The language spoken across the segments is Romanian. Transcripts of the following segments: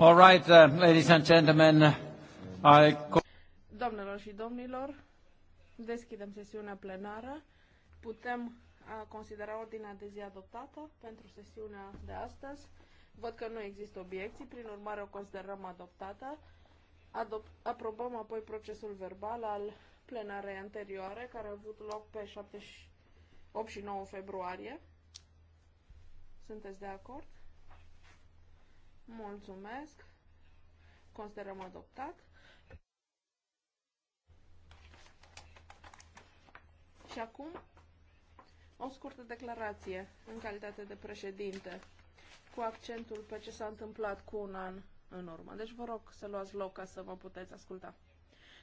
All right, uh, ladies and gentlemen, uh, I... Domnilor și domnilor, deschidem sesiunea plenară. Putem uh, considera ordinea de zi adoptată pentru sesiunea de astăzi. Văd că nu există obiecții, prin urmare o considerăm adoptată. Adop aprobăm apoi procesul verbal al plenarei anterioare, care a avut loc pe 7 și 8 și 9 februarie. Sunteți de acord? Mulțumesc. Considerăm adoptat. Și acum o scurtă declarație în calitate de președinte cu accentul pe ce s-a întâmplat cu un an în urmă. Deci vă rog să luați loc ca să vă puteți asculta.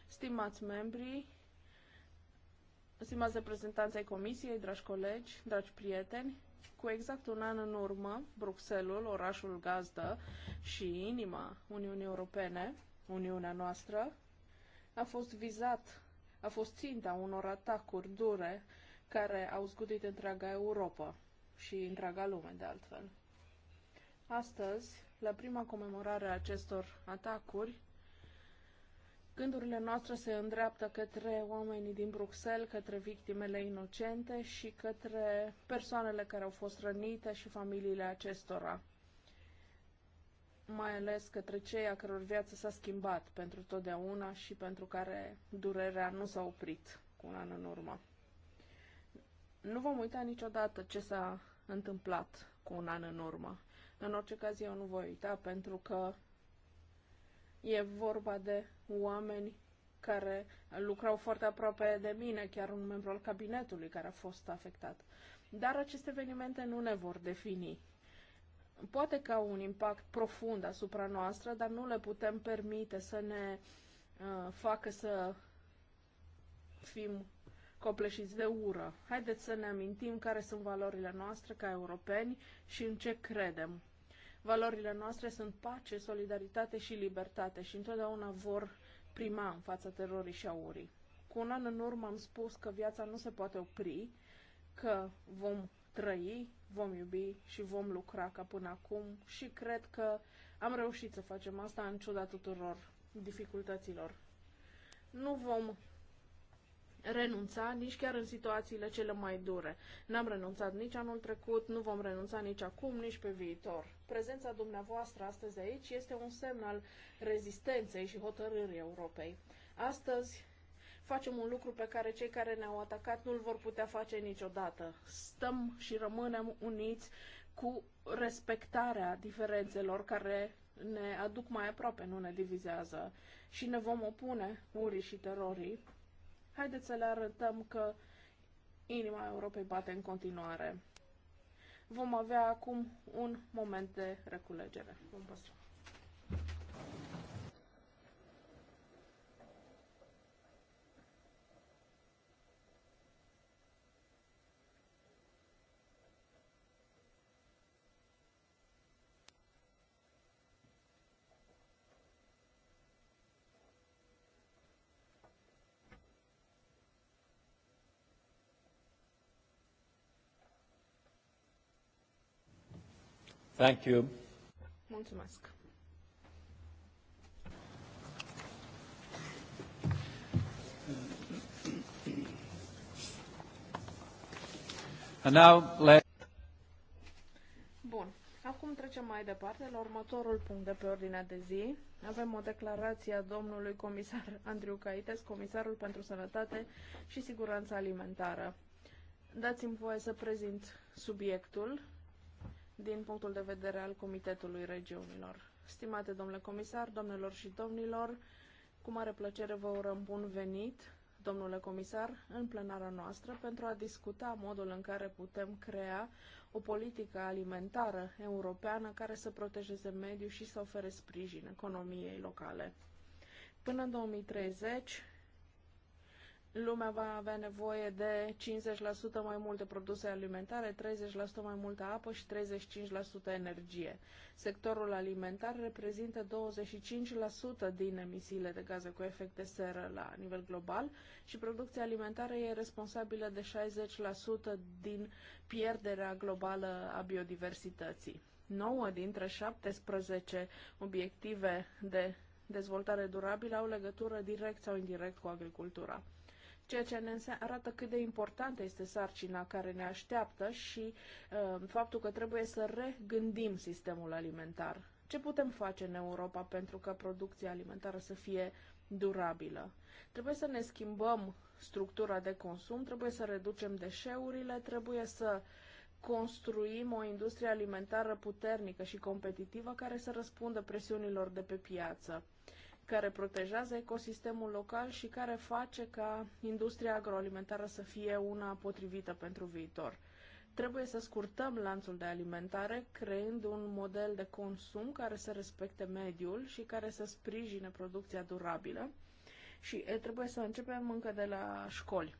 Stimați membrii, stimați reprezentanți ai comisiei, dragi colegi, dragi prieteni, cu exact un an în urmă, Bruxelles, orașul gazdă și inima Uniunii Europene, Uniunea noastră, a fost vizat, a fost ținta unor atacuri dure care au zgudit întreaga Europa și întreaga lume, de altfel. Astăzi, la prima comemorare a acestor atacuri, Gândurile noastre se îndreaptă către oamenii din Bruxelles, către victimele inocente și către persoanele care au fost rănite și familiile acestora. Mai ales către cei a căror viață s-a schimbat pentru totdeauna și pentru care durerea nu s-a oprit cu un an în urmă. Nu vom uita niciodată ce s-a întâmplat cu un an în urmă. În orice caz, eu nu voi uita pentru că E vorba de oameni care lucrau foarte aproape de mine, chiar un membru al cabinetului care a fost afectat. Dar aceste evenimente nu ne vor defini. Poate că au un impact profund asupra noastră, dar nu le putem permite să ne uh, facă să fim copleșiți de ură. Haideți să ne amintim care sunt valorile noastre ca europeni și în ce credem. Valorile noastre sunt pace, solidaritate și libertate și întotdeauna vor prima în fața terorii și aurii. Cu un an în urmă am spus că viața nu se poate opri, că vom trăi, vom iubi și vom lucra ca până acum și cred că am reușit să facem asta în ciuda tuturor dificultăților. Nu vom renunța nici chiar în situațiile cele mai dure. N-am renunțat nici anul trecut, nu vom renunța nici acum, nici pe viitor prezența dumneavoastră astăzi aici este un semn al rezistenței și hotărârii Europei. Astăzi facem un lucru pe care cei care ne-au atacat nu-l vor putea face niciodată. Stăm și rămânem uniți cu respectarea diferențelor care ne aduc mai aproape, nu ne divizează și ne vom opune urii și terorii. Haideți să le arătăm că inima Europei bate în continuare. Vom avea acum un moment de reculegere. Vă mulțumesc. Mulțumesc. Bun. Acum trecem mai departe la următorul punct de pe ordinea de zi. Avem o declarație a domnului comisar Andriu Caites, comisarul pentru sănătate și siguranța alimentară. Dați-mi voie să prezint subiectul din punctul de vedere al Comitetului Regiunilor. Stimate domnule comisar, domnilor și domnilor, cu mare plăcere vă urăm bun venit, domnule comisar, în plenara noastră pentru a discuta modul în care putem crea o politică alimentară europeană care să protejeze mediul și să ofere sprijin economiei locale. Până în 2030, lumea va avea nevoie de 50% mai multe produse alimentare, 30% mai multă apă și 35% energie. Sectorul alimentar reprezintă 25% din emisiile de gaze cu efect de seră la nivel global și producția alimentară e responsabilă de 60% din pierderea globală a biodiversității. 9 dintre 17 obiective de dezvoltare durabilă au legătură direct sau indirect cu agricultura ceea ce ne arată cât de importantă este sarcina care ne așteaptă și uh, faptul că trebuie să regândim sistemul alimentar. Ce putem face în Europa pentru ca producția alimentară să fie durabilă? Trebuie să ne schimbăm structura de consum, trebuie să reducem deșeurile, trebuie să construim o industrie alimentară puternică și competitivă care să răspundă presiunilor de pe piață care protejează ecosistemul local și care face ca industria agroalimentară să fie una potrivită pentru viitor. Trebuie să scurtăm lanțul de alimentare, creând un model de consum care să respecte mediul și care să sprijine producția durabilă. Și trebuie să începem încă de la școli.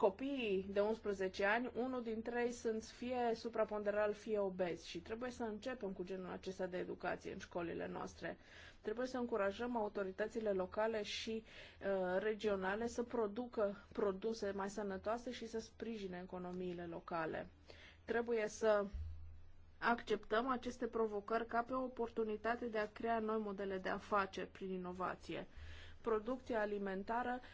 copiii de 11 ani, unul din trei sunt fie supraponderal, fie obezi și trebuie să începem cu genul acesta de educație în școlile noastre. Trebuie să încurajăm autoritățile locale și uh, regionale să producă produse mai sănătoase și să sprijine economiile locale. Trebuie să acceptăm aceste provocări ca pe o oportunitate de a crea noi modele de afaceri prin inovație. Producția alimentară uh,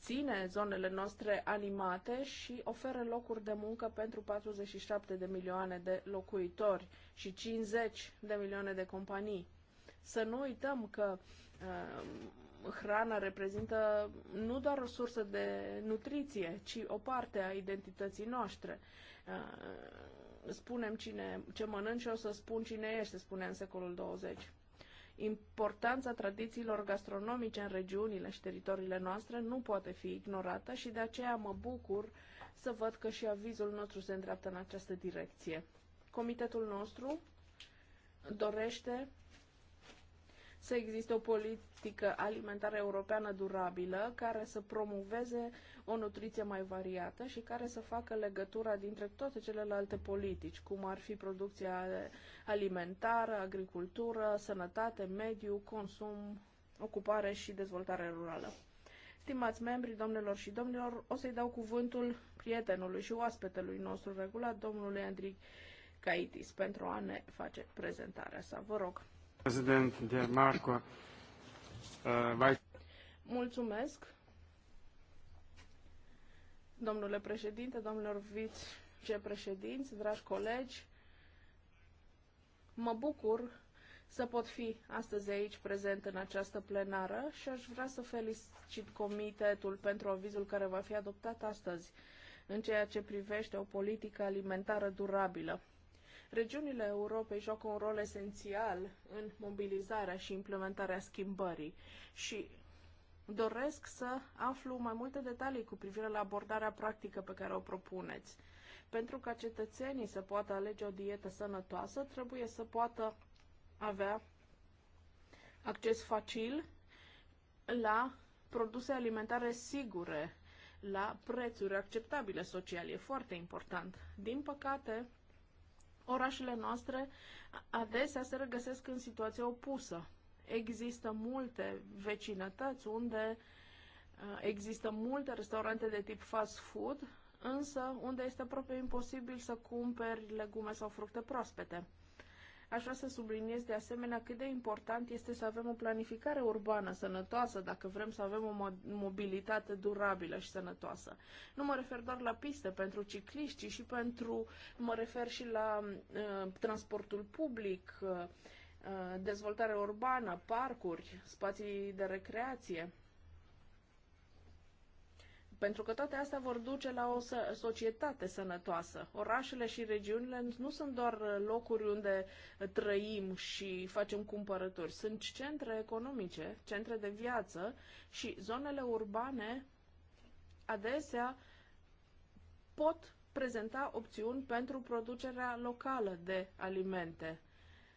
ține zonele noastre animate și oferă locuri de muncă pentru 47 de milioane de locuitori și 50 de milioane de companii. Să nu uităm că uh, hrana reprezintă nu doar o sursă de nutriție, ci o parte a identității noastre. Uh, spunem cine, ce mănânci, o să spun cine ești, se spunea în secolul 20. Importanța tradițiilor gastronomice în regiunile și teritoriile noastre nu poate fi ignorată și de aceea mă bucur să văd că și avizul nostru se îndreaptă în această direcție. Comitetul nostru dorește să existe o politică alimentară europeană durabilă care să promoveze o nutriție mai variată și care să facă legătura dintre toate celelalte politici, cum ar fi producția alimentară, agricultură, sănătate, mediu, consum, ocupare și dezvoltare rurală. Stimați membri, domnilor și domnilor, o să-i dau cuvântul prietenului și oaspetelui nostru regulat, domnului Andrei Caitis, pentru a ne face prezentarea sa. Vă rog. President De Marco, uh, Mulțumesc, domnule președinte, domnilor vicepreședinți, dragi colegi. Mă bucur să pot fi astăzi aici prezent în această plenară și aș vrea să felicit comitetul pentru avizul care va fi adoptat astăzi în ceea ce privește o politică alimentară durabilă. Regiunile Europei joacă un rol esențial în mobilizarea și implementarea schimbării și doresc să aflu mai multe detalii cu privire la abordarea practică pe care o propuneți. Pentru ca cetățenii să poată alege o dietă sănătoasă, trebuie să poată avea acces facil la produse alimentare sigure, la prețuri acceptabile social. E foarte important. Din păcate, Orașele noastre adesea se regăsesc în situație opusă. Există multe vecinătăți unde uh, există multe restaurante de tip fast food, însă unde este aproape imposibil să cumperi legume sau fructe proaspete. Aș vrea să subliniez de asemenea cât de important este să avem o planificare urbană sănătoasă dacă vrem să avem o mobilitate durabilă și sănătoasă. Nu mă refer doar la piste pentru cicliști, ci și pentru, mă refer și la uh, transportul public, uh, uh dezvoltare urbană, parcuri, spații de recreație. Pentru că toate astea vor duce la o societate sănătoasă. Orașele și regiunile nu sunt doar locuri unde trăim și facem cumpărături. Sunt centre economice, centre de viață și zonele urbane adesea pot prezenta opțiuni pentru producerea locală de alimente.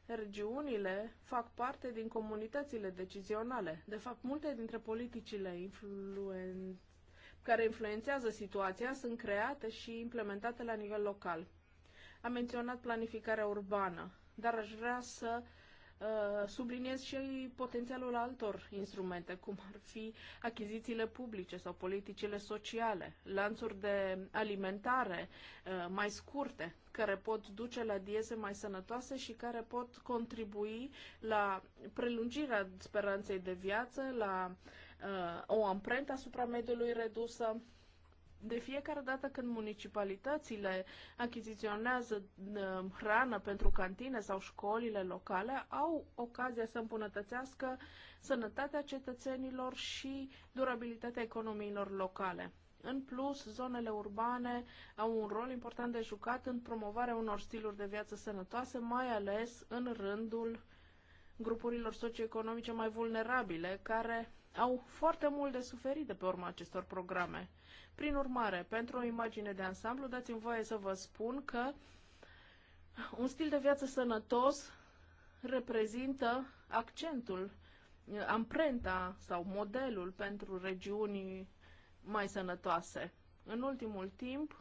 Regiunile fac parte din comunitățile decizionale. De fapt, multe dintre politicile influen care influențează situația sunt create și implementate la nivel local. Am menționat planificarea urbană, dar aș vrea să uh, subliniez și potențialul altor instrumente, cum ar fi achizițiile publice sau politicile sociale, lanțuri de alimentare uh, mai scurte, care pot duce la dieze mai sănătoase și care pot contribui la prelungirea speranței de viață, la uh, uh, o amprentă asupra mediului redusă. De fiecare dată când municipalitățile achiziționează uh, hrană pentru cantine sau școlile locale, au ocazia să îmbunătățească sănătatea cetățenilor și durabilitatea economiilor locale. În plus, zonele urbane au un rol important de jucat în promovarea unor stiluri de viață sănătoase, mai ales în rândul grupurilor socioeconomice mai vulnerabile, care au foarte mult de suferit de pe urma acestor programe. Prin urmare, pentru o imagine de ansamblu, dați-mi voie să vă spun că un stil de viață sănătos reprezintă accentul, amprenta sau modelul pentru regiuni mai sănătoase. În ultimul timp,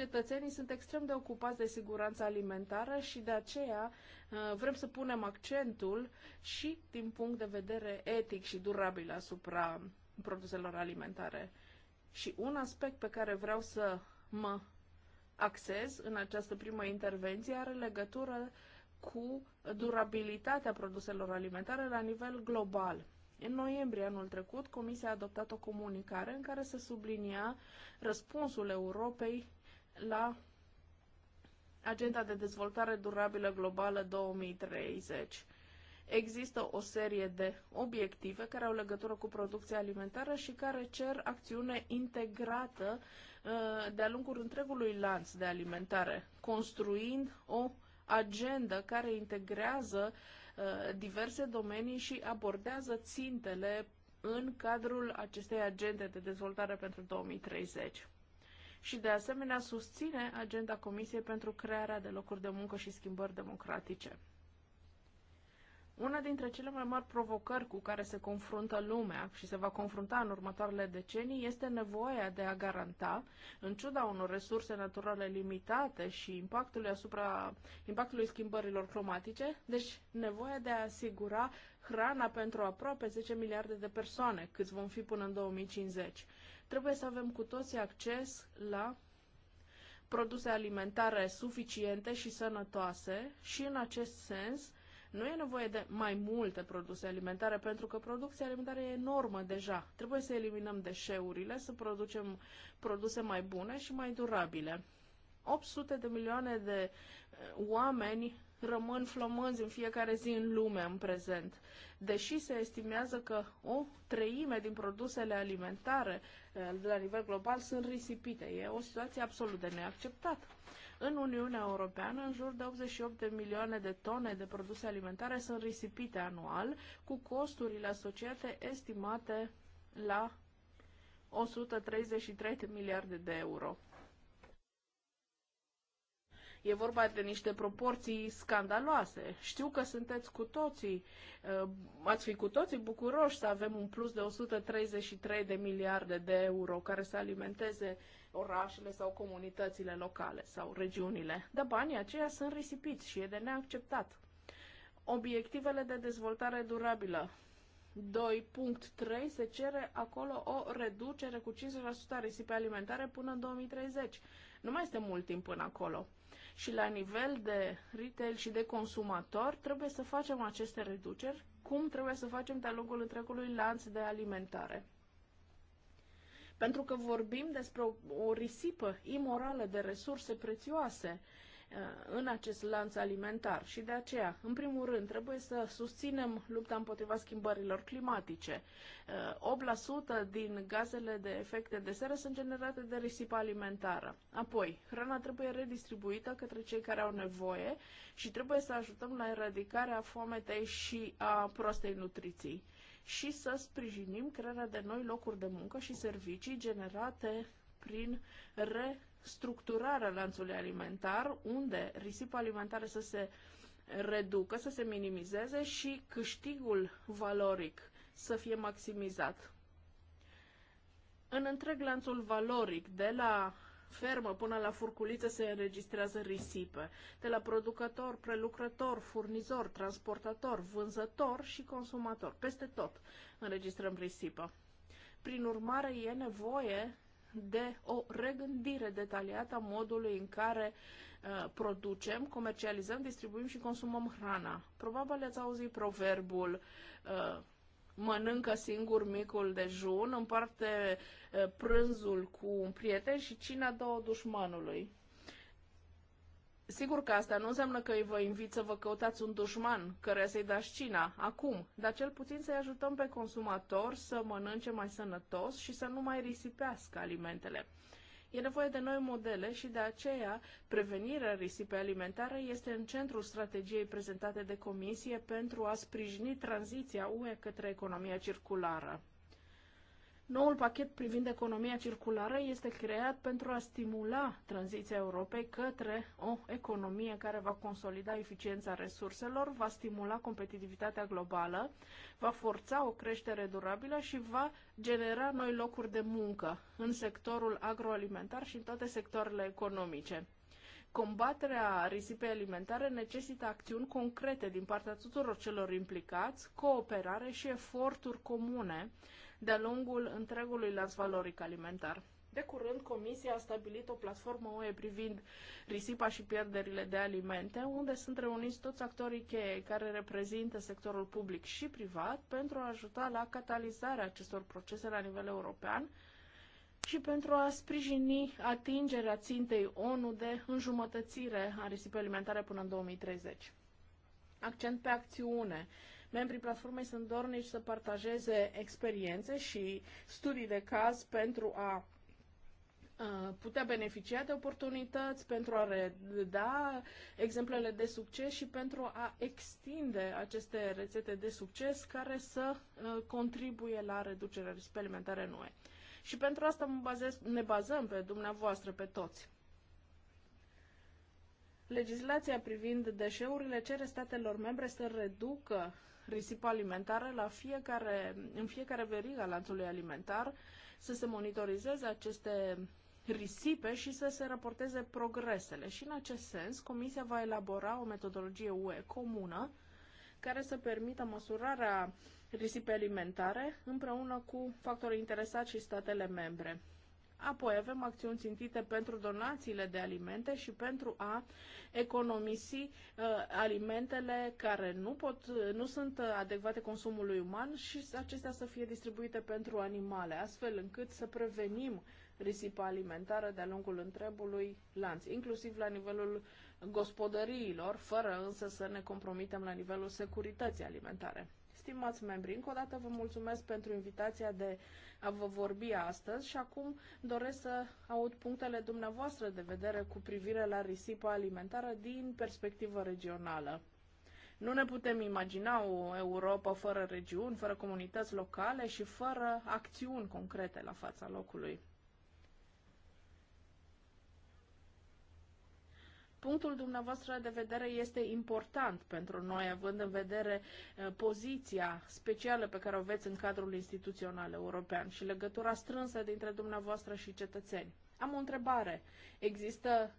cetățenii sunt extrem de ocupați de siguranța alimentară și de aceea uh, vrem să punem accentul și din punct de vedere etic și durabil asupra produselor alimentare. Și un aspect pe care vreau să mă axez în această primă intervenție are legătură cu durabilitatea produselor alimentare la nivel global. În noiembrie anul trecut, Comisia a adoptat o comunicare în care se sublinia răspunsul Europei la Agenda de Dezvoltare Durabilă Globală 2030. Există o serie de obiective care au legătură cu producția alimentară și care cer acțiune integrată uh, de-a lungul întregului lanț de alimentare, construind o agendă care integrează uh, diverse domenii și abordează țintele în cadrul acestei agende de dezvoltare pentru 2030 și de asemenea susține agenda Comisiei pentru crearea de locuri de muncă și schimbări democratice. Una dintre cele mai mari provocări cu care se confruntă lumea și se va confrunta în următoarele decenii este nevoia de a garanta, în ciuda unor resurse naturale limitate și impactului asupra impactului schimbărilor climatice, deci nevoia de a asigura hrana pentru aproape 10 miliarde de persoane, câți vom fi până în 2050. Trebuie să avem cu toții acces la produse alimentare suficiente și sănătoase și în acest sens nu e nevoie de mai multe produse alimentare pentru că producția alimentară e enormă deja. Trebuie să eliminăm deșeurile, să producem produse mai bune și mai durabile. 800 de milioane de eh, oameni rămân flămânzi în fiecare zi în lume în prezent deși se estimează că o treime din produsele alimentare de eh, la nivel global sunt risipite. E o situație absolut de neacceptată. În Uniunea Europeană, în jur de 88 de milioane de tone de produse alimentare sunt risipite anual, cu costurile asociate estimate la 133 de miliarde de euro. E vorba de niște proporții scandaloase. Știu că sunteți cu toții, uh, ați fi cu toții bucuroși să avem un plus de 133 de miliarde de euro care să alimenteze orașele sau comunitățile locale sau regiunile. Dar banii aceia sunt risipiți și e de neacceptat. Obiectivele de dezvoltare durabilă. 2.3 se cere acolo o reducere cu 50% a risipei alimentare până în 2030. Nu mai este mult timp până acolo și la nivel de retail și de consumator trebuie să facem aceste reduceri, cum trebuie să facem lungul întregului lanț de alimentare. Pentru că vorbim despre o, o risipă imorală de resurse prețioase Uh, în acest lanț alimentar. Și de aceea, în primul rând, trebuie să susținem lupta împotriva schimbărilor climatice. 8% uh, din gazele de efecte de seră sunt generate de risipa alimentară. Apoi, hrana trebuie redistribuită către cei care au nevoie și trebuie să ajutăm la eradicarea foametei și a prostei nutriții și să sprijinim crearea de noi locuri de muncă și servicii generate prin re structurarea lanțului alimentar, unde risipa alimentară să se reducă, să se minimizeze și câștigul valoric să fie maximizat. În întreg lanțul valoric, de la fermă până la furculiță se înregistrează risipe, de la producător, prelucrător, furnizor, transportator, vânzător și consumator. Peste tot înregistrăm risipă. Prin urmare, e nevoie de o regândire detaliată a modului în care uh, producem, comercializăm, distribuim și consumăm hrana. Probabil ați auzit proverbul uh, mănâncă singur micul dejun, împarte uh, prânzul cu un prieten și cina două dușmanului. Sigur că asta nu înseamnă că îi vă invit să vă căutați un dușman care să-i dați cina acum, dar cel puțin să-i ajutăm pe consumator să mănânce mai sănătos și să nu mai risipească alimentele. E nevoie de noi modele și de aceea prevenirea risipei alimentare este în centrul strategiei prezentate de Comisie pentru a sprijini tranziția UE către economia circulară. Noul pachet privind economia circulară este creat pentru a stimula tranziția Europei către o economie care va consolida eficiența resurselor, va stimula competitivitatea globală, va forța o creștere durabilă și va genera noi locuri de muncă în sectorul agroalimentar și în toate sectoarele economice. Combaterea risipei alimentare necesită acțiuni concrete din partea tuturor celor implicați, cooperare și eforturi comune de-a lungul întregului lanț valoric alimentar. De curând, Comisia a stabilit o platformă UE privind risipa și pierderile de alimente, unde sunt reuniți toți actorii cheie care reprezintă sectorul public și privat pentru a ajuta la catalizarea acestor procese la nivel european și pentru a sprijini atingerea țintei ONU de înjumătățire a risipei alimentare până în 2030. Accent pe acțiune Membrii platformei sunt dornici să partajeze experiențe și studii de caz pentru a putea beneficia de oportunități pentru a reda exemplele de succes și pentru a extinde aceste rețete de succes care să contribuie la reducerea riscului alimentare în UE. Și pentru asta mă bazez, ne bazăm pe dumneavoastră, pe toți. Legislația privind deșeurile cere statelor membre să reducă risipă alimentară la fiecare, în fiecare veriga lanțului alimentar, să se monitorizeze aceste risipe și să se raporteze progresele. Și în acest sens, Comisia va elabora o metodologie UE comună care să permită măsurarea risipe alimentare împreună cu factorii interesați și statele membre. Apoi avem acțiuni țintite pentru donațiile de alimente și pentru a economisi uh, alimentele care nu, pot, nu sunt adecvate consumului uman și acestea să fie distribuite pentru animale, astfel încât să prevenim risipa alimentară de-a lungul întregului lanț, inclusiv la nivelul gospodăriilor, fără însă să ne compromitem la nivelul securității alimentare. Stimați membri, încă o dată vă mulțumesc pentru invitația de a vă vorbi astăzi și acum doresc să aud punctele dumneavoastră de vedere cu privire la risipa alimentară din perspectivă regională. Nu ne putem imagina o Europa fără regiuni, fără comunități locale și fără acțiuni concrete la fața locului. punctul dumneavoastră de vedere este important pentru noi, având în vedere uh, poziția specială pe care o veți în cadrul instituțional european și legătura strânsă dintre dumneavoastră și cetățeni. Am o întrebare. Există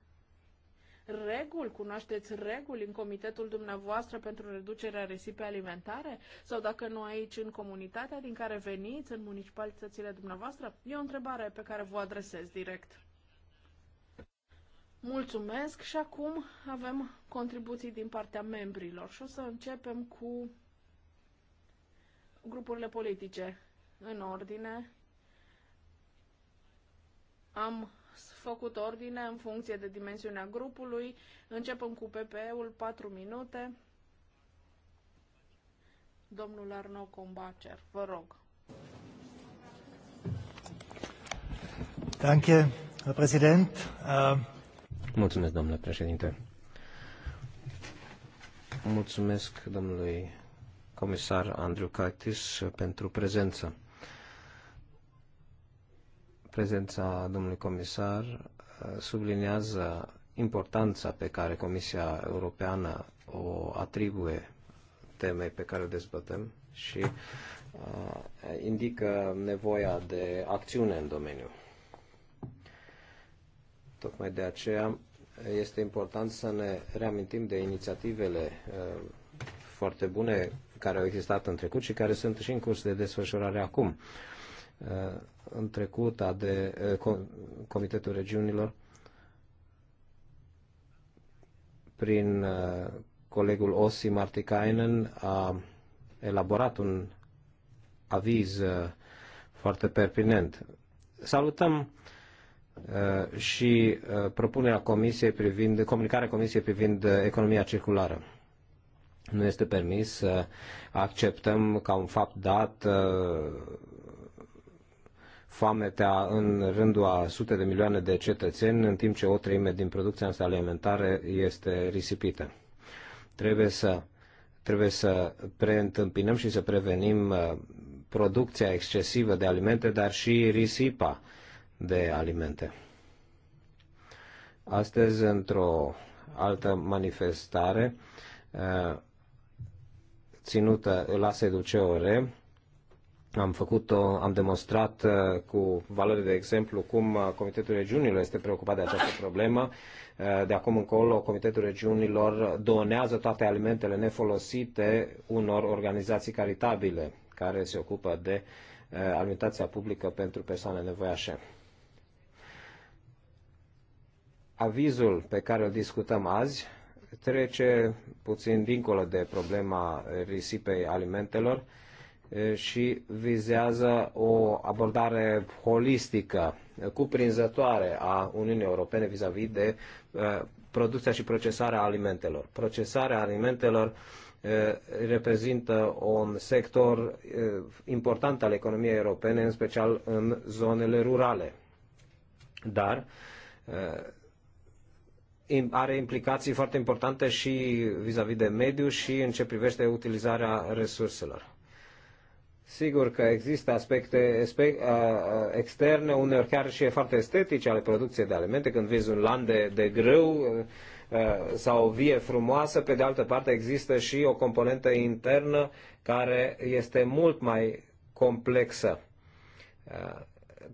reguli, cunoașteți reguli în comitetul dumneavoastră pentru reducerea risipei alimentare? Sau dacă nu aici, în comunitatea din care veniți, în municipalitățile dumneavoastră? E o întrebare pe care vă adresez direct. Mulțumesc și acum avem contribuții din partea membrilor și o să începem cu grupurile politice în ordine. Am făcut ordine în funcție de dimensiunea grupului. Începem cu PPE-ul, 4 minute. Domnul Arno Combacer, vă rog. Danke, Herr Präsident. Uh... Mulțumesc, domnule președinte. Mulțumesc domnului comisar Andrew Cactis pentru prezență. Prezența domnului comisar uh, subliniază importanța pe care Comisia Europeană o atribuie temei pe care o dezbătăm și uh, indică nevoia de acțiune în domeniu. Tocmai de aceea este important să ne reamintim de inițiativele uh, foarte bune care au existat în trecut și care sunt și în curs de desfășurare acum. Uh, în trecut, a de uh, Comitetul Regiunilor, prin colegul Ossi Martikainen, a elaborat un aviz foarte pertinent. Salutăm uh, Uh, și uh, propunerea comisiei privind, comunicarea comisiei privind uh, economia circulară. Nu este permis să acceptăm ca un fapt dat foametea în rândul a sute de milioane de cetățeni, în timp ce o treime din producția noastră alimentară este risipită. Trebuie să, trebuie să preîntâmpinăm și să prevenim producția excesivă de alimente, dar și risipa de alimente. Astăzi, într-o altă manifestare eh, ținută la SEDUCEOR, am făcut -o, am demonstrat eh, cu valori de exemplu cum eh, Comitetul Regiunilor este preocupat de această problemă. De acum încolo, Comitetul Regiunilor donează toate alimentele nefolosite unor organizații caritabile care se ocupă de alimentația publică pentru persoane nevoiașe avizul pe care îl discutăm azi trece puțin dincolo de problema risipei alimentelor și vizează o abordare holistică, cuprinzătoare a Uniunii Europene vis-a-vis -vis de producția și procesarea alimentelor. Procesarea alimentelor reprezintă un sector important al economiei europene, în special în zonele rurale. Dar are implicații foarte importante și vis-a-vis -vis de mediu și în ce privește utilizarea resurselor. Sigur că există aspecte externe, uneori chiar și foarte estetice ale producției de alimente, când vezi un lan de, de grâu sau o vie frumoasă, pe de altă parte există și o componentă internă care este mult mai complexă.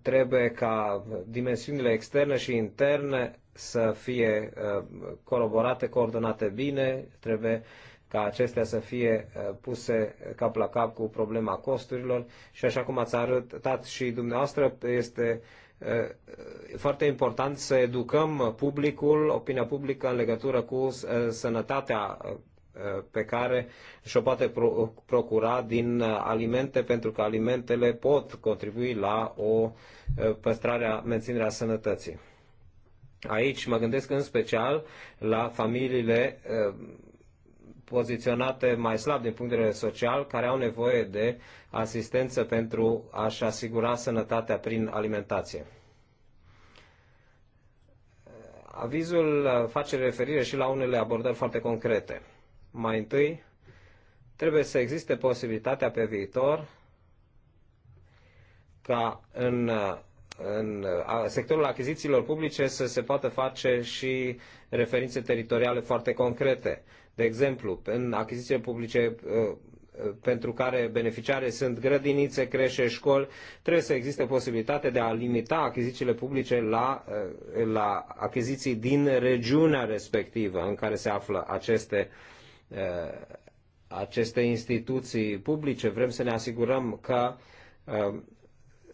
Trebuie ca dimensiunile externe și interne să fie uh, colaborate, coordonate bine, trebuie ca acestea să fie uh, puse cap la cap cu problema costurilor și așa cum ați arătat și dumneavoastră, este uh, foarte important să educăm publicul, opinia publică în legătură cu sănătatea pe care și-o poate procura din alimente, pentru că alimentele pot contribui la o păstrare, menținerea sănătății. Aici mă gândesc în special la familiile eh, poziționate mai slab din punct de vedere social, care au nevoie de asistență pentru a-și asigura sănătatea prin alimentație. Avizul face referire și la unele abordări foarte concrete. Mai întâi, trebuie să existe posibilitatea pe viitor ca în eh, în sectorul achizițiilor publice să se poată face și referințe teritoriale foarte concrete. De exemplu, în achizițiile publice uh, uh, pentru care beneficiare sunt grădinițe, creșe, școli, trebuie să existe posibilitatea de a limita achizițiile publice la, uh, la achiziții din regiunea respectivă în care se află aceste, aceste instituții publice. Vrem să ne asigurăm că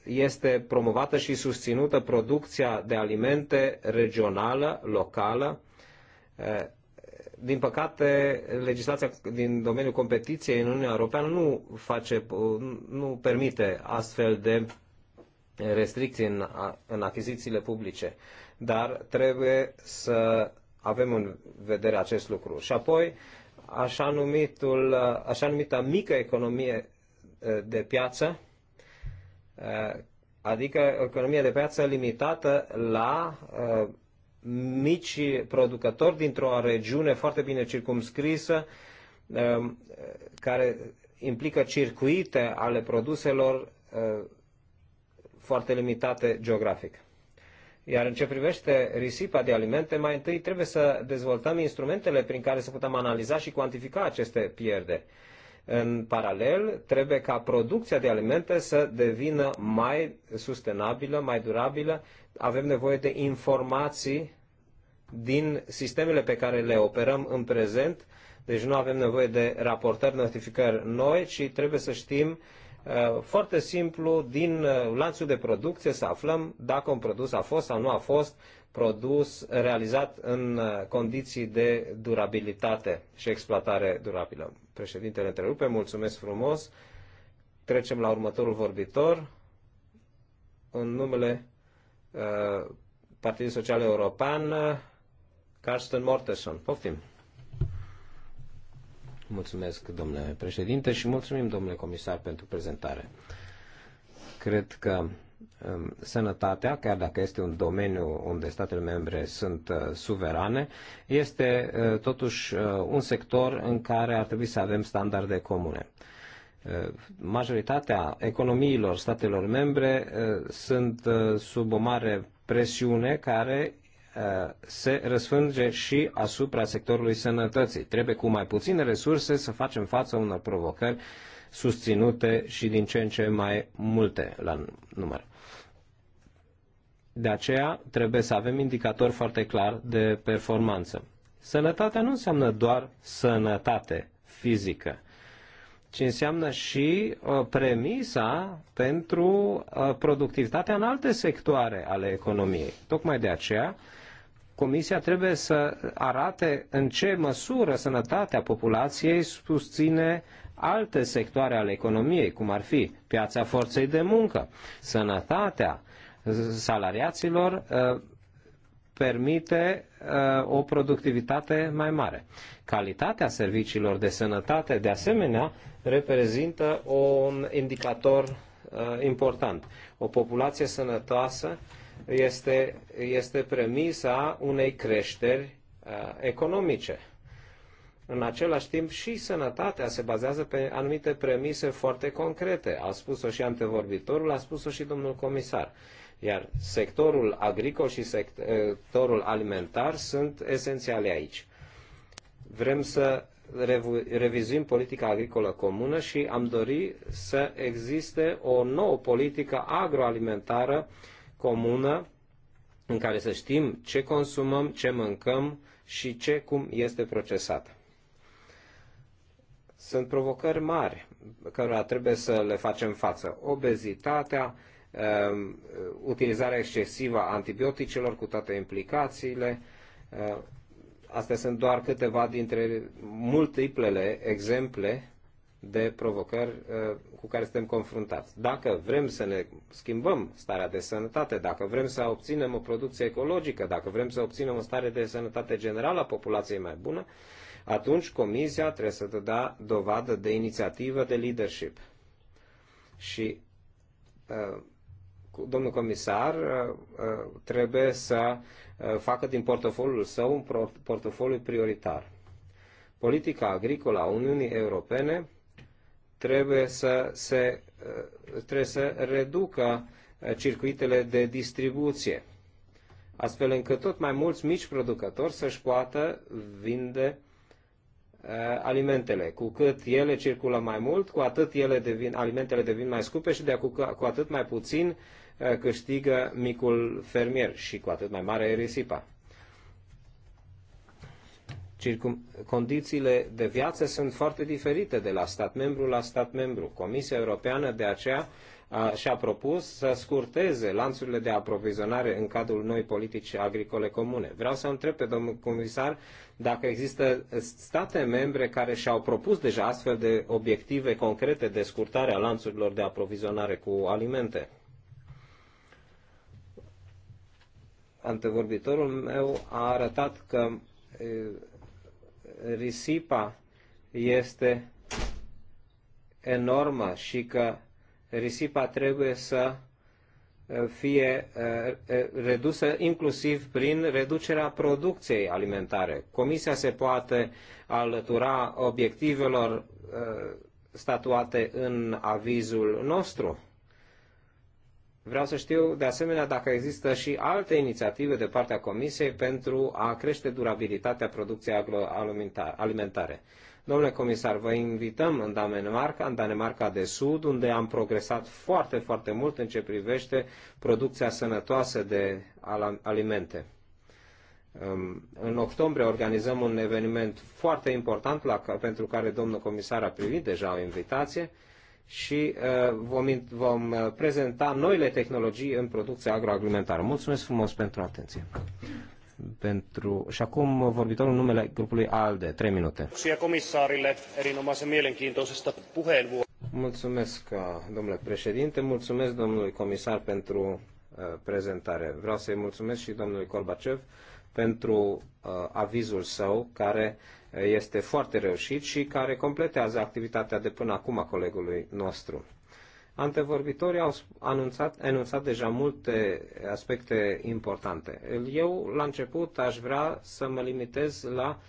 este promovată și susținută producția de alimente regională, locală. Din păcate, legislația din domeniul competiției în Uniunea Europeană nu, face, nu permite astfel de restricții în, în achizițiile publice, dar trebuie să avem în vedere acest lucru. Și apoi, așa, numitul, așa numita mică economie de piață, Eh, adică o economie de piață limitată la eh, mici producători dintr-o regiune foarte bine circumscrisă, eh, care implică circuite ale produselor foarte limitate geografic. Iar în ce privește risipa de alimente, mai întâi trebuie să dezvoltăm instrumentele prin care să putem analiza și cuantifica aceste pierderi. În paralel, trebuie ca producția de alimente să devină mai sustenabilă, mai durabilă. Avem nevoie de informații din sistemele pe care le operăm în prezent. Deci nu avem nevoie de raportări, notificări noi, ci trebuie să știm uh, foarte simplu din uh, lanțul de producție să aflăm dacă un produs a fost sau nu a fost produs realizat în uh, condiții de durabilitate și exploatare durabilă. Președintele întrerupe, mulțumesc frumos. Trecem la următorul vorbitor. În numele uh, Partidului Social European, uh, Carsten Mortensen. Poftim! Mulțumesc, domnule președinte, și mulțumim, domnule comisar, pentru prezentare. Cred că sănătatea, chiar dacă este un domeniu unde statele membre sunt uh, suverane, este uh, totuși uh, un sector în care ar trebui să avem standarde comune. Majoritatea economiilor statelor membre sunt sub o mare presiune care se răsfânge și asupra sectorului sănătății. Trebuie cu mai puține resurse să facem față unor provocări susținute și din ce în ce mai multe la număr. De aceea trebuie să avem indicatori foarte clar de performanță. Sănătatea nu înseamnă doar sănătate fizică, ci înseamnă și uh, premisa pentru uh, productivitatea în alte sectoare ale economiei. Tocmai de aceea, Comisia trebuie să arate în ce măsură sănătatea populației susține alte sectoare ale economiei, cum ar fi piața forței de muncă, sănătatea, salariaților uh, permite uh, o productivitate mai mare. Calitatea serviciilor de sănătate, de asemenea, reprezintă un indicator uh, important. O populație sănătoasă este, este premisa unei creșteri economice. În același timp și sănătatea se bazează pe anumite premise foarte concrete. A spus-o și antevorbitorul, a spus-o și domnul comisar. Uh, iar sectorul agricol și eh, sectorul alimentar sunt esențiale aici. Vrem să revizuim politica agricolă comună și am dori să existe o nouă politică agroalimentară comună în care să știm ce consumăm, ce mâncăm și ce cum este procesat. Sunt provocări mari, cărora trebuie să le facem față. Obezitatea, Um, utilizarea excesivă a antibioticelor cu toate implicațiile. Uh, astea sunt doar câteva dintre multiplele exemple de provocări uh, cu care suntem confruntați. Dacă vrem să ne schimbăm starea de sănătate, dacă vrem să obținem o producție ecologică, dacă vrem să obținem o stare de sănătate generală a populației mai bună, atunci Comisia trebuie să dea dovadă de inițiativă, de leadership. Și uh, domnul comisar uh, uh, trebuie să uh, facă din portofoliul său un portofoliu prioritar. Politica agricolă a Uniunii Europene trebuie să, se, trebuie să reducă circuitele de distribuție, astfel încât tot mai mulți mici producători să-și poată vinde alimentele. Cu cât ele circulă mai mult, cu atât ele devin, alimentele devin mai scumpe și de cu, cu atât mai puțin Eh, câștigă micul fermier și cu atât mai mare e risipa. Circum- condițiile de viață sunt foarte diferite de la stat membru la stat membru. Comisia Europeană de aceea și-a propus să scurteze lanțurile de aprovizionare în cadrul noi politici agricole comune. Vreau să întreb pe domnul comisar dacă există state membre care și-au propus deja astfel de obiective concrete de scurtare a lanțurilor de aprovizionare cu alimente. antevorbitorul meu a arătat că risipa este enormă și că risipa trebuie să fie redusă inclusiv prin reducerea producției alimentare. Comisia se poate alătura obiectivelor statuate în avizul nostru Vreau să știu, de asemenea, dacă există și alte inițiative de partea Comisiei pentru a crește durabilitatea producției alimentare. Domnule comisar, vă invităm în Danemarca, în Danemarca de Sud, unde am progresat foarte, foarte mult în ce privește producția sănătoasă de alimente. Um, în octombrie organizăm un eveniment foarte important la, pentru care domnul comisar a primit deja o invitație și uh, vom, vom uh, prezenta noile tehnologii în producția agroalimentară. Mulțumesc frumos pentru atenție. Pentru... Și acum vorbitorul numele grupului ALDE, 3 minute. Mulțumesc, uh, domnule președinte, mulțumesc domnului comisar pentru uh, prezentare. Vreau să-i mulțumesc și domnului Corbacev pentru uh, avizul său care uh, este foarte reușit și care completează activitatea de până acum a colegului nostru. Antevorbitorii au anunțat, enunțat deja multe aspecte importante. Eu, la început, aș vrea să mă limitez la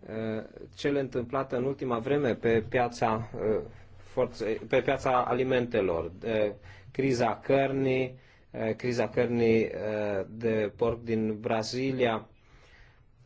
uh, cele întâmplate în ultima vreme pe piața, uh, pe piața alimentelor, de criza cărnii, uh, criza cărnii de porc din Brazilia,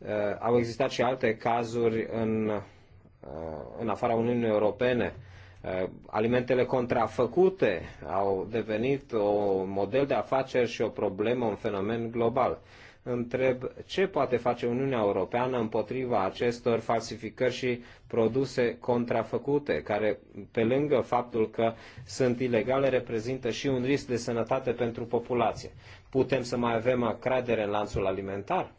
Uh, au existat și alte cazuri în, uh, în afara Uniunii Europene. Uh, alimentele contrafăcute au devenit un model de afaceri și o problemă, un fenomen global. Întreb ce poate face Uniunea Europeană împotriva acestor falsificări și produse contrafăcute, care, pe lângă faptul că sunt ilegale, reprezintă și un risc de sănătate pentru populație. Putem să mai avem încredere în lanțul alimentar?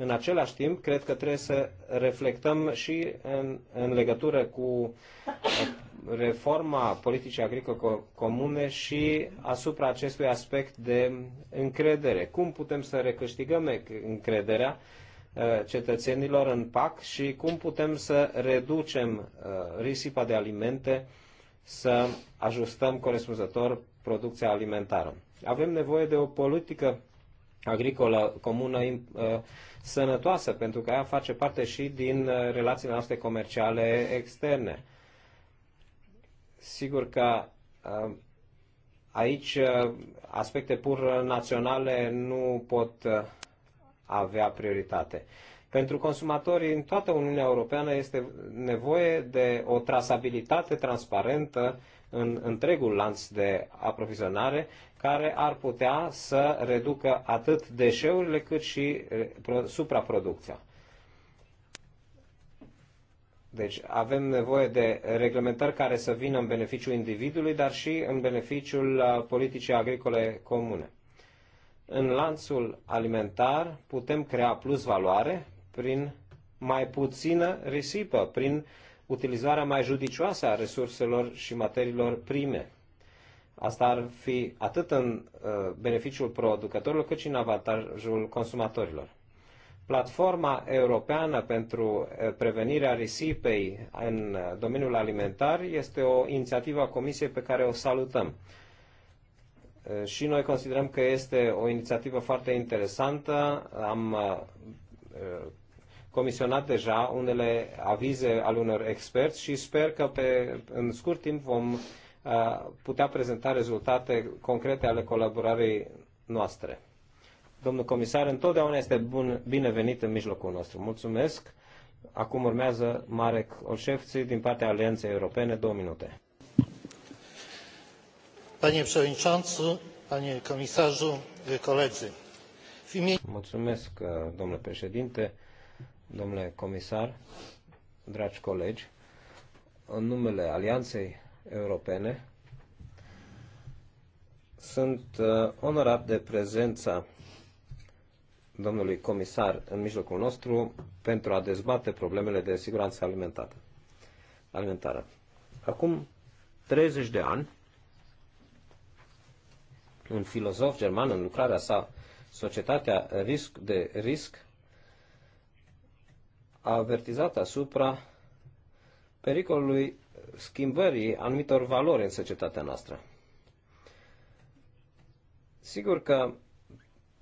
În același timp, cred că trebuie să reflectăm și în, în legătură cu uh, reforma politicii agricole comune și asupra acestui aspect de încredere. Cum putem să recâștigăm încrederea uh, cetățenilor în PAC și cum putem să reducem uh, risipa de alimente, să ajustăm corespunzător producția alimentară. Avem nevoie de o politică agricolă comună sănătoasă, pentru că ea face parte și din uh, relațiile noastre comerciale externe. Sigur că uh, aici uh, aspecte pur naționale nu pot avea prioritate. Pentru consumatorii în toată Uniunea Europeană este nevoie de o trasabilitate transparentă în întregul lanț de aprovizionare care ar putea să reducă atât deșeurile cât și eh, supraproducția. Deci avem nevoie de reglementări care să vină în beneficiul individului, dar și în beneficiul eh, politicii agricole comune. În lanțul alimentar putem crea plus valoare prin mai puțină risipă, prin utilizarea mai judicioasă a resurselor și materiilor prime. Asta ar fi atât în uh, beneficiul producătorilor, cât și în avantajul consumatorilor. Platforma europeană pentru uh, prevenirea risipei în uh, domeniul alimentar este o inițiativă a Comisiei pe care o salutăm. Și noi considerăm că este o inițiativă foarte interesantă. Am comisionat deja unele avize ale unor experți și sper că pe, în scurt timp vom putea prezenta rezultate concrete ale colaborării noastre. Domnul comisar, întotdeauna este bun, binevenit în mijlocul nostru. Mulțumesc. Acum urmează Marek Olșevții din partea Alianței Europene. Două minute. Panie președinte, panie comisarul, colegi. Mulțumesc, domnule președinte, domnule comisar, dragi colegi. În numele Alianței europene. Sunt uh, onorat de prezența domnului comisar în mijlocul nostru pentru a dezbate problemele de siguranță alimentară. alimentară. Acum 30 de ani, un filozof german în lucrarea sa Societatea risc de risc a avertizat asupra pericolului schimbării anumitor valori în societatea noastră. Sigur că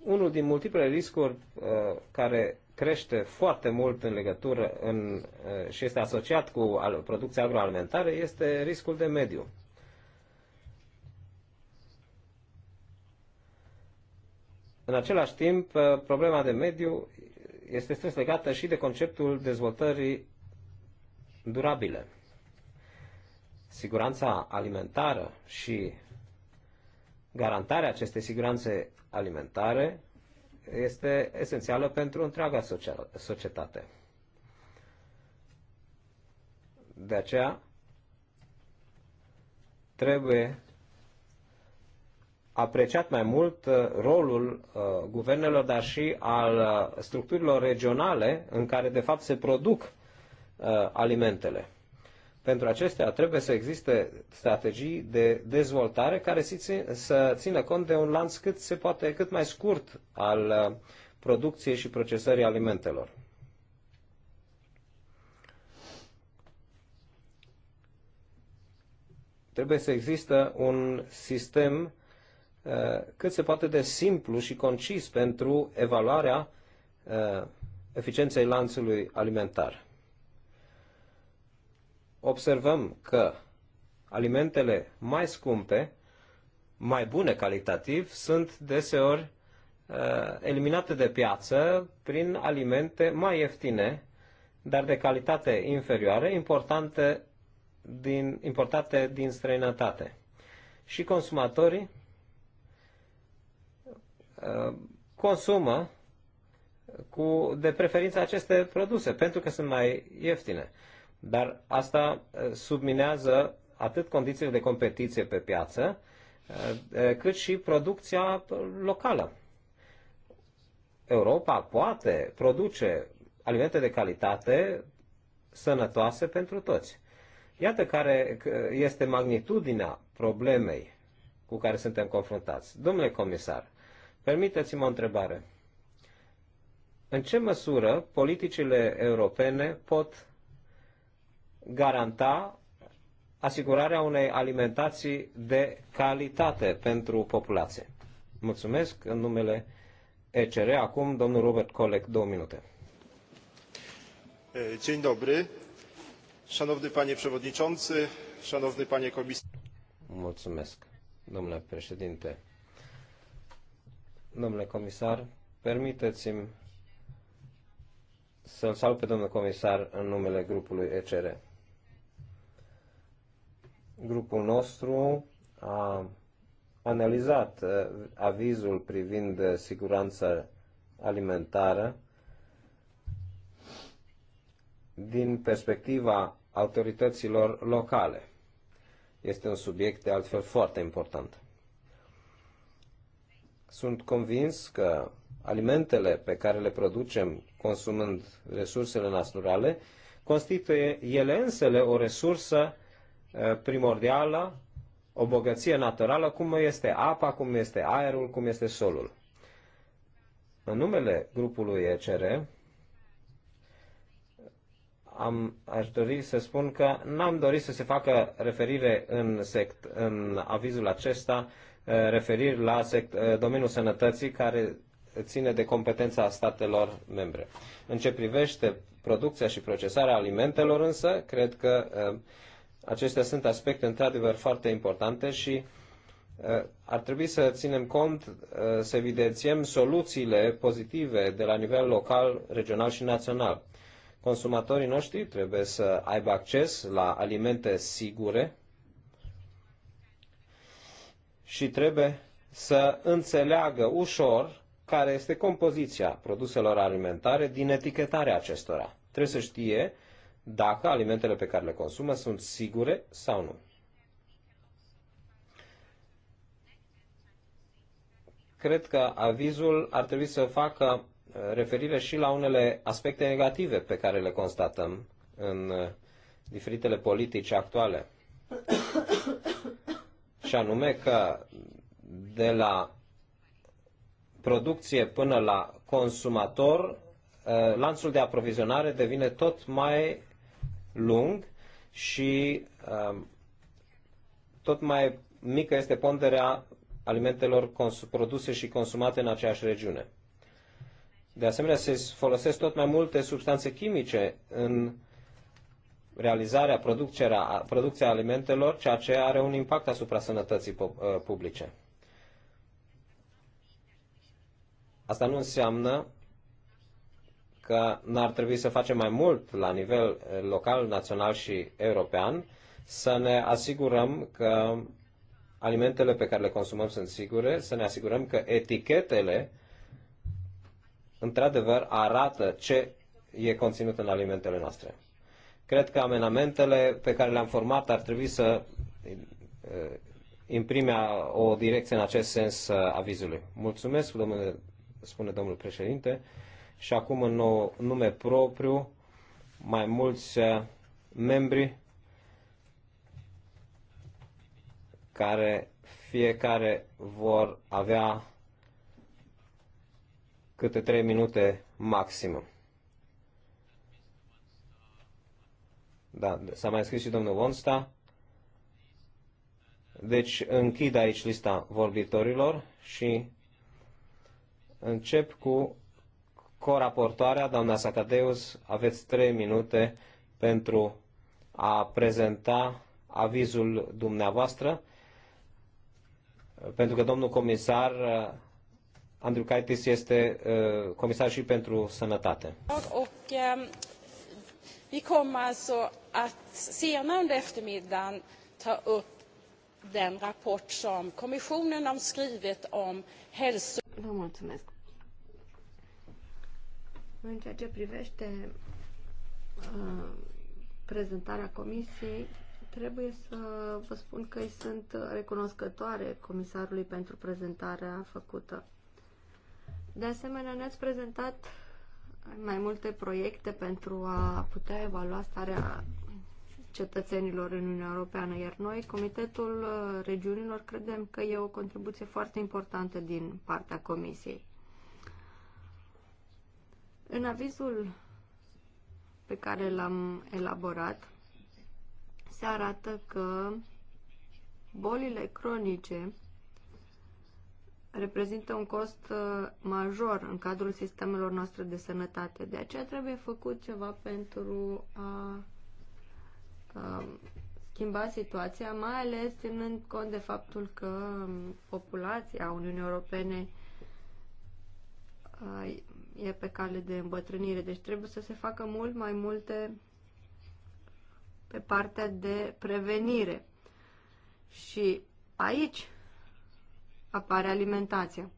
unul din multiple riscuri uh, care crește foarte mult în legătură în, uh, și este asociat cu al, producția agroalimentară este riscul de mediu. În același timp, uh, problema de mediu este strâns legată și de conceptul dezvoltării durabile siguranța alimentară și garantarea acestei siguranțe alimentare este esențială pentru întreaga societate. De aceea trebuie apreciat mai mult uh, rolul uh, guvernelor, dar și al uh, structurilor regionale în care de fapt se produc alimentele. Pentru acestea trebuie să existe strategii de dezvoltare care să țină cont de un lanț cât se poate cât mai scurt al uh, producției și procesării alimentelor. Trebuie să există un sistem uh, cât se poate de simplu și concis pentru evaluarea uh, eficienței lanțului alimentar observăm că alimentele mai scumpe, mai bune calitativ, sunt deseori uh, eliminate de piață prin alimente mai ieftine, dar de calitate inferioară, importante din, importate din străinătate. Și consumatorii uh, consumă cu, de preferință aceste produse, pentru că sunt mai ieftine dar asta eh, subminează atât condițiile de competiție pe piață, eh, eh, cât și producția locală. Europa poate produce alimente de calitate sănătoase pentru toți. Iată care este magnitudinea problemei cu care suntem confruntați. Domnule comisar, permiteți mi o întrebare. În ce măsură politicile europene pot garanta asigurarea unei alimentații de calitate pentru populație. Mulțumesc în numele ECR. Acum, domnul Robert Coleg, două minute. Dzień dobry. Szanowny panie przewodniczący, szanowny panie komisarz. Mulțumesc, domnule președinte. Domnule comisar, permiteți-mi să-l salut pe domnul comisar în numele grupului ECR grupul nostru a analizat uh, avizul privind uh, siguranța alimentară din perspectiva autorităților locale. Este un subiect de altfel foarte important. Sunt convins că alimentele pe care le producem consumând resursele naturale constituie ele însele o resursă Uh, primordială, o bogăție naturală, cum este apa, cum este aerul, cum este solul. În numele grupului ECR, am, aș dori să spun că n-am dorit să se facă referire în, sect, în avizul acesta, uh, referiri la sect, uh, domeniul sănătății care ține de competența statelor membre. În ce privește producția și procesarea alimentelor însă, cred că uh, Acestea sunt aspecte într-adevăr foarte importante și uh, ar trebui să ținem cont, uh, să evidențiem soluțiile pozitive de la nivel local, regional și național. Consumatorii noștri trebuie să aibă acces la alimente sigure și trebuie să înțeleagă ușor care este compoziția produselor alimentare din etichetarea acestora. Trebuie să știe dacă alimentele pe care le consumă sunt sigure sau nu. Cred că avizul ar trebui să facă uh, referire și la unele aspecte negative pe care le constatăm în uh, diferitele politici actuale. și anume că de la producție până la consumator, uh, lanțul de aprovizionare devine tot mai lung și um, tot mai mică este ponderea alimentelor produse și consumate în aceeași regiune. De asemenea, se folosesc tot mai multe substanțe chimice în realizarea, producerea, producția alimentelor, ceea ce are un impact asupra sănătății uh, publice. Asta nu înseamnă că n-ar trebui să facem mai mult la nivel eh, local, național și european, să ne asigurăm că alimentele pe care le consumăm sunt sigure, să ne asigurăm că etichetele într-adevăr arată ce e conținut în alimentele noastre. Cred că amenamentele pe care le-am format ar trebui să eh, imprime o direcție în acest sens eh, avizului. Mulțumesc, domnule, spune domnul președinte și acum în nou nume propriu mai mulți uh, membri care fiecare vor avea câte 3 minute maximum. Da, s-a mai scris și domnul Vonsta. Deci închid aici lista vorbitorilor și încep cu coraportoarea, doamna Sacadeus, aveți trei minute pentru a prezenta avizul dumneavoastră, pentru că domnul comisar uh, Andrew Caitis este uh, comisar și pentru sănătate. Ehm, vi kommer alltså att senare under eftermiddagen ta upp den rapport som kommissionen har skrivit om hälso... Vă mulțumesc. În ceea ce privește uh, prezentarea comisiei, trebuie să vă spun că îi sunt recunoscătoare comisarului pentru prezentarea făcută. De asemenea, ne-ați prezentat mai multe proiecte pentru a putea evalua starea cetățenilor în Uniunea Europeană, iar noi, Comitetul uh, Regiunilor, credem că e o contribuție foarte importantă din partea Comisiei. În avizul pe care l-am elaborat, se arată că bolile cronice reprezintă un cost uh, major în cadrul sistemelor noastre de sănătate. De aceea trebuie făcut ceva pentru a, a um, schimba situația, mai ales ținând cont de faptul că um, populația Uniunii Europene a, uh, e pe cale de îmbătrânire, deci trebuie să se facă mult mai multe pe partea de prevenire. Și aici apare alimentația.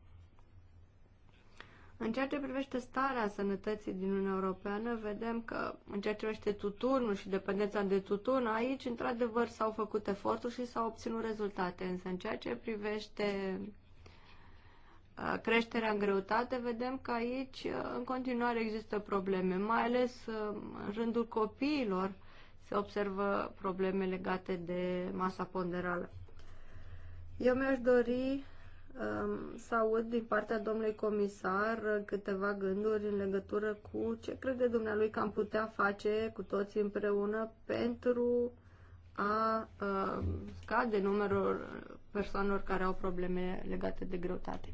În ceea ce privește starea sănătății din Uniunea Europeană, vedem că în ceea ce privește tutunul și dependența de tutun, aici, într-adevăr, s-au făcut eforturi și s-au obținut rezultate. Însă, în ceea ce privește Uh, creșterea în greutate, vedem că aici uh, în continuare există probleme, mai ales uh, în rândul copiilor se observă probleme legate de masa ponderală. Eu mi-aș dori um, să aud din partea domnului comisar câteva gânduri în legătură cu ce crede dumnealui că am putea face cu toții împreună pentru a uh, scade numărul persoanelor care au probleme legate de greutate.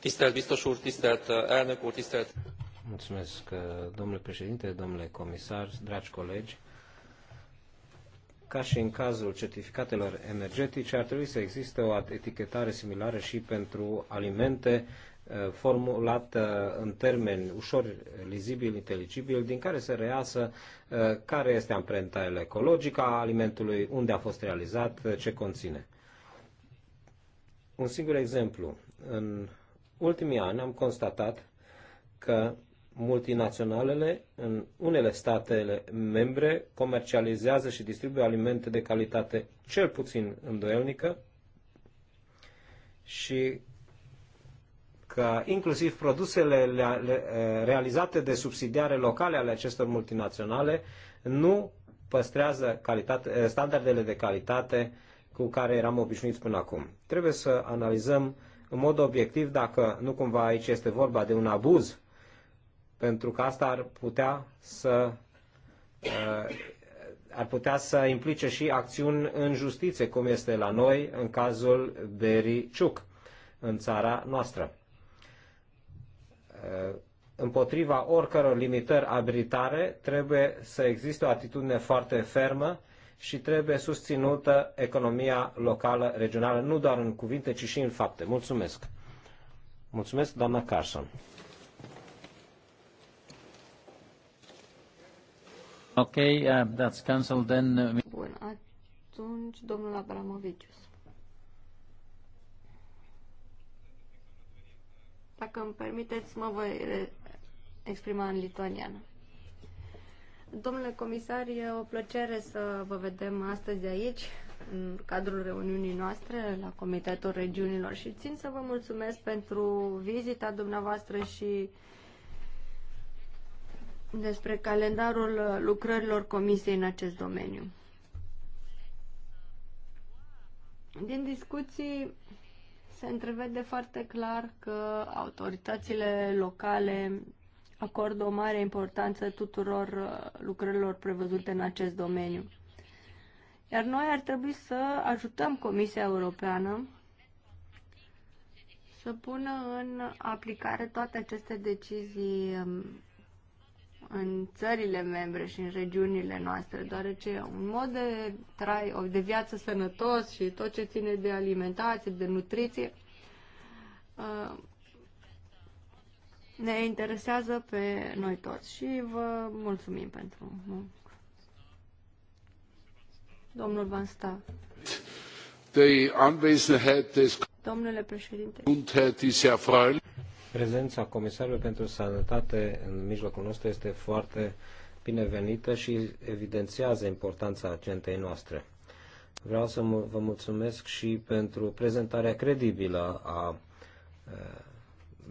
Tisztelt biztos úr, tisztelt uh, elnök úr, tisztelt... Mulțumesc, uh, domnule președinte, domnule comisar, dragi colegi. Ca și în cazul certificatelor energetice, ar trebui să existe o etichetare similară și pentru alimente uh, formulată în termeni ușor lizibil, inteligibil, din care se reasă care este amprenta ecologică a alimentului, unde a fost realizat, ce conține. Un singur exemplu. În ultimii ani am constatat că multinaționalele în unele statele membre comercializează și distribuie alimente de calitate cel puțin îndoielnică și că inclusiv produsele eh, realizate de subsidiare locale ale acestor multinaționale nu păstrează calitate, eh, standardele de calitate cu care eram obișnuiți până acum. Trebuie să analizăm uh, în mod obiectiv dacă nu cumva aici este vorba de un abuz, pentru că asta ar putea să uh, ar putea să implice și acțiuni în justiție, cum este la noi în cazul Bericiuc în țara noastră. Uh, împotriva oricăror limitări abilitare trebuie să existe o atitudine foarte fermă și trebuie susținută economia locală, regională, nu doar în cuvinte, ci și în fapte. Mulțumesc! Mulțumesc, doamna Carson! Ok, uh, that's cancelled then. Uh, Bun, atunci domnul Abramovicius. Dacă îmi permiteți, mă voi exprima în lituaniană. Domnule comisar, e o plăcere să vă vedem astăzi aici, în cadrul reuniunii noastre la Comitetul Regiunilor și țin să vă mulțumesc pentru vizita dumneavoastră și despre calendarul lucrărilor comisiei în acest domeniu. Din discuții se întrevede foarte clar că autoritățile locale acordă o mare importanță tuturor uh, lucrărilor prevăzute în acest domeniu. Iar noi ar trebui să ajutăm Comisia Europeană să pună în aplicare toate aceste decizii um, în țările membre și în regiunile noastre, deoarece un mod de trai, de viață sănătos și tot ce ține de alimentație, de nutriție, uh, ne interesează pe noi toți și vă mulțumim pentru muncă. Domnul Van Sta. Domnule președinte. Prezența Comisarului pentru Sănătate în mijlocul nostru este foarte binevenită și evidențiază importanța agentei noastre. Vreau să vă mulțumesc și pentru prezentarea credibilă a eh,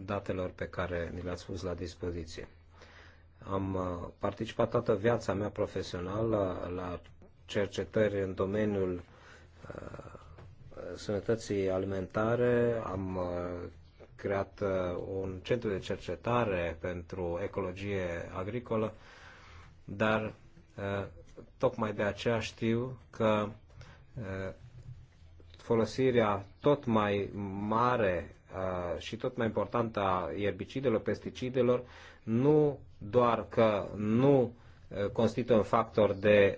datelor pe care mi le-ați pus la dispoziție. Am uh, participat toată viața mea profesională la cercetări în domeniul uh, sănătății alimentare, am uh, creat un centru de cercetare pentru ecologie agricolă, dar tocmai de aceea știu că folosirea tot mai mare Uh, și tot mai important a erbicidelor, pesticidelor, nu doar că nu uh, constituie un factor de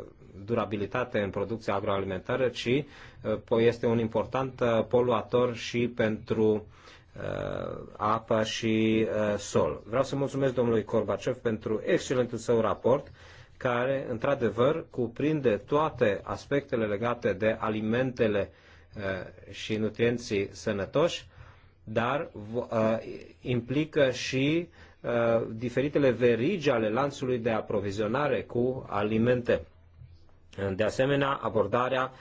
uh, durabilitate în producția agroalimentară, ci este un important poluator și pentru apă și sol. Vreau să mulțumesc domnului Corbacev pentru excelentul său raport, care, într-adevăr, cuprinde toate aspectele legate de alimentele Uh, și nutrienții sănătoși, dar uh, implică și uh, diferitele verigi ale lanțului de aprovizionare cu alimente. De asemenea, abordarea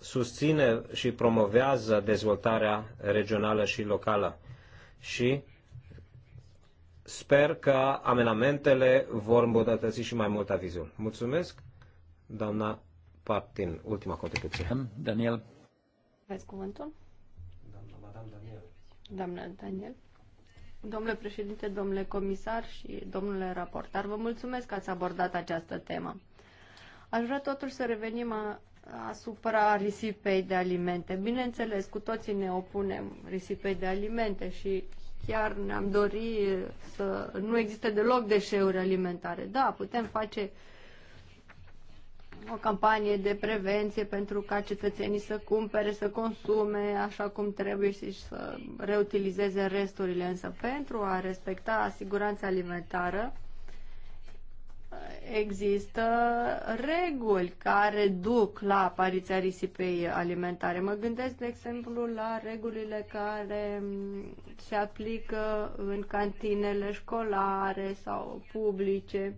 susține și promovează dezvoltarea regională și locală și sper că amenamentele vor îmbunătăți și mai mult avizul. Mulțumesc, doamna Partin, ultima contribuție. Daniel. Aveți cuvântul? Doamna, madame Daniel. Doamna Daniel. Domnule președinte, domnule comisar și domnule raportar, vă mulțumesc că ați abordat această temă. Aș vrea totuși să revenim a, asupra risipei de alimente. Bineînțeles, cu toții ne opunem risipei de alimente și chiar ne-am dorit să nu existe deloc deșeuri alimentare. Da, putem face uh, o campanie de prevenție pentru ca cetățenii să cumpere, să consume așa cum trebuie și să reutilizeze resturile. Însă pentru a respecta siguranța alimentară există reguli care duc la apariția risipei alimentare. Mă gândesc, de exemplu, la regulile care se aplică în cantinele școlare sau publice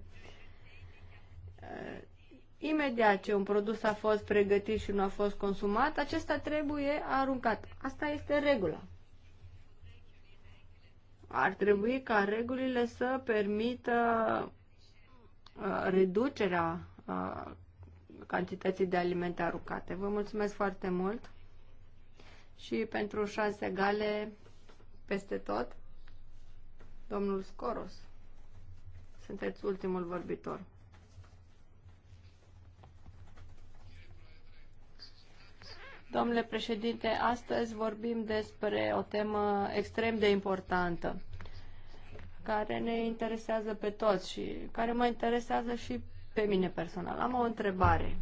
Imediat ce un produs a fost pregătit și nu a fost consumat, acesta trebuie aruncat. Asta este regula. Ar trebui ca regulile să permită uh, reducerea uh, cantității de alimente aruncate. Vă mulțumesc foarte mult și pentru șanse egale peste tot, domnul Scoros. Sunteți ultimul vorbitor. Domnule președinte, astăzi vorbim despre o temă extrem de importantă care ne interesează pe toți și care mă interesează și pe mine personal. Am o întrebare.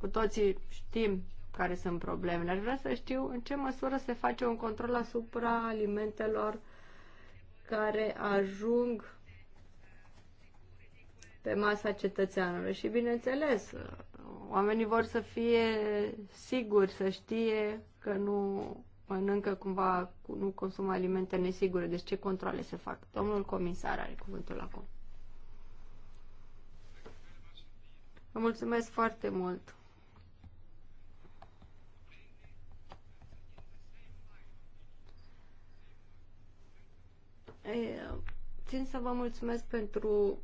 Cu toții știm care sunt problemele. Aș vrea să știu în ce măsură se face un control asupra alimentelor care ajung pe masa cetățeanului. Și bineînțeles, oamenii vor să fie siguri, să știe că nu mănâncă cumva, nu consumă alimente nesigure. Deci ce controle se fac? Domnul comisar are cuvântul acum. Vă mulțumesc foarte mult. Țin să vă mulțumesc pentru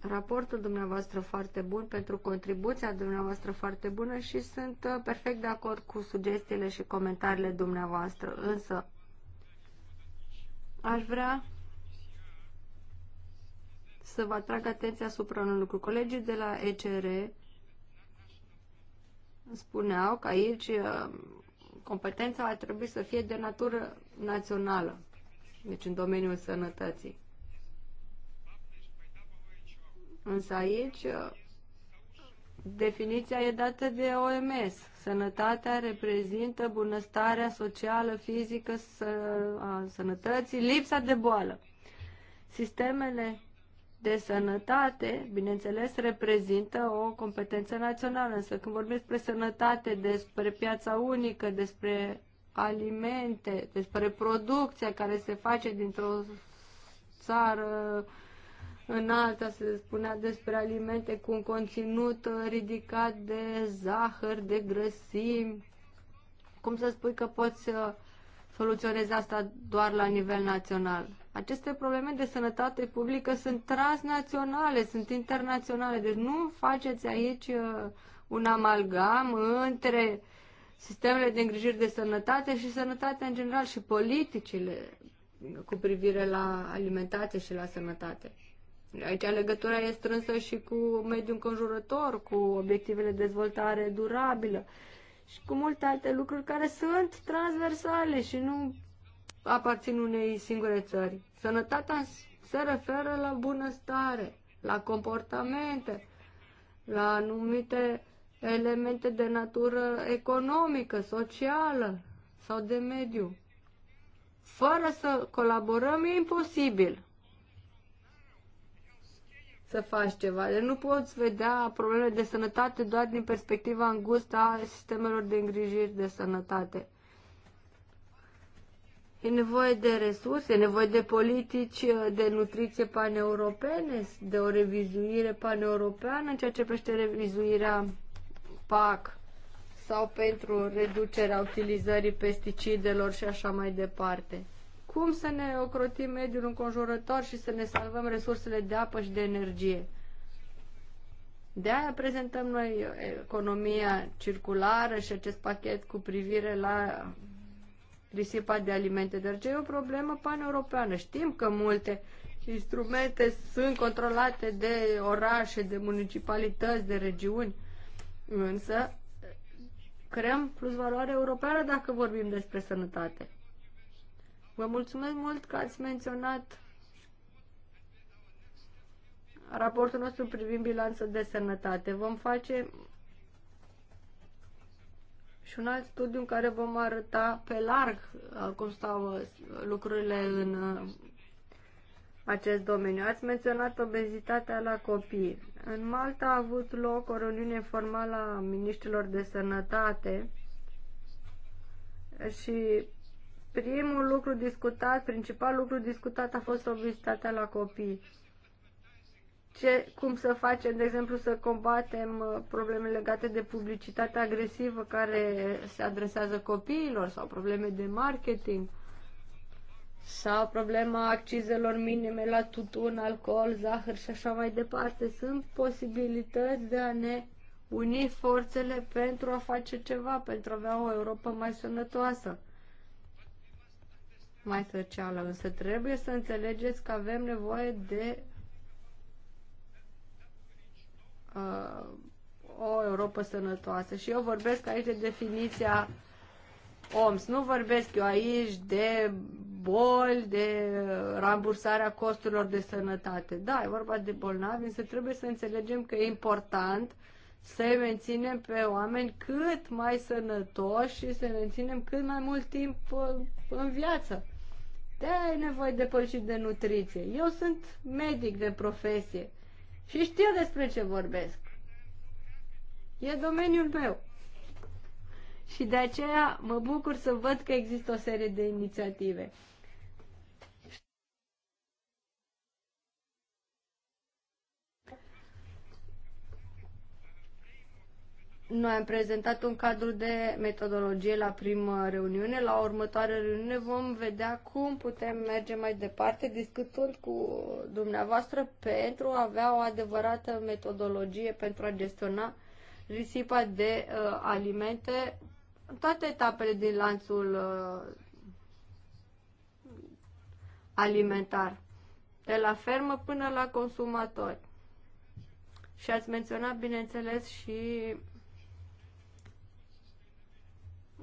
raportul dumneavoastră foarte bun, pentru contribuția dumneavoastră foarte bună și sunt uh, perfect de acord cu sugestiile și comentariile dumneavoastră. Însă, aș vrea să vă atrag atenția asupra unui lucru. Colegii de la ECR spuneau că aici uh, competența ar trebui să fie de natură națională, deci în domeniul sănătății. Însă aici uh, definiția e dată de OMS. Sănătatea reprezintă bunăstarea socială, fizică, a sănătății, lipsa de boală. Sistemele de sănătate, bineînțeles, reprezintă o competență națională, însă când vorbim despre sănătate, despre piața unică, despre alimente, despre producția care se face dintr-o țară uh, în alta se spunea despre alimente cu un conținut uh, ridicat de zahăr, de grăsimi. Cum să spui că poți să uh, soluționezi asta doar la nivel național? Aceste probleme de sănătate publică sunt transnaționale, sunt internaționale, deci nu faceți aici uh, un amalgam între sistemele de îngrijiri de sănătate și sănătatea în general și politicile cu privire la alimentație și la sănătate. Aici legătura e strânsă și cu mediul înconjurător, cu obiectivele de dezvoltare durabilă și cu multe alte lucruri care sunt transversale și nu aparțin unei singure țări. Sănătatea se referă la bunăstare, la comportamente, la anumite elemente de natură economică, socială sau de mediu. Fără să colaborăm e imposibil să faci ceva. Deci nu poți vedea probleme de sănătate doar din perspectiva îngustă a sistemelor de îngrijiri de sănătate. E nevoie de resurse, e nevoie de politici uh, de nutriție paneuropene, de o revizuire paneuropeană în ceea ce privește revizuirea PAC sau pentru reducerea utilizării pesticidelor și așa mai departe cum să ne ocrotim mediul înconjurător și să ne salvăm resursele de apă și de energie. De aia prezentăm noi economia circulară și acest pachet cu privire la risipa de alimente, ce e o problemă paneuropeană. Știm că multe instrumente sunt controlate de orașe, de municipalități, de regiuni, însă creăm plus valoare europeană dacă vorbim despre sănătate. Vă mulțumesc mult că ați menționat raportul nostru privind bilanță de sănătate. Vom face și un alt studiu în care vom arăta pe larg uh, cum stau uh, lucrurile în uh, acest domeniu. Ați menționat obezitatea la copii. În Malta a avut loc o reuniune formală a ministrilor de sănătate și Primul lucru discutat, principal lucru discutat a fost obezitatea la copii. Ce, cum să facem, de exemplu, să combatem uh, probleme legate de publicitatea agresivă care se adresează copiilor sau probleme de marketing sau problema accizelor minime la tutun, alcool, zahăr și așa mai departe. Sunt posibilități de a ne uni forțele pentru a face ceva, pentru a avea o Europa mai sănătoasă mai socială, însă trebuie să înțelegeți că avem nevoie de uh, o Europa sănătoasă. Și eu vorbesc aici de definiția OMS. Nu vorbesc eu aici de boli, de rambursarea costurilor de sănătate. Da, e vorba de bolnavi, însă trebuie să înțelegem că e important să menținem pe oameni cât mai sănătoși și să menținem cât mai mult timp uh, în viață. De ai nevoie de politici de nutriție. Eu sunt medic de profesie și știu despre ce vorbesc. E domeniul meu. Și de aceea mă bucur să văd că există o serie de inițiative. Noi am prezentat un cadru de metodologie la prima reuniune. La următoarea reuniune vom vedea cum putem merge mai departe, discutând cu dumneavoastră pentru a avea o adevărată metodologie pentru a gestiona risipa de uh, alimente în toate etapele din lanțul uh, alimentar, de la fermă până la consumatori. Și ați menționat, bineînțeles, și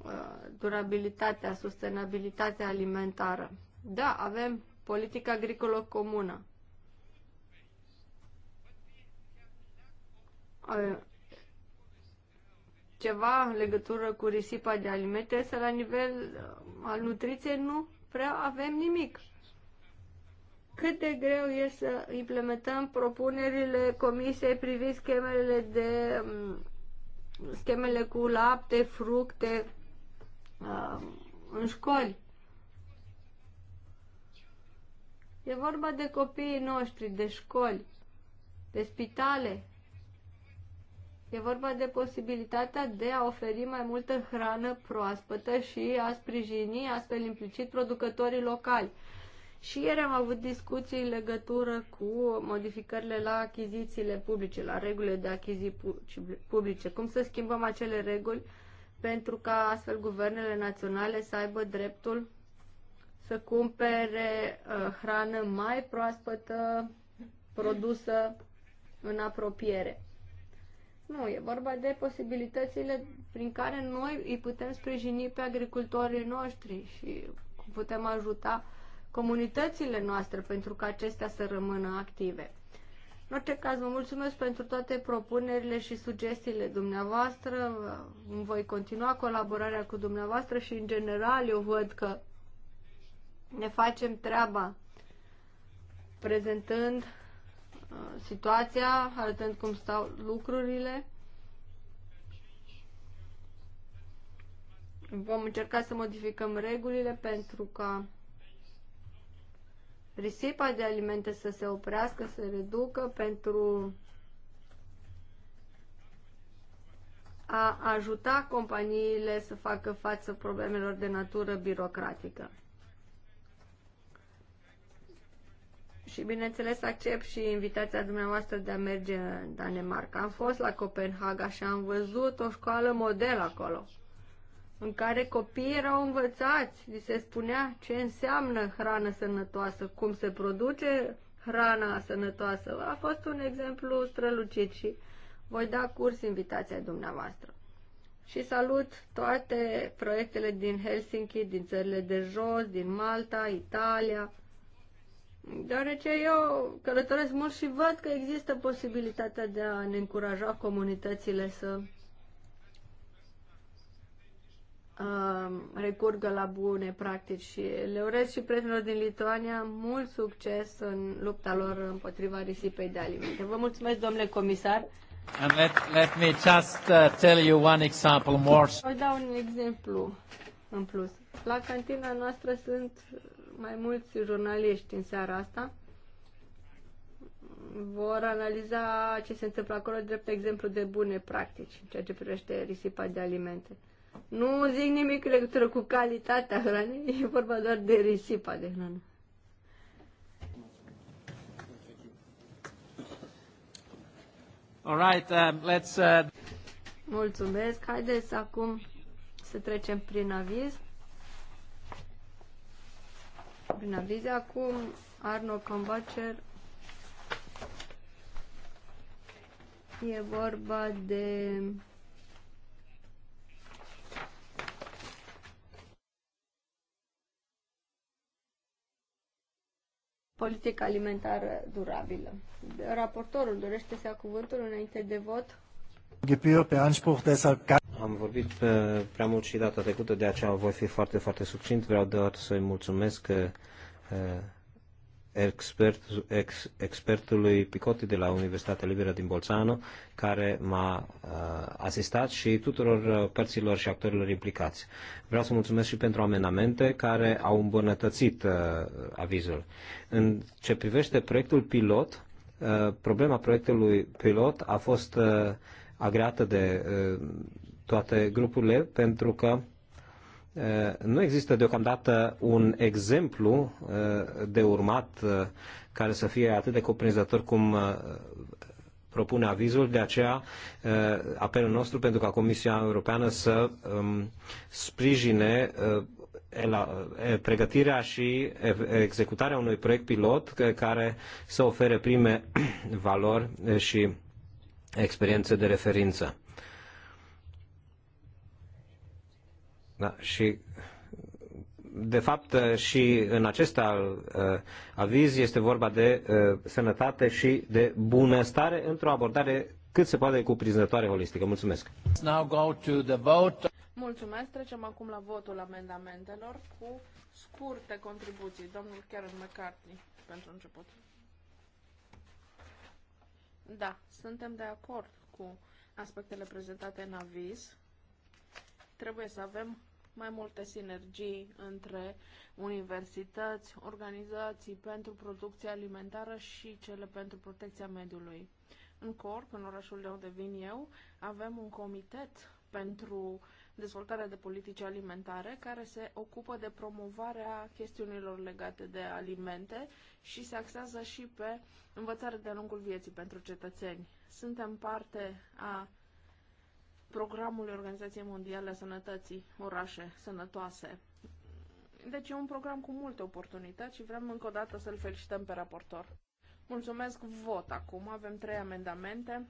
Uh, durabilitatea, sustenabilitatea alimentară. Da, avem politica agricolă comună. Uh, ceva în legătură cu risipa de alimente, să la nivel uh, al nutriției nu prea avem nimic. Cât de greu e să implementăm propunerile comisiei privind schemele de um, schemele cu lapte, fructe, Uh, în școli. E vorba de copiii noștri, de școli, de spitale. E vorba de posibilitatea de a oferi mai multă hrană proaspătă și a sprijini astfel implicit producătorii locali. Și ieri am avut discuții în legătură cu modificările la achizițiile publice, la regulile de achiziții publice, cum să schimbăm acele reguli pentru ca astfel guvernele naționale să aibă dreptul să cumpere uh, hrană mai proaspătă produsă în apropiere. Nu, e vorba de posibilitățile prin care noi îi putem sprijini pe agricultorii noștri și putem ajuta comunitățile noastre pentru ca acestea să rămână active. În orice caz, vă mulțumesc pentru toate propunerile și sugestiile dumneavoastră. Voi continua colaborarea cu dumneavoastră și, în general, eu văd că ne facem treaba prezentând uh, situația, arătând cum stau lucrurile. Vom încerca să modificăm regulile pentru ca risipa de alimente să se oprească, să se reducă pentru a ajuta companiile să facă față problemelor de natură birocratică. Și bineînțeles accept și invitația dumneavoastră de a merge în Danemarca. Am fost la Copenhaga și am văzut o școală model acolo în care copiii erau învățați, li se spunea ce înseamnă hrană sănătoasă, cum se produce hrana sănătoasă. A fost un exemplu strălucit și voi da curs invitația dumneavoastră. Și salut toate proiectele din Helsinki, din țările de jos, din Malta, Italia, deoarece eu călătoresc mult și văd că există posibilitatea de a ne încuraja comunitățile să Um, recurgă la bune practici și le urez și prietenilor din Lituania mult succes în lupta lor împotriva risipei de alimente. Vă mulțumesc, domnule comisar. And let, let me just uh, tell you one example more. Vă dau un exemplu în plus. La cantina noastră sunt mai mulți jurnaliști în seara asta vor analiza ce se întâmplă acolo drept exemplu de bune practici în ceea ce privește risipa de alimente. Nu zic nimic în legătură cu calitatea hranei, e vorba doar de risipa de hrană. All right, um, let's, uh... Mulțumesc. Haideți acum să trecem prin aviz. Prin aviz acum Arno Combacer e vorba de politică alimentară durabilă. Raportorul dorește să ia cuvântul înainte de vot. Am vorbit uh, prea mult și data trecută, de aceea voi fi foarte, foarte succint. Vreau doar să-i mulțumesc uh, uh, expert, ex, expertului Picotti de la Universitatea Liberă din Bolzano, care m-a uh, asistat și tuturor uh, părților și actorilor implicați. Vreau să mulțumesc și pentru amenamente care au îmbunătățit uh, avizul. În ce privește proiectul pilot, uh, problema proiectului pilot a fost uh, agreată de uh, toate grupurile pentru că uh, Eh, nu există deocamdată un exemplu eh, de urmat eh, care să fie atât de cuprinzător cum propune avizul, de aceea apelul nostru pentru ca Comisia Europeană să ehm, sprijine pregătirea și executarea unui proiect pilot care să ofere prime valori și experiențe de referință. Da, și de fapt uh, și în acest uh, aviz este vorba de uh, sănătate și de bunăstare într-o abordare cât se poate cuprinzătoare holistică. Mulțumesc. Now go to the vote. Mulțumesc. Trecem acum la votul amendamentelor cu scurte contribuții. Domnul Karen McCarthy, pentru început. Da, suntem de acord cu aspectele prezentate în aviz Trebuie să avem mai multe sinergii între universități, organizații pentru producție alimentară și cele pentru protecția mediului. În Corp, în orașul de unde vin eu, avem un comitet pentru dezvoltarea de politici alimentare care se ocupă de promovarea chestiunilor legate de alimente și se axează și pe învățare de lungul vieții pentru cetățeni. Suntem parte a programul Organizației Mondiale a Sănătății, orașe sănătoase. Deci e un program cu multe oportunități și vrem încă o dată să-l felicităm pe raportor. Mulțumesc, vot acum. Avem trei amendamente.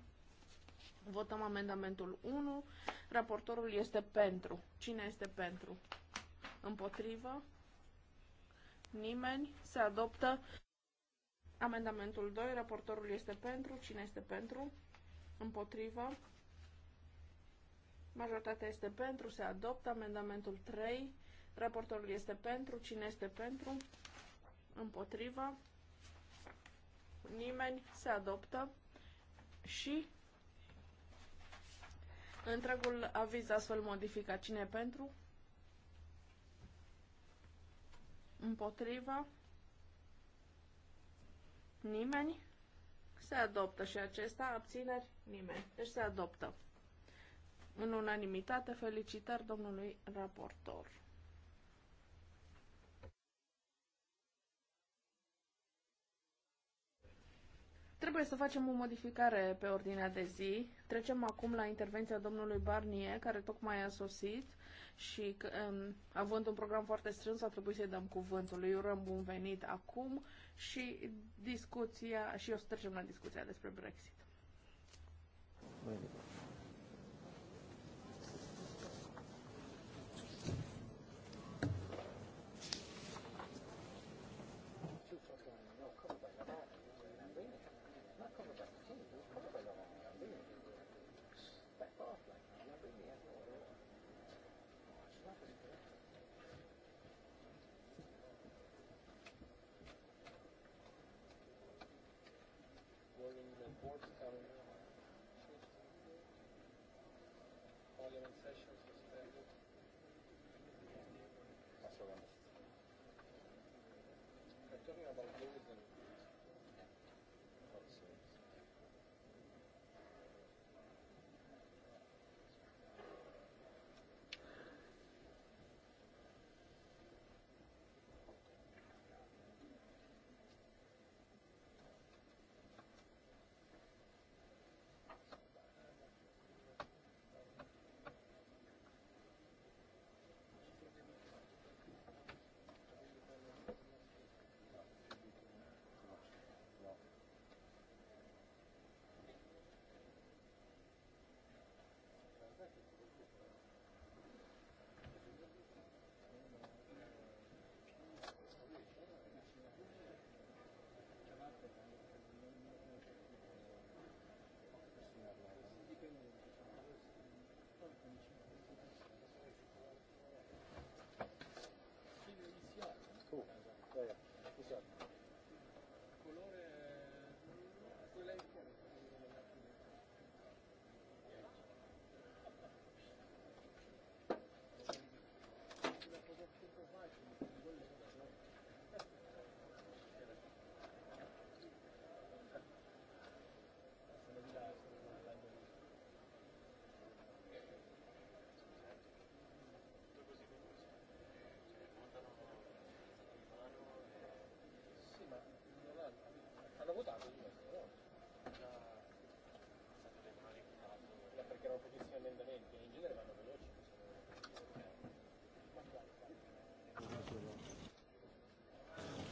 Votăm amendamentul 1. Raportorul este pentru. Cine este pentru? Împotrivă? Nimeni? Se adoptă amendamentul 2. Raportorul este pentru. Cine este pentru? Împotrivă? Majoritatea este pentru, se adoptă. Amendamentul 3. Raportorul este pentru. Cine este pentru? Împotriva. Nimeni se adoptă. Și întregul aviz astfel modificat. Cine e pentru? Împotriva. Nimeni. Se adoptă și acesta. Abțineri? Nimeni. Deci se adoptă în unanimitate. Felicitări domnului raportor. Trebuie să facem o modificare pe ordinea de zi. Trecem acum la intervenția domnului Barnier, care tocmai a sosit și um, având un program foarte strâns a trebuit să-i dăm cuvântul. Îi urăm bun venit acum și discuția și o să trecem la discuția despre Brexit. Bine. Sports area. Parliament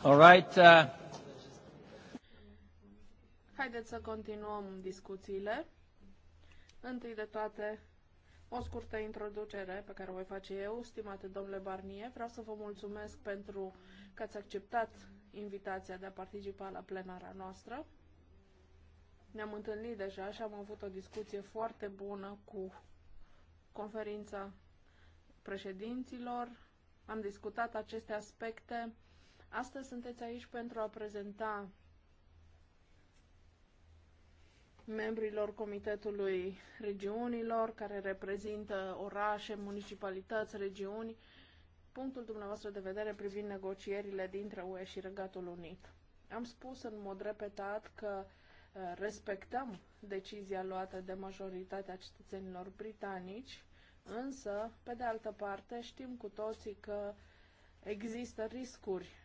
All right. Uh... Haideți să continuăm discuțiile. Întâi de toate, o scurtă introducere pe care o voi face eu, stimate domnule Barnier. Vreau să vă mulțumesc pentru că ați acceptat invitația de a participa la plenara noastră. Ne-am întâlnit deja și am avut o discuție foarte bună cu conferința președinților. Am discutat aceste aspecte Astăzi sunteți aici pentru a prezenta membrilor Comitetului Regiunilor, care reprezintă orașe, municipalități, regiuni, punctul dumneavoastră de vedere privind negocierile dintre UE și Regatul Unit. Am spus în mod repetat că uh, respectăm decizia luată de majoritatea cetățenilor britanici, însă, pe de altă parte, știm cu toții că există riscuri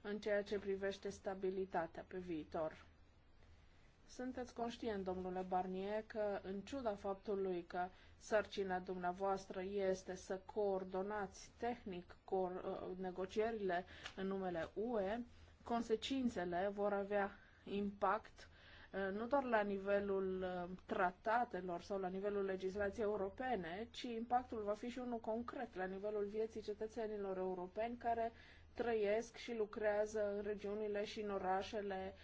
în ceea ce privește stabilitatea pe viitor. Sunteți conștient, domnule Barnier, că în ciuda faptului că sarcina dumneavoastră este să coordonați tehnic cor- uh, negocierile în numele UE, consecințele vor avea impact uh, nu doar la nivelul uh, tratatelor sau la nivelul legislației europene, ci impactul va fi și unul concret la nivelul vieții cetățenilor europeni care trăiesc și lucrează în regiunile și în orașele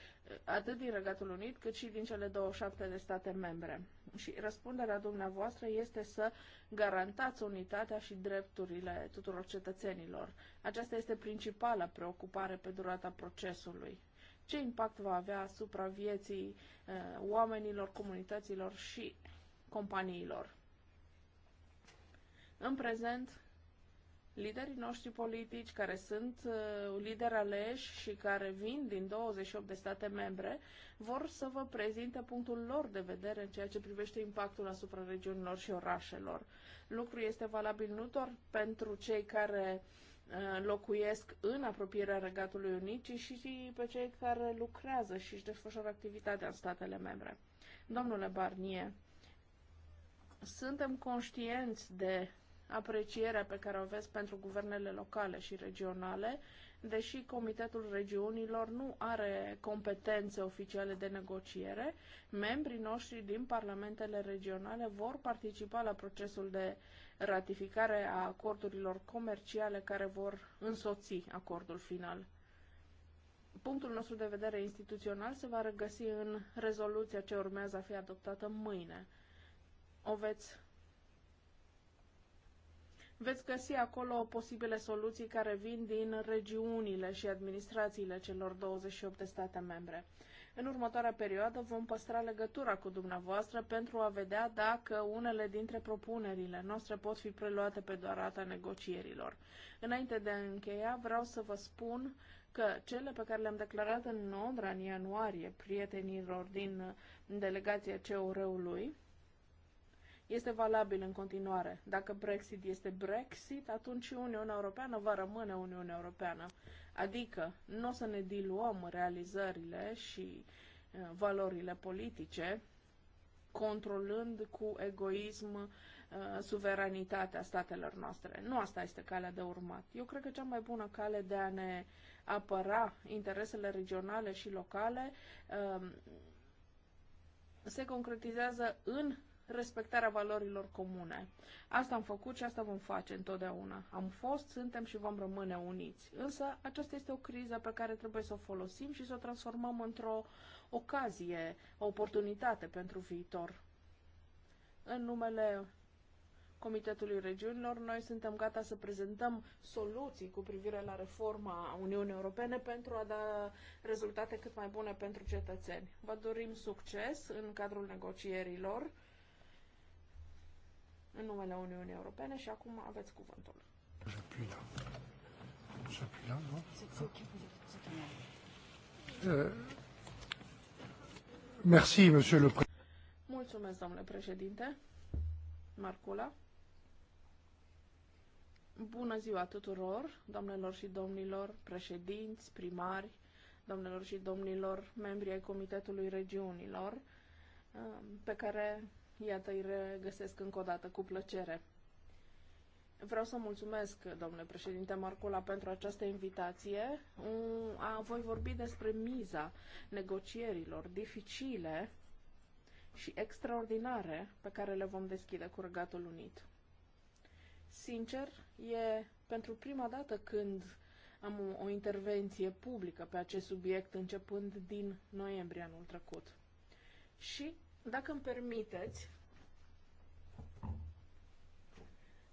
atât din Regatul Unit cât și din cele 27 de state membre. Și răspunderea dumneavoastră este să garantați unitatea și drepturile tuturor cetățenilor. Aceasta este principala preocupare pe durata procesului. Ce impact va avea asupra vieții uh, oamenilor, comunităților și companiilor? În prezent, liderii noștri politici care sunt uh, lideri aleși și care vin din 28 de state membre vor să vă prezinte punctul lor de vedere în ceea ce privește impactul asupra regiunilor și orașelor. Lucru este valabil nu doar pentru cei care uh, locuiesc în apropierea Regatului Unit, ci și pe cei care lucrează și își desfășoară activitatea în statele membre. Domnule Barnier, suntem conștienți de aprecierea pe care o aveți pentru guvernele locale și regionale, deși Comitetul Regiunilor nu are competențe oficiale de negociere, membrii noștri din parlamentele regionale vor participa la procesul de ratificare a acordurilor comerciale care vor însoți acordul final. Punctul nostru de vedere instituțional se va regăsi în rezoluția ce urmează a fi adoptată mâine. O veți veți găsi acolo posibile soluții care vin din regiunile și administrațiile celor 28 de state membre. În următoarea perioadă vom păstra legătura cu dumneavoastră pentru a vedea dacă unele dintre propunerile noastre pot fi preluate pe durata negocierilor. Înainte de a încheia, vreau să vă spun că cele pe care le-am declarat în Londra în ianuarie prietenilor din delegația CEUR-ului este valabil în continuare. Dacă Brexit este Brexit, atunci Uniunea Europeană va rămâne Uniunea Europeană. Adică nu o să ne diluăm realizările și uh, valorile politice, controlând cu egoism uh, suveranitatea statelor noastre. Nu asta este calea de urmat. Eu cred că cea mai bună cale de a ne apăra interesele regionale și locale uh, se concretizează în respectarea valorilor comune. Asta am făcut și asta vom face întotdeauna. Am fost, suntem și vom rămâne uniți. Însă, aceasta este o criză pe care trebuie să o folosim și să o transformăm într-o ocazie, o oportunitate pentru viitor. În numele Comitetului Regiunilor, noi suntem gata să prezentăm soluții cu privire la reforma Uniunii Europene pentru a da rezultate cât mai bune pentru cetățeni. Vă dorim succes în cadrul negocierilor în numele Uniunii Europene și acum aveți cuvântul. J'appuie là. J'appuie là, non? Euh, merci, monsieur le président. Mulțumesc, domnule președinte. Marcula. Bună ziua tuturor, domnilor și domnilor, președinți, primari, domnilor și domnilor, membri ai Comitetului Regiunilor, eh, pe care Iată, îi regăsesc încă o dată cu plăcere. Vreau să mulțumesc, domnule președinte Marcula, pentru această invitație. Mm, voi vorbi despre miza negocierilor dificile și extraordinare pe care le vom deschide cu Regatul Unit. Sincer, e pentru prima dată când am o intervenție publică pe acest subiect începând din noiembrie anul trecut. Și dacă îmi permiteți,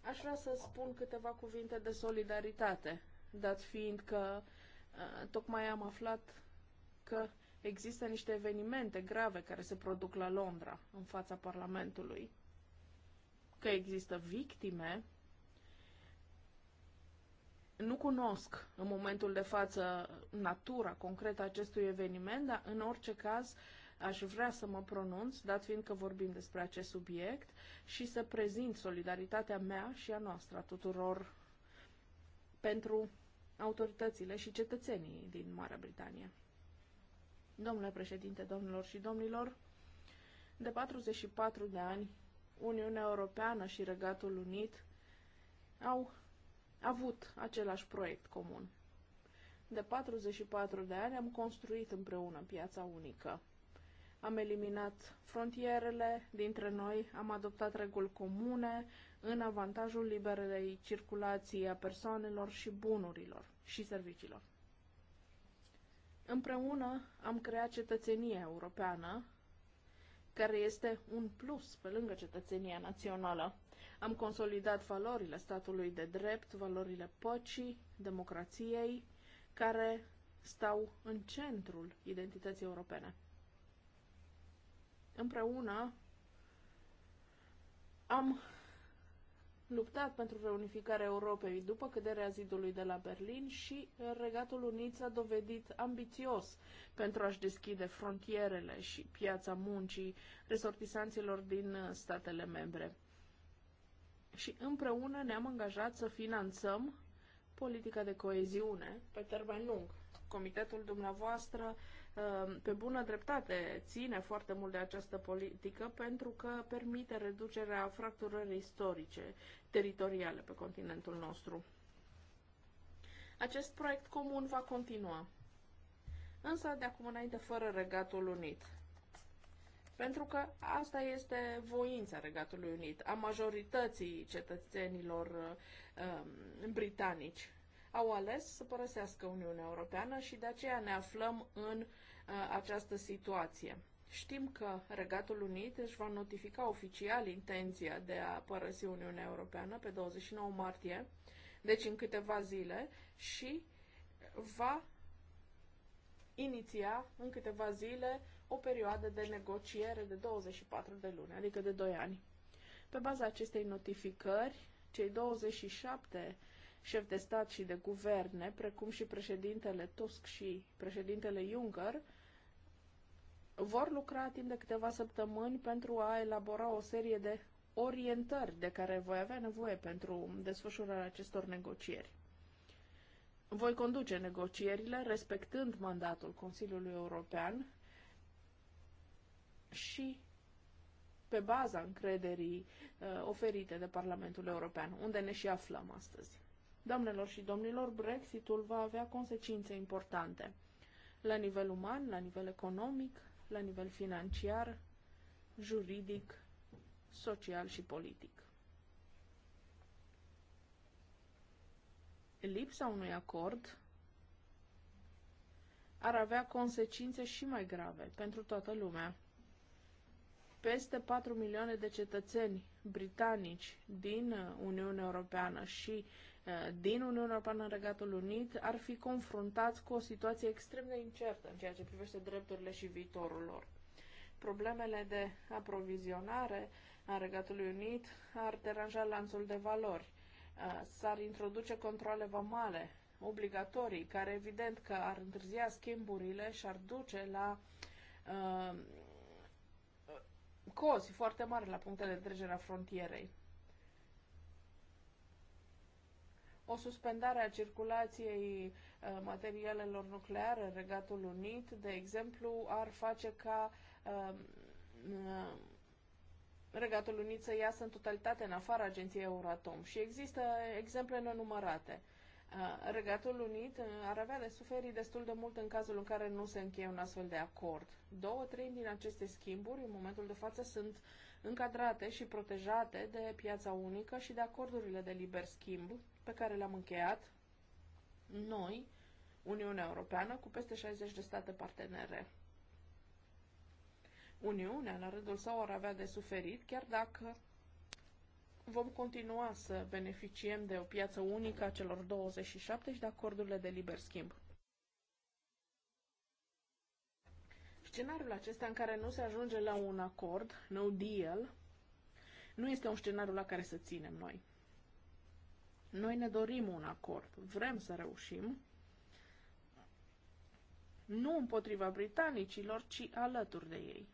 aș vrea să spun câteva cuvinte de solidaritate, dat fiind că tocmai am aflat că există niște evenimente grave care se produc la Londra, în fața Parlamentului, că există victime. Nu cunosc în momentul de față natura concretă a acestui eveniment, dar în orice caz uh, aș vrea să mă pronunț, dat fiind că vorbim despre acest subiect, și să prezint solidaritatea mea și a noastră, a tuturor, pentru autoritățile și cetățenii din Marea Britanie. Domnule președinte, domnilor și domnilor, de 44 de ani, Uniunea Europeană și Regatul Unit au avut același proiect comun. De 44 de ani am construit împreună piața unică am eliminat frontierele dintre noi, am adoptat reguli comune în avantajul liberei circulații a persoanelor și bunurilor și serviciilor. Împreună am creat cetățenia europeană, care este un plus pe lângă cetățenia națională. Am consolidat valorile statului de drept, valorile păcii, democrației, care stau în centrul identității europene împreună am luptat pentru reunificarea Europei după căderea zidului de la Berlin și Regatul Unit s-a dovedit ambițios pentru a-și deschide frontierele și piața muncii resortisanților din statele membre. Și împreună ne-am angajat să finanțăm politica de coeziune pe termen lung. Comitetul dumneavoastră Ehm, pe bună dreptate ține foarte mult de această politică pentru că permite reducerea fracturării istorice teritoriale pe continentul nostru. Acest proiect comun va continua, însă de acum înainte fără Regatul Unit. Pentru că asta este voința Regatului Unit, a majorității cetățenilor uh, britanici au ales să părăsească Uniunea Europeană și de aceea ne aflăm în uh, această situație. Știm că Regatul Unit își va notifica oficial intenția de a părăsi Uniunea Europeană pe 29 martie, deci în câteva zile, și va iniția în câteva zile o perioadă de negociere de 24 de luni, adică de 2 ani. Pe baza acestei notificări, cei 27 șef de stat și de guverne, precum și președintele Tusk și președintele Juncker, vor lucra timp de câteva săptămâni pentru a elabora o serie de orientări de care voi avea nevoie pentru desfășurarea acestor negocieri. Voi conduce negocierile respectând mandatul Consiliului European și pe baza încrederii uh, oferite de Parlamentul European, unde ne și aflăm astăzi. Doamnelor și domnilor, Brexitul va avea consecințe importante la nivel uman, la nivel economic, la nivel financiar, juridic, social și politic. Lipsa unui acord ar avea consecințe și mai grave pentru toată lumea. Peste 4 milioane de cetățeni britanici din Uniunea Europeană și Eh, din Uniunea Europeană în Regatul Unit ar fi confruntați cu o situație extrem de incertă în ceea ce privește drepturile și viitorul lor. Problemele de aprovizionare a Regatului Unit ar deranja lanțul de valori. Eh, s-ar introduce controle vamale obligatorii, care evident că ar întârzia schimburile și ar duce la uh, cozi foarte mari la punctele de trecere a frontierei. o suspendare a circulației uh, materialelor nucleare în Regatul Unit, de exemplu, ar face ca um, uh, Regatul Unit să iasă în totalitate în afara agenției Euratom și există exemple nenumărate. Uh, Regatul Unit ar avea de suferit destul de mult în cazul în care nu se încheie un astfel de acord. Două, trei din aceste schimburi, în momentul de față, sunt încadrate și protejate de piața unică și de acordurile de liber schimb pe care le-am încheiat noi, Uniunea Europeană, cu peste 60 de state partenere. Uniunea, la rândul său, ar avea de suferit, chiar dacă vom continua să beneficiem de o piață unică a celor 27 și de acordurile de liber schimb. Scenariul acesta în care nu se ajunge la un acord, no deal, nu este un scenariu la care să ținem noi. Noi ne dorim un acord, vrem să reușim, nu împotriva britanicilor, ci alături de ei.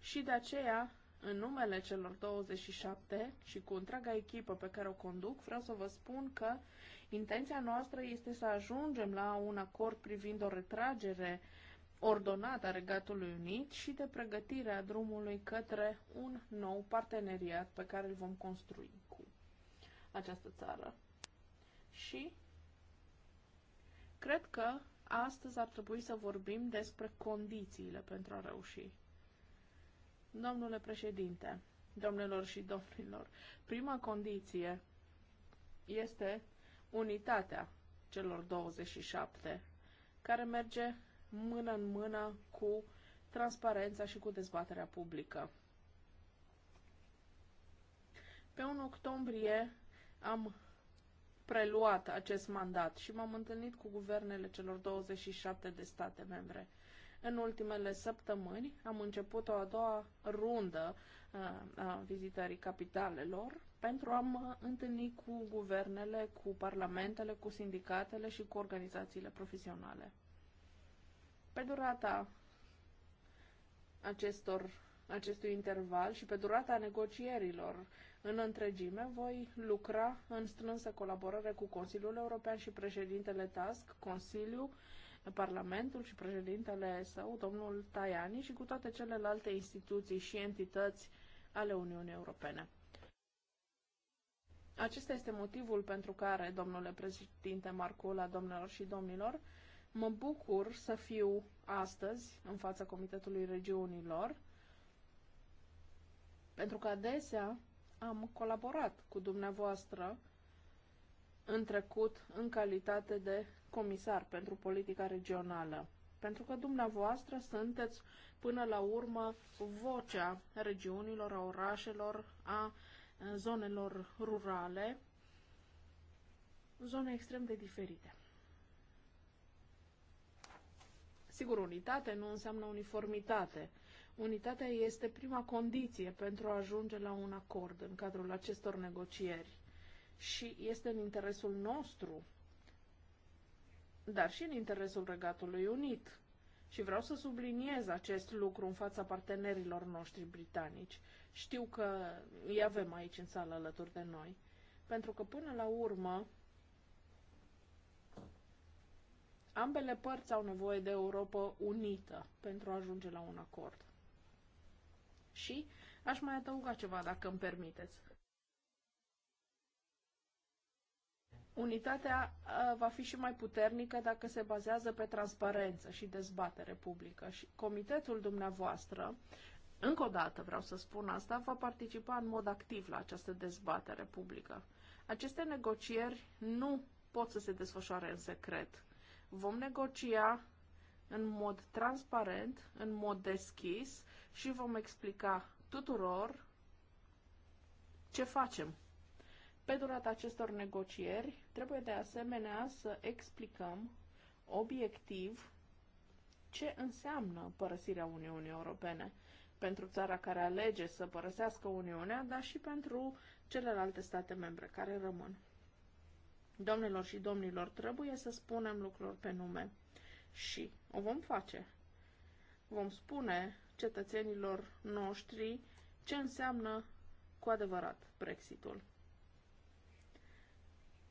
Și de aceea, în numele celor 27 și cu întreaga echipă pe care o conduc, vreau să vă spun că intenția noastră este să ajungem la un acord privind o retragere ordonată a Regatului Unit și de pregătirea drumului către un nou parteneriat pe care îl vom construi această țară. Și cred că astăzi ar trebui să vorbim despre condițiile pentru a reuși. Domnule președinte, domnilor și domnilor, prima condiție este unitatea celor 27, care merge mână în mână cu transparența și cu dezbaterea publică. Pe 1 octombrie am preluat acest mandat și m-am întâlnit cu guvernele celor 27 de state membre. În ultimele săptămâni am început o a doua rundă uh, a vizitării capitalelor pentru a mă întâlni cu guvernele, cu parlamentele, cu sindicatele și cu organizațiile profesionale. Pe durata acestor acestui interval și pe durata negocierilor în întregime, voi lucra în strânsă colaborare cu Consiliul European și președintele TASC, Consiliu, Parlamentul și președintele său, domnul Tajani, și cu toate celelalte instituții și entități ale Uniunii Europene. Acesta este motivul pentru care, domnule președinte Marcula, domnilor și domnilor, mă bucur să fiu astăzi în fața Comitetului Regiunilor pentru că adesea am colaborat cu dumneavoastră în trecut în calitate de comisar pentru politica regională. Pentru că dumneavoastră sunteți până la urmă vocea regiunilor, a orașelor, a zonelor rurale, zone extrem de diferite. Sigur, unitate nu înseamnă uniformitate Unitatea este prima condiție pentru a ajunge la un acord în cadrul acestor negocieri și este în interesul nostru, dar și în interesul Regatului Unit. Și vreau să subliniez acest lucru în fața partenerilor noștri britanici. Știu că îi avem aici în sală alături de noi. Pentru că până la urmă, ambele părți au nevoie de Europa unită pentru a ajunge la un acord. Și aș mai adăuga ceva, dacă îmi permiteți. Unitatea va fi și mai puternică dacă se bazează pe transparență și dezbatere publică. Și comitetul dumneavoastră, încă o dată vreau să spun asta, va participa în mod activ la această dezbatere publică. Aceste negocieri nu pot să se desfășoare în secret. Vom negocia în mod transparent, în mod deschis și vom explica tuturor ce facem. Pe durata acestor negocieri, trebuie de asemenea să explicăm obiectiv ce înseamnă părăsirea Uniunii Europene pentru țara care alege să părăsească Uniunea, dar și pentru celelalte state membre care rămân. Domnilor și domnilor, trebuie să spunem lucruri pe nume și o vom face. Vom spune cetățenilor noștri ce înseamnă cu adevărat Brexitul.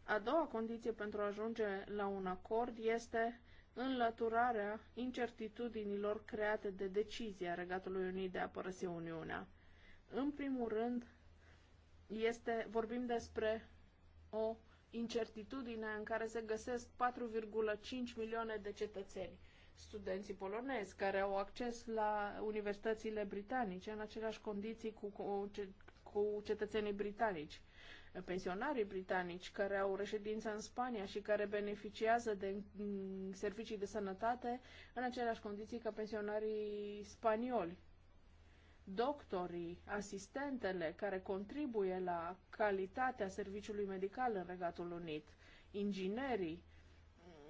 A doua condiție pentru a ajunge la un acord este înlăturarea incertitudinilor create de decizia Regatului Unit de a părăsi Uniunea. În primul rând, este, vorbim despre o incertitudine în care se găsesc 4,5 milioane de cetățeni studenții polonezi care au acces la universitățile britanice în aceleași condiții cu, cu, cu cetățenii britanici. Pensionarii britanici care au reședință în Spania și care beneficiază de mm, servicii de sănătate în aceleași condiții ca pensionarii spanioli. Doctorii, asistentele care contribuie la calitatea serviciului medical în Regatul Unit, inginerii,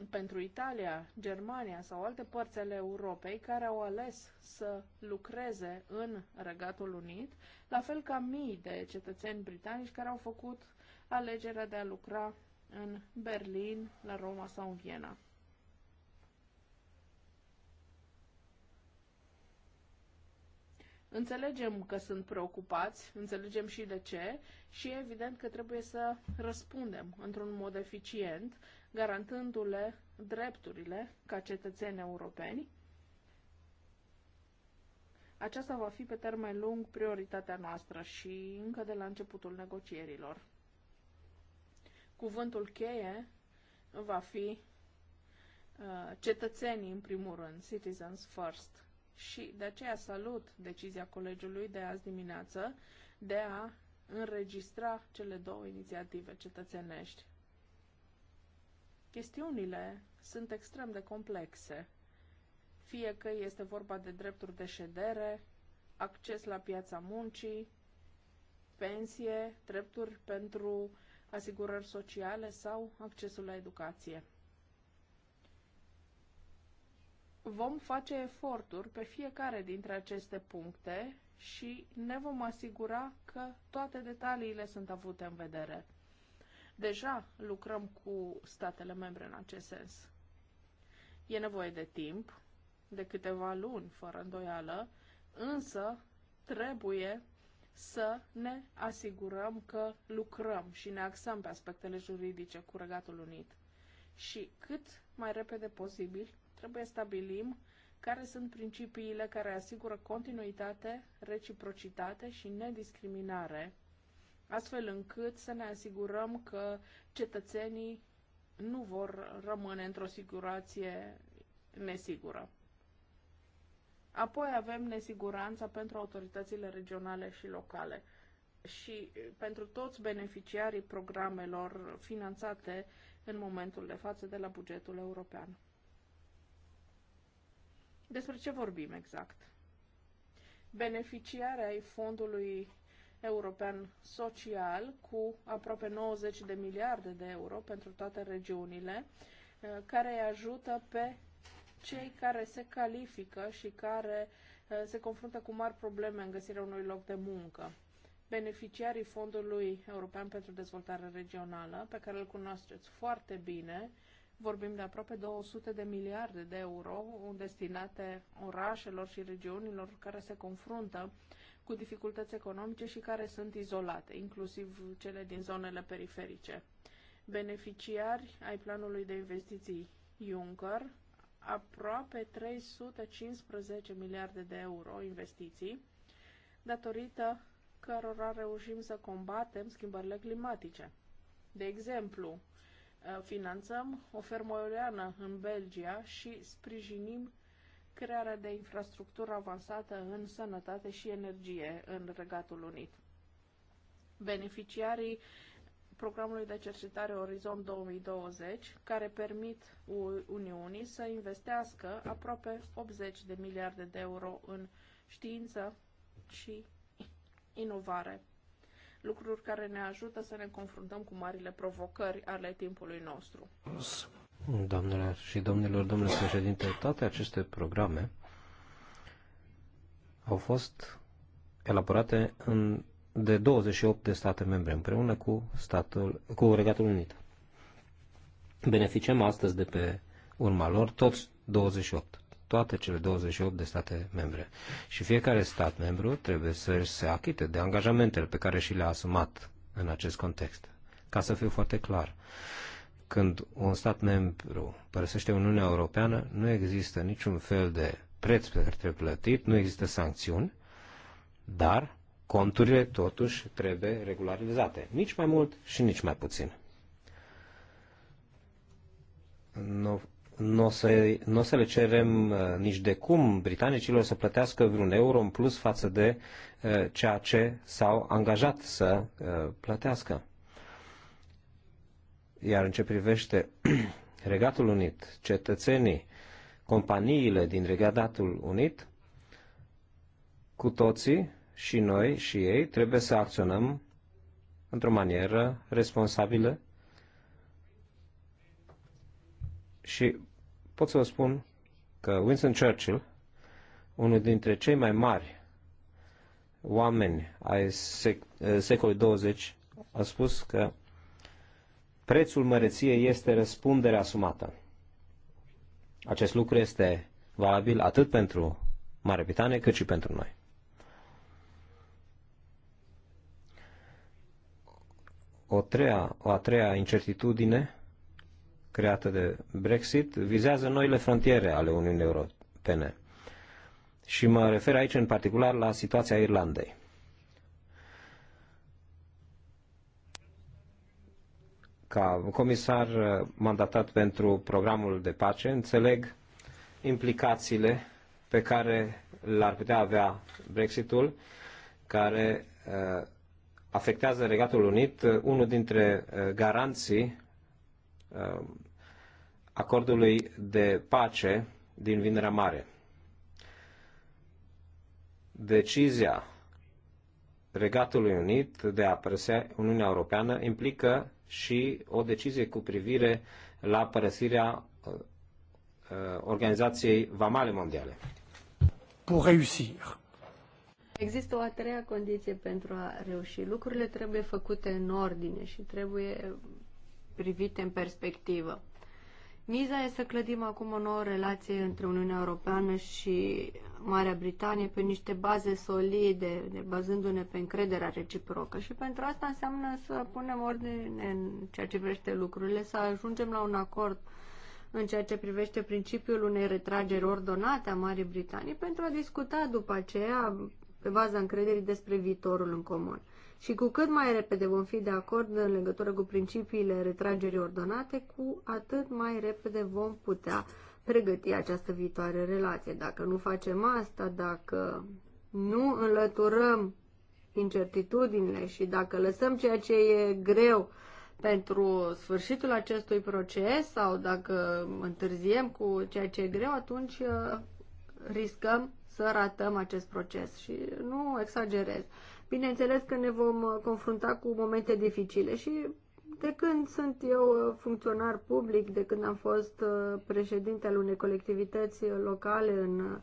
pentru Italia, Germania sau alte părți ale Europei care au ales să lucreze în Regatul Unit, la fel ca mii de cetățeni britanici care au făcut alegerea de a lucra în Berlin, la Roma sau în Viena. Înțelegem că sunt preocupați, înțelegem și de ce și evident că trebuie să răspundem într-un mod eficient garantându-le drepturile ca cetățeni europeni. Aceasta va fi pe termen lung prioritatea noastră și încă de la începutul negocierilor. Cuvântul cheie va fi uh, cetățenii, în primul rând, citizens first. Și de aceea salut decizia colegiului de azi dimineață de a înregistra cele două inițiative cetățenești Chestiunile sunt extrem de complexe, fie că este vorba de drepturi de ședere, acces la piața muncii, pensie, drepturi pentru asigurări sociale sau accesul la educație. Vom face eforturi pe fiecare dintre aceste puncte și ne vom asigura că toate detaliile sunt avute în vedere. Deja lucrăm cu statele membre în acest sens. E nevoie de timp, de câteva luni, fără îndoială, însă trebuie să ne asigurăm că lucrăm și ne axăm pe aspectele juridice cu Regatul Unit. Și cât mai repede posibil trebuie stabilim care sunt principiile care asigură continuitate, reciprocitate și nediscriminare astfel încât să ne asigurăm că cetățenii nu vor rămâne într-o situație nesigură. Apoi avem nesiguranța pentru autoritățile regionale și locale și pentru toți beneficiarii programelor finanțate în momentul de față de la bugetul european. Despre ce vorbim exact? Beneficiarea ai fondului european social cu aproape 90 de miliarde de euro pentru toate regiunile, uh, care îi ajută pe cei care se califică și care uh, se confruntă cu mari probleme în găsirea unui loc de muncă. Beneficiarii Fondului European pentru Dezvoltare Regională, pe care îl cunoașteți foarte bine, vorbim de aproape 200 de miliarde de euro destinate orașelor și regiunilor care se confruntă cu dificultăți economice și care sunt izolate, inclusiv cele din zonele periferice. Beneficiari ai planului de investiții Juncker, aproape 315 miliarde de euro investiții, datorită cărora reușim să combatem schimbările climatice. De exemplu, finanțăm o fermă în Belgia și sprijinim crearea de infrastructură avansată în sănătate și energie în Regatul Unit. Beneficiarii programului de cercetare Orizont 2020, care permit Uniunii să investească aproape 80 de miliarde de euro în știință și inovare. Lucruri care ne ajută să ne confruntăm cu marile provocări ale timpului nostru. Doamnelor și domnilor, domnule președinte, toate aceste programe au fost elaborate în, de 28 de state membre împreună cu, statul, cu Regatul Unit. Beneficiem astăzi de pe urma lor toți 28, toate cele 28 de state membre. Și fiecare stat membru trebuie să se achite de angajamentele pe care și le-a asumat în acest context. Ca să fiu foarte clar, când un stat membru părăsește Uniunea Europeană, nu există niciun fel de preț pe care trebuie plătit, nu există sancțiuni, dar conturile totuși trebuie regularizate, nici mai mult și nici mai puțin. Nu, nu o să, nu o să le cerem uh, nici de cum britanicilor să plătească vreun euro în plus față de uh, ceea ce s-au angajat să uh, plătească. Iar în ce privește Regatul Unit, cetățenii, companiile din Regatul Unit, cu toții, și noi și ei, trebuie să acționăm într-o manieră responsabilă și pot să vă spun că Winston Churchill, unul dintre cei mai mari oameni ai sec- eh, secolului 20, a spus că Prețul măreției este răspunderea asumată. Acest lucru este valabil atât pentru Marea Britanie cât și pentru noi. O, treia, o a treia incertitudine creată de Brexit vizează noile frontiere ale Uniunii Europene. Și mă refer aici în particular la situația Irlandei. ca comisar uh, mandatat pentru programul de pace, înțeleg implicațiile pe care l-ar putea avea Brexitul, care uh, afectează Regatul Unit, uh, unul dintre garanții acordului de pace din Vinerea Mare. Decizia Regatului Unit de a părăsi Uniunea Europeană implică și o decizie cu privire la părăsirea uh, Organizației Vamale Mondiale. Pour réussir. Există o a treia condiție pentru a reuși. Lucrurile trebuie făcute în ordine și trebuie privite în perspectivă. Miza e să clădim acum o nouă relație între Uniunea Europeană și Marea Britanie pe niște baze solide, bazându-ne pe încrederea reciprocă. Și pentru asta înseamnă să punem ordine în ceea ce privește lucrurile, să ajungem la un acord în ceea ce privește principiul unei retrageri ordonate a Marii Britanii pentru a discuta după aceea, pe baza încrederii, despre viitorul în comun. Și cu cât mai repede vom fi de acord în legătură cu principiile retragerii ordonate, cu atât mai repede vom putea pregăti această viitoare relație. Dacă nu facem asta, dacă nu înlăturăm incertitudinile și dacă lăsăm ceea ce e greu pentru sfârșitul acestui proces sau dacă întârziem cu ceea ce e greu, atunci uh, riscăm să ratăm acest proces și nu exagerez. Bineînțeles că ne vom uh, confrunta cu momente dificile și de când sunt eu uh, funcționar public, de când am fost uh, președinte al unei colectivități locale în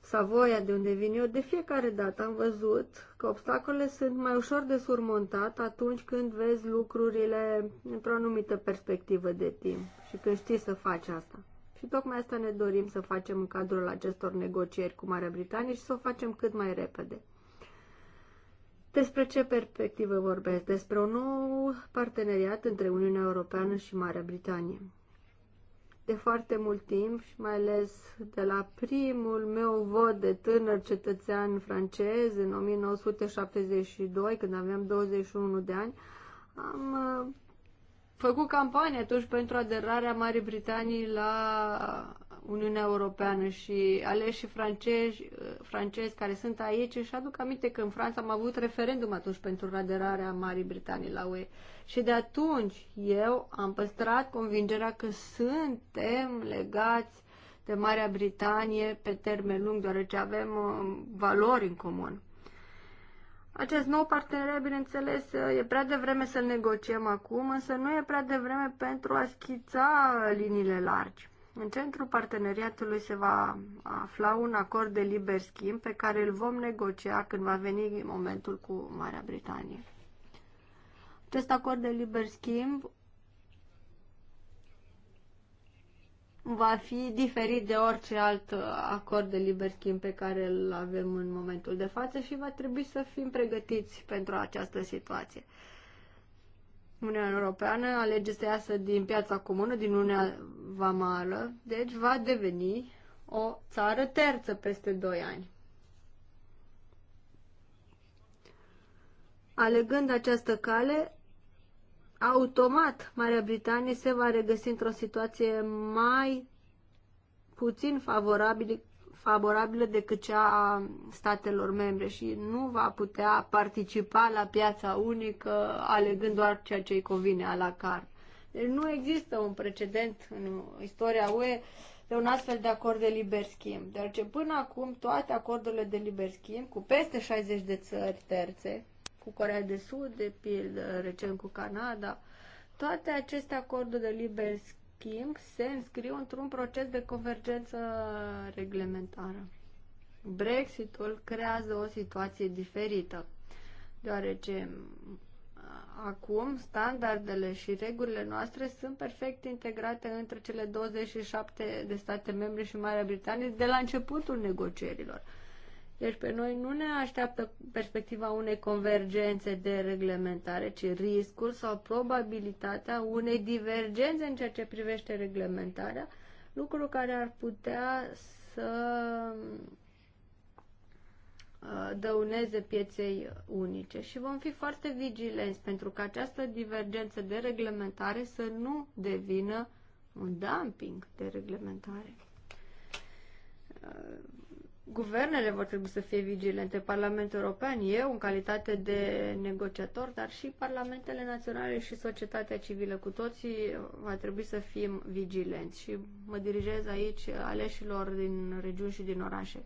Savoia, de unde vin eu, de fiecare dată am văzut că obstacolele sunt mai ușor de surmontat atunci când vezi lucrurile într-o anumită perspectivă de timp și când știi să faci asta. Și tocmai asta ne dorim să facem în cadrul acestor negocieri cu Marea Britanie și să o facem cât mai repede. Despre ce perspectivă vorbesc? Despre un nou parteneriat între Uniunea Europeană și Marea Britanie. De foarte mult timp și mai ales de la primul meu vot de tânăr cetățean francez în 1972, când aveam 21 de ani, am uh, făcut campanie atunci pentru aderarea Marii Britanii la Uniunea Europeană și aleși francezi, francezi care sunt aici și aduc aminte că în Franța am avut referendum atunci pentru aderarea Marii Britanii la UE. Și de atunci eu am păstrat convingerea că suntem legați de Marea Britanie pe termen lung, deoarece avem uh, valori în comun. Acest nou parteneriat, bineînțeles, uh, e prea devreme să-l negociem acum, însă nu e prea devreme pentru a schița liniile largi. În centrul parteneriatului se va afla un acord de liber schimb pe care îl vom negocia când va veni momentul cu Marea Britanie. Acest acord de liber schimb va fi diferit de orice alt acord de liber schimb pe care îl avem în momentul de față și va trebui să fim pregătiți pentru această situație. Uniunea Europeană alege să iasă din piața comună, din Uniunea Vamală, deci va deveni o țară terță peste 2 ani. Alegând această cale, automat Marea Britanie se va regăsi într-o situație mai puțin favorabilă favorabilă decât cea a statelor membre și nu va putea participa la piața unică alegând doar ceea ce îi convine a la car. Deci nu există un precedent în istoria UE de un astfel de acord de liber schimb, deoarece până acum toate acordurile de liber schimb cu peste 60 de țări terțe, cu Corea de Sud, de pildă, recent cu Canada, toate aceste acorduri de liber schimb, se înscriu într-un proces de convergență reglementară. Brexitul creează o situație diferită, deoarece acum standardele și regulile noastre sunt perfect integrate între cele 27 de state membre și Marea Britanie de la începutul negocierilor. Deci pe noi nu ne așteaptă perspectiva unei convergențe de reglementare, ci riscul sau probabilitatea unei divergențe în ceea ce privește reglementarea, lucru care ar putea să uh, dăuneze pieței unice și vom fi foarte vigilenți pentru că această divergență de reglementare să nu devină un dumping de reglementare uh, Guvernele vor trebui să fie vigilente, Parlamentul European, eu în calitate de negociator, dar și parlamentele naționale și societatea civilă, cu toții va trebui să fim vigilenți și mă dirigez aici aleșilor din regiuni și din orașe.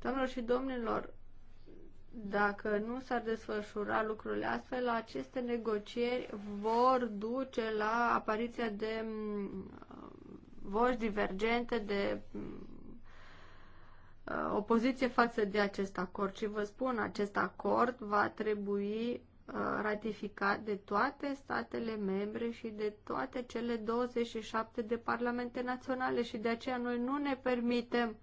Doamnelor și domnilor, dacă nu s-ar desfășura lucrurile astfel, aceste negocieri vor duce la apariția de uh, voci divergente, de Uh, opoziție față de acest acord și vă spun, acest acord va trebui uh, ratificat de toate statele membre și de toate cele 27 de parlamente naționale și de aceea noi nu ne permitem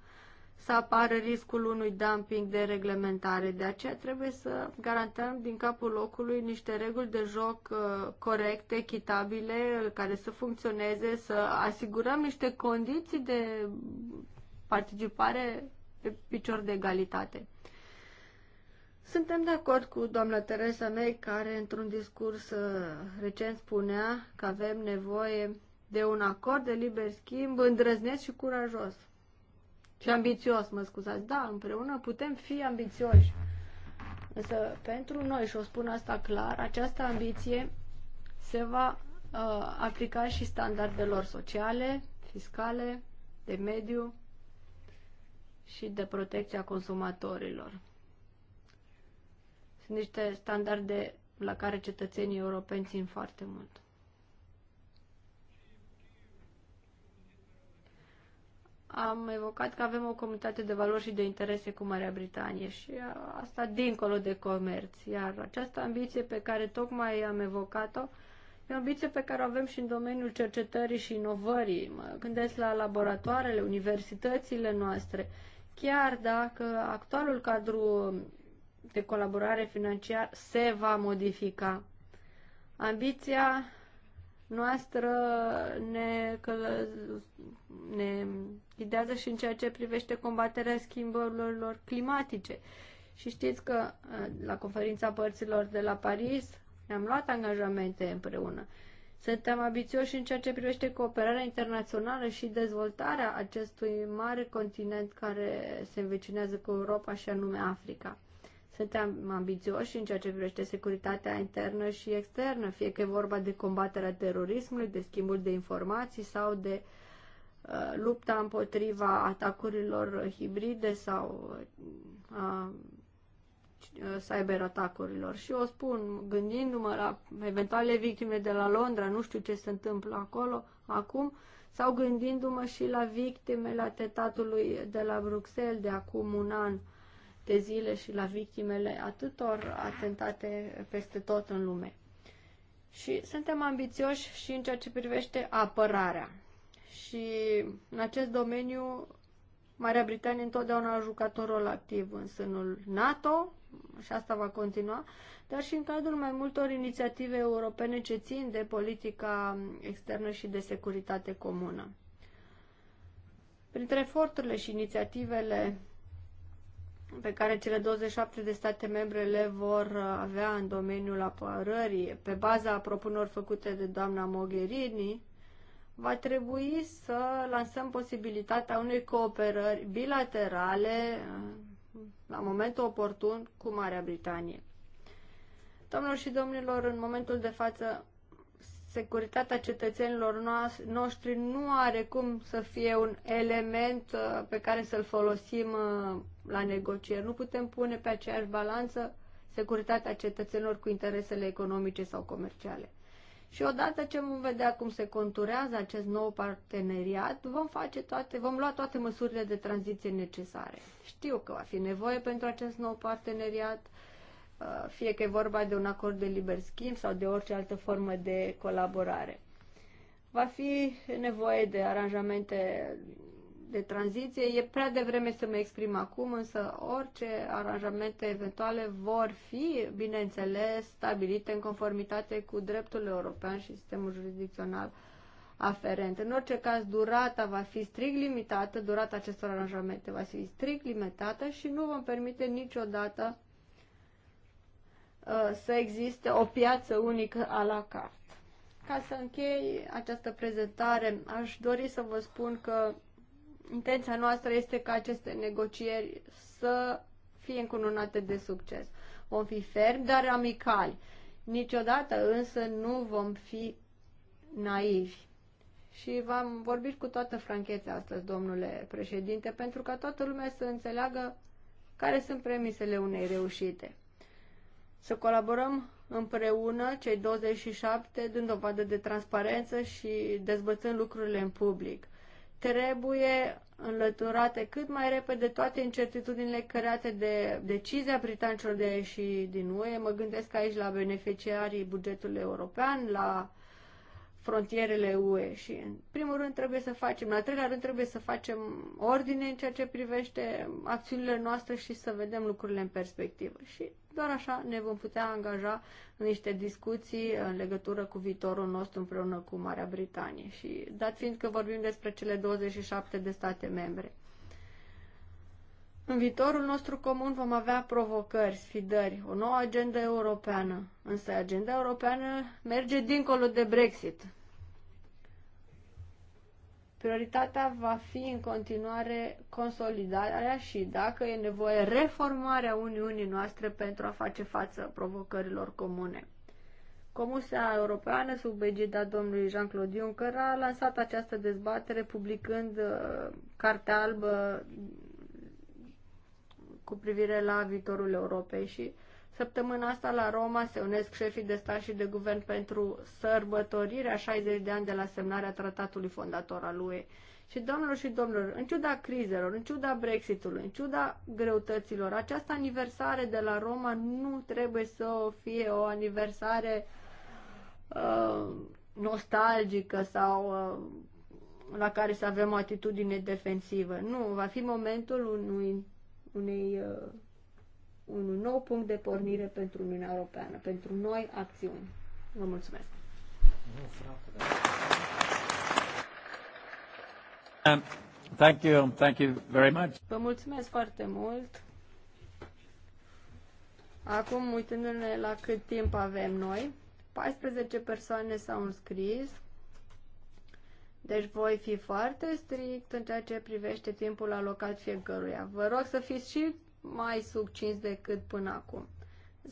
să apară riscul unui dumping de reglementare. De aceea trebuie să garantăm din capul locului niște reguli de joc uh, corecte, echitabile, care să funcționeze, să asigurăm niște condiții de participare pe picior de egalitate. Suntem de acord cu doamna Teresa May, care într-un discurs uh, recent spunea că avem nevoie de un acord de liber schimb îndrăznesc și curajos. Și ambițios, mă scuzați. Da, împreună putem fi ambițioși. Însă, pentru noi, și o spun asta clar, această ambiție se va uh, aplica și standardelor sociale, fiscale, de mediu, și de protecția consumatorilor. Sunt niște standarde la care cetățenii europeni țin foarte mult. Am evocat că avem o comunitate de valori și de interese cu Marea Britanie și asta dincolo de comerț. Iar această ambiție pe care tocmai am evocat-o e o ambiție pe care o avem și în domeniul cercetării și inovării. Mă gândesc la laboratoarele, universitățile noastre, chiar dacă actualul cadru de colaborare financiar se va modifica. Ambiția noastră ne, călă, ne ghidează și în ceea ce privește combaterea schimbărilor climatice. Și știți că eh, la conferința părților de la Paris ne-am luat angajamente împreună. Suntem ambițioși în ceea ce privește cooperarea internațională și dezvoltarea acestui mare continent care se învecinează cu Europa și anume Africa. Suntem ambițioși în ceea ce privește securitatea internă și externă, fie că e vorba de combaterea terorismului, de schimbul de informații sau de uh, lupta împotriva atacurilor hibride sau uh, cyberatacurilor. Uh, și o spun gândindu-mă la eventuale victime de la Londra, nu știu ce se întâmplă acolo acum, sau gândindu-mă și la victimele atentatului de la Bruxelles de acum un an de zile și la victimele atâtor atentate peste tot în lume. Și suntem ambițioși și în ceea ce privește apărarea. Și în acest domeniu Marea Britanie întotdeauna a jucat un rol activ în sânul NATO și asta va continua, dar și în cadrul mai multor inițiative europene ce țin de politica externă și de securitate comună. Printre eforturile și inițiativele pe care cele 27 de state membre le vor avea în domeniul apărării, pe baza propunerilor făcute de doamna Mogherini, va trebui să lansăm posibilitatea unei cooperări bilaterale uh, la momentul oportun cu Marea Britanie. Domnilor și domnilor, în momentul de față, securitatea cetățenilor noștri nu are cum să fie un element uh, pe care să-l folosim uh, la negocieri. Nu putem pune pe aceeași balanță securitatea cetățenilor cu interesele economice sau comerciale. Și odată ce vom vedea cum se conturează acest nou parteneriat, vom, face toate, vom lua toate măsurile de tranziție necesare. Știu că va fi nevoie pentru acest nou parteneriat, uh, fie că e vorba de un acord de liber schimb sau de orice altă formă de colaborare. Va fi nevoie de aranjamente de tranziție. E prea devreme să mă exprim acum, însă orice aranjamente eventuale vor fi, bineînțeles, stabilite în conformitate cu dreptul european și sistemul jurisdicțional aferent. În orice caz, durata va fi strict limitată, durata acestor aranjamente va fi strict limitată și nu vom permite niciodată uh, să existe o piață unică a la carte. Ca să închei această prezentare, aș dori să vă spun că intenția noastră este ca aceste negocieri să fie încununate de succes. Vom fi fermi, dar amicali. Niciodată însă nu vom fi naivi. Și v-am vorbit cu toată franchețea astăzi, domnule președinte, pentru ca toată lumea să înțeleagă care sunt premisele unei reușite. Să colaborăm împreună, cei 27, dând dovadă de transparență și dezbățând lucrurile în public trebuie înlăturate cât mai repede toate incertitudinile create de decizia britanicilor de a ieși din UE. Mă gândesc aici la beneficiarii bugetului european, la frontierele UE și în primul rând trebuie să facem, în al treilea rând trebuie să facem ordine în ceea ce privește acțiunile noastre și să vedem lucrurile în perspectivă. Și doar așa ne vom putea angaja în niște discuții în legătură cu viitorul nostru împreună cu Marea Britanie. Și dat fiind că vorbim despre cele 27 de state membre. În viitorul nostru comun vom avea provocări, sfidări, o nouă agendă europeană. Însă agenda europeană merge dincolo de Brexit. Prioritatea va fi în continuare consolidarea și, dacă e nevoie, reformarea Uniunii noastre pentru a face față provocărilor comune. Comisia Europeană, sub egida domnului Jean-Claude Juncker, a lansat această dezbatere publicând uh, cartea albă cu privire la viitorul Europei și uh, Săptămâna asta la Roma se unesc șefii de stat și de guvern pentru sărbătorirea 60 de ani de la semnarea tratatului fondator al UE. Și domnilor și domnilor, în ciuda crizelor, în ciuda Brexitului, în ciuda greutăților, această aniversare de la Roma nu trebuie să fie o aniversare uh, nostalgică sau uh, la care să avem o atitudine defensivă. Nu, va fi momentul unui, unei uh, un nou punct de pornire pentru Uniunea Europeană, pentru noi acțiuni. Vă mulțumesc! Um, thank you, um, thank you very much. Vă mulțumesc foarte mult! Acum, uitându-ne la cât timp avem noi, 14 persoane s-au înscris, deci voi fi foarte strict în ceea ce privește timpul alocat fiecăruia. Vă rog să fiți și mai succins decât până acum.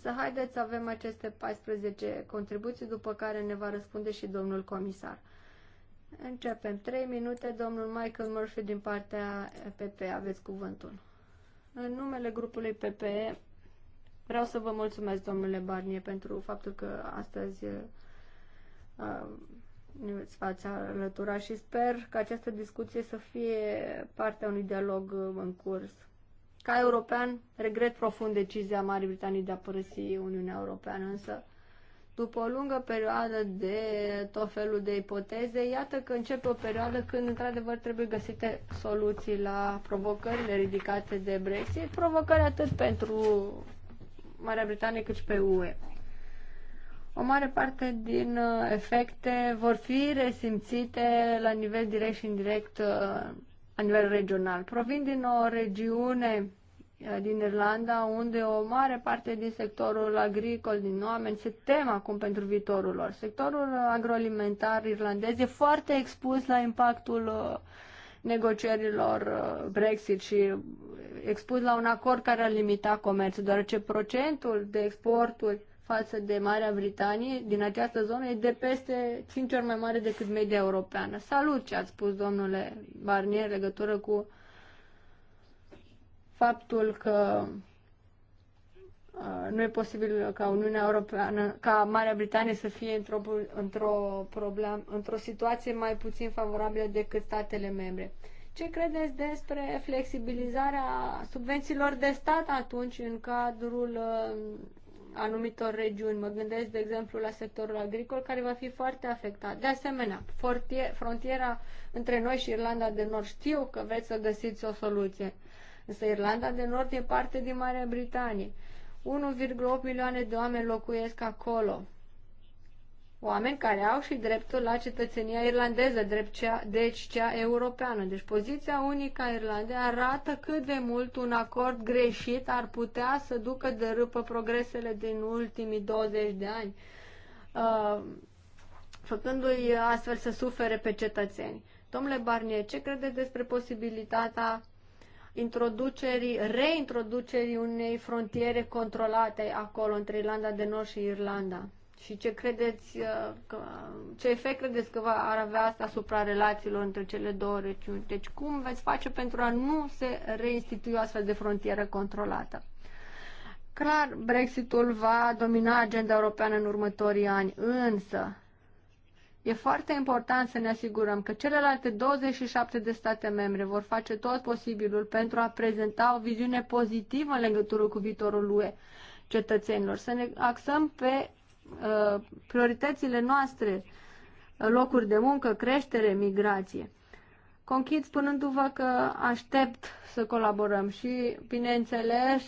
Să haideți să avem aceste 14 contribuții, după care ne va răspunde și domnul comisar. Începem. 3 minute, domnul Michael Murphy din partea PP. Aveți cuvântul. În numele grupului PPE vreau să vă mulțumesc, domnule Barnier, pentru faptul că astăzi uh, veți face alătura și sper că această discuție să fie partea unui dialog uh, în curs ca european, regret profund decizia Marii Britanii de a părăsi Uniunea Europeană, însă după o lungă perioadă de tot felul de ipoteze, iată că începe o perioadă când, într-adevăr, trebuie găsite soluții la provocările ridicate de Brexit, provocări atât pentru Marea Britanie cât și pe UE. O mare parte din uh, efecte vor fi resimțite la nivel direct și indirect uh, la nivel regional. Provin din o regiune eh, din Irlanda, unde o mare parte din sectorul agricol, din oameni, se tem acum pentru viitorul lor. Sectorul agroalimentar irlandez e foarte expus la impactul eh, negocierilor eh, Brexit și expus la un acord care a limita comerțul, deoarece procentul de exporturi față de Marea Britanie din această zonă e de peste 5 ori mai mare decât media europeană. Salut ce ați spus, domnule Barnier, în legătură cu faptul că uh, nu e posibil ca Uniunea Europeană, ca Marea Britanie să fie într-o, într-o, problem, într-o situație mai puțin favorabilă decât statele membre. Ce credeți despre flexibilizarea subvențiilor de stat atunci în cadrul uh, anumitor regiuni. Mă gândesc, de exemplu, la sectorul agricol, care va fi foarte afectat. De asemenea, frontiera între noi și Irlanda de Nord știu că veți să găsiți o soluție. Însă Irlanda de Nord e parte din Marea Britanie. 1,8 milioane de oameni locuiesc acolo oameni care au și dreptul la cetățenia irlandeză, drept cea, deci cea europeană. Deci poziția unică a Irlandei arată cât de mult un acord greșit ar putea să ducă de râpă progresele din ultimii 20 de ani, uh, făcându-i astfel să sufere pe cetățeni. Domnule Barnier, ce credeți despre posibilitatea introducerii, reintroducerii unei frontiere controlate acolo între Irlanda de Nord și Irlanda? Și ce credeți, uh, că, ce efect credeți că va ar avea asta asupra relațiilor între cele două regiuni? Deci cum veți face pentru a nu se reinstitui o astfel de frontieră controlată? Clar, Brexitul va domina agenda europeană în următorii ani, însă e foarte important să ne asigurăm că celelalte 27 de state membre vor face tot posibilul pentru a prezenta o viziune pozitivă în legătură cu viitorul UE cetățenilor, să ne axăm pe Uh, prioritățile noastre, uh, locuri de muncă, creștere, migrație. Conchid spunându-vă că aștept să colaborăm și, bineînțeles,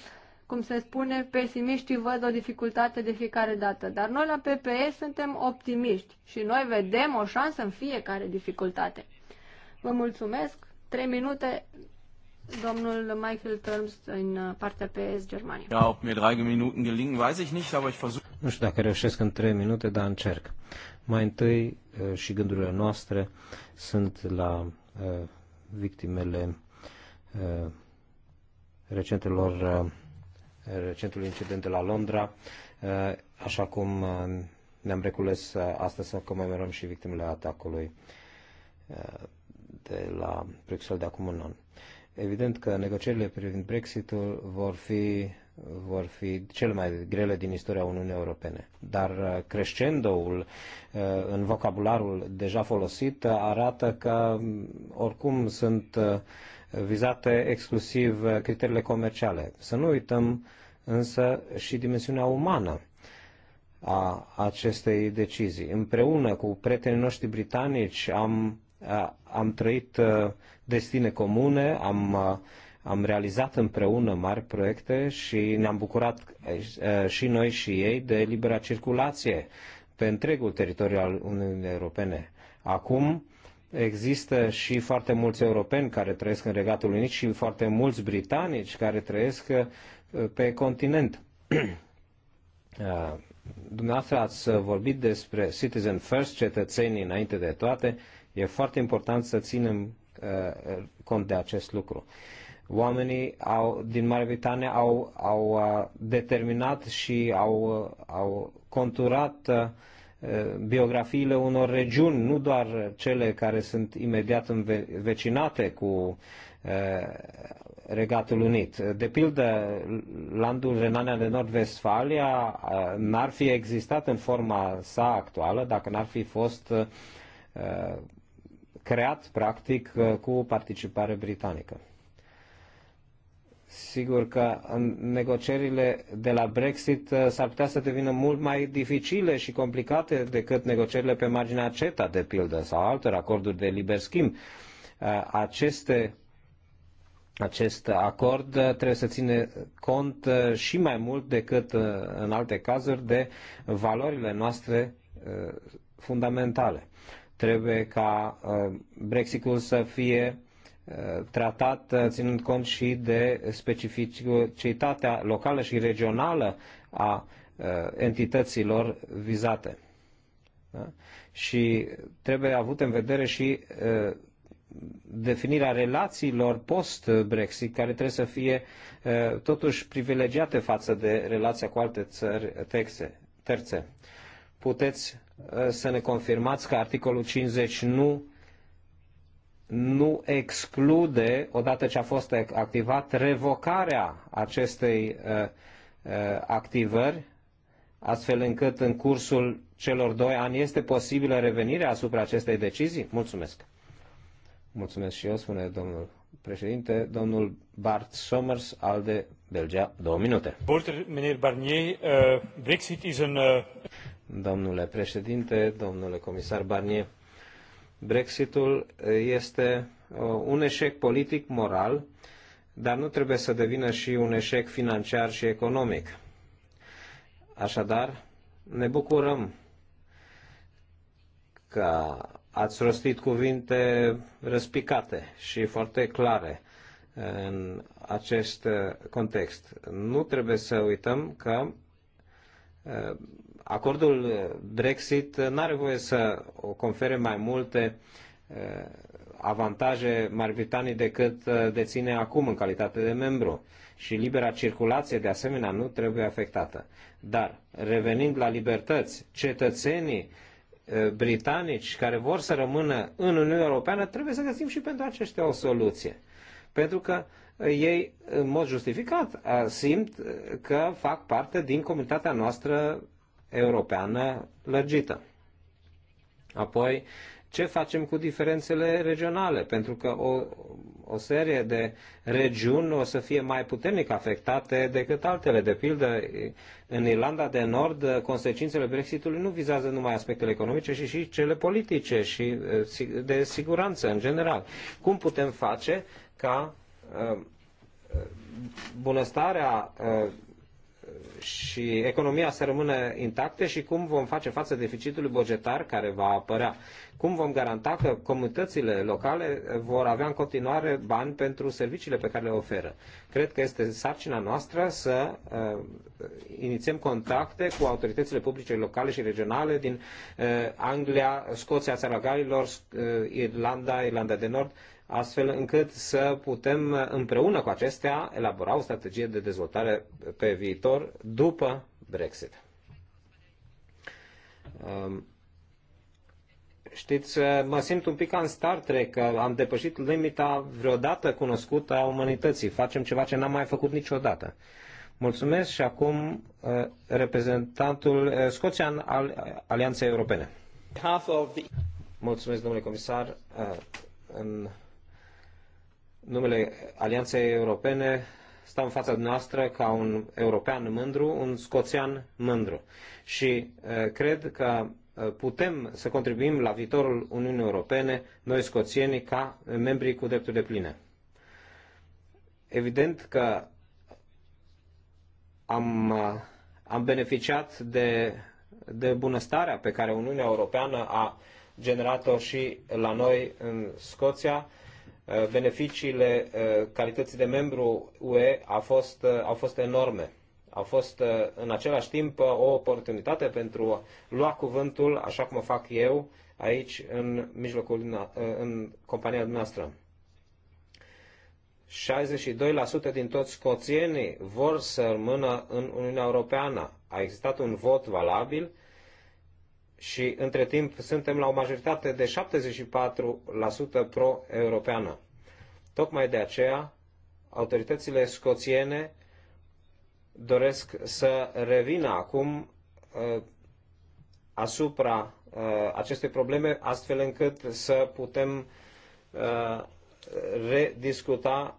cum se spune, pesimiștii văd o dificultate de fiecare dată, dar noi la PPE suntem optimiști și noi vedem o șansă în fiecare dificultate. Vă mulțumesc. Trei minute, Domnul Michael Turms în uh, partea PS Germania. Da, ob mir drei Minuten gelingen, weiß ich nicht, aber ich versuch... Nu știu dacă reușesc în trei minute, dar încerc. Mai întâi uh, și gândurile noastre sunt la uh, victimele recentelor recentului incident de la Londra, așa cum ne-am recules astăzi să comemorăm și victimele atacului de la Bruxelles de acum un an. Evident că negocierile privind Brexitul vor fi, vor fi cele mai grele din istoria Uniunii Europene. Dar uh, crescendoul uh, în vocabularul deja folosit uh, arată că mm, oricum sunt vizate exclusiv criteriile comerciale. Să nu uităm însă și dimensiunea umană a acestei decizii. Împreună cu prietenii noștri britanici am Uh, am trăit uh, destine comune, am, uh, am realizat împreună mari proiecte și ne-am bucurat și noi și ei de libera circulație pe întregul teritoriu al Uniunii Europene. Acum există și foarte mulți europeni care trăiesc în Regatul Unit și foarte mulți britanici care trăiesc pe continent. Dumneavoastră ați vorbit despre Citizen First, cetățenii înainte de toate. E foarte important să ținem uh, cont de acest lucru. Oamenii au, din Marea Britanie au, au uh, determinat și au, uh, au conturat uh, biografiile unor regiuni, nu doar cele care sunt imediat învecinate cu uh, Regatul Unit. De pildă, landul Renania de Nord-Vestfalia n-ar fi existat în forma sa actuală dacă n-ar fi fost creat practic uh, cu participare britanică. Sigur că negocierile de la Brexit uh, s-ar putea să devină mult mai dificile și complicate decât negocierile pe marginea CETA, de pildă, sau altor acorduri de liber schimb. Uh, aceste acest acord trebuie să ține cont și mai mult decât în alte cazuri de valorile noastre fundamentale. Trebuie ca uh, Brexitul să fie uh, tratat uh, ținând cont și de specificitatea locală și regională a entităților vizate. Da? Și trebuie avut în vedere și definirea relațiilor post-Brexit, care trebuie să fie totuși privilegiate față de relația cu alte țări texe, terțe. Puteți Eh, să ne confirmați că articolul 50 nu, nu exclude, odată ce a fost activat, revocarea acestei uh, activări, astfel încât în cursul celor doi ani este posibilă revenirea asupra acestei decizii? Mulțumesc! Mulțumesc și eu, spune domnul președinte, domnul Bart Somers, al de Belgia, două minute. Bolter, meneer Barnier, Brexit is uh domnule președinte, domnule comisar Barnier. Brexitul este uh, un eșec politic, moral, dar nu trebuie să devină și un eșec financiar și economic. Așadar, ne bucurăm că ați rostit cuvinte răspicate și foarte clare uh, în acest uh, context. Nu trebuie să uităm că acordul uh, Brexit uh, nu are voie să o confere mai multe uh, avantaje Marii Britanii decât deține acum în calitate de membru și libera circulație de asemenea nu trebuie afectată. Dar revenind la libertăți, cetățenii britanici care vor să rămână în Uniunea Europeană trebuie să găsim și pentru aceștia o soluție. Pentru că ei, în mod justificat, simt că fac parte din comunitatea noastră europeană lărgită. Apoi, ce facem cu diferențele regionale? Pentru că o, o serie de regiuni o să fie mai puternic afectate decât altele. De pildă, în Irlanda de Nord, consecințele Brexitului nu vizează numai aspectele economice, ci și cele politice și eh, de siguranță în general. Cum putem face ca eh, bunăstarea eh, și economia să rămână intactă și cum vom face față deficitului bugetar care va apărea. Cum vom garanta că comunitățile locale vor avea în continuare bani pentru serviciile pe care le oferă. Cred că este sarcina noastră să uh, inițiem contacte cu autoritățile publice locale și regionale din uh, Anglia, Scoția, Țara Galilor, uh, Irlanda, Irlanda de Nord, uh, astfel încât să putem împreună cu acestea elabora o strategie de dezvoltare pe viitor după Brexit. Um, știți, mă simt un pic ca în Star Trek, că am depășit limita vreodată cunoscută a umanității. Facem ceva ce n-am mai făcut niciodată. Mulțumesc și acum uh, reprezentantul uh, scoțian al Alianței Europene. Mulțumesc, domnule comisar. Uh, în numele Alianței Europene stau în fața noastră ca un european mândru, un scoțian mândru. Și cred că putem să contribuim la viitorul Uniunii Europene, noi scoțieni ca membrii cu drepturi de pline. Evident că am, am beneficiat de, de bunăstarea pe care Uniunea Europeană a generat-o și la noi în Scoția, Uh, beneficiile uh, calității de membru UE a fost, uh, au fost enorme. A fost în același timp o oportunitate pentru a lua cuvântul, așa cum o fac eu, aici în mijlocul, în compania noastră. 62% din toți scoțienii vor să rămână în Uniunea Europeană. A existat un vot valabil și între timp suntem la o majoritate de 74% pro-europeană. Tocmai de aceea, autoritățile scoțiene doresc să revină acum uh, asupra uh, acestei probleme, astfel încât să putem uh, rediscuta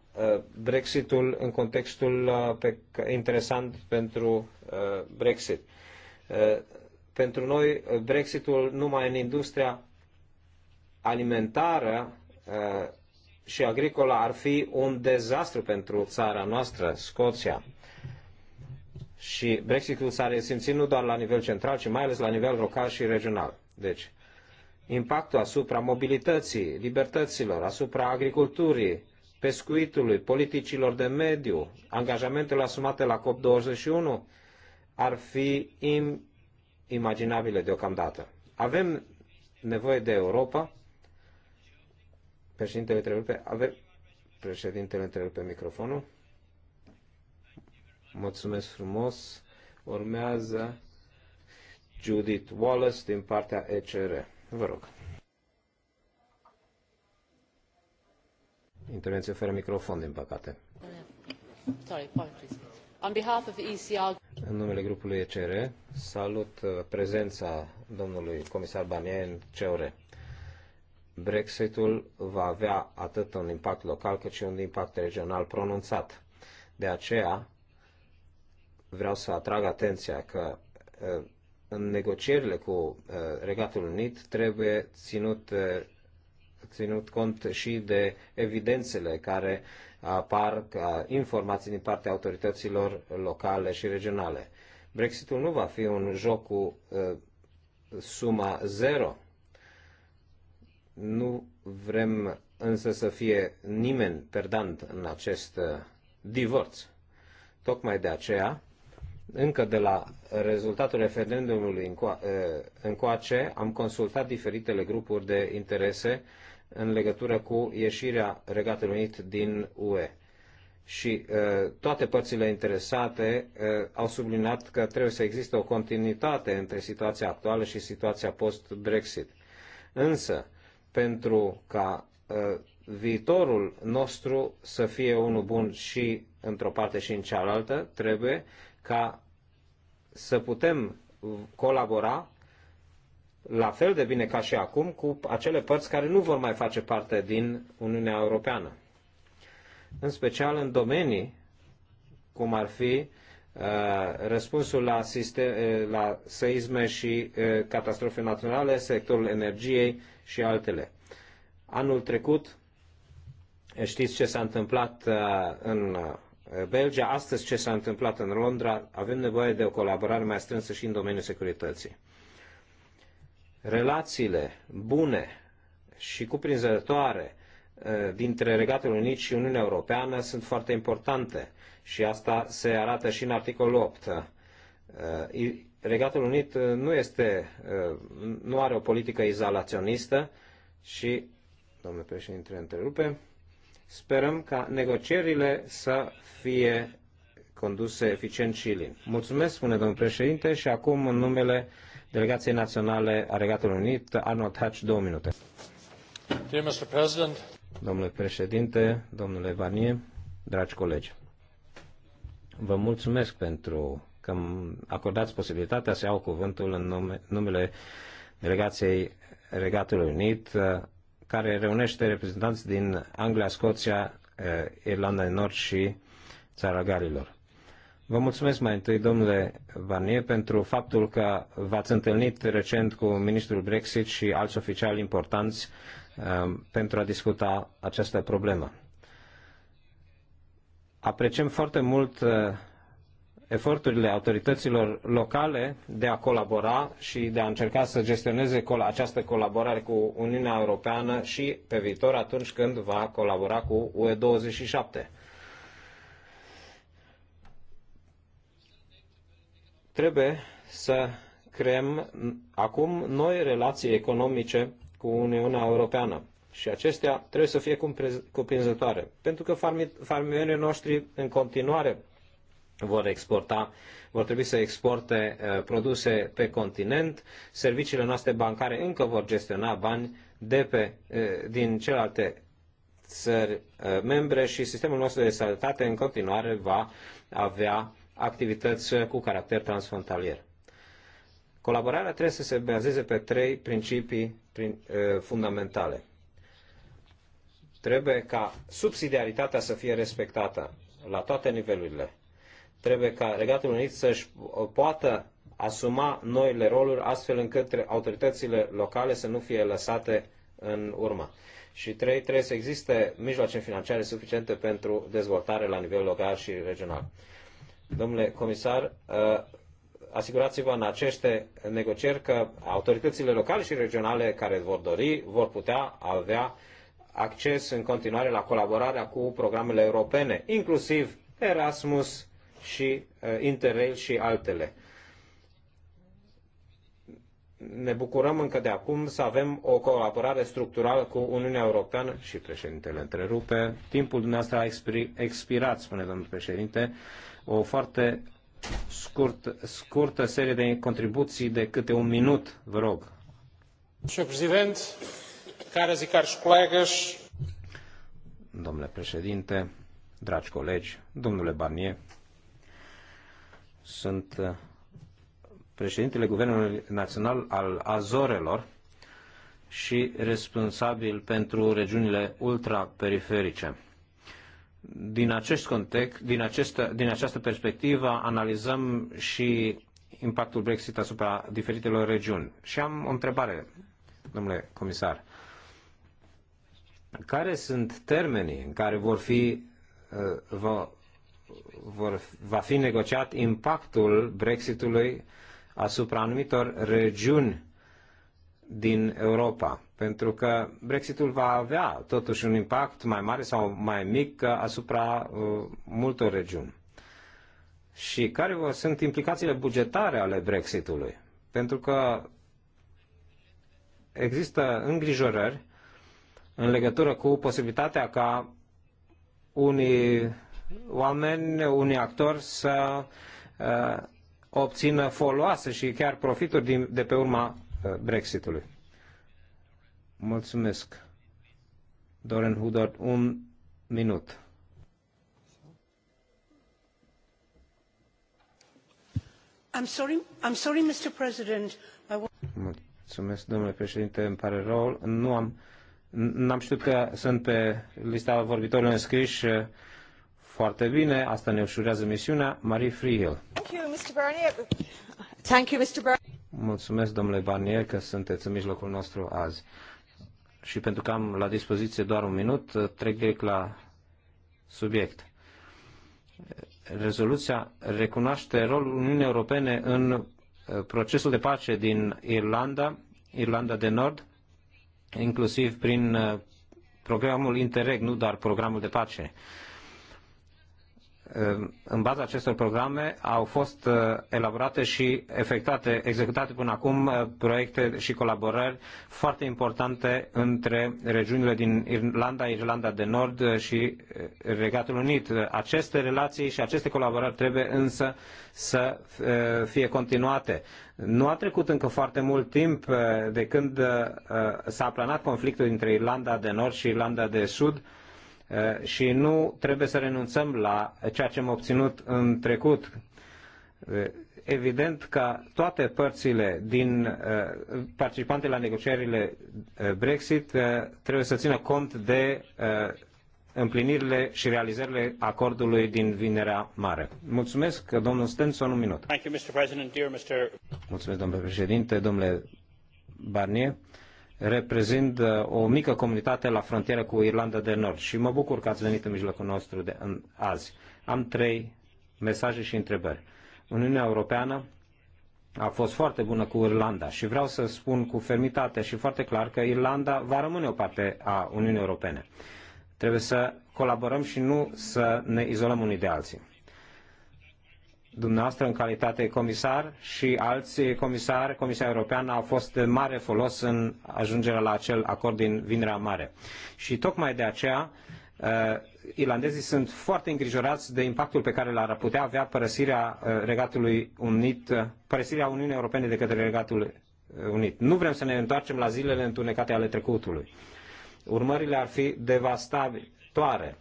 Brexitul în contextul pe, interesant pentru Brexit pentru noi uh, Brexitul numai în industria alimentară uh, și agricolă ar fi un dezastru pentru țara noastră, Scoția. Și Brexitul s-ar resimțit nu doar la nivel central, ci mai ales la nivel local și regional. Deci, impactul asupra mobilității, libertăților, asupra agriculturii, pescuitului, politicilor de mediu, angajamentele asumate la COP21 ar fi im- imaginabile deocamdată. Avem nevoie de Europa. Președintele întrerupe, avem, președintele întrerupe microfonul. Mulțumesc frumos. Urmează Judith Wallace din partea ECR. Vă rog. Intervenție fără microfon, din păcate. Sorry, On behalf of ECR în numele grupului ECR, salut uh, prezența domnului comisar Barnier în CEOR. Brexitul va avea atât un impact local cât și un impact regional pronunțat. De aceea vreau să atrag atenția că uh, în negocierile cu uh, Regatul Unit trebuie ținut ținut cont și de evidențele care apar ca informații din partea autorităților locale și regionale. Brexitul nu va fi un joc cu uh, suma zero. Nu vrem însă să fie nimeni perdant în acest uh, divorț. Tocmai de aceea, încă de la rezultatul referendumului uh, încoace, am consultat diferitele grupuri de interese în legătură cu ieșirea Regatului Unit din UE. Și uh, toate părțile interesate uh, au subliniat că trebuie să existe o continuitate între situația actuală și situația post-Brexit. Însă, pentru ca uh, viitorul nostru să fie unul bun și într-o parte și în cealaltă, trebuie ca să putem colabora la fel de bine ca și acum cu acele părți care nu vor mai face parte din Uniunea Europeană. În special în domenii cum ar fi uh, răspunsul la, sistem, uh, la seisme și uh, catastrofe naturale, sectorul energiei și altele. Anul trecut, știți ce s-a întâmplat în Belgia, astăzi ce s-a întâmplat în Londra, avem nevoie de o colaborare mai strânsă și în domeniul securității relațiile bune și cuprinzătoare eh, dintre Regatul Unit și Uniunea Europeană sunt foarte importante și asta se arată și în articolul 8. Eh, Regatul Unit eh, nu, este, nu are o politică izolaționistă și, domnule președinte, întrerupe, sperăm ca negocierile să fie conduse eficient și lin. Mulțumesc, spune domnul președinte, și acum în numele Delegației Naționale a Regatului Unit, Arnold Hatch, două minute. Domnule președinte, domnule Barnier, dragi colegi, vă mulțumesc pentru că acordați posibilitatea să iau cuvântul în nume, numele delegației Regatului Unit, care reunește reprezentanți din Anglia, Scoția, eh, Irlanda de Nord și Țara Galilor. Vă mulțumesc mai întâi, domnule Barnier, pentru faptul că v-ați întâlnit recent cu ministrul Brexit și alți oficiali importanți um, pentru a discuta această problemă. Apreciem foarte mult uh, eforturile autorităților locale de a colabora și de a încerca să gestioneze col această colaborare cu Uniunea Europeană și pe viitor atunci când va colabora cu UE27 Trebuie să creăm acum noi relații economice cu Uniunea Europeană și acestea trebuie să fie cuprinzătoare, pentru că farmierii noștri în continuare vor exporta, vor trebui să exporte uh, produse pe continent, serviciile noastre bancare încă vor gestiona bani de pe, uh, din celelalte țări uh, membre și sistemul nostru de sănătate în continuare va avea activități cu caracter transfrontalier. Colaborarea trebuie să se bazeze pe trei principii fundamentale. Trebuie ca subsidiaritatea să fie respectată la toate nivelurile. Trebuie ca Regatul Unit să-și poată asuma noile roluri astfel încât autoritățile locale să nu fie lăsate în urmă. Și trei, trebuie să existe mijloace financiare suficiente pentru dezvoltare la nivel local și regional. Domnule comisar, uh, asigurați-vă în aceste negocieri că autoritățile locale și regionale care vor dori vor putea avea acces în continuare la colaborarea cu programele europene, inclusiv Erasmus și uh, Interrail și altele. Ne bucurăm încă de acum să avem o colaborare structurală cu Uniunea Europeană și președintele întrerupe. Timpul dumneavoastră a expirat, spune domnul președinte o foarte scurt, scurtă serie de contribuții de câte un minut, vă rog. Domnule președinte, care e caros colegas. Domnule președinte, dragi colegi, domnule Barnier, sunt uh, președintele Guvernului Național al Azorelor și responsabil pentru regiunile ultraperiferice. Din acest context, din, acest, din această perspectivă, analizăm și impactul Brexit asupra diferitelor regiuni. Și am o întrebare, domnule comisar. Care sunt termenii în care vor fi, uh, vă, vor, va fi negociat impactul Brexitului asupra anumitor regiuni din Europa? pentru că Brexitul va avea totuși un impact mai mare sau mai mic uh, asupra uh, multor regiuni. Și care sunt implicațiile bugetare ale Brexitului? Pentru că există îngrijorări în legătură cu posibilitatea ca unii oameni, unii actori să uh, obțină foloase și chiar profituri din, de pe urma uh, Brexitului. Mulțumesc. Doren Hudor, un minut. I'm sorry, I'm sorry, Mr. President. I Mulțumesc, domnule președinte, îmi pare rău. Nu am, n-am știut că sunt pe lista vorbitorilor înscriși. Uh, foarte bine, asta ne ușurează misiunea. Marie Freehill. Thank you, Mr. Barnier. Thank you, Mr. Barnier. Mulțumesc, domnule Barnier, că sunteți în mijlocul nostru azi și pentru că am la dispoziție doar un minut, trec direct la subiect. Rezoluția recunoaște rolul Uniunii Europene în uh, procesul de pace din Irlanda, Irlanda de Nord, inclusiv prin uh, programul Interreg, nu doar programul de pace. Ehm, în baza acestor programe au fost eh, elaborate și efectuate, executate până acum eh, proiecte și colaborări foarte importante între regiunile din Irlanda, Irlanda de Nord eh, și Regatul Unit. Aceste relații și aceste colaborări trebuie însă să fie continuate. Nu a trecut încă foarte mult timp de când s-a planat conflictul dintre Irlanda de Nord și Irlanda de Sud, Eh, și nu trebuie să renunțăm la ceea ce am obținut în trecut. Eh, evident că toate părțile din eh, participante la negocierile Brexit trebuie să țină cont de împlinirile și realizările acordului din Vinerea Mare. Mulțumesc, domnul Stenson, un minut. Mulțumesc, domnule președinte, domnule Barnier reprezint uh, o mică comunitate la frontieră cu Irlanda de Nord și mă bucur că ați venit în mijlocul nostru de azi. Am trei mesaje și întrebări. Uniunea Europeană a fost foarte bună cu Irlanda și vreau să spun cu fermitate și foarte clar că Irlanda va rămâne o parte a Uniunii Europene. Trebuie să colaborăm și nu să ne izolăm unii de alții dumneavoastră în calitate de comisar și alți comisari, Comisia Europeană a fost de mare folos în ajungerea la acel acord din Vinerea Mare. Și tocmai de aceea uh, irlandezii sunt foarte îngrijorați de impactul pe care l-ar putea avea părăsirea uh, Regatului Unit, uh, părăsirea Uniunii Europene de către Regatul Unit. Nu vrem să ne întoarcem la zilele întunecate ale trecutului. Urmările ar fi devastatoare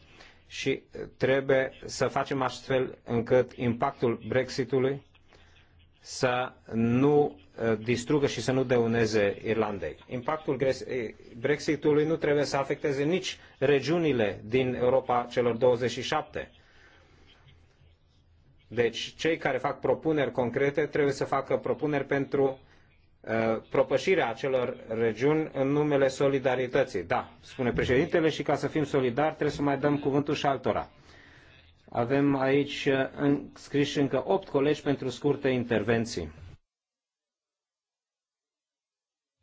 și trebuie să facem astfel încât impactul Brexitului să nu uh, distrugă și să nu dăuneze Irlandei. Impactul eh, Brexitului nu trebuie să afecteze nici regiunile din Europa celor 27. Deci cei care fac propuneri concrete trebuie să facă propuneri pentru Uh, propășirea acelor regiuni în numele solidarității. Da, spune președintele și ca să fim solidari trebuie să mai dăm cuvântul și altora. Avem aici uh, scris încă opt colegi pentru scurte intervenții.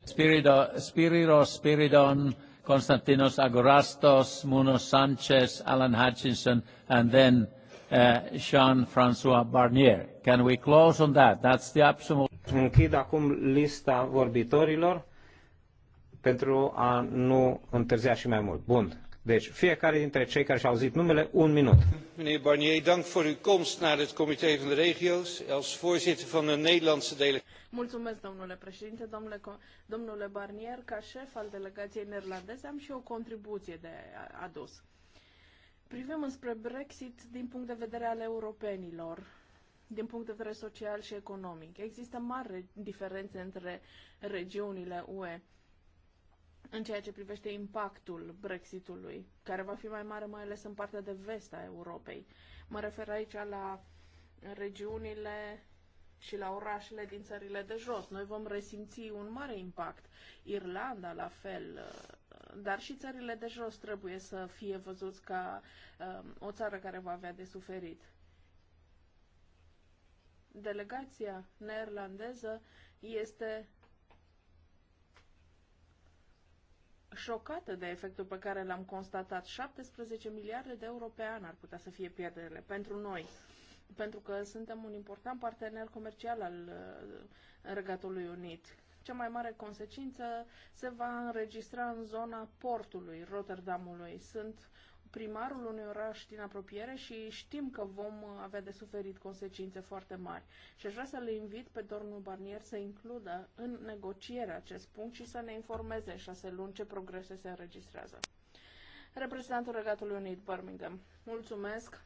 Spirido, Spiriro Spiridon, Konstantinos Agorastos, Muno Sanchez, Alan Hutchinson, and then uh, Jean-François Barnier. Can we close on that? That's the absolute. Închid acum lista vorbitorilor pentru a nu întârzia și mai mult. Bun. Deci, fiecare dintre cei care și-au auzit numele, un minut. Meneer Barnier, dank voor uw komst naar het Comité van de Regio's als voorzitter van de Nederlandse delegatie. Mulțumesc, domnule președinte, domnule, domnule Barnier, ca șef al delegației neerlandeze am și o contribuție de adus. Privim înspre Brexit din punct de vedere al europenilor din punct de vedere social și economic. Există mari diferențe între regiunile UE în ceea ce privește impactul Brexitului, care va fi mai mare mai ales în partea de vest a Europei. Mă refer aici la regiunile și la orașele din țările de jos. Noi vom resimți un mare impact. Irlanda, la fel, uh, dar și țările de jos trebuie să fie văzuți ca um, o țară care va avea de suferit delegația neerlandeză este șocată de efectul pe care l-am constatat. 17 miliarde de euro pe an ar putea să fie pierderile pentru noi, pentru că suntem un important partener comercial al uh, Regatului Unit. Cea mai mare consecință se va înregistra în zona portului Rotterdamului. Sunt primarul unui oraș din apropiere și știm că vom avea de suferit consecințe foarte mari. Și aș vrea să le invit pe domnul Barnier să includă în negociere acest punct și să ne informeze în șase luni ce progrese se înregistrează. Reprezentantul Regatului Unit, Birmingham. Mulțumesc!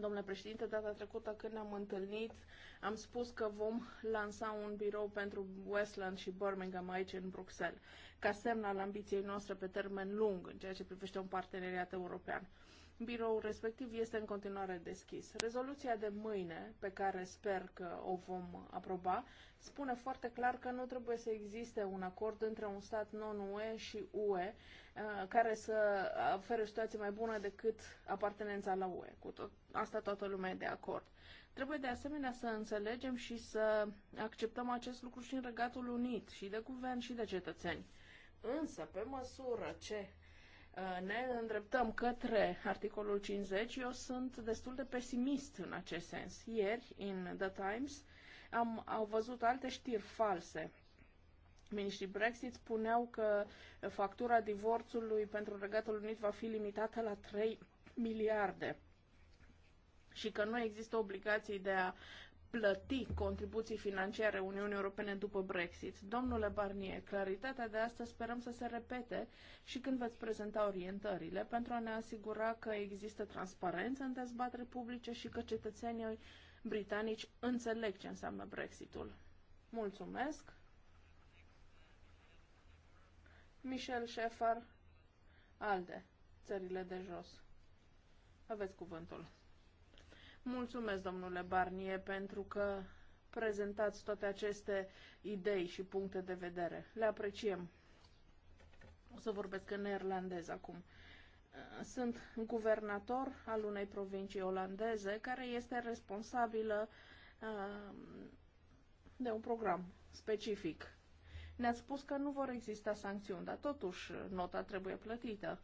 Domnule președinte, data trecută când ne-am întâlnit, am spus că vom lansa un birou pentru Westland și Birmingham aici în Bruxelles, ca semn al ambiției noastre pe termen lung în ceea ce privește un parteneriat european. Biroul respectiv este în continuare deschis. Rezoluția de mâine, pe care sper că o vom aproba, spune foarte clar că nu trebuie să existe un acord între un stat non-UE și UE Uh, care să ofere o situație mai bună decât apartenența la UE. Cu tot, asta toată lumea e de acord. Trebuie de asemenea să înțelegem și să acceptăm acest lucru și în Regatul Unit, și de guvern, și de cetățeni. Însă, pe măsură ce uh, ne îndreptăm către articolul 50, eu sunt destul de pesimist în acest sens. Ieri, în The Times, am, au văzut alte știri false Miniștrii Brexit spuneau că factura divorțului pentru Regatul Unit va fi limitată la 3 miliarde și că nu există obligații de a plăti contribuții financiare Uniunii Europene după Brexit. Domnule Barnier, claritatea de astăzi sperăm să se repete și când veți prezenta orientările pentru a ne asigura că există transparență în dezbatere publice și că cetățenii britanici înțeleg ce înseamnă Brexitul. Mulțumesc! Michel Șefar, ALDE, țările de jos. Aveți cuvântul. Mulțumesc, domnule Barnier, pentru că prezentați toate aceste idei și puncte de vedere. Le apreciem. O să vorbesc în neerlandez acum. Sunt guvernator al unei provincii olandeze care este responsabilă uh, de un program specific ne-ați spus că nu vor exista sancțiuni, dar totuși nota trebuie plătită.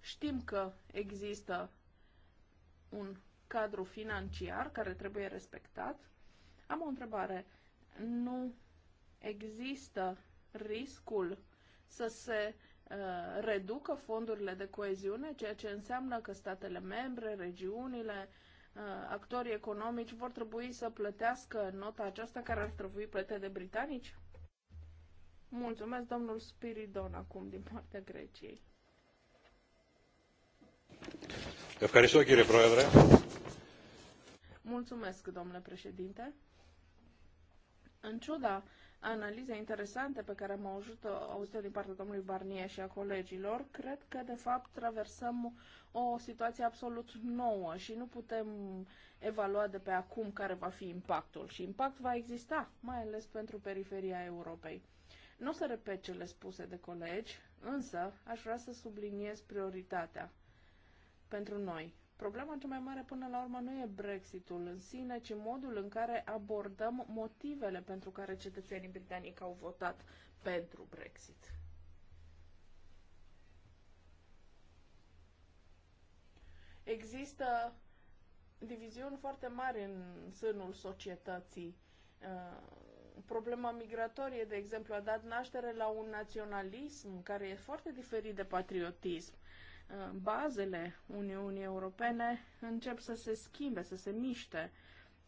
Știm că există un cadru financiar care trebuie respectat. Am o întrebare. Nu există riscul să se uh, reducă fondurile de coeziune, ceea ce înseamnă că statele membre, regiunile, uh, Uh, actorii economici vor trebui să plătească nota aceasta care ar trebui plătită de britanici? Mulțumesc, domnul Spiridon, acum din partea Greciei. Mulțumesc, domnule președinte. În ciuda analiza interesante pe care am auzit-o din partea domnului Barnier și a colegilor, cred că, de fapt, traversăm o situație absolut nouă și nu putem evalua de pe acum care va fi impactul. Și impact va exista, mai ales pentru periferia Europei. Nu o să repet cele spuse de colegi, însă aș vrea să subliniez prioritatea pentru noi. Problema cea mai mare până la urmă nu e Brexitul în sine, ci modul în care abordăm motivele pentru care cetățenii britanici au votat pentru Brexit. Există diviziuni foarte mari în sânul societății. Uh, problema migratorie, de exemplu, a dat naștere la un naționalism care e foarte diferit de patriotism Uh, bazele Uniunii Europene încep să se schimbe, să se miște.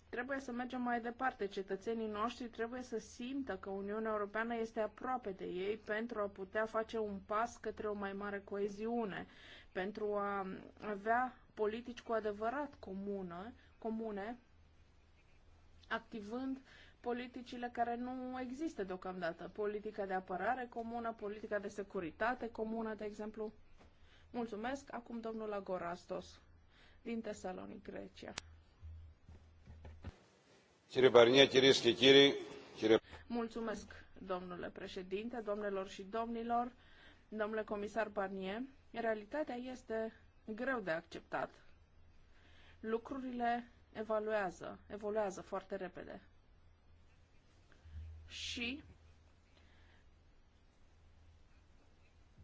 Trebuie să mergem mai departe. Cetățenii noștri trebuie să simtă că Uniunea Europeană este aproape de ei pentru a putea face un pas către o mai mare coeziune, pentru a avea politici cu adevărat comună, comune, activând politicile care nu există deocamdată. Politica de apărare comună, politica de securitate comună, de exemplu. Mulțumesc. Acum domnul Agorastos din Tesalonic, Grecia. Mulțumesc, domnule președinte, domnilor și domnilor, domnule comisar Barnier. Realitatea este greu de acceptat. Lucrurile evaluează, evoluează foarte repede. Și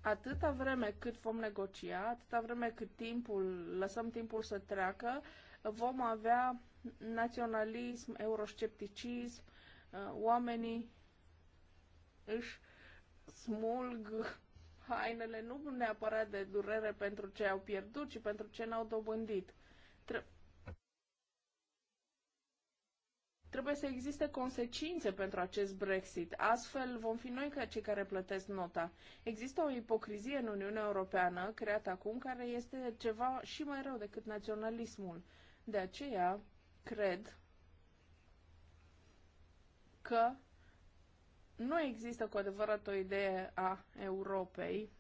atâta vreme cât vom negocia, atâta vreme cât timpul, lăsăm timpul să treacă, vom avea naționalism, euroscepticism, uh, oamenii își smulg hainele nu neapărat de durere pentru ce au pierdut, ci pentru ce n-au dobândit. Trebuie să existe consecințe pentru acest Brexit. Astfel vom fi noi ca cei care plătesc nota. Există o ipocrizie în Uniunea Europeană creată acum care este ceva și mai rău decât naționalismul. De aceea, cred că nu există cu adevărat o idee a Europei.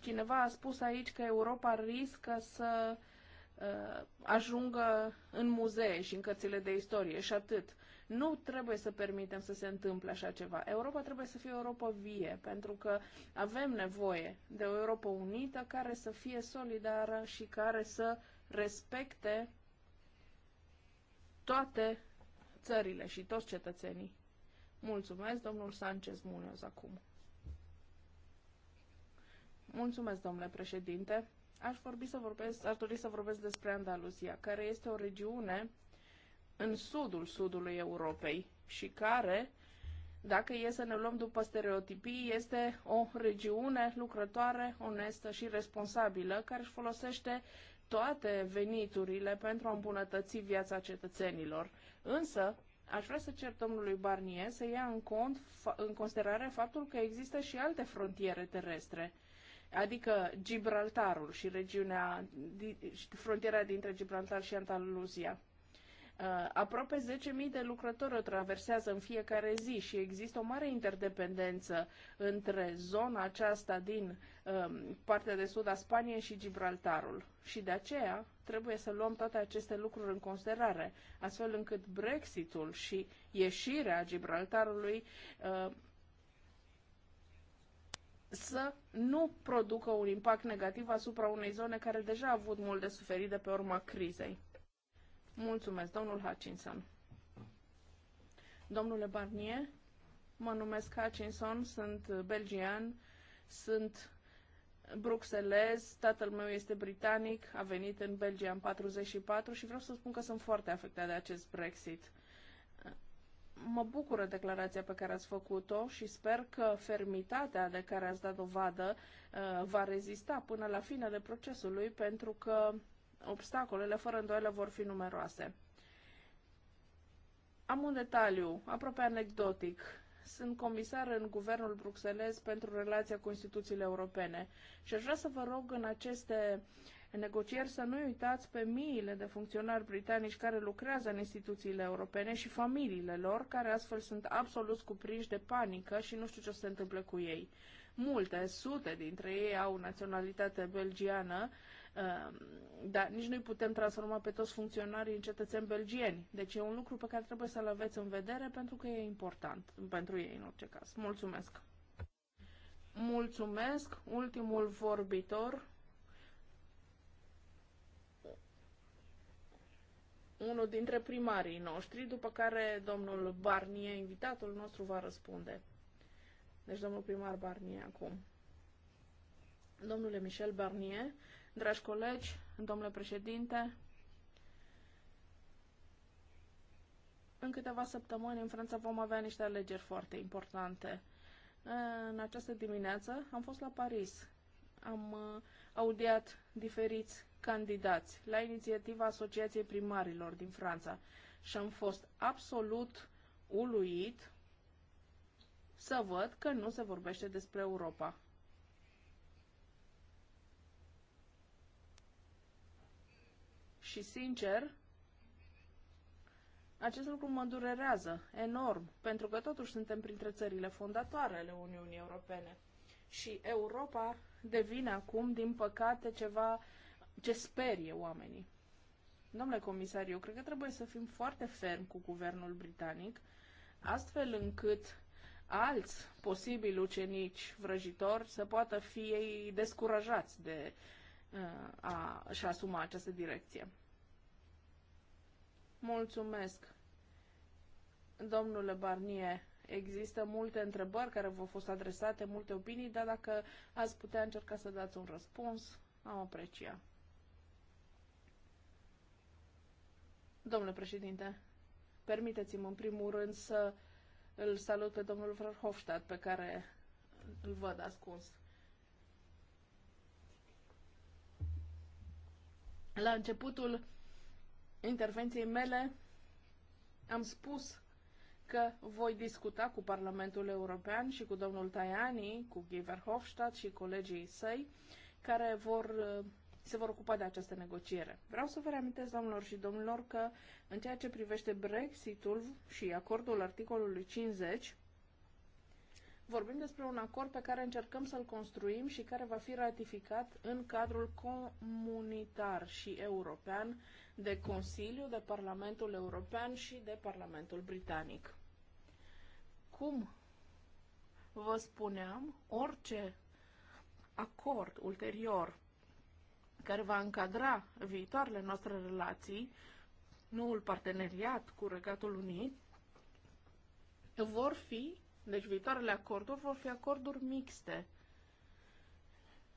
Cineva a spus aici că Europa riscă să Uh, ajungă în muzee și în cărțile de istorie și atât. Nu trebuie să permitem să se întâmple așa ceva. Europa trebuie să fie o Europa vie, pentru că avem nevoie de o Europa unită care să fie solidară și care să respecte toate țările și toți cetățenii. Mulțumesc, domnul Sanchez Munoz, acum. Mulțumesc, domnule președinte. Aș, vorbi să vorbesc, aș dori să vorbesc despre Andaluzia, care este o regiune în sudul sudului Europei și care, dacă e să ne luăm după stereotipii, este o regiune lucrătoare, onestă și responsabilă, care își folosește toate veniturile pentru a îmbunătăți viața cetățenilor. Însă, aș vrea să cer domnului Barnier să ia în, cont, în considerare faptul că există și alte frontiere terestre adică Gibraltarul și regiunea, frontiera dintre Gibraltar și Andaluzia. Uh, aproape 10.000 de lucrători o traversează în fiecare zi și există o mare interdependență între zona aceasta din um, partea de sud a Spaniei și Gibraltarul. Și de aceea trebuie să luăm toate aceste lucruri în considerare, astfel încât Brexitul și ieșirea Gibraltarului uh, să nu producă un impact negativ asupra unei zone care deja a avut mult de suferit de pe urma crizei. Mulțumesc, domnul Hutchinson. Domnule Barnier, mă numesc Hutchinson, sunt belgian, sunt bruxelez, tatăl meu este britanic, a venit în Belgia în 44 și vreau să spun că sunt foarte afectat de acest Brexit mă bucură declarația pe care ați făcut-o și sper că fermitatea de care ați dat dovadă uh, va rezista până la finele procesului, pentru că obstacolele fără îndoială vor fi numeroase. Am un detaliu, aproape anecdotic. Sunt comisar în guvernul bruxelez pentru relația cu instituțiile europene și aș vrea să vă rog în aceste uh, în negocieri să nu uitați pe miile de funcționari britanici care lucrează în instituțiile europene și familiile lor, care astfel sunt absolut cuprinși de panică și nu știu ce o se întâmplă cu ei. Multe, sute dintre ei au naționalitate belgiană, um, dar nici nu-i putem transforma pe toți funcționarii în cetățeni belgieni. Deci e un lucru pe care trebuie să-l aveți în vedere pentru că e important pentru ei în orice caz. Mulțumesc! Mulțumesc! Ultimul vorbitor, unul dintre primarii noștri, după care domnul Barnier, invitatul nostru, va răspunde. Deci domnul primar Barnier acum. Domnule Michel Barnier, dragi colegi, domnule președinte, în câteva săptămâni în Franța vom avea niște alegeri foarte importante. În această dimineață am fost la Paris. Am uh, audiat diferiți candidați la inițiativa Asociației Primarilor din Franța și am fost absolut uluit să văd că nu se vorbește despre Europa. Și sincer, acest lucru mă durerează enorm, pentru că totuși suntem printre țările fondatoare ale Uniunii Europene. Și Europa devine acum, din păcate, ceva ce sperie oamenii. Domnule comisar, eu cred că trebuie să fim foarte ferm cu guvernul britanic, astfel încât alți posibili ucenici vrăjitori să poată fi ei descurajați de uh, a, și asuma această direcție. Mulțumesc, domnule Barnier. Există multe întrebări care v-au fost adresate, multe opinii, dar dacă ați putea încerca să dați un răspuns, am aprecia. Domnule președinte, permiteți-mi în primul rând să îl salut pe domnul Verhofstadt, pe care îl văd ascuns. La începutul intervenției mele am spus că voi discuta cu Parlamentul European și cu domnul Tajani, cu Guy și colegii săi, care vor se vor ocupa de această negociere. Vreau să vă reamintesc, doamnelor și domnilor, că în ceea ce privește Brexitul și acordul articolului 50, vorbim despre un acord pe care încercăm să-l construim și care va fi ratificat în cadrul comunitar și european de Consiliu, de Parlamentul European și de Parlamentul Britanic. Cum vă spuneam, orice acord ulterior care va încadra viitoarele noastre relații, noul parteneriat cu Regatul Unit, vor fi, deci viitoarele acorduri vor fi acorduri mixte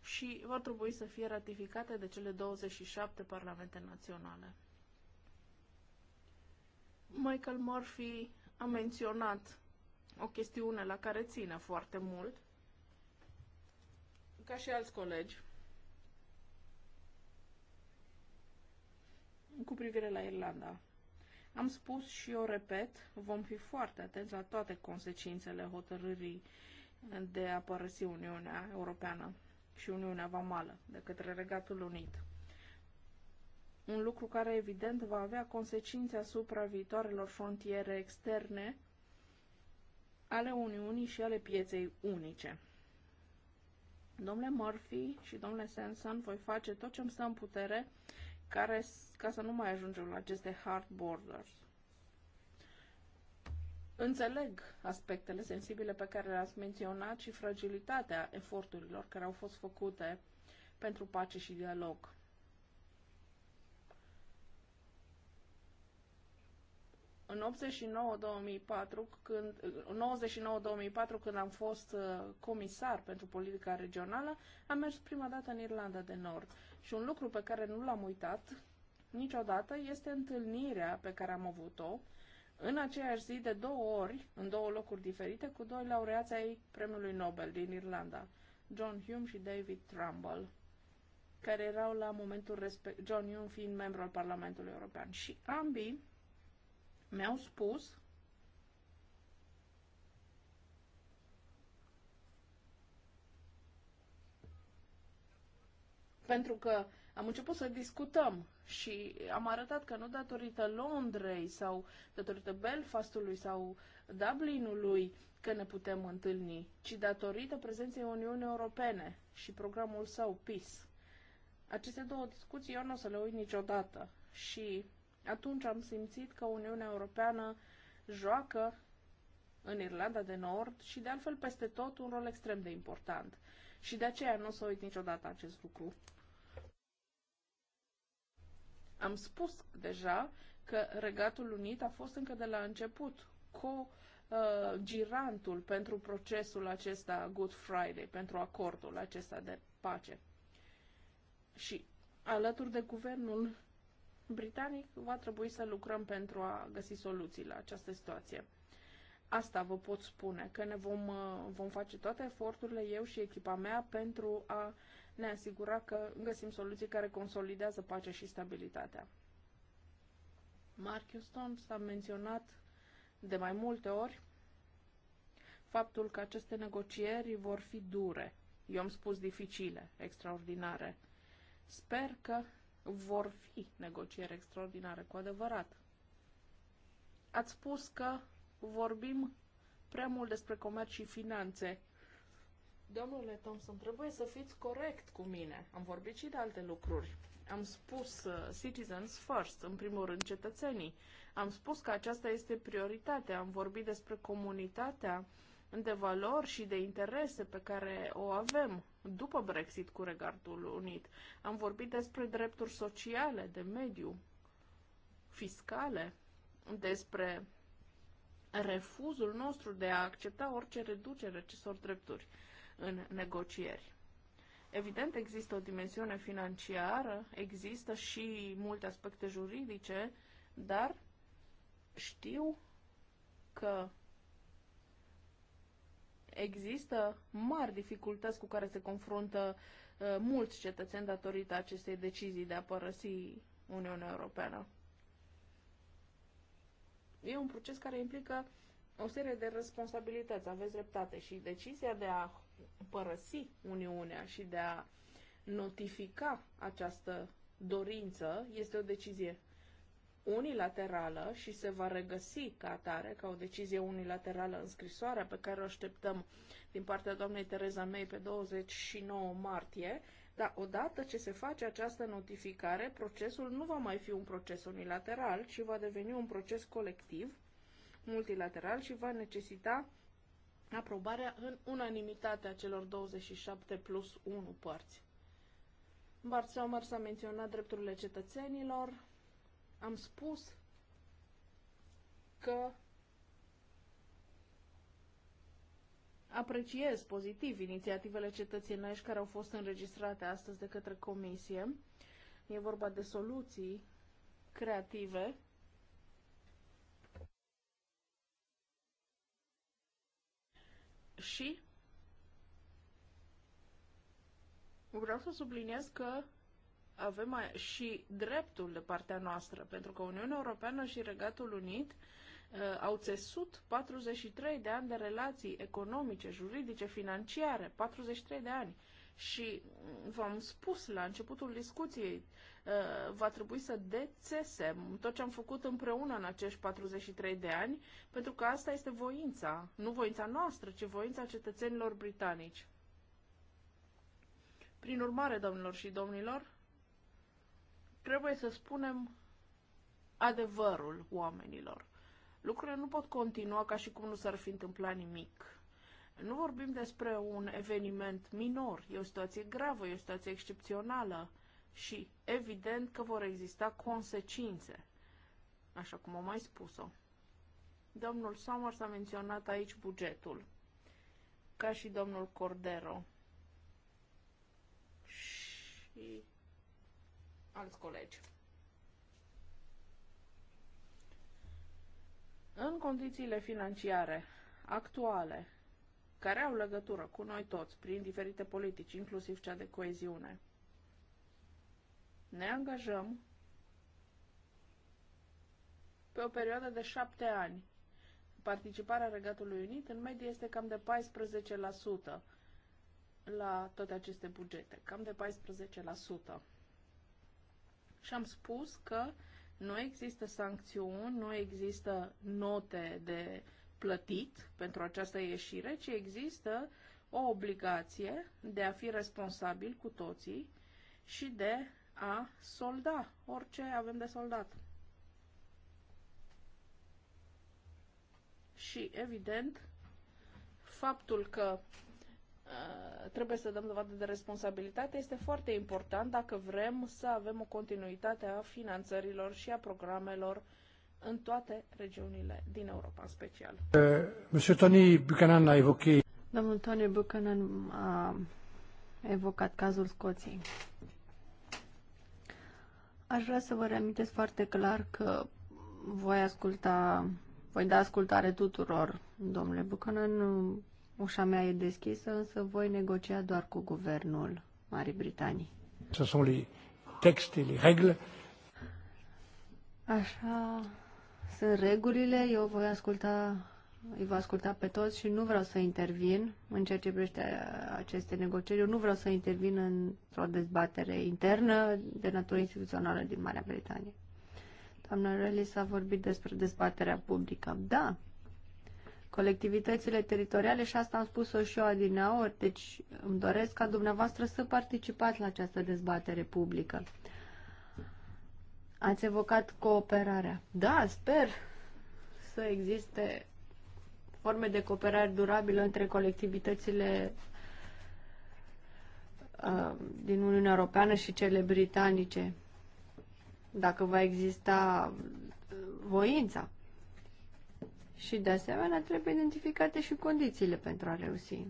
și vor trebui să fie ratificate de cele 27 parlamente naționale. Michael Murphy a menționat o chestiune la care ține foarte mult, ca și alți colegi, cu privire la Irlanda. Am spus și eu repet, vom fi foarte atenți la toate consecințele hotărârii de a părăsi Uniunea Europeană și Uniunea Vamală de către Regatul Unit. Un lucru care evident va avea consecințe asupra viitoarelor frontiere externe ale Uniunii și ale pieței unice. Domnule Murphy și domnule Sanson, voi face tot ce îmi stă în putere care, ca să nu mai ajungem la aceste hard borders. Înțeleg aspectele sensibile pe care le-ați menționat și fragilitatea eforturilor care au fost făcute pentru pace și dialog. În 89-2004, când, 99-2004, când am fost uh, comisar pentru politica regională, am mers prima dată în Irlanda de Nord și un lucru pe care nu l-am uitat niciodată este întâlnirea pe care am avut-o în aceeași zi de două ori, în două locuri diferite, cu doi laureați ai Premiului Nobel din Irlanda, John Hume și David Trumbull, care erau la momentul respect, John Hume fiind membru al Parlamentului European. Și ambii mi-au spus Pentru că am început să discutăm și am arătat că nu datorită Londrei sau datorită Belfastului sau Dublinului că ne putem întâlni, ci datorită prezenței Uniunii Europene și programul său PIS. Aceste două discuții eu nu o să le uit niciodată și atunci am simțit că Uniunea Europeană joacă în Irlanda de Nord și de altfel peste tot un rol extrem de important. Și de aceea nu o să uit niciodată acest lucru. Am spus deja că Regatul Unit a fost încă de la început cu uh, girantul pentru procesul acesta Good Friday, pentru acordul acesta de pace. Și alături de guvernul britanic va trebui să lucrăm pentru a găsi soluții la această situație. Asta vă pot spune, că ne vom, uh, vom face toate eforturile, eu și echipa mea, pentru a ne asigura că găsim soluții care consolidează pacea și stabilitatea. Mark Houston s-a menționat de mai multe ori faptul că aceste negocieri vor fi dure. Eu am spus dificile, extraordinare. Sper că vor fi negocieri extraordinare cu adevărat. Ați spus că vorbim prea mult despre comerț și finanțe Domnule Thompson, trebuie să fiți corect cu mine. Am vorbit și de alte lucruri. Am spus uh, citizens first, în primul rând cetățenii. Am spus că aceasta este prioritatea. Am vorbit despre comunitatea de valori și de interese pe care o avem după Brexit cu Regatul Unit. Am vorbit despre drepturi sociale, de mediu, fiscale, despre refuzul nostru de a accepta orice reducere acestor drepturi în negocieri. Evident, există o dimensiune financiară, există și multe aspecte juridice, dar știu că există mari dificultăți cu care se confruntă uh, mulți cetățeni datorită acestei decizii de a părăsi Uniunea Europeană. E un proces care implică o serie de responsabilități, aveți dreptate și decizia de a părăsi Uniunea și de a notifica această dorință este o decizie unilaterală și se va regăsi ca atare, ca o decizie unilaterală în scrisoarea pe care o așteptăm din partea doamnei Tereza May pe 29 martie, dar odată ce se face această notificare, procesul nu va mai fi un proces unilateral, ci va deveni un proces colectiv, multilateral și va necesita aprobarea în unanimitate a celor 27 plus 1 părți. Bart Sommer a menționat drepturile cetățenilor. Am spus că apreciez pozitiv inițiativele cetățenești care au fost înregistrate astăzi de către comisie. E vorba de soluții creative Și vreau să subliniez că avem și dreptul de partea noastră, pentru că Uniunea Europeană și Regatul Unit uh, au țesut 43 de ani de relații economice, juridice, financiare, 43 de ani. Uh, și v-am spus la începutul discuției, uh, va trebui să dețesem tot ce am făcut împreună în acești 43 de ani, pentru că asta este voința, nu voința noastră, ci voința cetățenilor britanici. Prin urmare, domnilor și domnilor, trebuie să spunem adevărul oamenilor. Lucrurile nu pot continua ca și cum nu s-ar fi întâmplat nimic. Nu vorbim despre un eveniment minor, e o situație gravă, e o situație excepțională și evident că vor exista consecințe, așa cum am mai spus-o. Domnul Somers a menționat aici bugetul, ca și domnul Cordero și alți colegi. În condițiile financiare actuale care au legătură cu noi toți prin diferite politici, inclusiv cea de coeziune. Ne angajăm pe o perioadă de șapte ani. Participarea Regatului Unit în medie este cam de 14% la toate aceste bugete, cam de 14%. Și am spus că nu există sancțiuni, nu există note de uh, plătit pentru această ieșire, ci există o obligație de a fi responsabil cu toții și de a solda orice avem de soldat. Și, evident, faptul că uh, trebuie să dăm dovadă de responsabilitate este foarte important dacă vrem să avem o continuitate a finanțărilor și a programelor în toate regiunile din Europa în special. Uh, Monsieur Tony Buchanan a evocat... Domnul Tony Buchanan a evocat cazul Scoției. Aș vrea să vă reamintesc foarte clar că voi asculta, voi da ascultare tuturor, domnule Buchanan, ușa mea e deschisă, însă voi negocia doar cu guvernul Marii Britanii. Ce sunt textele, texte, Așa sunt regulile, eu voi asculta, îi voi asculta pe toți și nu vreau să intervin în ceea ce privește aceste negocieri. Eu nu vreau să intervin într-o dezbatere internă de natură instituțională din Marea Britanie. Doamna Relly s-a vorbit despre dezbaterea publică. Da, colectivitățile teritoriale și asta am spus-o și eu adineaori, deci îmi doresc ca dumneavoastră să participați la această dezbatere publică. Ați evocat cooperarea. Da, sper să existe forme de cooperare durabilă între colectivitățile uh, din Uniunea Europeană și cele britanice, dacă va exista uh, voința. Și de asemenea trebuie identificate și condițiile pentru a reuși.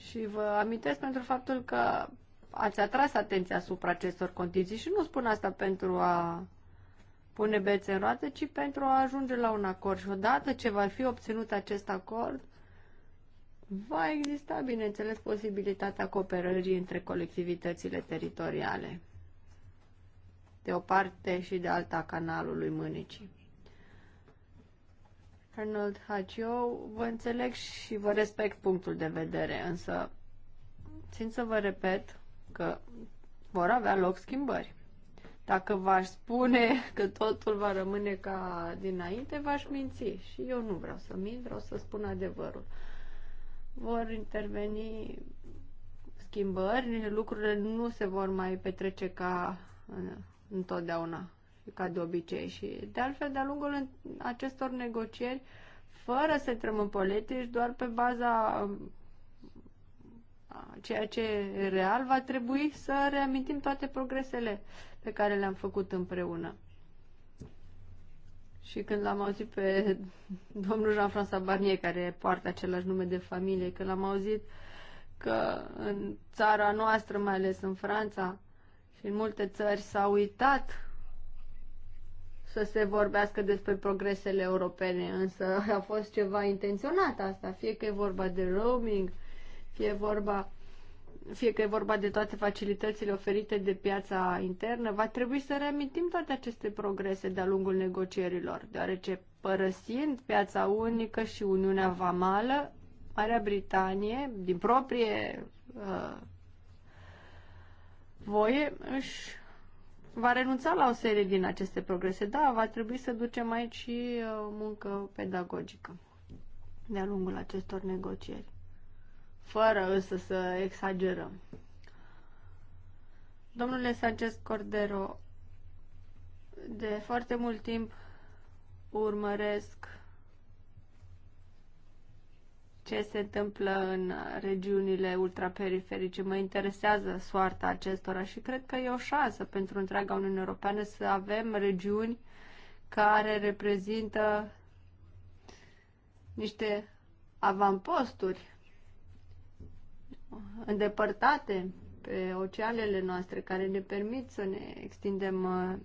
Și vă amintesc pentru faptul că ați atras atenția asupra acestor condiții și nu spun asta pentru a pune bețe în roată, ci pentru a ajunge la un acord. Și odată ce va fi obținut acest acord, va exista, bineînțeles, posibilitatea cooperării între colectivitățile teritoriale, de o parte și de alta canalului Mânicii. Arnold Hacio, vă înțeleg și vă respect punctul de vedere, însă țin să vă repet că vor avea loc schimbări. Dacă v-aș spune că totul va rămâne ca dinainte, v-aș minți. Și eu nu vreau să mint, vreau să spun adevărul. Vor interveni schimbări, lucrurile nu se vor mai petrece ca întotdeauna ca de obicei. Și de altfel, de-a lungul acestor negocieri, fără să intrăm în politici, doar pe baza ceea ce e real, va trebui să reamintim toate progresele pe care le-am făcut împreună. Și când l-am auzit pe domnul Jean-François Barnier, care poartă același nume de familie, când l-am auzit că în țara noastră, mai ales în Franța și în multe țări, s-a uitat să se vorbească despre progresele europene, însă a fost ceva intenționat asta, fie că e vorba de roaming, fie vorba fie că e vorba de toate facilitățile oferite de piața internă, va trebui să reamintim toate aceste progrese de-a lungul negocierilor, deoarece părăsind piața unică și Uniunea Vamală, Marea Britanie, din proprie uh, voie, își va renunța la o serie din aceste progrese. Da, va trebui să ducem aici și uh, muncă pedagogică de-a lungul acestor negocieri fără însă să exagerăm. Domnule Sanchez Cordero, de foarte mult timp urmăresc ce se întâmplă în regiunile ultraperiferice. Mă interesează soarta acestora și cred că e o șansă pentru întreaga Uniune Europeană să avem regiuni care reprezintă niște avamposturi îndepărtate pe oceanele noastre care ne permit să ne extindem uh,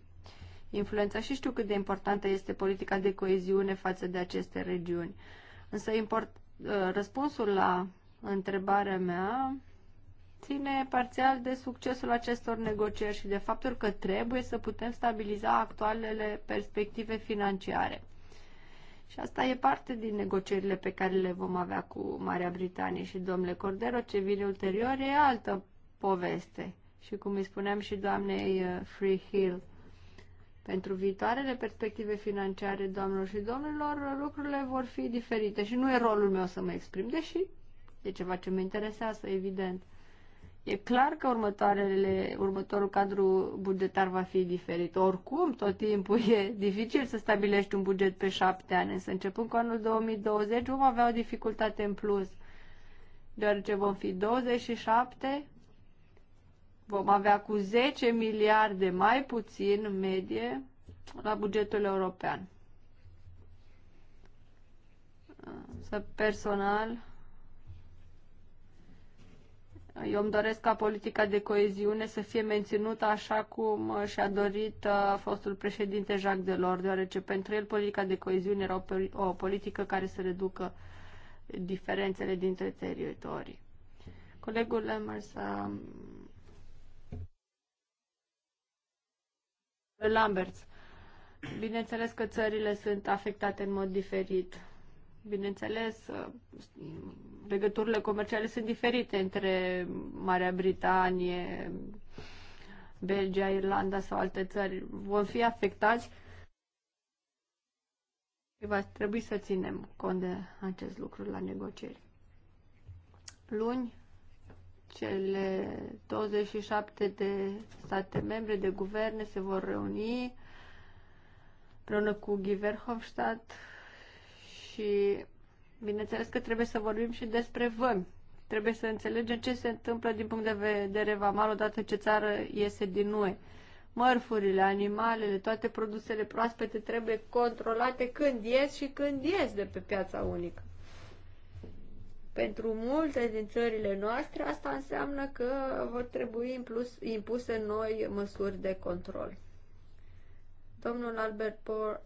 influența și știu cât de importantă este politica de coeziune față de aceste regiuni. Însă import, uh, răspunsul la întrebarea mea ține parțial de succesul acestor negocieri și de faptul că trebuie să putem stabiliza actualele perspective financiare. Și asta e parte din negocierile pe care le vom avea cu Marea Britanie și domnule Cordero, ce vine ulterior e altă poveste. Și cum îi spuneam și doamnei uh, Free Hill, pentru viitoarele perspective financiare, doamnelor și domnilor, lucrurile vor fi diferite și nu e rolul meu să mă exprim, deși e ceva ce mă interesează, evident. E clar că următoarele, următorul cadru bugetar va fi diferit. Oricum, tot timpul e dificil să stabilești un buget pe șapte ani, însă începând cu anul 2020 vom avea o dificultate în plus, deoarece vom fi 27, vom avea cu 10 miliarde mai puțin în medie la bugetul european. Să personal eu îmi doresc ca politica de coeziune să fie menținută așa cum uh, și-a dorit uh, fostul președinte Jacques Delors, deoarece pentru el politica de coeziune era o, politică care să reducă diferențele dintre teritorii. Colegul Lemers a... Lamberts. Bineînțeles că țările sunt afectate în mod diferit Bineînțeles, legăturile comerciale sunt diferite între Marea Britanie, Belgia, Irlanda sau alte țări. Vom fi afectați. Va trebui să ținem cont de acest lucru la negocieri. Luni, cele 27 de state membre de guverne se vor reuni împreună cu Giverhofstadt. Și bineînțeles că trebuie să vorbim și despre vămi. Trebuie să înțelegem ce se întâmplă din punct de vedere vamal odată ce țară iese din noi. Mărfurile, animalele, toate produsele proaspete trebuie controlate când ies și când ies de pe piața unică. Pentru multe din țările noastre, asta înseamnă că vor trebui implus, impuse noi măsuri de control. Domnul Albert Por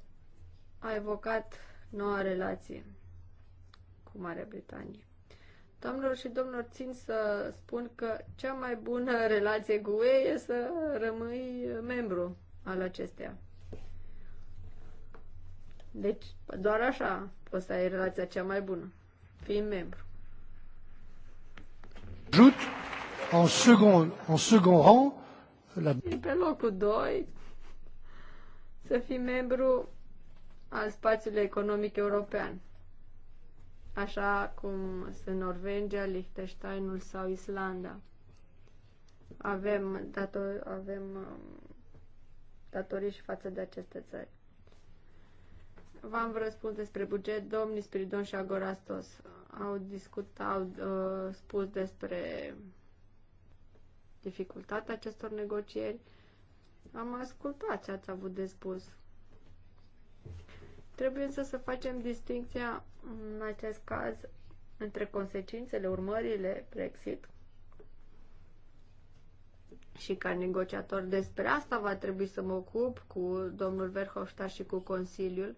a evocat noua relație cu Marea Britanie. Doamnelor și domnilor, țin să spun că cea mai bună relație cu UE e să rămâi membru al acesteia. Deci, doar așa poți să ai relația cea mai bună, fiind membru. Jut, în second, în second rang, la... pe locul 2, să fii membru al spațiului economic european, așa cum sunt Norvegia, Liechtensteinul sau Islanda. Avem, dator, avem um, datorii și față de aceste țări. V-am răspuns despre buget, domnii Spiridon și Agorastos au discutat, au uh, spus despre dificultatea acestor negocieri. Am ascultat ce ați avut de spus. Trebuie însă să facem distinția în acest caz între consecințele, urmările Brexit și ca negociator despre asta va trebui să mă ocup cu domnul Verhofstadt și cu Consiliul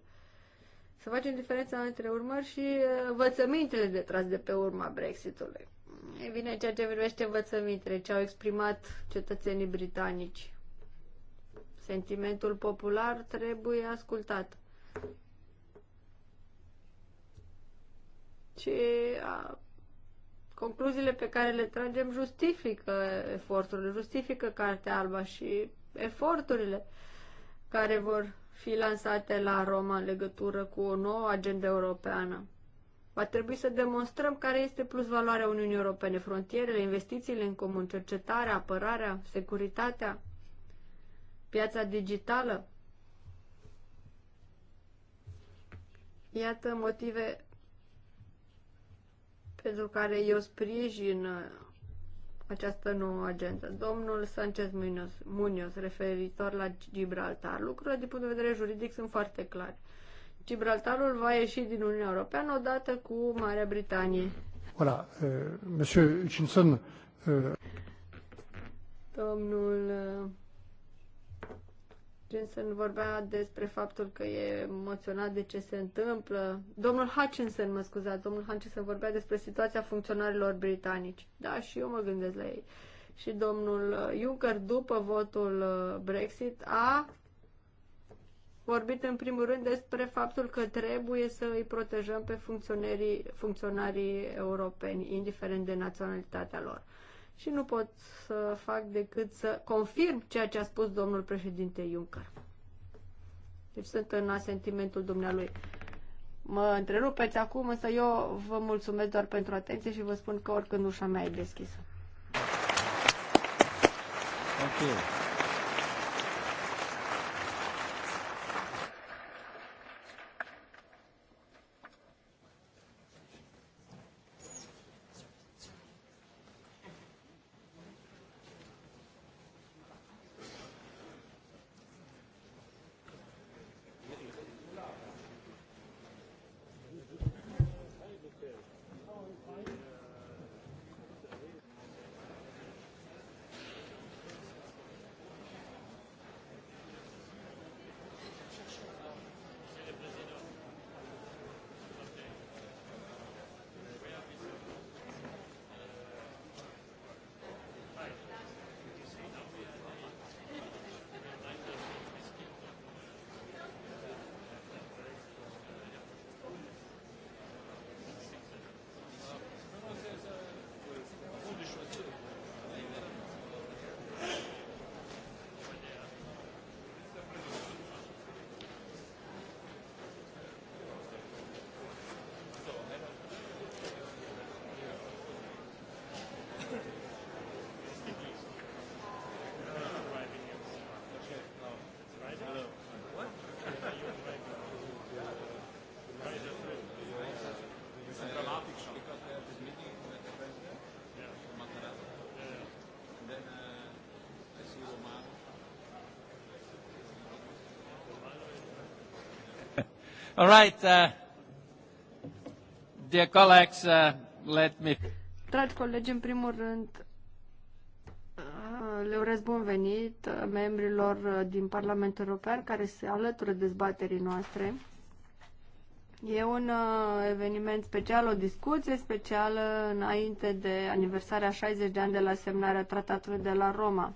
să facem diferența între urmări și uh, învățămintele de tras de pe urma Brexitului. E bine, ceea ce privește învățămintele, ce au exprimat cetățenii britanici. Sentimentul popular trebuie ascultat. ci a, concluziile pe care le tragem justifică eforturile, justifică Cartea Alba și eforturile care vor fi lansate la Roma în legătură cu o nouă agenda europeană. Va trebui să demonstrăm care este plus valoarea Uniunii Europene, frontierele, investițiile în comun, cercetarea, apărarea, securitatea, piața digitală. Iată motive pentru care eu sprijin uh, această nouă agență. Domnul Sanchez Munoz, Munoz referitor la Gibraltar. Lucrurile din punct de vedere juridic sunt foarte clare. Gibraltarul va ieși din Uniunea Europeană odată cu Marea Britanie. Voilà, uh, monsieur Chinson. Uh... Domnul uh... Hutchinson vorbea despre faptul că e emoționat de ce se întâmplă. Domnul Hutchinson, mă scuzați, domnul Hutchinson vorbea despre situația funcționarilor britanici. Da, și eu mă gândesc la ei. Și domnul uh, Juncker, după votul uh, Brexit, a vorbit în primul rând despre faptul că trebuie să îi protejăm pe funcționarii, funcționarii europeni, indiferent de naționalitatea lor și nu pot să fac decât să confirm ceea ce a spus domnul președinte Juncker. Deci sunt în asentimentul dumnealui. Mă întrerupeți acum, însă eu vă mulțumesc doar pentru atenție și vă spun că oricând ușa mea e deschisă. Thank you. All right, uh, dear colleagues, uh, let me... Dragi colegi, în primul rând, uh, le urez bun venit uh, membrilor uh, din Parlamentul European care se alătură dezbaterii noastre. E un eveniment special, o discuție specială înainte de aniversarea 60 de ani de la semnarea tratatului de la Roma.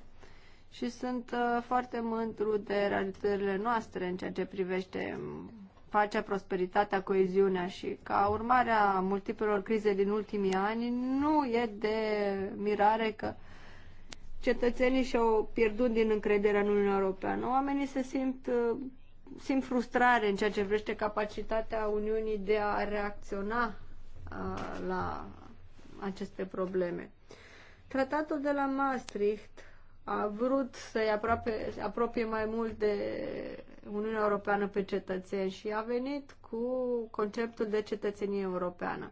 Și sunt foarte mândru de realizările noastre în ceea ce privește um, pacea, prosperitatea, coeziunea și ca urmare a multiplelor crize din ultimii ani, nu e de mirare că cetățenii și-au pierdut din încrederea în Uniunea Europeană. Oamenii se simt, uh, simt frustrare în ceea ce vrește capacitatea Uniunii de a reacționa uh, la aceste probleme. Tratatul de la Maastricht a vrut să-i apropie mai mult de Uniunea Europeană pe cetățeni și a venit cu conceptul de cetățenie europeană.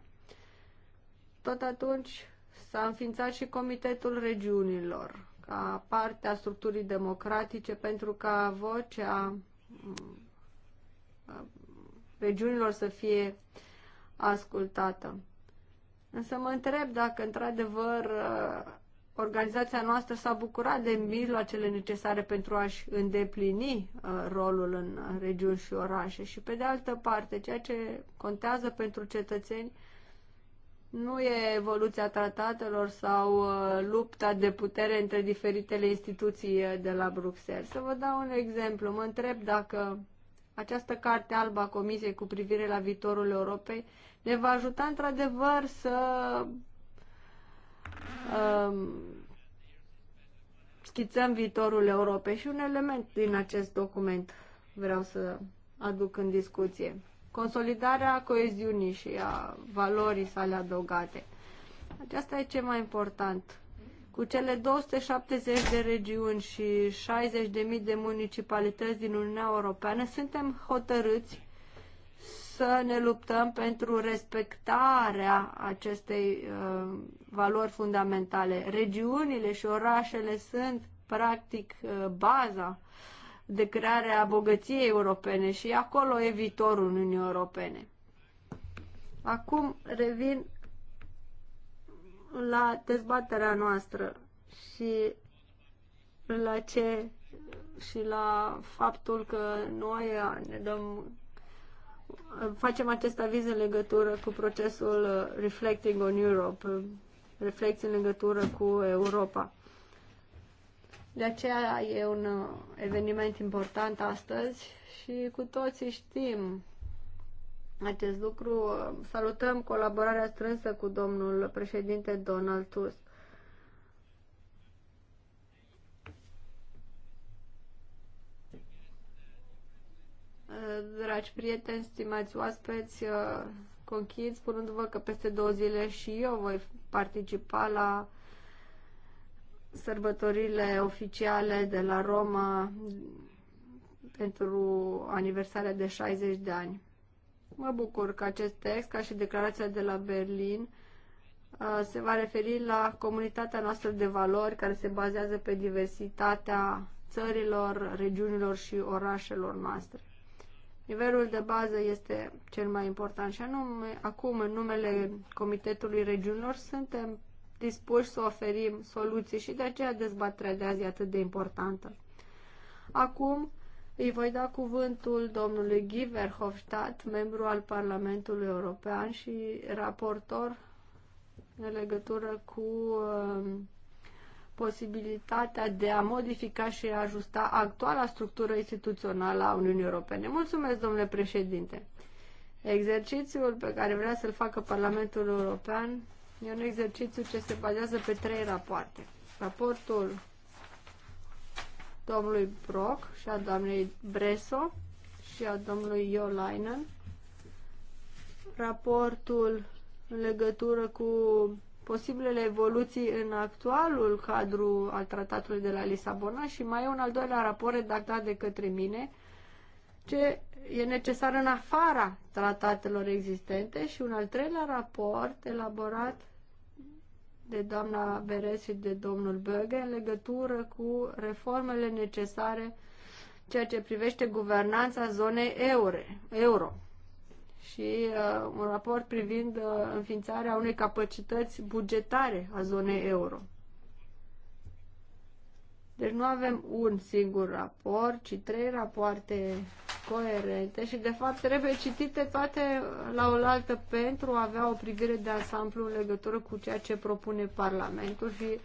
Tot atunci s-a înființat și Comitetul Regiunilor, ca parte a structurii democratice, pentru ca vocea mm, regiunilor să fie ascultată. Însă mă întreb dacă într-adevăr organizația noastră s-a bucurat de mijloacele necesare pentru a-și îndeplini uh, rolul în regiuni și orașe și pe de altă parte, ceea ce contează pentru cetățeni nu e evoluția tratatelor sau uh, lupta de putere între diferitele instituții uh, de la Bruxelles. Să vă dau un exemplu. Mă întreb dacă această carte albă a Comisiei cu privire la viitorul Europei ne va ajuta într-adevăr să Um, schițăm viitorul Europei și un element din acest document vreau să aduc în discuție. Consolidarea coeziunii și a valorii sale adăugate. Aceasta e ce mai important. Cu cele 270 de regiuni și 60.000 de municipalități din Uniunea Europeană, suntem hotărâți să ne luptăm pentru respectarea acestei uh, valori fundamentale. Regiunile și orașele sunt, practic, uh, baza de creare a bogăției europene și acolo e viitorul Uniunii Europene. Acum revin la dezbaterea noastră și la ce și la faptul că noi ne dăm facem acest aviz în legătură cu procesul uh, Reflecting on Europe, uh, reflecție în legătură cu Europa. De aceea e un uh, eveniment important astăzi și cu toții știm acest lucru. Salutăm colaborarea strânsă cu domnul președinte Donald Tusk. Eh, dragi prieteni, stimați oaspeți, eh, conchid spunându-vă că peste două zile și eu voi participa la sărbătorile oficiale de la Roma pentru aniversarea de 60 de ani. Mă bucur că acest text, ca și declarația de la Berlin, eh, se va referi la comunitatea noastră de valori care se bazează pe diversitatea țărilor, regiunilor și orașelor noastre. Nivelul de bază este cel mai important și anume, acum, în numele Comitetului Regiunilor, suntem dispuși să oferim soluții și de aceea dezbaterea de azi e atât de importantă. Acum îi voi da cuvântul domnului Guy Verhofstadt, membru al Parlamentului European și raportor în legătură cu uh, posibilitatea de a modifica și a ajusta actuala structură instituțională a Uniunii Europene. Mulțumesc, domnule președinte! Exercițiul pe care vrea să-l facă Parlamentul European e un exercițiu ce se bazează pe trei rapoarte. Raportul domnului Brock și a doamnei Breso și a domnului Iolainen, raportul în legătură cu posibilele evoluții în actualul cadru al tratatului de la Lisabona și mai e un al doilea raport redactat de către mine ce e necesar în afara tratatelor existente și un al treilea raport elaborat de doamna Beres și de domnul Böge în legătură cu reformele necesare ceea ce privește guvernanța zonei euro și uh, un raport privind uh, înființarea unei capacități bugetare a zonei euro. Deci nu avem un singur raport, ci trei rapoarte coerente și, de fapt, trebuie citite toate la oaltă pentru a avea o privire de ansamblu în legătură cu ceea ce propune Parlamentul și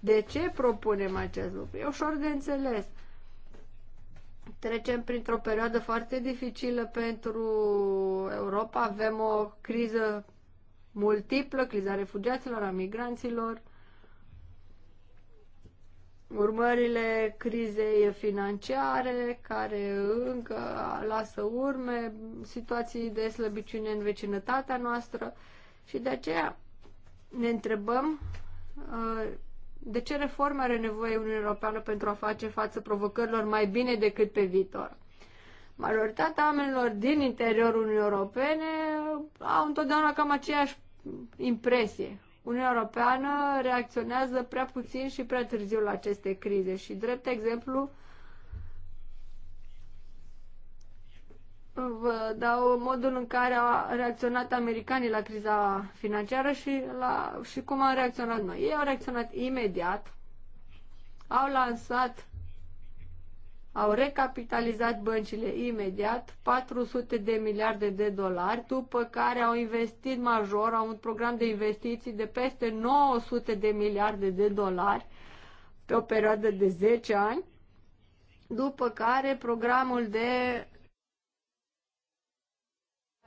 de ce propunem acest lucru. E ușor de înțeles. Trecem printr-o perioadă foarte dificilă pentru Europa. Avem o criză multiplă, criza refugiaților, a migranților, urmările crizei financiare care încă lasă urme, situații de slăbiciune în vecinătatea noastră și de aceea ne întrebăm uh, de ce reforme are nevoie Uniunea Europeană pentru a face față provocărilor mai bine decât pe viitor? Majoritatea oamenilor din interiorul Uniunii Europene au întotdeauna cam aceeași impresie. Uniunea Europeană reacționează prea puțin și prea târziu la aceste crize și, drept exemplu, vă dau modul în care au reacționat americanii la criza financiară și, la, și cum au reacționat noi. Ei au reacționat imediat, au lansat, au recapitalizat băncile imediat, 400 de miliarde de dolari, după care au investit major, au un program de investiții de peste 900 de miliarde de dolari pe o perioadă de 10 ani, după care programul de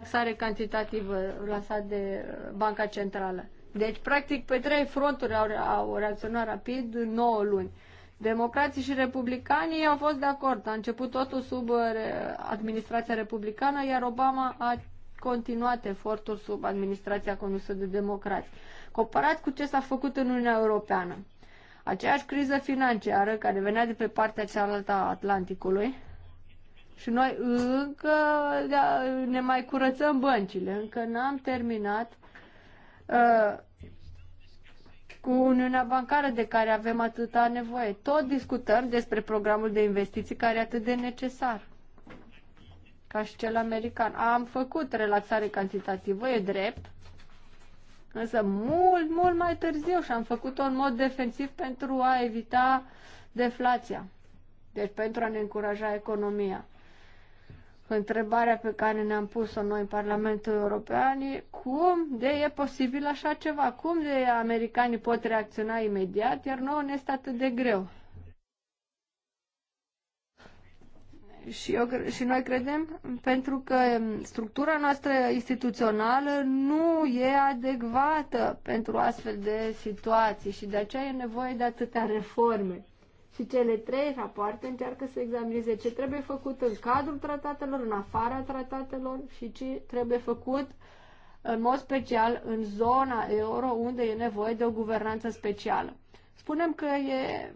relaxare cantitativă lansat de Banca Centrală. Deci, practic, pe trei fronturi au, au reacționat rapid 9 luni. Democrații și republicanii au fost de acord. A început totul sub administrația republicană, iar Obama a continuat efortul sub administrația condusă de democrați. Comparat cu ce s-a făcut în Uniunea Europeană, aceeași criză financiară care venea de pe partea cealaltă a Atlanticului și noi încă ne mai curățăm băncile, încă n-am terminat uh, cu Uniunea Bancară de care avem atâta nevoie. Tot discutăm despre programul de investiții care e atât de necesar ca și cel american. Am făcut relaxare cantitativă, e drept, însă mult, mult mai târziu și am făcut-o în mod defensiv pentru a evita deflația. Deci pentru a ne încuraja economia. Întrebarea pe care ne-am pus-o noi în Parlamentul European e cum de e posibil așa ceva, cum de americanii pot reacționa imediat, iar nouă ne este atât de greu. și, eu, și noi credem pentru că structura noastră instituțională nu e adecvată pentru astfel de situații și de aceea e nevoie de atâtea reforme. Și cele trei rapoarte încearcă să examineze ce trebuie făcut în cadrul tratatelor, în afara tratatelor și ce trebuie făcut în mod special în zona euro unde e nevoie de o guvernanță specială. Spunem că e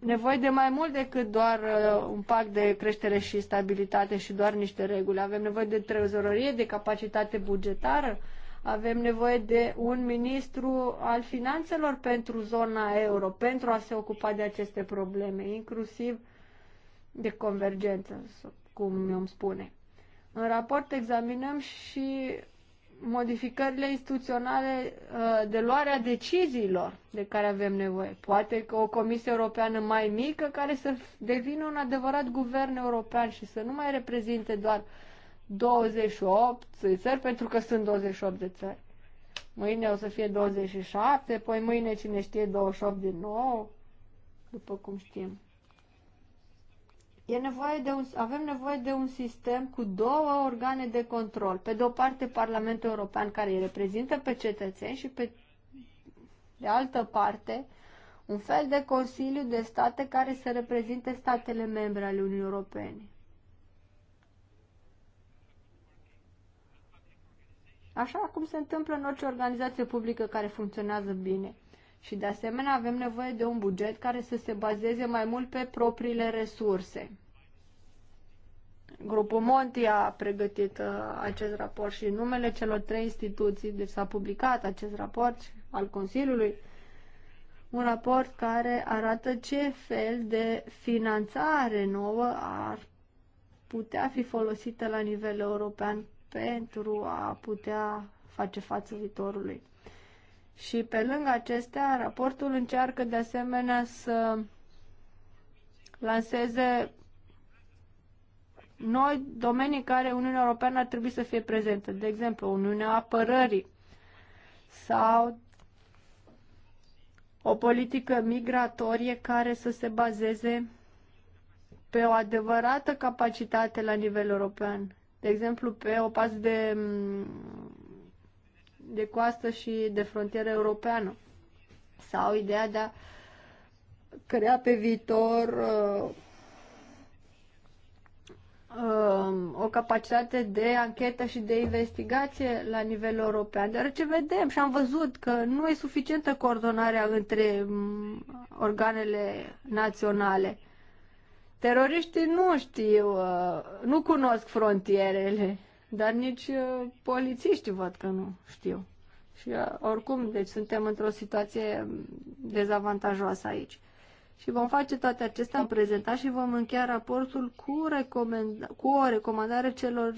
nevoie de mai mult decât doar uh, un pact de creștere și stabilitate și doar niște reguli. Avem nevoie de trezorărie, de capacitate bugetară, uh, avem nevoie de un ministru al finanțelor pentru zona euro, pentru a se ocupa de aceste probleme, inclusiv de convergență, cum mi-om spune. În raport examinăm și modificările instituționale uh, de luarea deciziilor de care avem nevoie. Poate că o Comisie Europeană mai mică care să devină un adevărat guvern european și să nu mai reprezinte doar uh, 28 țări, pentru că sunt 28 de țări. Mâine o să fie 27, poi mâine cine știe 28 din nou, după cum știm. E nevoie de un, avem nevoie de un sistem cu două organe de control. Pe de o parte Parlamentul European care îi reprezintă pe cetățeni și pe de altă parte un fel de Consiliu de State care să reprezinte statele membre ale Uniunii Europene. Așa cum se întâmplă în orice organizație publică care funcționează bine. Și de asemenea avem nevoie de un buget care să se bazeze mai mult pe propriile resurse. Grupul Monti a pregătit uh, acest raport și numele celor trei instituții, deci s-a publicat acest raport al Consiliului, un raport care arată ce fel de finanțare nouă ar putea fi folosită la nivel european pentru a putea face față viitorului. Și pe lângă acestea, raportul încearcă de asemenea să lanseze noi domenii care Uniunea Europeană ar trebui să fie prezentă. De exemplu, Uniunea Apărării sau o politică migratorie care să se bazeze pe o adevărată capacitate la nivel european de exemplu, pe o pas de, de coastă și de frontieră europeană. Sau ideea de a crea pe viitor uh, uh, o capacitate de anchetă și de investigație la nivel european, deoarece vedem și am văzut că nu e suficientă coordonarea între um, organele naționale. Uh, Teroriștii nu știu, uh, nu cunosc frontierele, dar nici uh, polițiștii văd că nu știu. Și uh, oricum, deci suntem într-o situație dezavantajoasă aici. Și vom face toate acestea, am prezentat și vom încheia raportul cu, recomand, cu o recomandare celor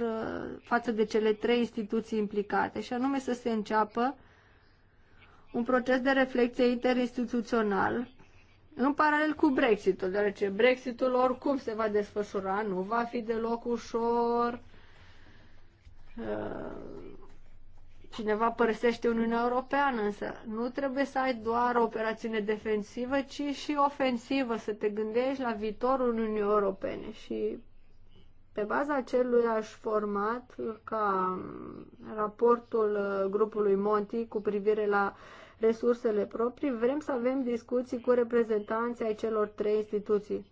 față de cele trei instituții implicate, și anume să se înceapă un proces de reflexie interinstituțional în paralel cu Brexitul, deoarece Brexitul oricum se va desfășura, nu va fi deloc ușor. Uh, cineva părăsește Uniunea Europeană, însă nu trebuie să ai doar o operațiune defensivă, ci și ofensivă, să te gândești la viitorul Uniunii Europene și pe baza acelui aș format ca raportul uh, grupului Monti cu privire la uh, resursele proprii, vrem să avem discuții cu reprezentanții ai celor trei instituții.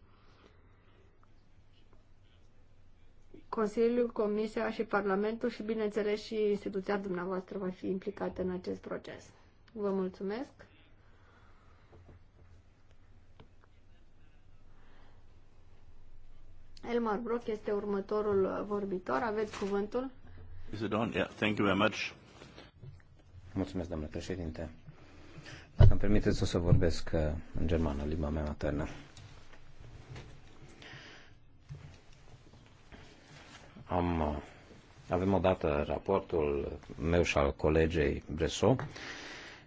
Consiliul, Comisia și Parlamentul și, bineînțeles, și instituția dumneavoastră va fi implicată în acest proces. Vă mulțumesc! Elmar Brock este următorul vorbitor. Aveți cuvântul. Is it on? Yeah, thank you very much. Mulțumesc, doamnă președinte. Dacă îmi permiteți, o să vorbesc uh, în germană, limba mea maternă. Am, uh, avem odată raportul meu și al colegei Breso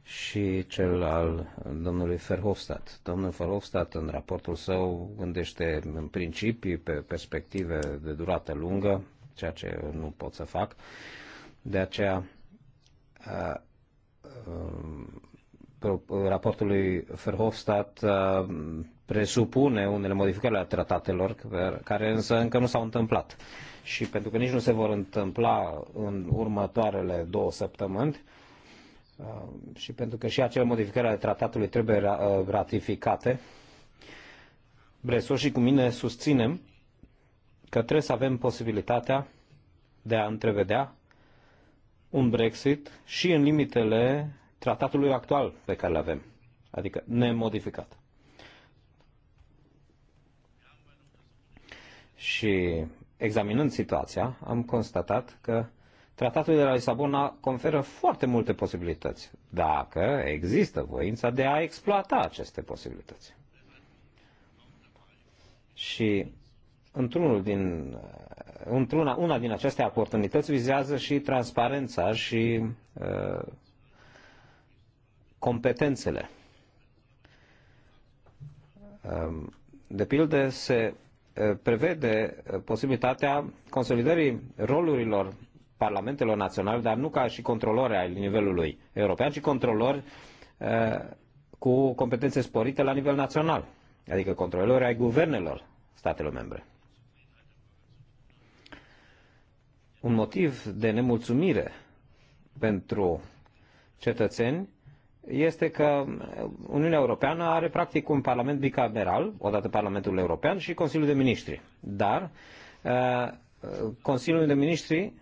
și cel al domnului Verhofstadt. Domnul Verhofstadt, în raportul său, gândește în principii pe perspective de durată lungă, ceea ce nu pot să fac. De aceea, uh, um, raportului Verhofstadt uh, presupune unele modificări la tratatelor, care însă încă nu s-au întâmplat. Și pentru că nici nu se vor întâmpla în următoarele două săptămâni, uh, și pentru că și acele modificări ale tratatului trebuie uh, ratificate, Bresor și cu mine susținem că trebuie să avem posibilitatea de a întrevedea un Brexit și în limitele tratatului actual pe care îl avem, adică nemodificat. Și examinând situația, am constatat că Tratatul de la Lisabona conferă foarte multe posibilități, dacă există voința de a exploata aceste posibilități. Și într-unul din, într-una, una din aceste oportunități vizează și transparența și uh, competențele. Ehm, de pildă, se prevede posibilitatea consolidării rolurilor parlamentelor naționale, dar nu ca și controlori ai nivelului european, ci controlori cu competențe sporite la nivel național, adică controlori ai guvernelor statelor membre. Un motiv de nemulțumire pentru cetățeni este că Uniunea Europeană are practic un parlament bicameral, odată Parlamentul European și Consiliul de Ministri. Dar uh, Consiliul de Ministri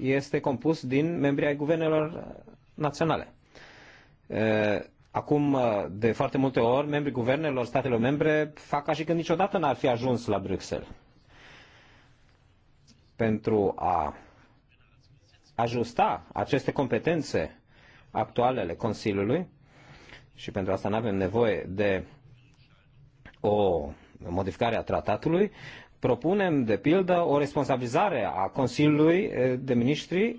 este compus din membrii ai guvernelor naționale. Uh, acum, uh, de foarte multe ori, membrii guvernelor statelor membre fac ca și când niciodată n-ar fi ajuns la Bruxelles. Pentru a ajusta aceste competențe actualele Consiliului și pentru asta nu avem nevoie de o modificare a tratatului, propunem, de pildă, o responsabilizare a Consiliului eh, de Ministri, eh,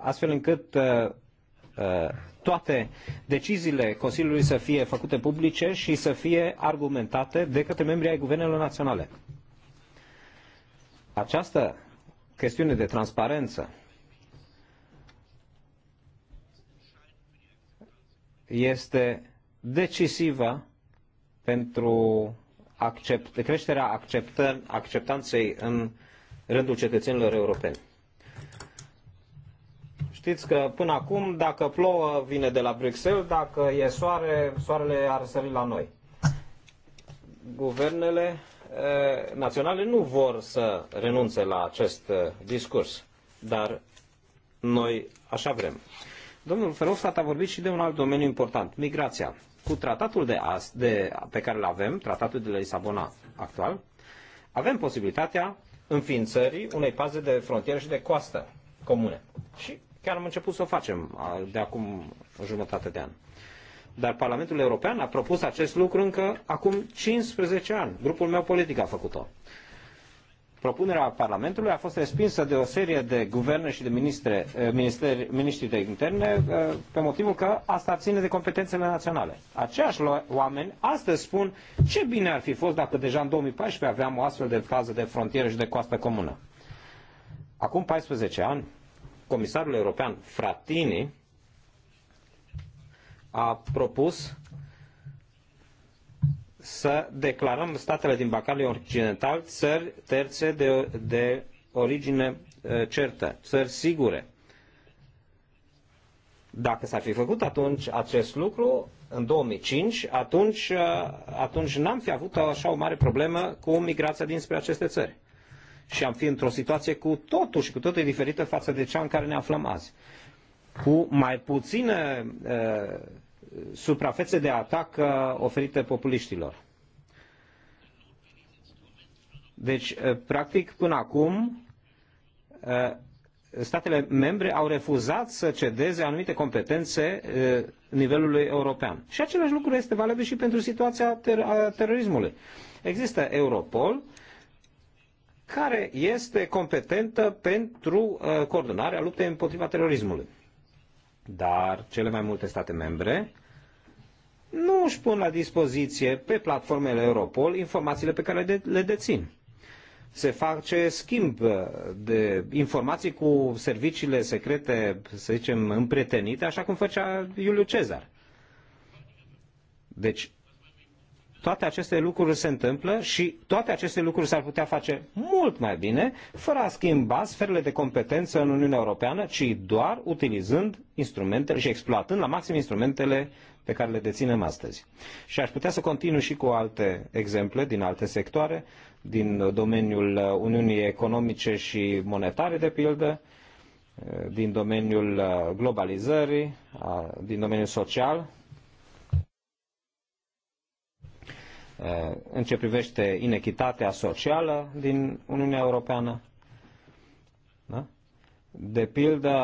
astfel încât eh, toate deciziile Consiliului să fie făcute publice și să fie argumentate de către membrii ai guvernelor naționale. Această chestiune de transparență este decisivă pentru accept, creșterea acceptă, acceptanței în rândul cetățenilor europeni. Știți că până acum, dacă plouă, vine de la Bruxelles, dacă e soare, soarele ar sări la noi. Guvernele e, eh, naționale nu vor să renunțe la acest eh, discurs, dar noi așa vrem. Domnul Ferostat a vorbit și de un alt domeniu important, migrația. Cu tratatul de, as, de pe care îl avem, tratatul de la Lisabona actual, avem posibilitatea înființării unei paze de frontieră și de coastă comune. Și chiar am început să o facem de acum o jumătate de an. Dar Parlamentul European a propus acest lucru încă acum 15 ani. Grupul meu politic a făcut-o propunerea Parlamentului a fost respinsă de o serie de guverne și de ministre, eh, ministeri, ministri de interne eh, pe motivul că asta ține de competențele naționale. Aceiași oameni astăzi spun ce bine ar fi fost dacă deja în 2014 aveam o astfel de fază de frontieră și de coastă comună. Acum 14 ani, comisarul european Frattini a propus să declarăm statele din Balcanii Occidental țări terțe de, de origine certă, țări sigure. Dacă s-ar fi făcut atunci acest lucru, în 2005, atunci, atunci n-am fi avut așa o mare problemă cu migrația dinspre aceste țări. Și am fi într-o situație cu totul și cu totul diferită față de cea în care ne aflăm azi. Cu mai puține uh, suprafețe de atac uh, oferite populiștilor. Deci, uh, practic, până acum, uh, statele membre au refuzat să cedeze anumite competențe nivelului european. Și același lucru este valabil și pentru situația ter- terorismului. Există Europol, care este competentă pentru coordonarea luptei împotriva terorismului. Dar cele mai multe state membre nu își pun la dispoziție pe platformele Europol informațiile pe care le dețin se face schimb de informații cu serviciile secrete, să zicem, împretenite, așa cum făcea Iuliu Cezar. Deci, toate aceste lucruri se întâmplă și toate aceste lucruri s-ar putea face mult mai bine fără a schimba sferele de competență în Uniunea Europeană, ci doar utilizând instrumentele și exploatând la maxim instrumentele pe care le deținem astăzi. Și aș putea să continui și cu alte exemple din alte sectoare, din domeniul Uniunii Economice și Monetare, de pildă, din domeniul globalizării, din domeniul social, Eh, în ce privește inechitatea socială din Uniunea Europeană. Da? De pildă,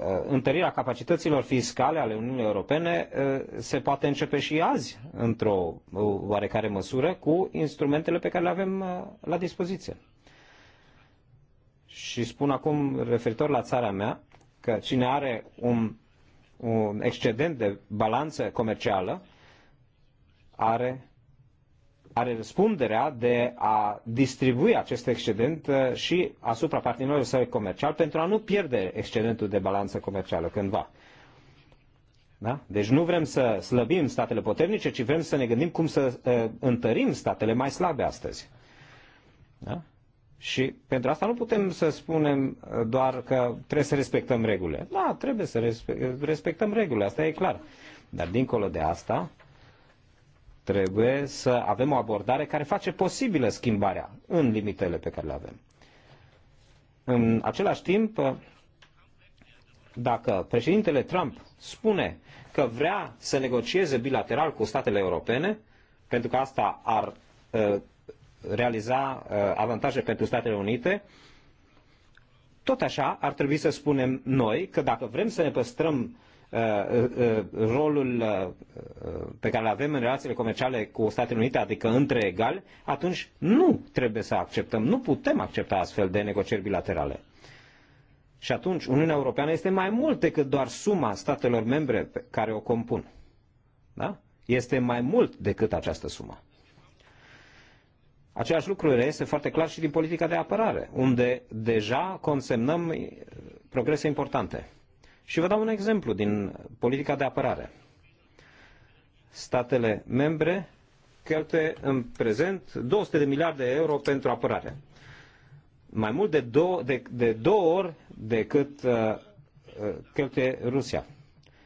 eh, întărirea capacităților fiscale ale Uniunii Europene eh, se poate începe și azi, într-o oarecare măsură, cu instrumentele pe care le avem la dispoziție. Și spun acum, referitor la țara mea, că cine are un, un excedent de balanță comercială are are răspunderea de a distribui acest excedent uh, și asupra partenerilor săi comercial pentru a nu pierde excedentul de balanță comercială cândva. Da? Deci nu vrem să slăbim statele puternice, ci vrem să ne gândim cum să uh, întărim statele mai slabe astăzi. Da? Și pentru asta nu putem să spunem uh, doar că trebuie să respectăm regulile. Da, trebuie să respectăm regulile, asta e clar. Dar dincolo de asta, Trebuie să avem o abordare care face posibilă schimbarea în limitele pe care le avem. În același timp, dacă președintele Trump spune că vrea să negocieze bilateral cu statele europene, pentru că asta ar uh, realiza uh, avantaje pentru Statele Unite, tot așa ar trebui să spunem noi că dacă vrem să ne păstrăm Uh, uh, rolul uh, pe care îl avem în relațiile comerciale cu Statele Unite, adică între egali, atunci nu trebuie să acceptăm, nu putem accepta astfel de negocieri bilaterale. Și atunci Uniunea Europeană este mai mult decât doar suma statelor membre pe care o compun. Da? Este mai mult decât această sumă. Același lucru reiese foarte clar și din politica de apărare, unde deja consemnăm progrese importante. Și vă dau un exemplu din politica de apărare. Statele membre cheltuie în prezent 200 de miliarde de euro pentru apărare. Mai mult de două, de, de două ori decât uh, uh, cheltuie Rusia.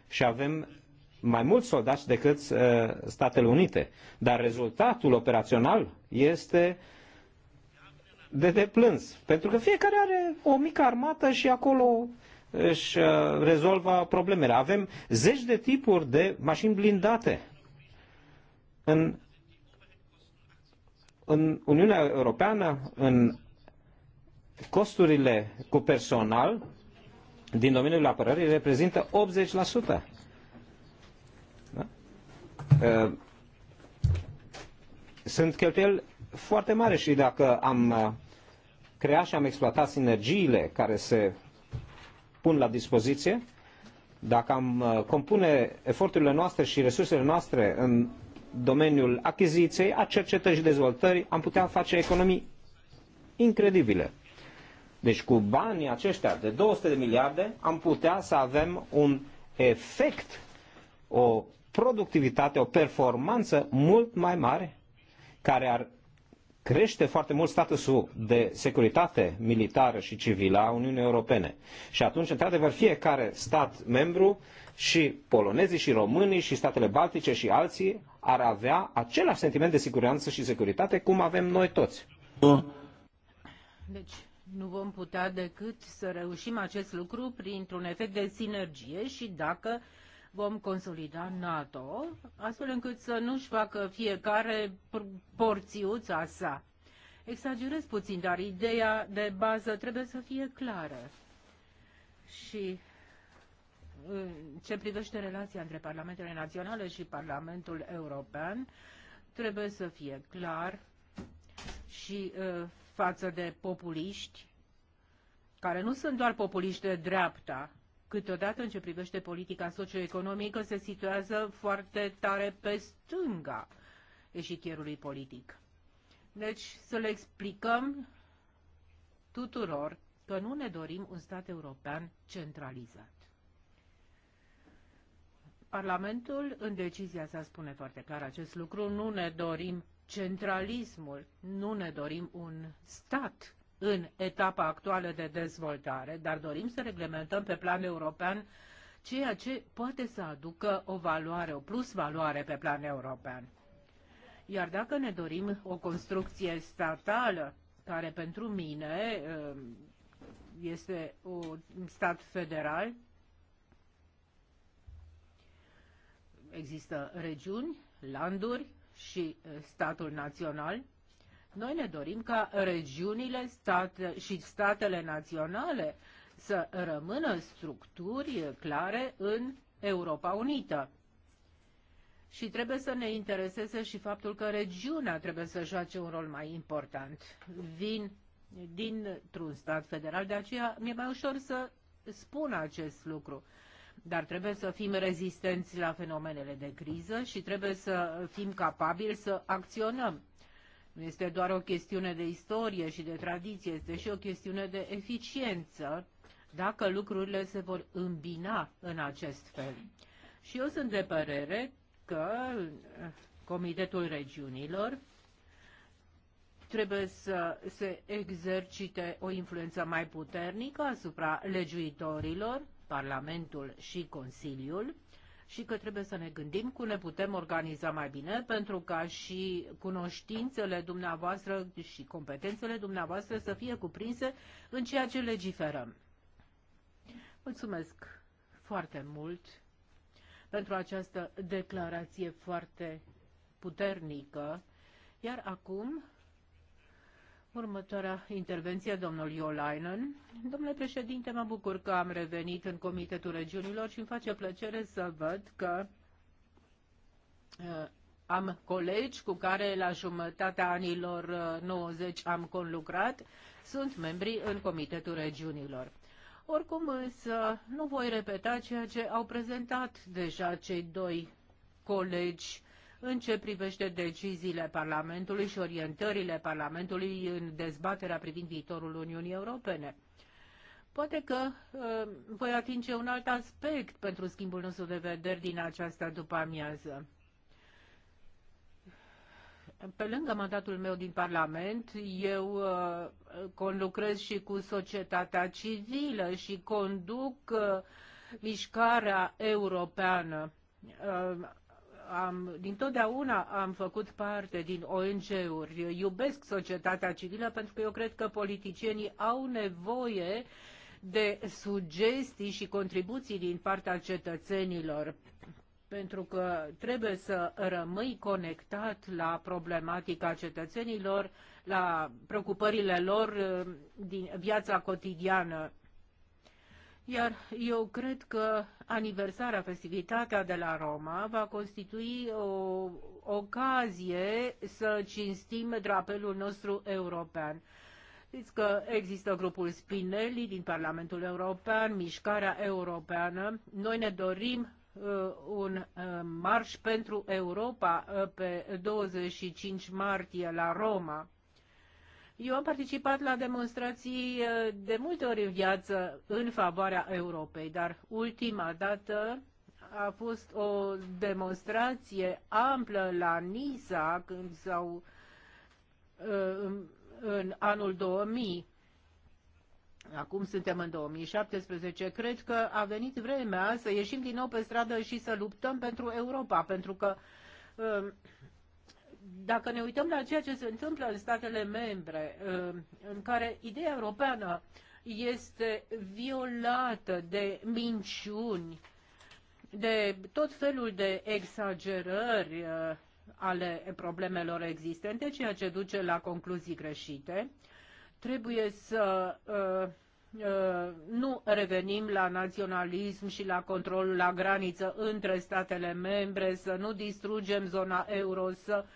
Și avem mai mulți soldați decât uh, Statele Unite. Dar rezultatul operațional este de deplâns. Pentru că fiecare are o mică armată și acolo uh, își uh, rezolvă problemele. Avem zeci de tipuri de mașini blindate în, în Uniunea Europeană, în costurile cu personal din domeniul apărării reprezintă 80%. Da? Uh, sunt cheltuieli foarte mari și dacă am uh, creat și am exploatat sinergiile care se pun la dispoziție, dacă am uh, compune eforturile noastre și resursele noastre în domeniul achiziției, a cercetării și dezvoltării, am putea face economii incredibile. Deci cu banii aceștia de 200 de miliarde am putea să avem un efect, o productivitate, o performanță mult mai mare care ar crește foarte mult statusul de securitate militară și civilă a Uniunii Europene. Și atunci, într-adevăr, fiecare stat membru și polonezii și românii și statele baltice și alții ar avea același sentiment de siguranță și securitate cum avem noi toți. Deci, nu vom putea decât să reușim acest lucru printr-un efect de sinergie și dacă uh, vom consolida NATO, astfel încât să nu-și facă fiecare porțiuța sa. Exagerez puțin, dar ideea de bază trebuie să fie clară. Și în ce privește relația între Parlamentele Naționale și Parlamentul European, trebuie să fie clar și ă, față de populiști, care nu sunt doar populiști de dreapta, câteodată în ce privește politica socioeconomică se situează foarte tare pe stânga eșichierului politic. Deci să le explicăm tuturor că nu ne dorim un stat european centralizat. Parlamentul, în decizia sa, spune foarte clar acest lucru. Nu ne dorim centralismul, nu ne dorim un stat în etapa actuală de dezvoltare, dar dorim să reglementăm pe plan european ceea ce poate să aducă o valoare, o plus valoare pe plan european. Iar dacă ne dorim o construcție statală, care pentru mine um, este un stat federal, există regiuni, landuri și uh, statul național, noi ne dorim ca regiunile state și statele naționale să rămână structuri clare în Europa Unită. Și trebuie să ne intereseze și faptul că regiunea trebuie să joace un rol mai important. Vin dintr-un stat federal, de aceea mi-e mai ușor să spun acest lucru. Dar trebuie să fim rezistenți la fenomenele de criză și trebuie să fim capabili să acționăm. Nu este doar o chestiune de istorie și de tradiție, este și o chestiune de eficiență dacă lucrurile se vor îmbina în acest fel. Și eu sunt de părere că eh, Comitetul Regiunilor trebuie să se exercite o influență mai puternică asupra legiuitorilor, Parlamentul și Consiliul, și că trebuie să ne gândim cum ne putem organiza mai bine pentru ca și cunoștințele dumneavoastră și competențele dumneavoastră să fie cuprinse în ceea ce legiferăm. Mulțumesc foarte mult pentru această declarație foarte puternică. Iar acum Următoarea intervenție, domnul Iolainen. Domnule președinte, mă bucur că am revenit în Comitetul Regiunilor și îmi face plăcere să văd că uh, am colegi cu care la jumătatea anilor 90 uh, am conlucrat, sunt membri în Comitetul Regiunilor. Oricum însă nu voi repeta ceea ce au prezentat deja cei doi colegi în ce privește deciziile Parlamentului și orientările Parlamentului în dezbaterea privind viitorul Uniunii Europene. Poate că uh, voi atinge un alt aspect pentru schimbul nostru de vederi din această după-amiază. Pe lângă mandatul meu din Parlament, eu uh, conlucrez și cu societatea civilă și conduc uh, mișcarea europeană. Uh, am, dintotdeauna am făcut parte din ONG-uri. Iubesc societatea civilă pentru că eu cred că politicienii au nevoie de sugestii și contribuții din partea cetățenilor pentru că trebuie să rămâi conectat la problematica cetățenilor, la preocupările lor eh, din viața cotidiană. Iar eu cred că aniversarea, festivitatea de la Roma va constitui o ocazie să cinstim drapelul nostru european. Știți că există grupul Spinelli din Parlamentul European, Mișcarea Europeană. Noi ne dorim uh, un uh, marș pentru Europa uh, pe 25 martie la Roma. Eu am participat la demonstrații uh, de multe ori în viață în favoarea Europei, dar ultima dată a fost o demonstrație amplă la Nisa când sau uh, în, în anul 2000. Acum suntem în 2017. Cred că a venit vremea să ieșim din nou pe stradă și să luptăm pentru Europa, pentru că uh, dacă ne uităm la ceea ce se întâmplă în statele membre, ă, în care ideea europeană este violată de minciuni, de tot felul de exagerări ă, ale problemelor existente, ceea ce duce la concluzii greșite, trebuie să ă, nu revenim la naționalism și la controlul la graniță între statele membre, să nu distrugem zona euro, să uh,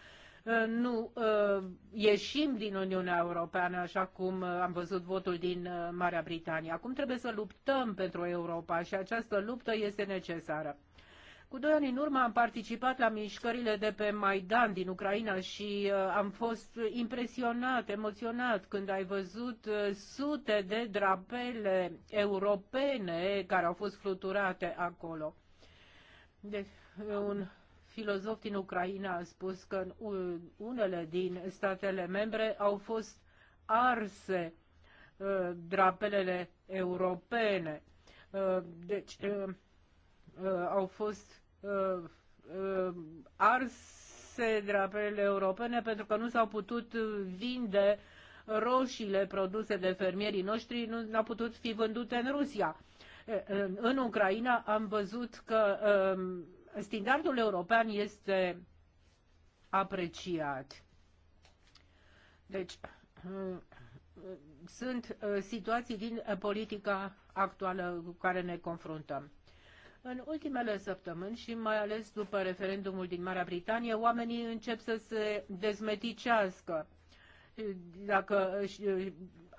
Uh, nu uh, ieșim din Uniunea Europeană, așa cum uh, am văzut votul din Marea Britanie. Acum trebuie să luptăm pentru Europa și această luptă este necesară. Cu doi ani în urmă am participat la mișcările de pe Maidan din Ucraina și am fost impresionat, emoționat când ai văzut sute de drapele europene care au fost fluturate acolo. Deci, un filozof din Ucraina a spus că în unele din statele membre au fost arse uh, drapelele europene. Uh, deci uh, au fost arse drapelele europene pentru că nu s-au putut vinde roșiile produse de fermierii noștri, nu au putut fi vândute în Rusia. În Ucraina am văzut că um, standardul european este apreciat. Deci, sunt uh, situații din politica actuală cu care ne confruntăm. În ultimele săptămâni și mai ales după referendumul din Marea Britanie, oamenii încep să se dezmeticească. Dacă uh,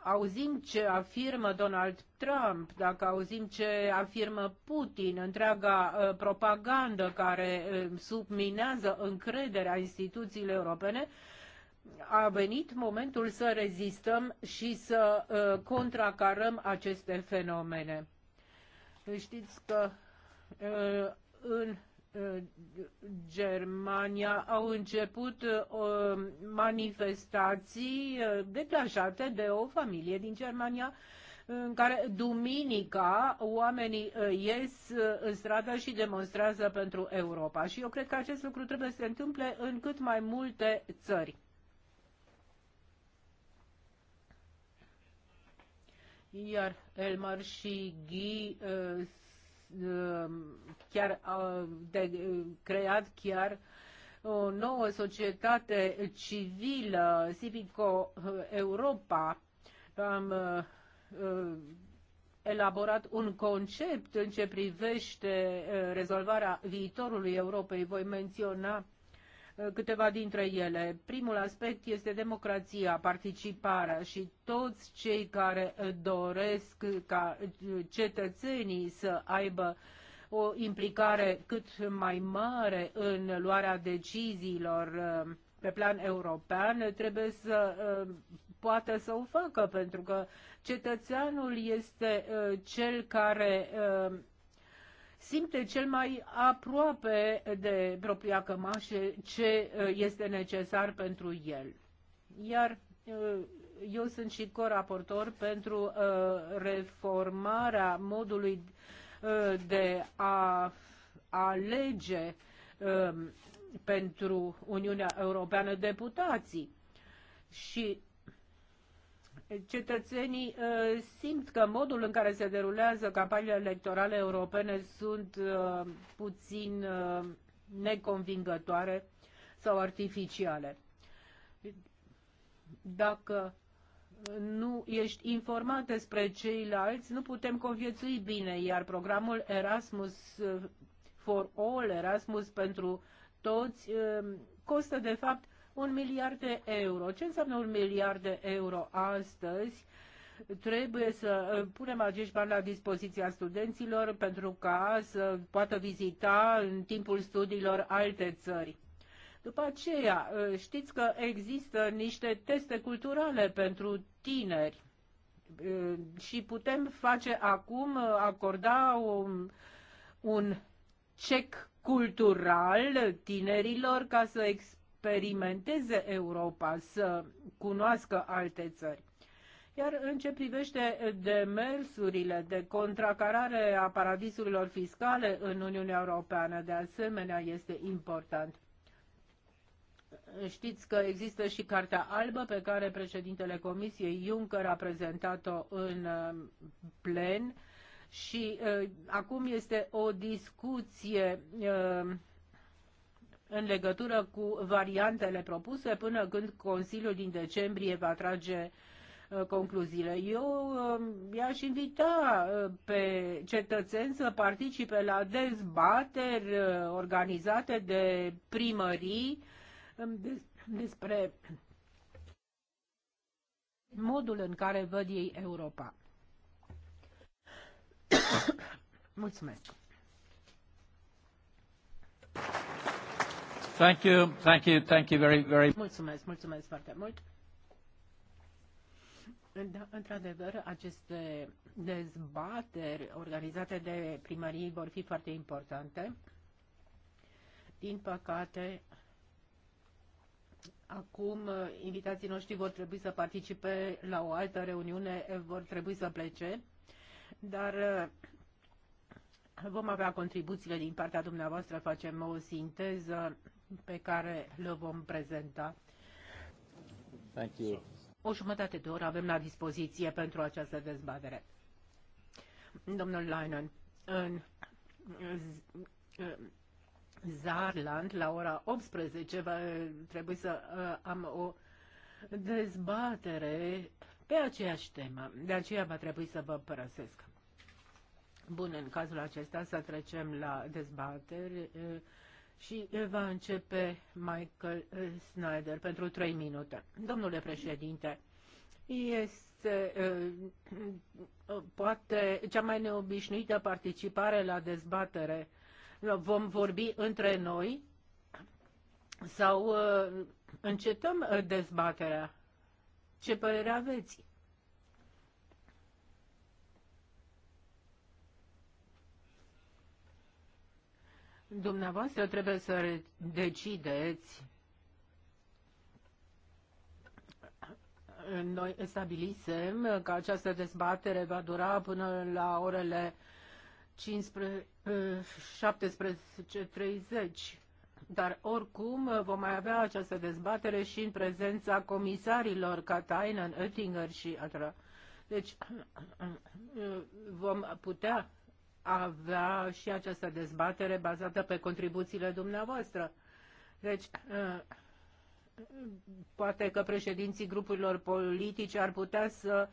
auzim ce afirmă Donald Trump, dacă auzim ce afirmă Putin, întreaga uh, propagandă care uh, subminează încrederea instituțiilor europene, a venit momentul să rezistăm și să uh, contracarăm aceste fenomene. Știți că uh, în Germania au început uh, manifestații uh, declanșate de o familie din Germania în care duminica oamenii uh, ies în stradă și demonstrează pentru Europa. Și eu cred că acest lucru trebuie să se întâmple în cât mai multe țări. Iar Elmar și Ghi uh, Uh, chiar de uh, creat chiar o nouă societate civilă, Civico uh, Europa. Am elaborat un concept în ce privește rezolvarea viitorului Europei. Voi menționa câteva dintre ele. Primul aspect este democrația, participarea și toți cei care uh, doresc ca uh, cetățenii să aibă o implicare cât mai mare în luarea deciziilor uh, pe plan european, trebuie să poată să o facă, pentru că cetățeanul este cel care simte cel mai aproape de propria cămașă ce uh, este necesar pentru el. Iar uh, eu sunt și coraportor pentru uh, reformarea modului de a alege um, pentru Uniunea Europeană deputații. Și cetățenii uh, simt că modul în care se derulează campaniile electorale europene sunt uh, puțin uh, neconvingătoare sau artificiale. Dacă nu ești informat despre ceilalți, nu putem conviețui bine, iar programul Erasmus for All, Erasmus pentru toți, costă de fapt un miliard de euro. Ce înseamnă un miliard de euro astăzi? trebuie să uh, punem acești bani la dispoziția studenților pentru ca să poată vizita în timpul studiilor alte țări. După aceea, uh, știți că există niște teste culturale pentru tineri uh, și putem face acum, acorda un, un cec cultural tinerilor ca să explice experimenteze Europa, să cunoască alte țări. Iar în ce privește demersurile de contracarare a paradisurilor fiscale în Uniunea Europeană, de asemenea, este important. Știți că există și Cartea Albă pe care președintele Comisiei Juncker a prezentat-o în um, plen și uh, acum este o discuție uh, în legătură cu variantele propuse până când Consiliul din decembrie va trage uh, concluziile. Eu um, i-aș invita uh, pe cetățeni să participe la dezbateri uh, organizate de primării um, despre modul în care văd ei Europa. Mulțumesc! Thank you, thank you, thank you very, very... Mulțumesc, mulțumesc foarte mult. Da, într-adevăr, aceste dezbateri organizate de primării vor fi foarte importante. Din păcate, acum invitații noștri vor trebui să participe la o altă reuniune, vor trebui să plece, dar vom avea contribuțiile din partea dumneavoastră, facem o sinteză pe care le vom prezenta. Thank you. O jumătate de oră avem la dispoziție pentru această dezbatere. Domnul Leinen, în Zarland, la ora 18, va trebui să uh, am o dezbatere pe aceeași temă. De aceea va trebui să vă părăsesc. Bun, în cazul acesta să trecem la dezbatere. Uh, și va începe Michael eh, Snyder pentru 3 minute. Domnule președinte, este eh, poate cea mai neobișnuită participare la dezbatere. Vom vorbi între noi sau eh, încetăm dezbaterea? Ce părere aveți? Dumneavoastră trebuie să decideți noi stabilisem că această dezbatere va dura până la orele 17.30, dar oricum vom mai avea această dezbatere și în prezența comisarilor Katainen, Oettinger și altora. Deci vom putea avea și această dezbatere bazată pe contribuțiile dumneavoastră. Deci, uh, poate că președinții grupurilor politice ar putea să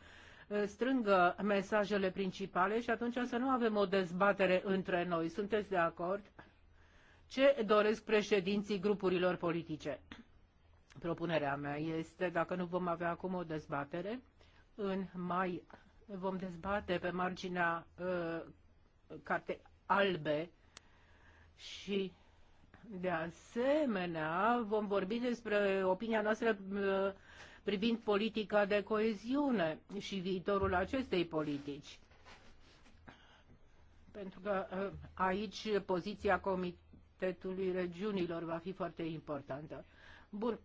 uh, strângă mesajele principale și atunci să nu avem o dezbatere între noi. Sunteți de acord? Ce doresc președinții grupurilor politice? Propunerea mea este, dacă nu vom avea acum o dezbatere, în mai vom dezbate pe marginea uh, carte albe și de asemenea vom vorbi despre opinia noastră uh, privind politica de coeziune și viitorul acestei politici. Pentru că uh, aici poziția Comitetului Regiunilor va fi foarte importantă. Bun.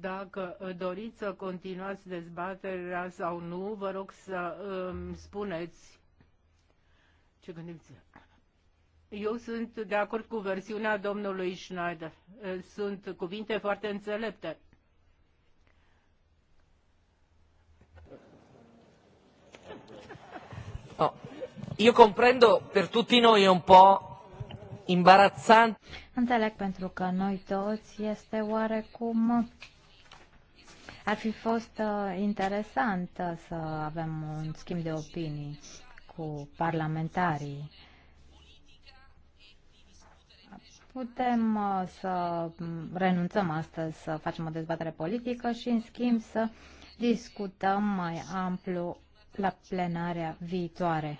Dacă uh, doriți să continuați dezbaterea sau nu, vă rog să îmi um, spuneți ce gândiți? Eu sunt de acord cu versiunea domnului Schneider. Eh, sunt cuvinte foarte înțelepte. Oh. Io comprendo per tutti noi è un po' imbarazzante. Înțeleg pentru că noi toți este oarecum ar fi fost uh, interesant uh, să avem un schimb de opinii cu parlamentarii. Putem uh, să renunțăm astăzi să facem o dezbatere politică și, în schimb, să discutăm mai amplu la plenarea viitoare.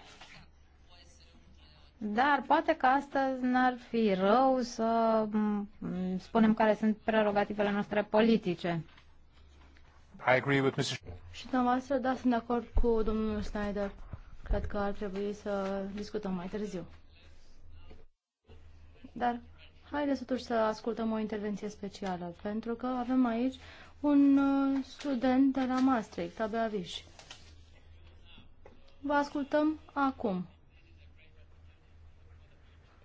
Dar poate că astăzi n-ar fi rău să mm, spunem care sunt prerogativele noastre politice. I agree with Mr. Și dumneavoastră, da, sunt de acord cu domnul Schneider. Cred că ar trebui să discutăm mai târziu. Dar haideți totuși să ascultăm o intervenție specială, pentru că avem aici un uh, student de la Maastricht, Tabea Viș. Vă ascultăm acum.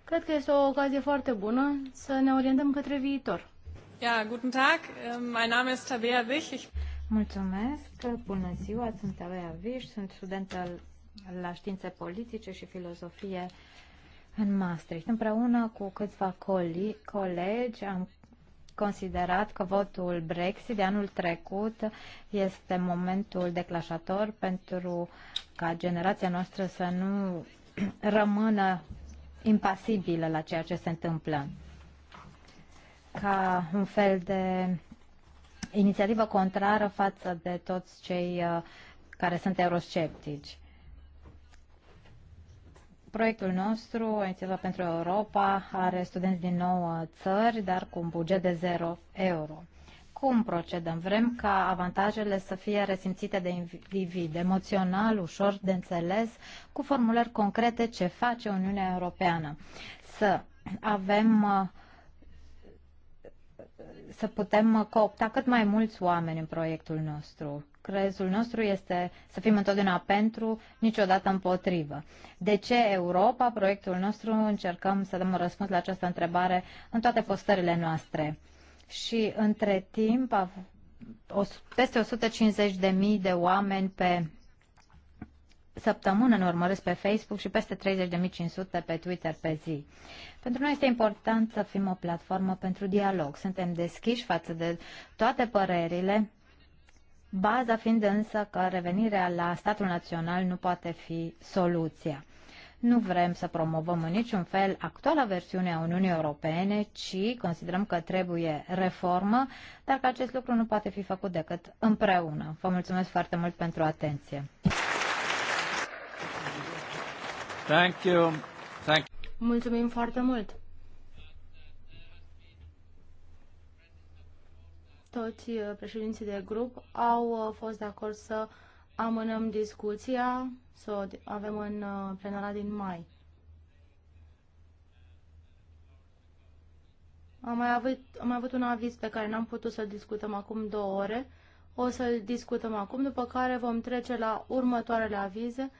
Cred că este o ocazie foarte bună să ne orientăm către viitor. Ja, guten Tag. Ähm, mein Name ist Tabea Wich. Mulțumesc. Bună ziua, sunt Tabea Viș, sunt studentă la științe politice și filozofie în Maastricht. Împreună cu câțiva colegi am considerat că votul Brexit de anul trecut este momentul declașator pentru ca generația noastră să nu rămână impasibilă la ceea ce se întâmplă. Ca un fel de inițiativă contrară față de toți cei uh, care sunt eurosceptici. Proiectul nostru, Inițiativa pentru Europa, are studenți din 9 țări, dar cu un buget de 0 euro. Cum procedăm? Vrem ca avantajele să fie resimțite de individ, emoțional, ușor de înțeles, cu formulări concrete ce face Uniunea Europeană. Să avem uh, să putem coopta cât mai mulți oameni în proiectul nostru. Crezul nostru este să fim întotdeauna pentru, niciodată împotrivă. De ce Europa, proiectul nostru, încercăm să dăm un răspuns la această întrebare în toate postările noastre. Și între timp, peste 150.000 de oameni pe săptămână ne urmăresc pe Facebook și peste 30.500 pe Twitter pe zi. Pentru noi este important să fim o platformă pentru dialog. Suntem deschiși față de toate părerile, baza fiind însă că revenirea la statul național nu poate fi soluția. Nu vrem să promovăm în niciun fel actuala versiune a Uniunii Europene, ci considerăm că trebuie reformă, dar că acest lucru nu poate fi făcut decât împreună. Vă mulțumesc foarte mult pentru atenție. Thank you. Thank you. Mulțumim foarte mult. Toți uh, președinții de grup au uh, fost de acord să amânăm discuția, să o avem în uh, plenara din mai. Am mai avut, am mai avut un aviz pe care n-am putut să-l discutăm acum două ore. O să-l discutăm acum, după care vom trece la următoarele avize.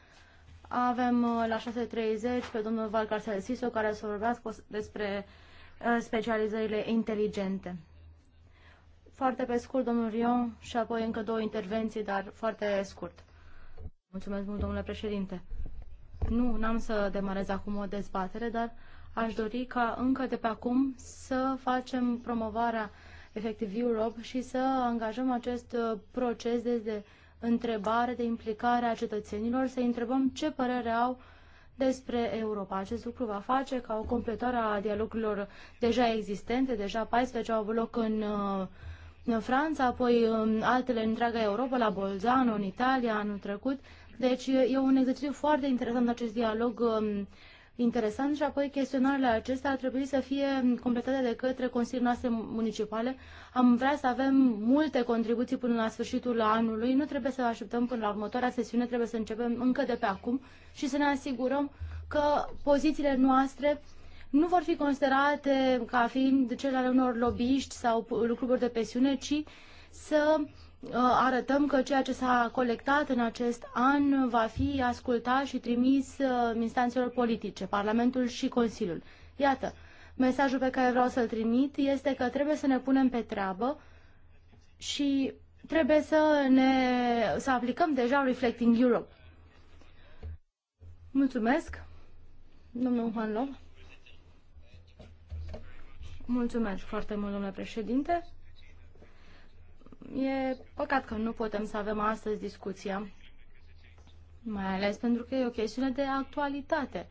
Avem uh, la 6.30 pe domnul Valcarcea de Siso, care să vorbească despre uh, specializările inteligente. Foarte pe scurt, domnul Rion, și apoi încă două intervenții, dar foarte scurt. Mulțumesc mult, domnule președinte. Nu, n-am să demarez acum o dezbatere, dar aș dori ca încă de pe acum să facem promovarea efectiv Europe și să angajăm acest uh, proces de întrebare de implicare a cetățenilor, să întrebăm ce părere au despre Europa. Acest lucru va face ca o completare a dialogurilor deja existente, deja 14 au avut loc în, în Franța, apoi în um, altele în întreaga Europa, la Bolzano, în Italia, anul trecut. Deci e un exercițiu foarte interesant acest dialog um, interesant și apoi chestionarele acestea ar trebui să fie completate de către consiliile noastre municipale. Am vrea să avem multe contribuții până la sfârșitul anului, nu trebuie să așteptăm până la următoarea sesiune, trebuie să începem încă de pe acum și să ne asigurăm că pozițiile noastre nu vor fi considerate ca fiind cele ale unor lobbyiști sau lucruri de pensiune, ci să Uh, arătăm că ceea ce s-a colectat în acest an va fi ascultat și trimis uh, instanțelor politice, Parlamentul și Consiliul. Iată, mesajul pe care vreau să-l trimit este că trebuie să ne punem pe treabă și trebuie să ne să aplicăm deja Reflecting Europe. Mulțumesc, domnul Juan Mulțumesc foarte mult, domnule președinte. E păcat că nu putem să avem astăzi discuția, mai ales pentru că e o chestiune de actualitate.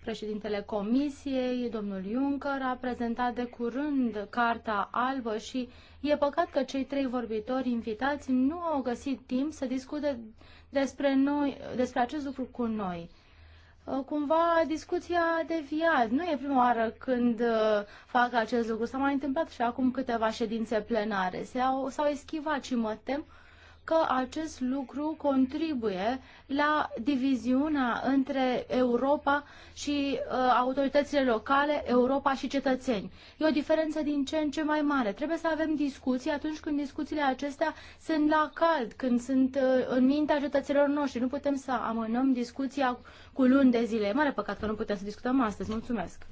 Președintele Comisiei, domnul Juncker, a prezentat de curând Carta Albă și e păcat că cei trei vorbitori invitați nu au găsit timp să discute despre, noi, despre acest lucru cu noi cumva discuția a deviat. Nu e prima oară când uh, fac acest lucru. S-a mai întâmplat și acum câteva ședințe plenare. S-au, s-au eschivat și mă tem că acest lucru contribuie la diviziunea între Europa și uh, autoritățile locale, Europa și cetățeni. E o diferență din ce în ce mai mare. Trebuie să avem discuții atunci când discuțiile acestea sunt la cald, când sunt uh, în mintea cetățenilor noștri. Nu putem să amânăm discuția cu luni de zile. E mare păcat că nu putem să discutăm astăzi. Mulțumesc!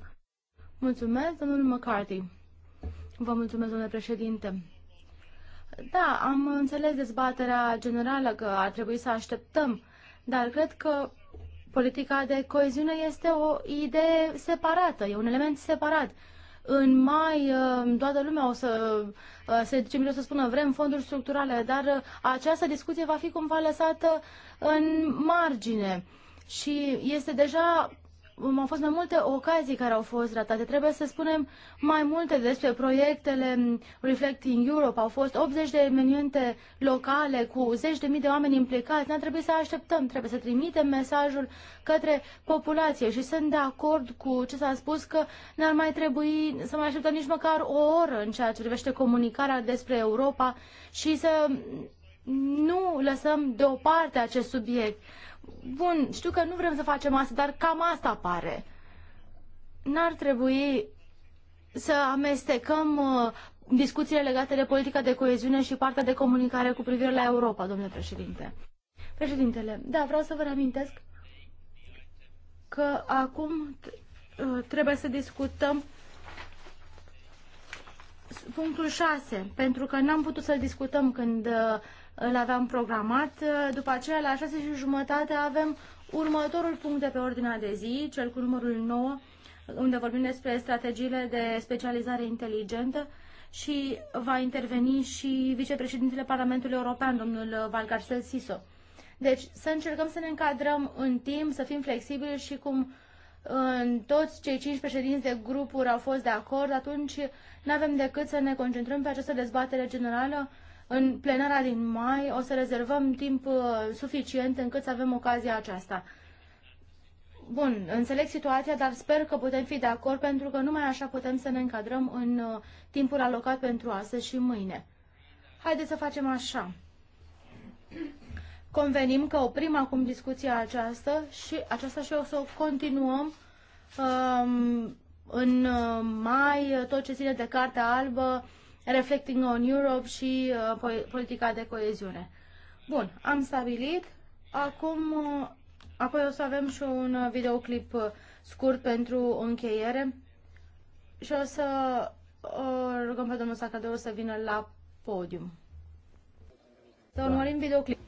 Mulțumesc, domnul McCarthy. Vă mulțumesc, domnule președinte. Da, am înțeles dezbaterea generală că ar trebui să așteptăm, dar cred că politica de coeziune este o idee separată, e un element separat. În mai uh, toată lumea o să uh, se duce să spună vrem fonduri structurale, dar uh, această discuție va fi cumva lăsată în margine și este deja au fost mai multe ocazii care au fost ratate. Trebuie să spunem mai multe despre proiectele Reflecting Europe. Au fost 80 de evenimente locale cu zeci de mii de oameni implicați. ne a trebuit să așteptăm, trebuie să trimitem mesajul către populație și sunt de acord cu ce s-a spus că n-ar mai trebui să mai așteptăm nici măcar o oră în ceea ce privește comunicarea despre Europa și să nu lăsăm deoparte acest subiect bun, știu că nu vrem să facem asta, dar cam asta pare. N-ar trebui să amestecăm uh, discuțiile legate de politica de coeziune și partea de comunicare cu privire la Europa, domnule președinte. Președintele, da, vreau să vă reamintesc că acum uh, trebuie să discutăm punctul 6, pentru că n-am putut să-l discutăm când uh, îl aveam programat. Uh, după aceea, la 6 și jumătate, avem următorul punct de pe ordinea de zi, cel cu numărul 9, unde vorbim despre strategiile de specializare inteligentă și va interveni și vicepreședintele Parlamentului European, domnul Valcarcel Siso. Deci să încercăm să ne încadrăm în timp, să fim flexibili și cum în uh, toți cei cinci președinți de grupuri au fost de acord, atunci nu avem decât să ne concentrăm pe această dezbatere generală. În plenara din mai o să rezervăm timp uh, suficient încât să avem ocazia aceasta. Bun, înțeleg situația, dar sper că putem fi de acord pentru că numai așa putem să ne încadrăm în uh, timpul alocat pentru astăzi și mâine. Haideți să facem așa. Convenim că oprim acum discuția aceasta și aceasta și o să o continuăm um, în uh, mai uh, tot ce ține de Cartea Albă, Reflecting on Europe și uh, politica de coeziune. Bun, am stabilit. Acum, apoi o să avem și un videoclip scurt pentru încheiere și o să o rugăm pe domnul Sacadeu să vină la podium. Să urmărim da. videoclip.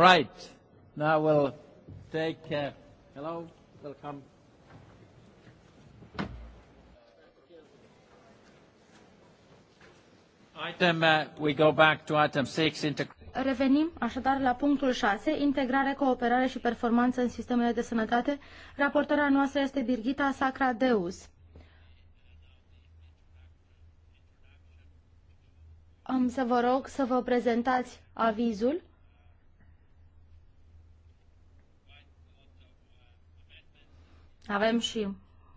All right. Now we'll take. Uh, hello. Welcome. Item, uh, we go back to item six, Revenim așadar la punctul 6, integrare, cooperare și performanță în sistemele de sănătate. Raportarea noastră este Birgita Sacradeus. Am să vă rog să vă prezentați avizul Avem și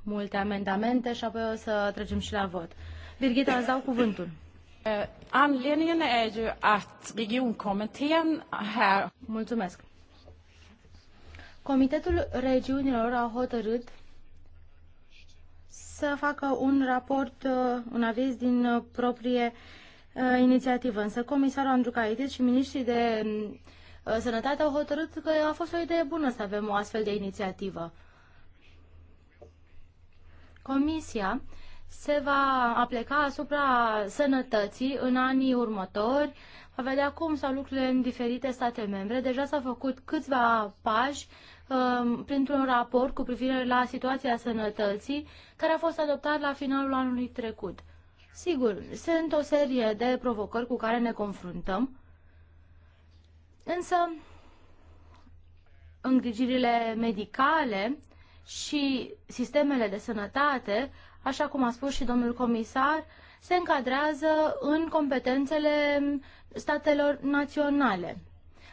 multe amendamente și apoi o să trecem și la vot. Birgita, îți dau cuvântul. Eh, anledningen är ju att regionkommittén här... Mulțumesc. Comitetul regiunilor a hotărât să facă un raport, eh, un aviz din proprie eh, inițiativă. Însă comisarul Andrucaitis și ministrii de mm, sănătate au hotărât că a fost o idee bună să avem o astfel de inițiativă. Comisia se va apleca asupra sănătății în anii următori, va vedea cum stau lucrurile în diferite state membre. Deja s-au făcut câțiva pași um, printr-un raport cu privire la situația sănătății, care a fost adoptat la finalul anului trecut. Sigur, sunt o serie de provocări cu care ne confruntăm, însă îngrijirile medicale și sistemele de sănătate, așa cum a spus și domnul comisar, se încadrează în competențele statelor naționale.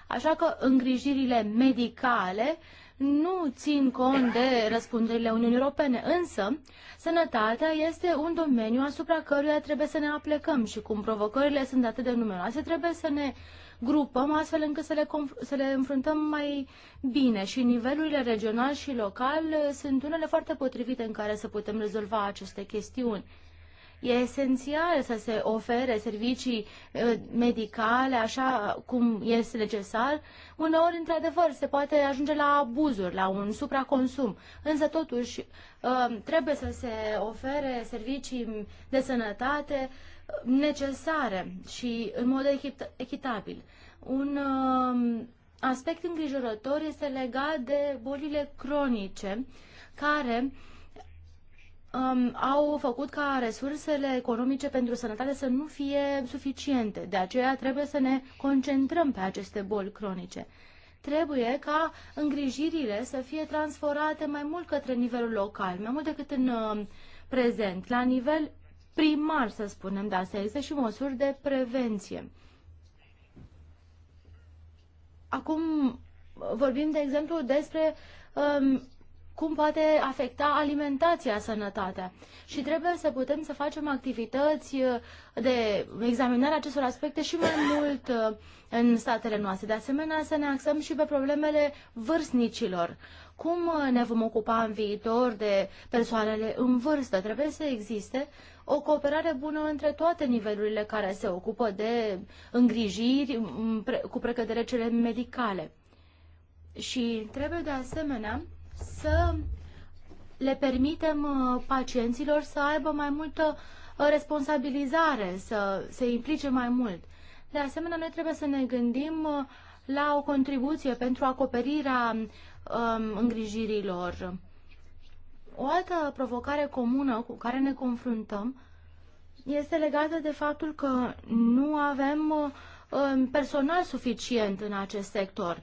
Așa că îngrijirile medicale nu țin cont de răspunderile Uniunii Europene, însă sănătatea este un domeniu asupra căruia trebuie să ne aplecăm și cum provocările sunt atât de numeroase, trebuie să ne grupăm astfel încât să le, să le înfruntăm mai bine și nivelurile regional și local uh, sunt unele foarte potrivite în care să putem rezolva aceste chestiuni. E esențial să se ofere servicii uh, medicale așa cum este necesar. Uneori, într-adevăr, se poate ajunge la abuzuri, la un supraconsum, însă totuși uh, trebuie să se ofere servicii de sănătate necesare și în mod echit echitabil. Un uh, aspect îngrijorător este legat de bolile cronice care um, au făcut ca resursele economice pentru sănătate să nu fie suficiente. De aceea trebuie să ne concentrăm pe aceste boli cronice. Trebuie ca îngrijirile să fie transformate mai mult către nivelul local, mai mult decât în uh, prezent, la nivel primar, să spunem, de asta există și măsuri de prevenție. Acum vorbim, de exemplu, despre um, cum poate afecta alimentația sănătatea. Și trebuie să putem să facem activități uh, de examinare acestor aspecte și mai mult uh, în statele noastre. De asemenea, să ne axăm și pe problemele vârstnicilor. Cum ne vom ocupa în viitor de persoanele în vârstă? Trebuie să existe o cooperare bună între toate nivelurile care se ocupă de îngrijiri cu precădere cele medicale. Și trebuie de asemenea să le permitem uh, pacienților să aibă mai multă uh, responsabilizare, să se implice mai mult. De asemenea, noi trebuie să ne gândim uh, la o contribuție pentru acoperirea um, îngrijirilor. O altă provocare comună cu care ne confruntăm este legată de faptul că nu avem um, personal suficient în acest sector.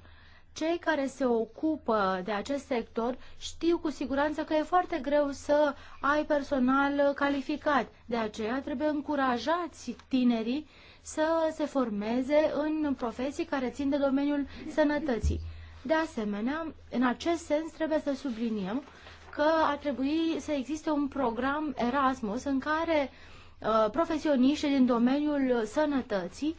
Cei care se ocupă de acest sector știu cu siguranță că e foarte greu să ai personal calificat. De aceea trebuie încurajați tinerii să se formeze în profesii care țin de domeniul sănătății. De asemenea, în acest sens trebuie să subliniem că ar trebui să existe un program Erasmus în care profesioniști uh, profesioniștii din domeniul sănătății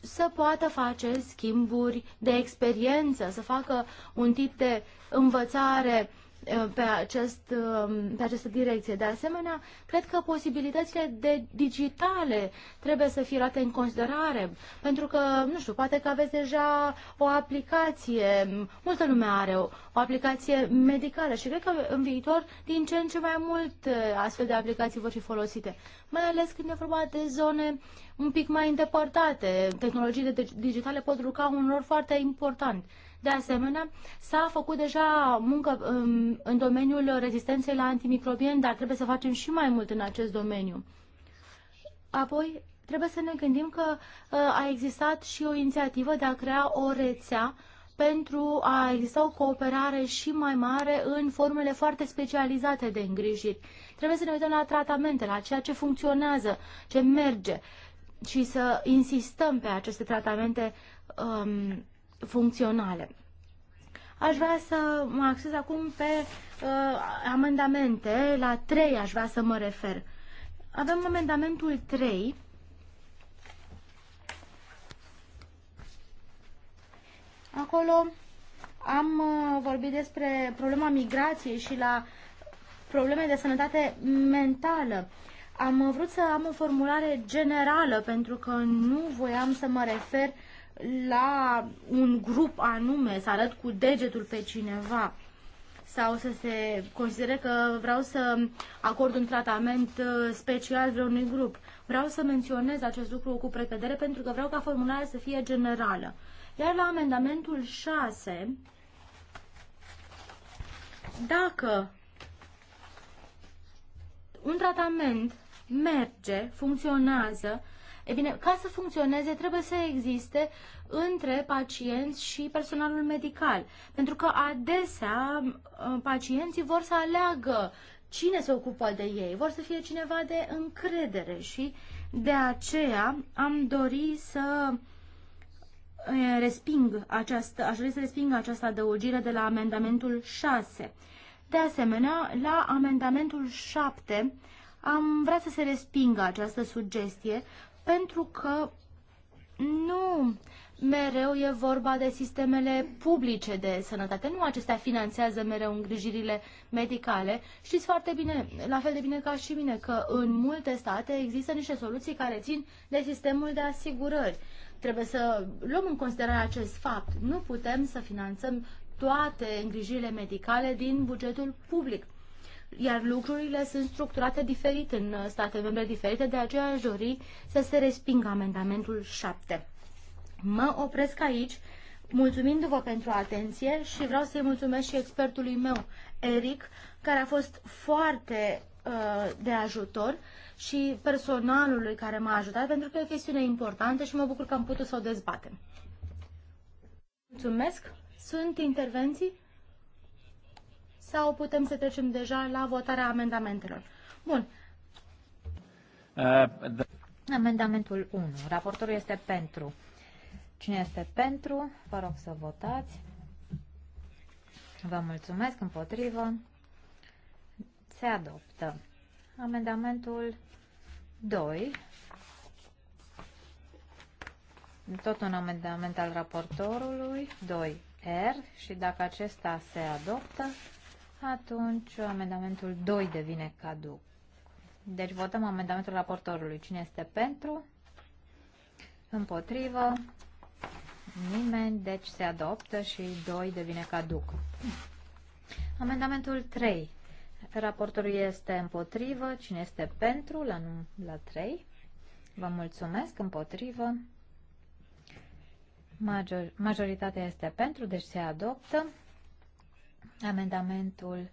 să poată face schimburi de experiență, să facă un tip de învățare Uh, pe, acest, um, pe această direcție. De asemenea, cred că posibilitățile de digitale trebuie să fie luate în considerare, pentru că, nu știu, poate că aveți deja o aplicație, multă lume are o, o aplicație medicală și cred că în viitor din ce în ce mai mult uh, astfel de aplicații vor fi folosite, mai ales când e vorba de zone un pic mai îndepărtate. Tehnologiile digitale pot lucra un rol foarte important. De asemenea, s-a făcut deja muncă um, în domeniul rezistenței la antimicrobieni, dar trebuie să facem și mai mult în acest domeniu. Apoi, trebuie să ne gândim că uh, a existat și o inițiativă de a crea o rețea pentru a exista o cooperare și mai mare în formele foarte specializate de îngrijiri. Trebuie să ne uităm la tratamente, la ceea ce funcționează, ce merge și să insistăm pe aceste tratamente um, funcționale. Aș vrea să mă axez acum pe uh, amendamente. La 3 aș vrea să mă refer. Avem amendamentul 3. Acolo am uh, vorbit despre problema migrației și la probleme de sănătate mentală. Am vrut să am o formulare generală pentru că nu voiam să mă refer uh, la un grup anume, să arăt cu degetul pe cineva sau să se considere că vreau să acord un tratament uh, special vreunui grup. Vreau să menționez acest lucru cu precădere pentru că vreau ca formularea să fie generală. Iar la amendamentul 6, dacă un tratament merge, funcționează E bine, ca să funcționeze trebuie să existe între pacienți și personalul medical, pentru că adesea uh, pacienții vor să aleagă cine se ocupă de ei, vor să fie cineva de încredere și de aceea am dorit să uh, resping această, aș dori să resping această adăugire de la amendamentul 6. De asemenea, la amendamentul 7 am vrea să se respingă această sugestie pentru că nu mereu e vorba de sistemele publice de sănătate. Nu acestea finanțează mereu îngrijirile medicale. Știți foarte bine, la fel de bine ca și mine, că în multe state există niște soluții care țin de sistemul de asigurări. Trebuie să luăm în considerare acest fapt. Nu putem să finanțăm toate îngrijirile medicale din bugetul public iar lucrurile sunt structurate diferit în uh, state membre diferite, de aceea aș dori să se respingă amendamentul 7. Mă opresc aici, mulțumindu-vă pentru atenție și vreau să-i mulțumesc și expertului meu, Eric, care a fost foarte uh, de ajutor și personalului care m-a ajutat, pentru că e o chestiune importantă și mă bucur că am putut să o dezbatem. Mulțumesc! Sunt intervenții? sau putem să trecem deja la votarea amendamentelor? Bun. Uh, the... Amendamentul 1. Raportorul este pentru. Cine este pentru? Vă rog să votați. Vă mulțumesc. Împotrivă. Se adoptă. Amendamentul 2. Tot un amendament al raportorului. 2. R și dacă acesta se adoptă, atunci amendamentul 2 devine caduc. Deci votăm amendamentul raportorului. Cine este pentru? Împotrivă? Nimeni, deci se adoptă și 2 devine caduc. Amendamentul 3. Raportorul este împotrivă. Cine este pentru la, la 3? Vă mulțumesc. Împotrivă. Major, majoritatea este pentru, deci se adoptă. Amendamentul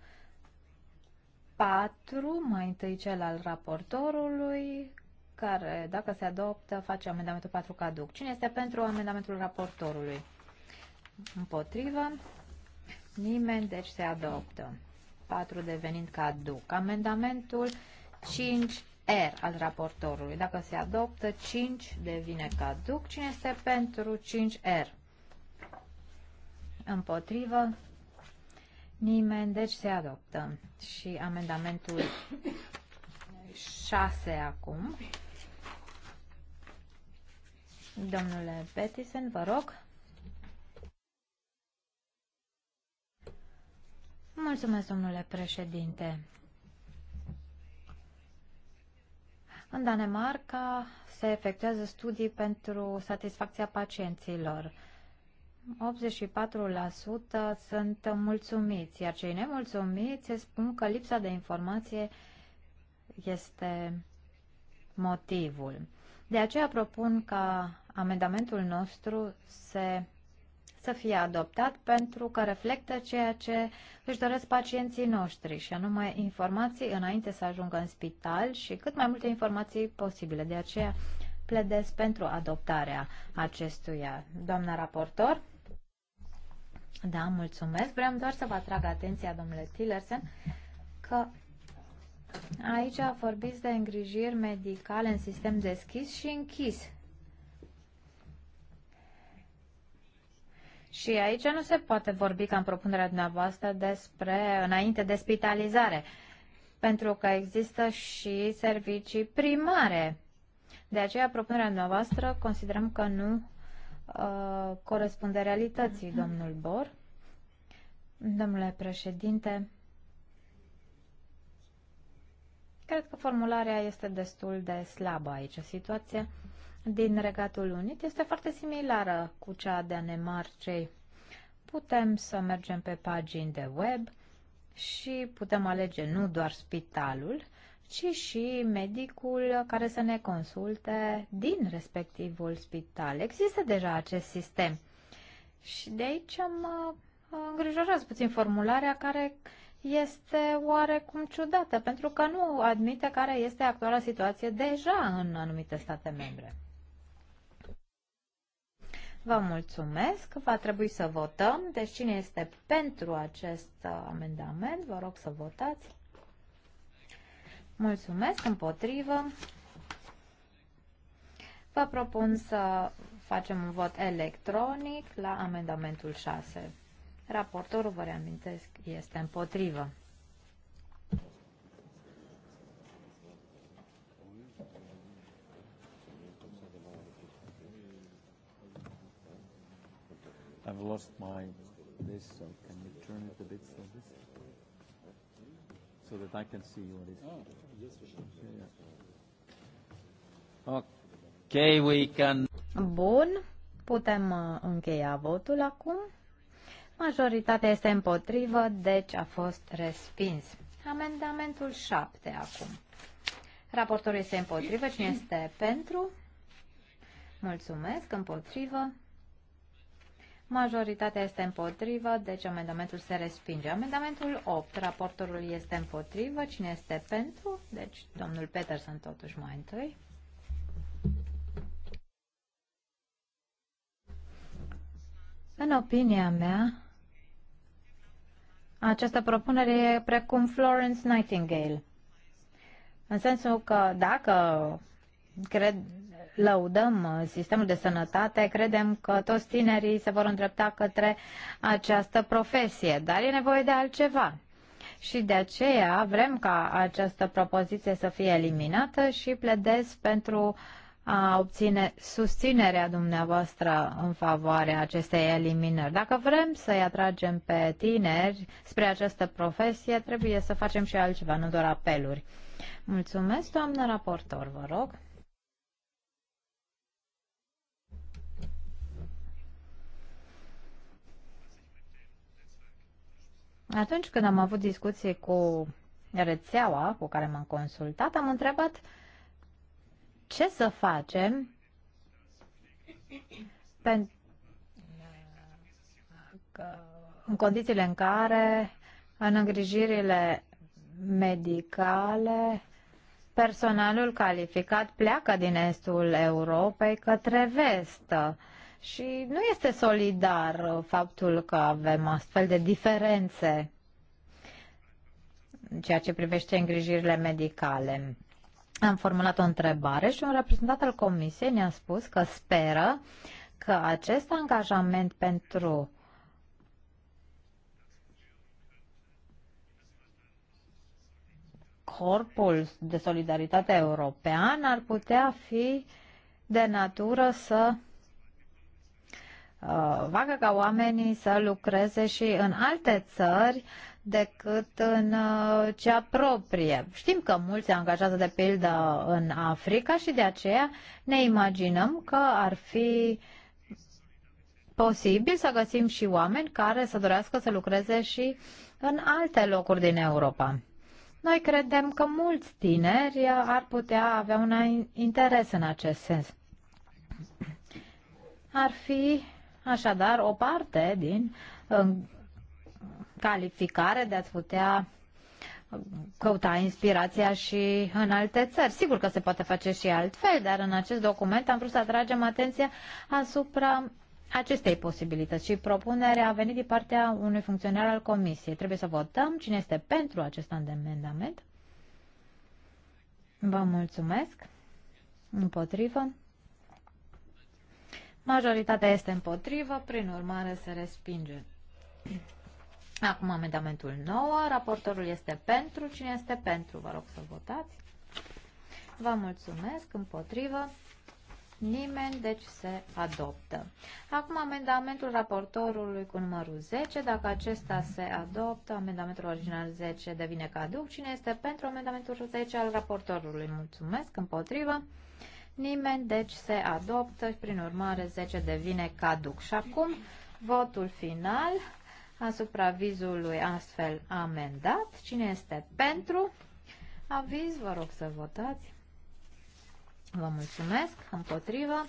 4, mai întâi cel al raportorului, care, dacă se adoptă, face amendamentul 4 caduc. Cine este pentru amendamentul raportorului? Împotrivă. Nimeni, deci se adoptă. 4 devenind caduc. Amendamentul 5R al raportorului. Dacă se adoptă, 5 devine caduc. Cine este pentru 5R? Împotrivă. Nimeni, deci se adoptă. Și amendamentul 6 acum. Domnule Petisen, vă rog. Mulțumesc, domnule președinte. În Danemarca se efectuează studii pentru satisfacția pacienților. 84% sunt mulțumiți, iar cei nemulțumiți spun că lipsa de informație este motivul. De aceea propun ca amendamentul nostru se, să fie adoptat pentru că reflectă ceea ce își doresc pacienții noștri și anume informații înainte să ajungă în spital și cât mai multe informații posibile. De aceea pledez pentru adoptarea acestuia. Doamna raportor? Da, mulțumesc. Vreau doar să vă atrag atenția, domnule Tillerson, că aici vorbiți de îngrijiri medicale în sistem deschis și închis. Și aici nu se poate vorbi ca în propunerea dumneavoastră despre înainte de spitalizare, pentru că există și servicii primare de aceea, propunerea noastră considerăm că nu uh, corespunde realității, domnul Bor. Domnule președinte, cred că formularea este destul de slabă aici. Situația din Regatul Unit este foarte similară cu cea de Danemarcei. Putem să mergem pe pagini de web și putem alege nu doar spitalul, ci și medicul care să ne consulte din respectivul spital. Există deja acest sistem. Și de aici mă uh, îngrijorează puțin formularea care este oarecum ciudată, pentru că nu admite care este actuala situație deja în anumite state membre. Vă mulțumesc. Va trebui să votăm. Deci cine este pentru acest uh, amendament, vă rog să votați. Mulțumesc, împotrivă. Vă propun să facem un vot electronic la amendamentul 6. Raportorul, vă reamintesc, este împotrivă. I've lost my this, so can you turn it a bit so this, so that I can see what is. Oh. Okay, we can... Bun, putem uh, încheia votul acum. Majoritatea este împotrivă, deci a fost respins. Amendamentul 7 acum. Raportorul este împotrivă. Cine este pentru? Mulțumesc. Împotrivă. Majoritatea este împotrivă, deci amendamentul se respinge. Amendamentul 8, raportorul este împotrivă. Cine este pentru? Deci domnul Peterson totuși mai întâi. În opinia mea, această propunere e precum Florence Nightingale. În sensul că dacă cred, lăudăm uh, sistemul de sănătate, credem că toți tinerii se vor îndrepta către această profesie, dar e nevoie de altceva. Și de aceea vrem ca această propoziție să fie eliminată și pledez pentru a obține susținerea dumneavoastră în favoarea acestei eliminări. Dacă vrem să-i atragem pe tineri spre această profesie, trebuie să facem și altceva, nu doar apeluri. Mulțumesc, doamnă raportor, vă rog. Atunci când am avut discuții cu rețeaua cu care m-am consultat, am întrebat ce să facem în condițiile în care în îngrijirile medicale personalul calificat pleacă din estul Europei către Vestă. Și nu este solidar faptul că avem astfel de diferențe în ceea ce privește îngrijirile medicale. Am formulat o întrebare și un reprezentant al Comisiei ne-a spus că speră că acest angajament pentru corpul de solidaritate european ar putea fi de natură să Uh, facă ca oamenii să lucreze și în alte țări decât în uh, cea proprie. Știm că mulți se angajează de pildă în Africa și de aceea ne imaginăm că ar fi posibil să găsim și oameni care să dorească să lucreze și în alte locuri din Europa. Noi credem că mulți tineri ar putea avea un interes în acest sens. Ar fi Așadar, o parte din calificare de a-ți putea căuta inspirația și în alte țări. Sigur că se poate face și altfel, dar în acest document am vrut să atragem atenția asupra acestei posibilități și propunerea a venit din partea unui funcționar al Comisiei. Trebuie să votăm cine este pentru acest amendament. Vă mulțumesc. Împotrivă. Majoritatea este împotrivă, prin urmare se respinge. Acum amendamentul 9. Raportorul este pentru. Cine este pentru? Vă rog să votați. Vă mulțumesc. Împotrivă. Nimeni, deci se adoptă. Acum amendamentul raportorului cu numărul 10. Dacă acesta se adoptă, amendamentul original 10 devine caduc. Cine este pentru amendamentul 10 al raportorului? Mulțumesc. Împotrivă nimeni, deci se adoptă și prin urmare 10 devine caduc. Și acum votul final asupra vizului astfel amendat. Cine este pentru aviz? Vă rog să votați. Vă mulțumesc. Împotrivă.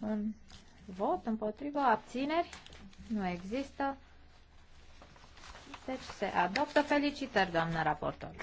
Un vot împotrivă. Abțineri. Nu există. Deci se adoptă. Felicitări, doamnă raportor.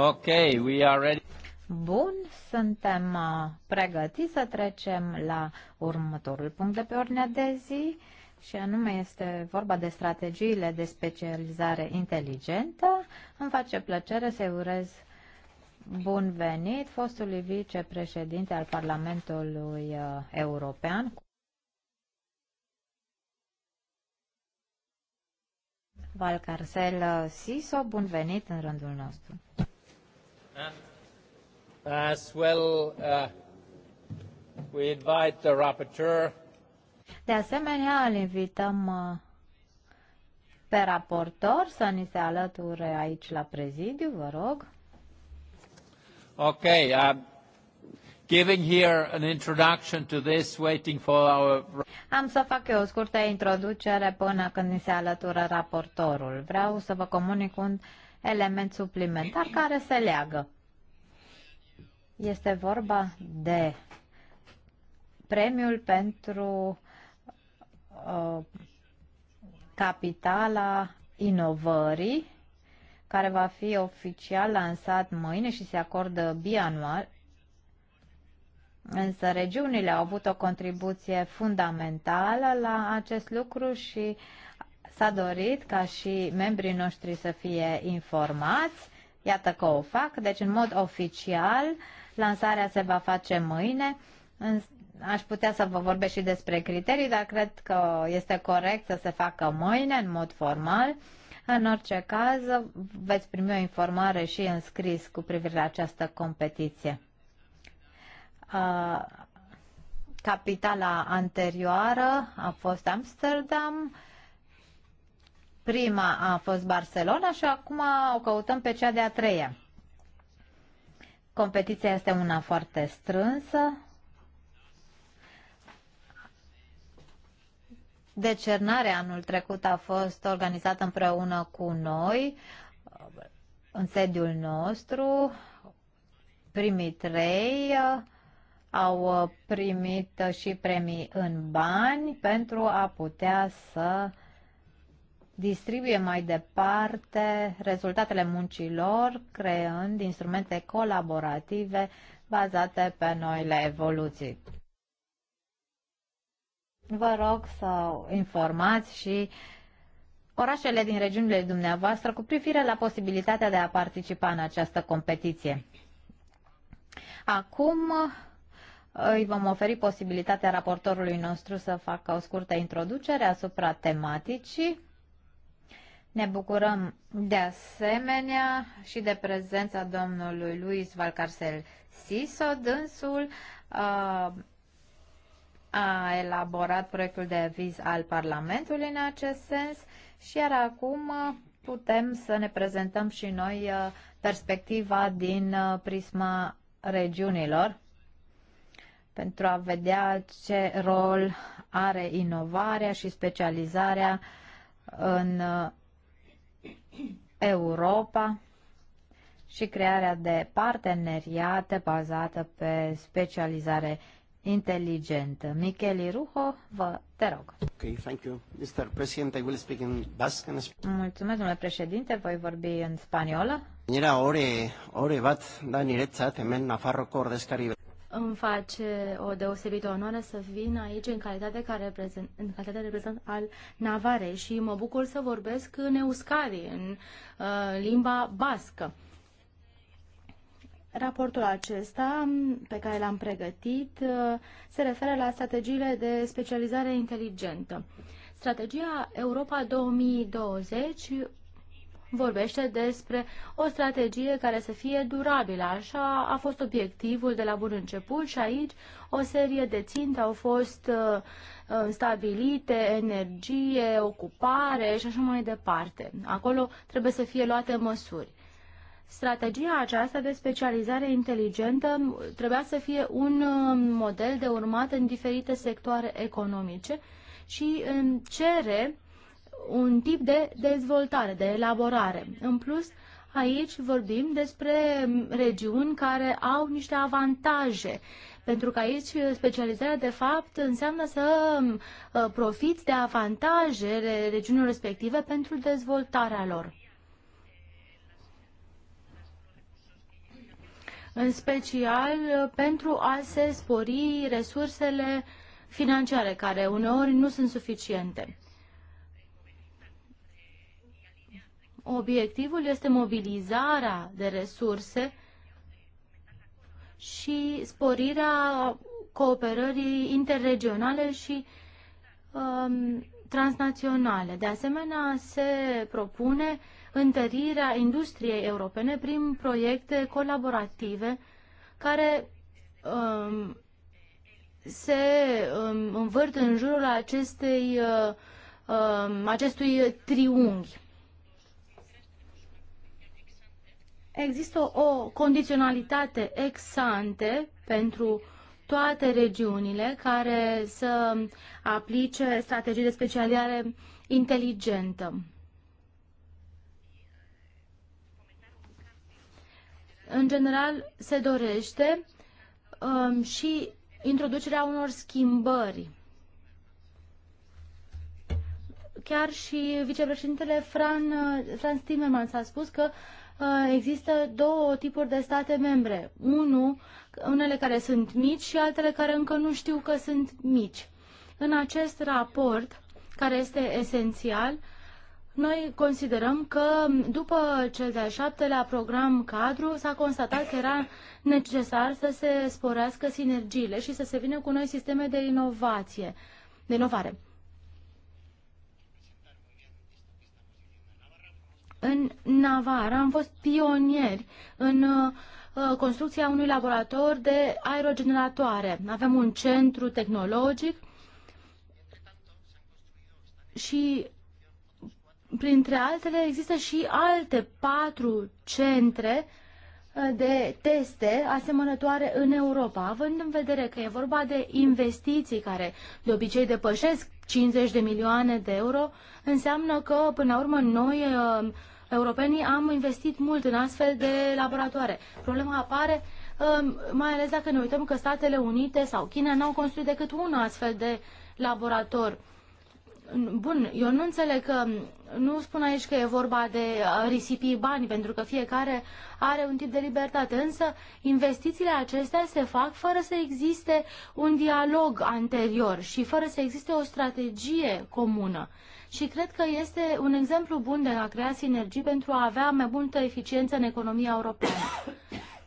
Ok, we are ready. Bun, suntem uh, pregătiți să trecem la următorul punct de pe ordinea de zi și anume este vorba de strategiile de specializare inteligentă. Îmi face plăcere să-i urez bun venit fostului vicepreședinte al Parlamentului uh, European. Valcarcel Siso, bun venit în rândul nostru. As well, uh, we invite the rapporteur. De asemenea, îl invităm uh, pe raportor să ni se alăture aici la prezidiu, vă rog. Okay, I'm giving here an introduction to this, waiting for our... Am să fac eu o scurtă introducere până când ni se alătură raportorul. Vreau să vă comunic un element suplimentar care se leagă. Este vorba de premiul pentru uh, capitala inovării, care va fi oficial lansat mâine și se acordă bianual. Însă regiunile au avut o contribuție fundamentală la acest lucru și S-a dorit ca și membrii noștri să fie informați. Iată că o fac. Deci, în mod oficial, lansarea se va face mâine. Aș putea să vă vorbesc și despre criterii, dar cred că este corect să se facă mâine, în mod formal. În orice caz, veți primi o informare și în scris cu privire la această competiție. Capitala anterioară a fost Amsterdam Prima a fost Barcelona și acum o căutăm pe cea de-a treia. Competiția este una foarte strânsă. Decernarea anul trecut a fost organizată împreună cu noi, în sediul nostru. Primii trei uh, au uh, primit și premii în bani pentru a putea să uh, distribuie mai departe rezultatele muncii lor creând instrumente colaborative bazate pe noile evoluții. Vă rog să informați și orașele din regiunile dumneavoastră cu privire la posibilitatea de a participa în această competiție. Acum îi vom oferi posibilitatea raportorului nostru să facă o scurtă introducere asupra tematicii ne bucurăm de asemenea și de prezența domnului Luis Valcarcel Siso. Dânsul a, uh, a elaborat proiectul de aviz al Parlamentului în acest sens și iar acum uh, putem să ne prezentăm și noi uh, perspectiva din prisma regiunilor pentru a vedea ce rol are inovarea și specializarea în Europa și crearea de parteneriate bazată pe specializare inteligentă. Micheli Ruho, vă te rog. Okay, thank you. Mr. President, I will speak in Basque. Mulțumesc, domnule președinte, voi vorbi în spaniolă. Nira ore, ore bat da niretzat hemen Nafarroko ordezkari îmi face o deosebită onoare să vin aici în calitate, ca reprezent, în calitate de reprezentant al Navarei și mă bucur să vorbesc în euskadi, în uh, limba bască. Raportul acesta pe care l-am pregătit uh, se referă la strategiile de specializare inteligentă. Strategia Europa 2020 vorbește despre o strategie care să fie durabilă. Așa a fost obiectivul de la bun început și aici o serie de ținte au fost uh, uh, stabilite, energie, ocupare și așa mai departe. Acolo trebuie să fie luate măsuri. Strategia aceasta de specializare inteligentă trebuia să fie un uh, model de urmat în diferite sectoare economice și um, cere un tip de dezvoltare, de elaborare. În plus, aici vorbim despre regiuni care au niște avantaje, pentru că aici specializarea de fapt înseamnă să uh, profiți de avantajele regiunilor respective pentru dezvoltarea lor. În special uh, pentru a se spori resursele financiare, care uneori nu sunt suficiente. Obiectivul este mobilizarea de resurse și sporirea cooperării interregionale și um, transnaționale. De asemenea, se propune întărirea industriei europene prin proiecte colaborative care um, se um, învârt în jurul acestei, uh, um, acestui triunghi. există o condiționalitate ex ante pentru toate regiunile care să aplice strategii de specializare inteligentă. În general, se dorește um, și introducerea unor schimbări. Chiar și vicepreședintele Fran, Franz Timmermans a spus că Uh, există două tipuri de state membre. Unu, unele care sunt mici și altele care încă nu știu că sunt mici. În acest raport, care este esențial, noi considerăm că după cel de-al șaptelea program cadru s-a constatat că era necesar să se sporească sinergiile și să se vină cu noi sisteme de inovație, de inovare. În Navarra am fost pionieri în uh, uh, construcția unui laborator de aerogeneratoare. Avem un centru tehnologic și printre altele există și alte patru centre de teste asemănătoare în Europa, având în vedere că e vorba de investiții care de obicei depășesc 50 de milioane de euro, înseamnă că până la urmă noi uh, europenii am investit mult în astfel de laboratoare. Problema apare um, mai ales dacă ne uităm că Statele Unite sau China n-au construit decât un astfel de laborator Bun, eu nu înțeleg că nu spun aici că e vorba de risipii bani, pentru că fiecare are un tip de libertate, însă investițiile acestea se fac fără să existe un dialog anterior și fără să existe o strategie comună. Și cred că este un exemplu bun de a crea sinergii pentru a avea mai multă eficiență în economia europeană.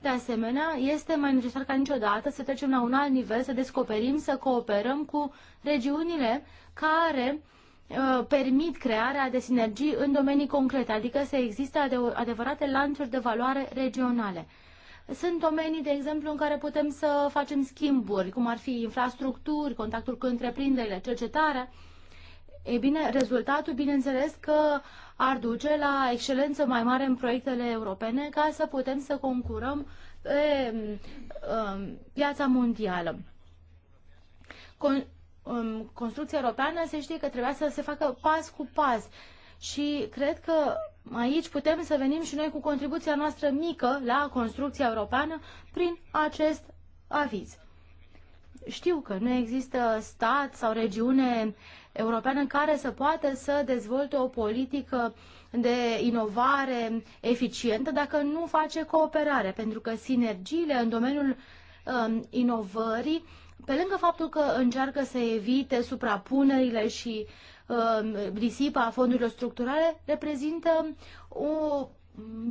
De asemenea, este mai necesar ca niciodată să trecem la un alt nivel, să descoperim, să cooperăm cu regiunile care uh, permit crearea de sinergii în domenii concrete, adică să există adevărate lanțuri de valoare regionale. Sunt domenii, de exemplu, în care putem să facem schimburi, cum ar fi infrastructuri, contactul cu întreprinderile, cercetarea. E bine, rezultatul, bineînțeles, că ar duce la excelență mai mare în proiectele europene ca să putem să concurăm pe um, piața mondială. Con- Construcția europeană se știe că trebuia să se facă pas cu pas. Și cred că aici putem să venim și noi cu contribuția noastră mică la construcția europeană prin acest aviz. Știu că nu există stat sau regiune europeană în care să poată să dezvolte o politică de inovare eficientă dacă nu face cooperare, pentru că sinergiile în domeniul um, inovării pe lângă faptul că încearcă să evite suprapunerile și uh, risipa fondurilor structurale, reprezintă o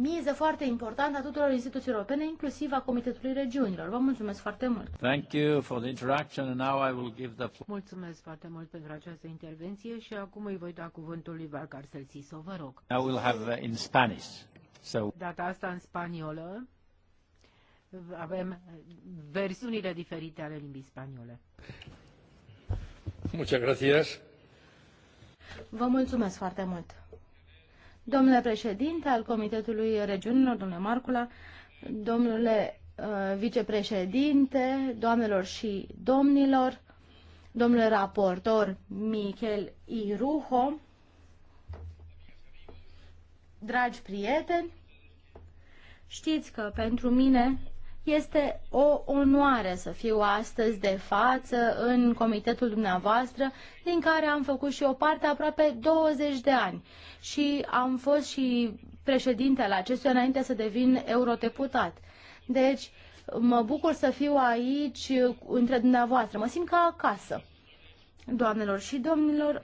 miză foarte importantă a tuturor instituțiilor europene, inclusiv a Comitetului Regiunilor. Vă mulțumesc foarte mult. Thank you for the interaction and now I will give the Mulțumesc foarte mult pentru această intervenție și acum îi voi da cuvântul lui Valcarcel Siso, vă rog. Now we'll have uh, in Spanish. So... Data asta în spaniolă avem versiunile diferite ale limbii spaniole. Muchas gracias. Vă mulțumesc foarte mult. Domnule președinte al Comitetului Regiunilor, domnule Marcula, domnule uh, vicepreședinte, doamnelor și domnilor, domnule raportor Michel Iruho, dragi prieteni, știți că pentru mine este o onoare să fiu astăzi de față în comitetul dumneavoastră, din care am făcut și o parte aproape 20 de ani. Și am fost și președinte al acestui înainte să devin eurodeputat. Deci, mă bucur să fiu aici între dumneavoastră. Mă simt ca acasă. Doamnelor și domnilor,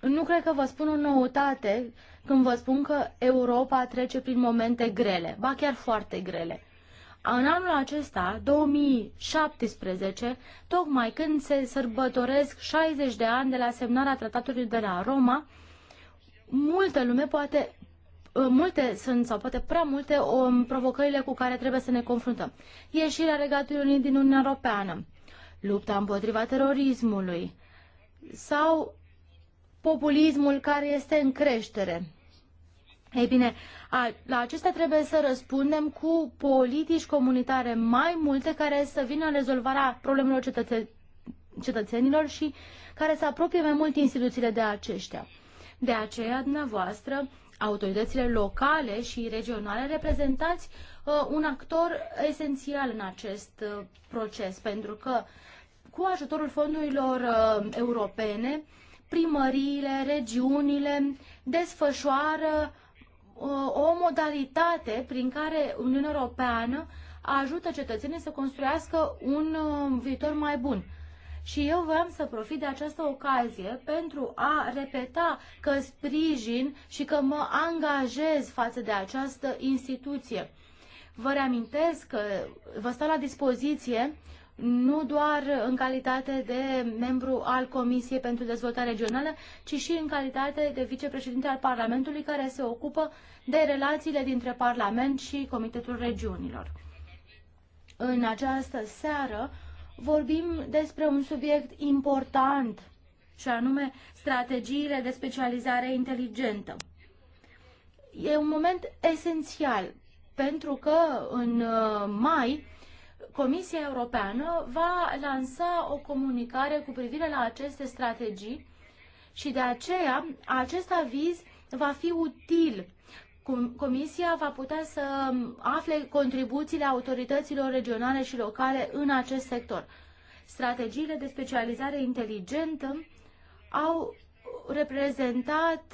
nu cred că vă spun o noutate când vă spun că Europa trece prin momente grele, ba chiar foarte grele. În anul acesta, 2017, tocmai când se sărbătoresc 60 de ani de la semnarea tratatului de la Roma, multă lume poate ă, multe sunt sau poate prea multe o, provocările cu care trebuie să ne confruntăm. Ieșirea Regatului Unit din Uniunea Europeană, lupta împotriva terorismului sau populismul care este în creștere. Ei bine, a, la acestea trebuie să răspundem cu politici comunitare mai multe care să vină în rezolvarea problemelor cetățe- cetățenilor și care să apropie mai mult instituțiile de aceștia. De aceea, dumneavoastră, autoritățile locale și regionale reprezentați uh, un actor esențial în acest uh, proces, pentru că cu ajutorul fondurilor uh, europene primăriile, regiunile desfășoară uh, o modalitate prin care Uniunea Europeană ajută cetățenii să construiască un uh, viitor mai bun. Și eu vreau să profit de această ocazie pentru a repeta că sprijin și că mă angajez față de această instituție. Vă reamintesc că vă stau la dispoziție nu doar în calitate de membru al Comisiei pentru Dezvoltare Regională, ci și în calitate de vicepreședinte al Parlamentului care se ocupă de relațiile dintre Parlament și Comitetul Regiunilor. În această seară vorbim despre un subiect important și anume strategiile de specializare inteligentă. E un moment esențial pentru că în uh, mai Comisia Europeană va lansa o comunicare cu privire la aceste strategii și de aceea acest aviz va fi util. Comisia va putea să afle contribuțiile autorităților regionale și locale în acest sector. Strategiile de specializare inteligentă au reprezentat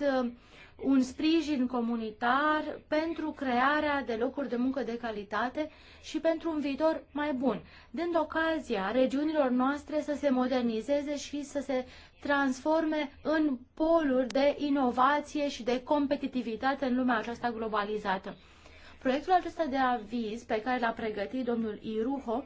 un sprijin comunitar pentru crearea de locuri de muncă de calitate și pentru un viitor mai bun, dând ocazia regiunilor noastre să se modernizeze și să se transforme în poluri de inovație și de competitivitate în lumea aceasta globalizată. Proiectul acesta de aviz pe care l-a pregătit domnul Iruho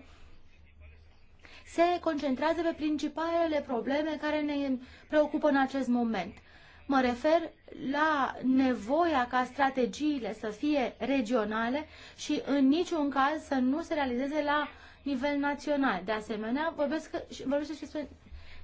se concentrează pe principalele probleme care ne preocupă în acest moment – Mă refer la nevoia ca strategiile să fie regionale și în niciun caz să nu se realizeze la nivel național. De asemenea, vorbesc, vorbesc și despre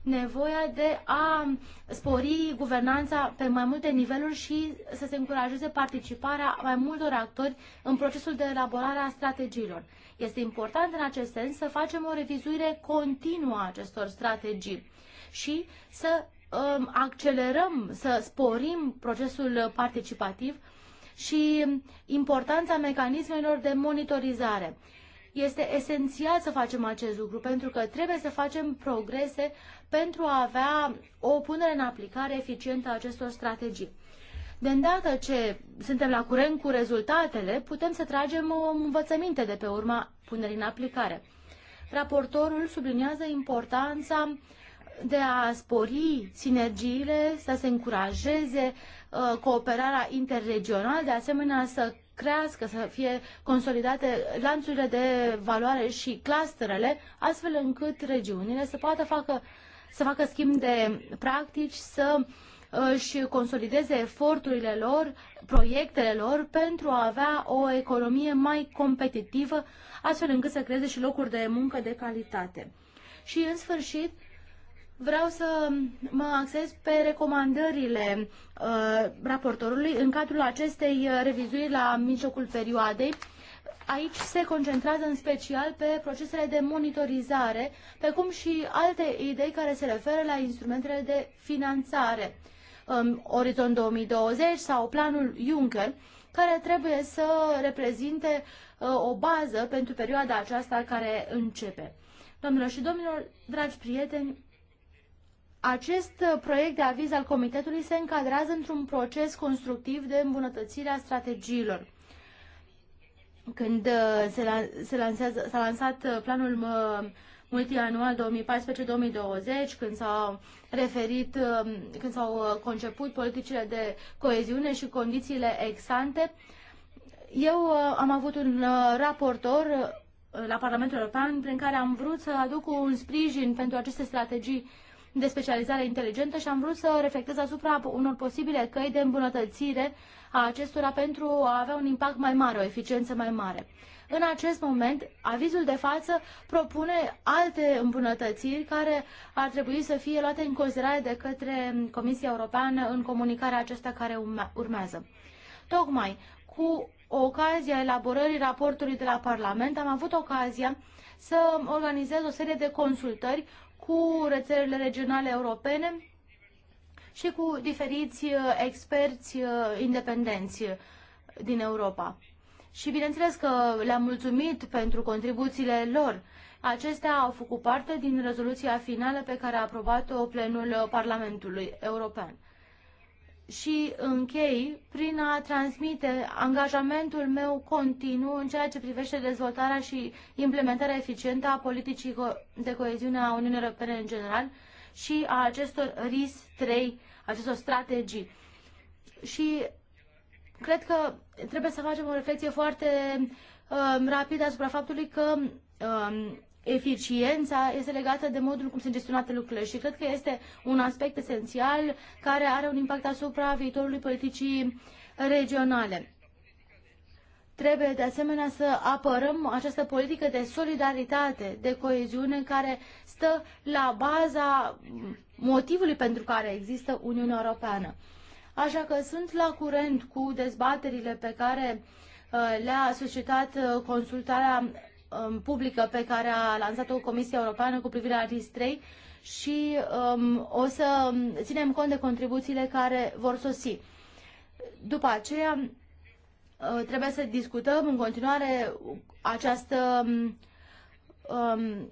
nevoia de a spori guvernanța pe mai multe niveluri și să se încurajeze participarea mai multor actori în procesul de elaborare a strategiilor. Este important în acest sens să facem o revizuire continuă a acestor strategii și să Um, accelerăm, să sporim procesul participativ și importanța mecanismelor de monitorizare. Este esențial să facem acest lucru pentru că trebuie să facem progrese pentru a avea o punere în aplicare eficientă a acestor strategii. De îndată ce suntem la curent cu rezultatele, putem să tragem o învățăminte de pe urma punerii în aplicare. Raportorul subliniază importanța de a spori sinergiile, să se încurajeze uh, cooperarea interregională, de asemenea să crească, să fie consolidate lanțurile de valoare și clusterele, astfel încât regiunile să poată facă, să facă schimb de practici, să își uh, consolideze eforturile lor, proiectele lor, pentru a avea o economie mai competitivă, astfel încât să creeze și locuri de muncă de calitate. Și, în sfârșit, vreau să mă axez pe recomandările uh, raportorului în cadrul acestei uh, revizuiri la mijlocul perioadei. Aici se concentrează în special pe procesele de monitorizare, pe cum și alte idei care se referă la instrumentele de finanțare, um, Orizont 2020 sau planul Juncker, care trebuie să reprezinte uh, o bază pentru perioada aceasta care începe. Domnilor și domnilor, dragi prieteni, acest uh, proiect de aviz al Comitetului se încadrează într-un proces constructiv de îmbunătățire a strategiilor. Când uh, se, se s-a lansat uh, planul multianual 2014-2020, când s-au referit, um, când s-au conceput politicile de coeziune și condițiile exante, eu am avut un raportor la Parlamentul European prin care am vrut să aduc un sprijin pentru aceste strategii de specializare inteligentă și am vrut să reflectez asupra unor posibile căi de îmbunătățire a acestora pentru a avea un impact mai mare, o eficiență mai mare. În acest moment, avizul de față propune alte îmbunătățiri care ar trebui să fie luate în considerare de către Comisia Europeană în comunicarea aceasta care urmează. Tocmai cu ocazia elaborării raportului de la Parlament am avut ocazia să organizez o serie de consultări cu rețelele regionale europene și cu diferiți uh, experți uh, independenți uh, din Europa. Și bineînțeles că le-am mulțumit pentru contribuțiile lor. Acestea au făcut parte din rezoluția finală pe care a aprobat-o plenul Parlamentului European și închei prin a transmite angajamentul meu continuu în ceea ce privește dezvoltarea și implementarea eficientă a politicii de coeziune a Uniunii Europene în general și a acestor RIS 3, acestor strategii. Și cred că trebuie să facem o reflexie foarte uh, rapidă asupra faptului că um, eficiența este legată de modul cum sunt gestionate lucrurile și cred că este un aspect esențial care are un impact asupra viitorului politicii regionale. Trebuie de asemenea să apărăm această politică de solidaritate, de coeziune care stă la baza motivului pentru care există Uniunea Europeană. Așa că sunt la curent cu dezbaterile pe care uh, le-a suscitat uh, consultarea um, publică pe care a lansat-o Comisia Europeană cu privire la RIS 3 și um, o să um, ținem cont de contribuțiile care vor sosi. După aceea, uh, trebuie să discutăm în continuare această um, um,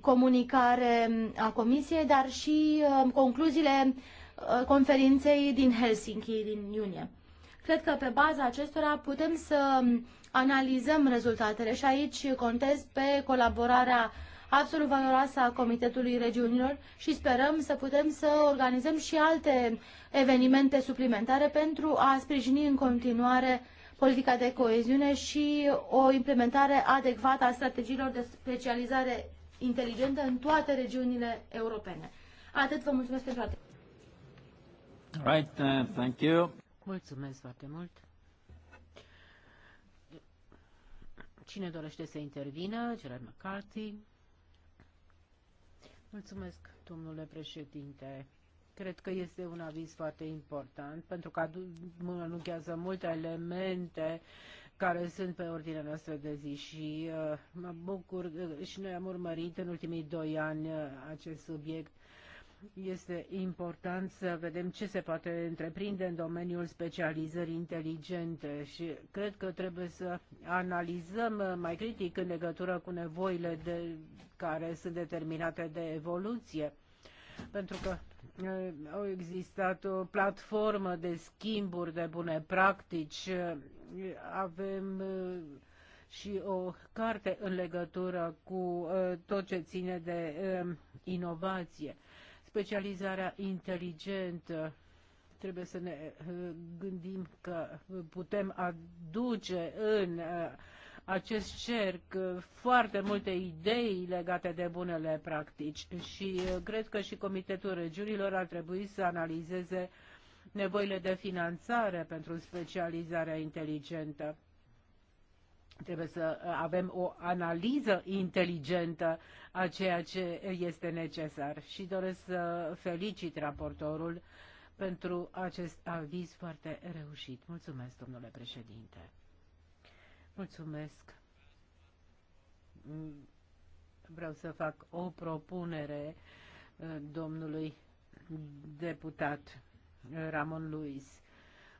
comunicare a Comisiei, dar și um, concluziile uh, conferinței din Helsinki din iunie. Cred că pe baza acestora putem să um, analizăm rezultatele și aici contez pe colaborarea absolut valoroasă a Comitetului Regiunilor și sperăm să putem să organizăm și alte evenimente suplimentare pentru a sprijini în continuare politica de coeziune și o implementare adecvată a strategiilor de specializare inteligentă în toate regiunile europene. Atât vă mulțumesc pentru atenție. Right, uh, thank you. Mulțumesc foarte mult. Cine dorește să intervină? Gerard McCarthy. Mulțumesc, domnule președinte. Cred că este un aviz foarte important pentru că anunchează multe elemente care sunt pe ordinea noastră de zi și uh, mă bucur uh, și noi am urmărit în ultimii doi ani uh, acest subiect este important să vedem ce se poate întreprinde în domeniul specializării inteligente și cred că trebuie să analizăm mai critic în legătură cu nevoile de, care sunt determinate de evoluție. Pentru că eh, au existat o platformă de schimburi de bune practici, eh, avem eh, și o carte în legătură cu tot ce ține de inovație specializarea inteligentă. Trebuie să ne eh, gândim că putem aduce în eh, acest cerc eh, foarte multe idei legate de bunele practici și cred că și Comitetul Regiunilor ar trebui să analizeze nevoile de finanțare pentru specializarea inteligentă. Trebuie să uh, avem o analiză inteligentă a ceea ce este necesar și doresc să felicit raportorul pentru acest aviz foarte reușit. Mulțumesc, domnule președinte. Mulțumesc. Vreau să fac o propunere uh, domnului deputat Ramon Luis.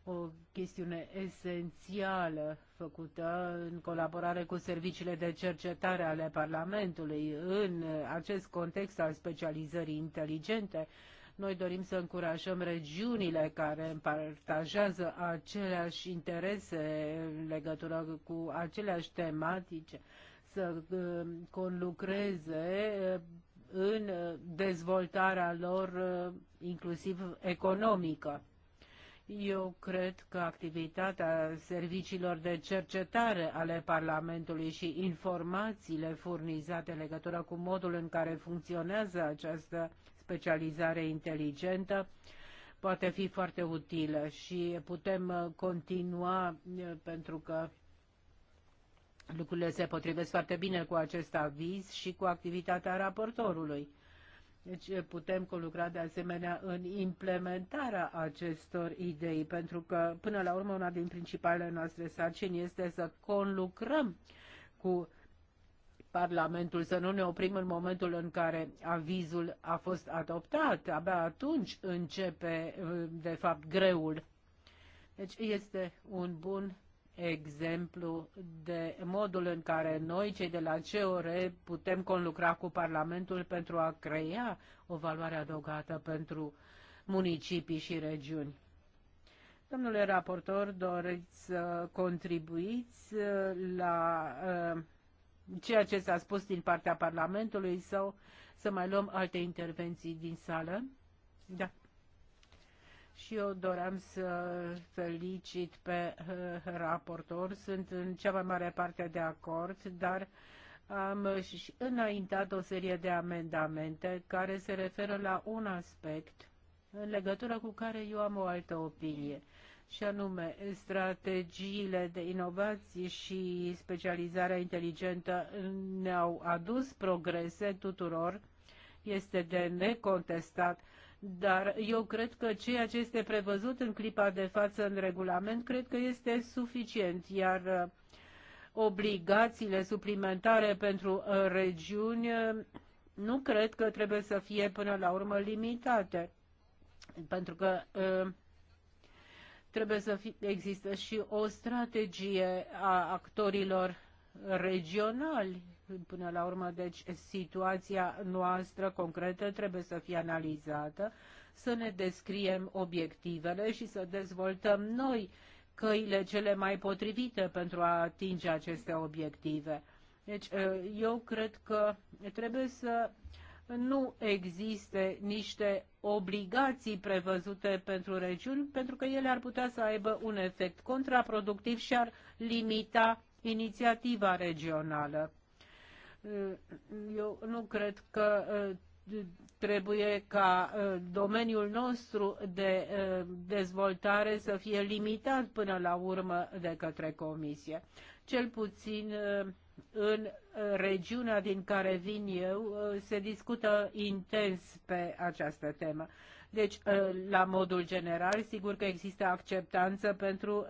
O chestiune esențială făcută în colaborare cu serviciile de cercetare ale Parlamentului în acest context al specializării inteligente. Noi dorim să încurajăm regiunile care împartajează aceleași interese în legătură cu aceleași tematice să uh, conlucreze uh, în dezvoltarea lor uh, inclusiv economică. Eu cred că activitatea serviciilor de cercetare ale Parlamentului și informațiile furnizate în legătură cu modul în care funcționează această specializare inteligentă poate fi foarte utilă și putem uh, continua uh, pentru că lucrurile se potrivesc foarte bine cu acest aviz și cu activitatea raportorului. Deci eh, putem colucra de asemenea în implementarea acestor idei, pentru că până la urmă una din principalele noastre sarcini este să conlucrăm cu Parlamentul, să nu ne oprim în momentul în care avizul a fost adoptat. Abia atunci începe, eh, de fapt, greul. Deci este un bun exemplu de modul în care noi, cei de la COR, putem conlucra cu Parlamentul pentru a crea o valoare adăugată pentru municipii și regiuni. Domnule raportor, doriți să contribuiți uh, la uh, ceea ce s-a spus din partea Parlamentului sau să mai luăm alte intervenții din sală? Da. Și eu doream să felicit pe eh, raportor. Sunt în cea mai mare parte de acord, dar am și înaintat o serie de amendamente care se referă la un aspect în legătură cu care eu am o altă opinie, și anume strategiile de inovație și specializarea inteligentă ne-au adus progrese tuturor, este de necontestat, dar eu cred că ceea ce este prevăzut în clipa de față în regulament, cred că este suficient, iar uh, obligațiile suplimentare pentru uh, regiuni uh, nu cred că trebuie să fie până la urmă limitate, pentru că trebuie să fie, există și o strategie a actorilor regionali până la urmă, deci situația noastră concretă trebuie să fie analizată, să ne descriem obiectivele și să dezvoltăm noi căile cele mai potrivite pentru a atinge aceste obiective. Deci, ă, eu cred că trebuie să nu existe niște obligații prevăzute pentru regiuni, pentru că ele ar putea să aibă un efect contraproductiv și ar limita inițiativa regională. Mm, eu nu cred că uh, trebuie ca uh, domeniul nostru de uh, dezvoltare să fie limitat până la urmă de către Comisie. Cel puțin în regiunea din care vin eu se discută intens pe această temă. Deci, la modul general, sigur că există acceptanță pentru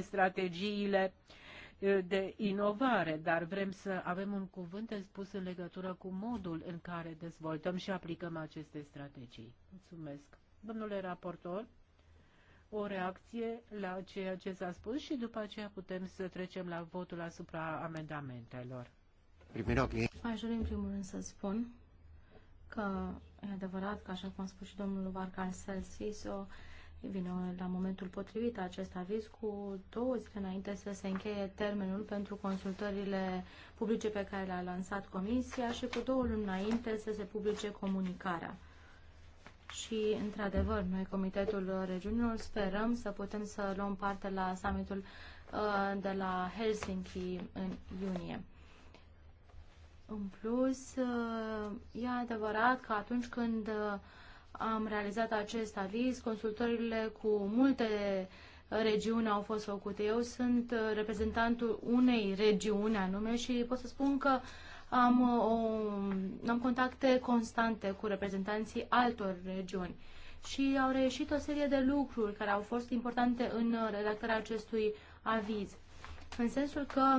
strategiile de inovare, dar vrem să avem un cuvânt de spus în legătură cu modul în care dezvoltăm și aplicăm aceste strategii. Mulțumesc. Domnule raportor, o reacție la ceea ce s-a spus și după aceea putem să trecem la votul asupra amendamentelor. Aș dori în primul rând să spun că e adevărat că, așa cum a spus și domnul Varcal Selsis, o vine la momentul potrivit acest aviz cu două zile înainte să se încheie termenul pentru consultările publice pe care le-a lansat Comisia și cu două luni înainte să se publice comunicarea. Și, într-adevăr, noi, Comitetul Regiunilor, sperăm să putem să luăm parte la summitul uh, de la Helsinki în iunie. În plus, uh, e adevărat că atunci când uh, am realizat acest aviz, consultările cu multe regiuni au fost făcute. Eu sunt uh, reprezentantul unei regiuni anume și pot să spun că am, uh, o, am contacte constante cu reprezentanții altor regiuni și au reieșit o serie de lucruri care au fost importante în uh, redactarea acestui aviz. În sensul că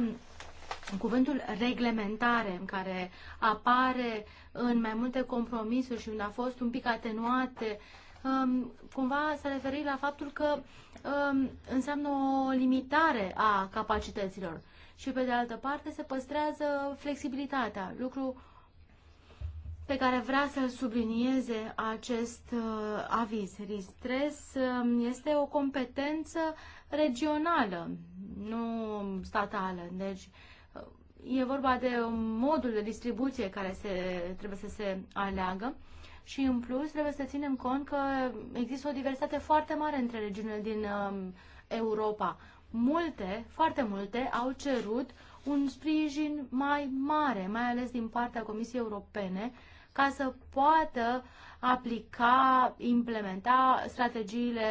cuvântul reglementare în care apare uh, în mai multe compromisuri și unde a fost un pic atenuate, um, cumva s-a referit la faptul că um, înseamnă o limitare a capacităților și pe de altă parte se păstrează flexibilitatea, lucru pe care vrea să-l sublinieze acest uh, aviz. Ristres uh, um, este o competență regională, nu statală. Deci e vorba de modul de distribuție care se, trebuie să se aleagă și în plus trebuie să ținem cont că există o diversitate foarte mare între regiunile din um, Europa. Multe, foarte multe, au cerut un sprijin mai mare, mai ales din partea Comisiei Europene, ca să poată aplica, implementa strategiile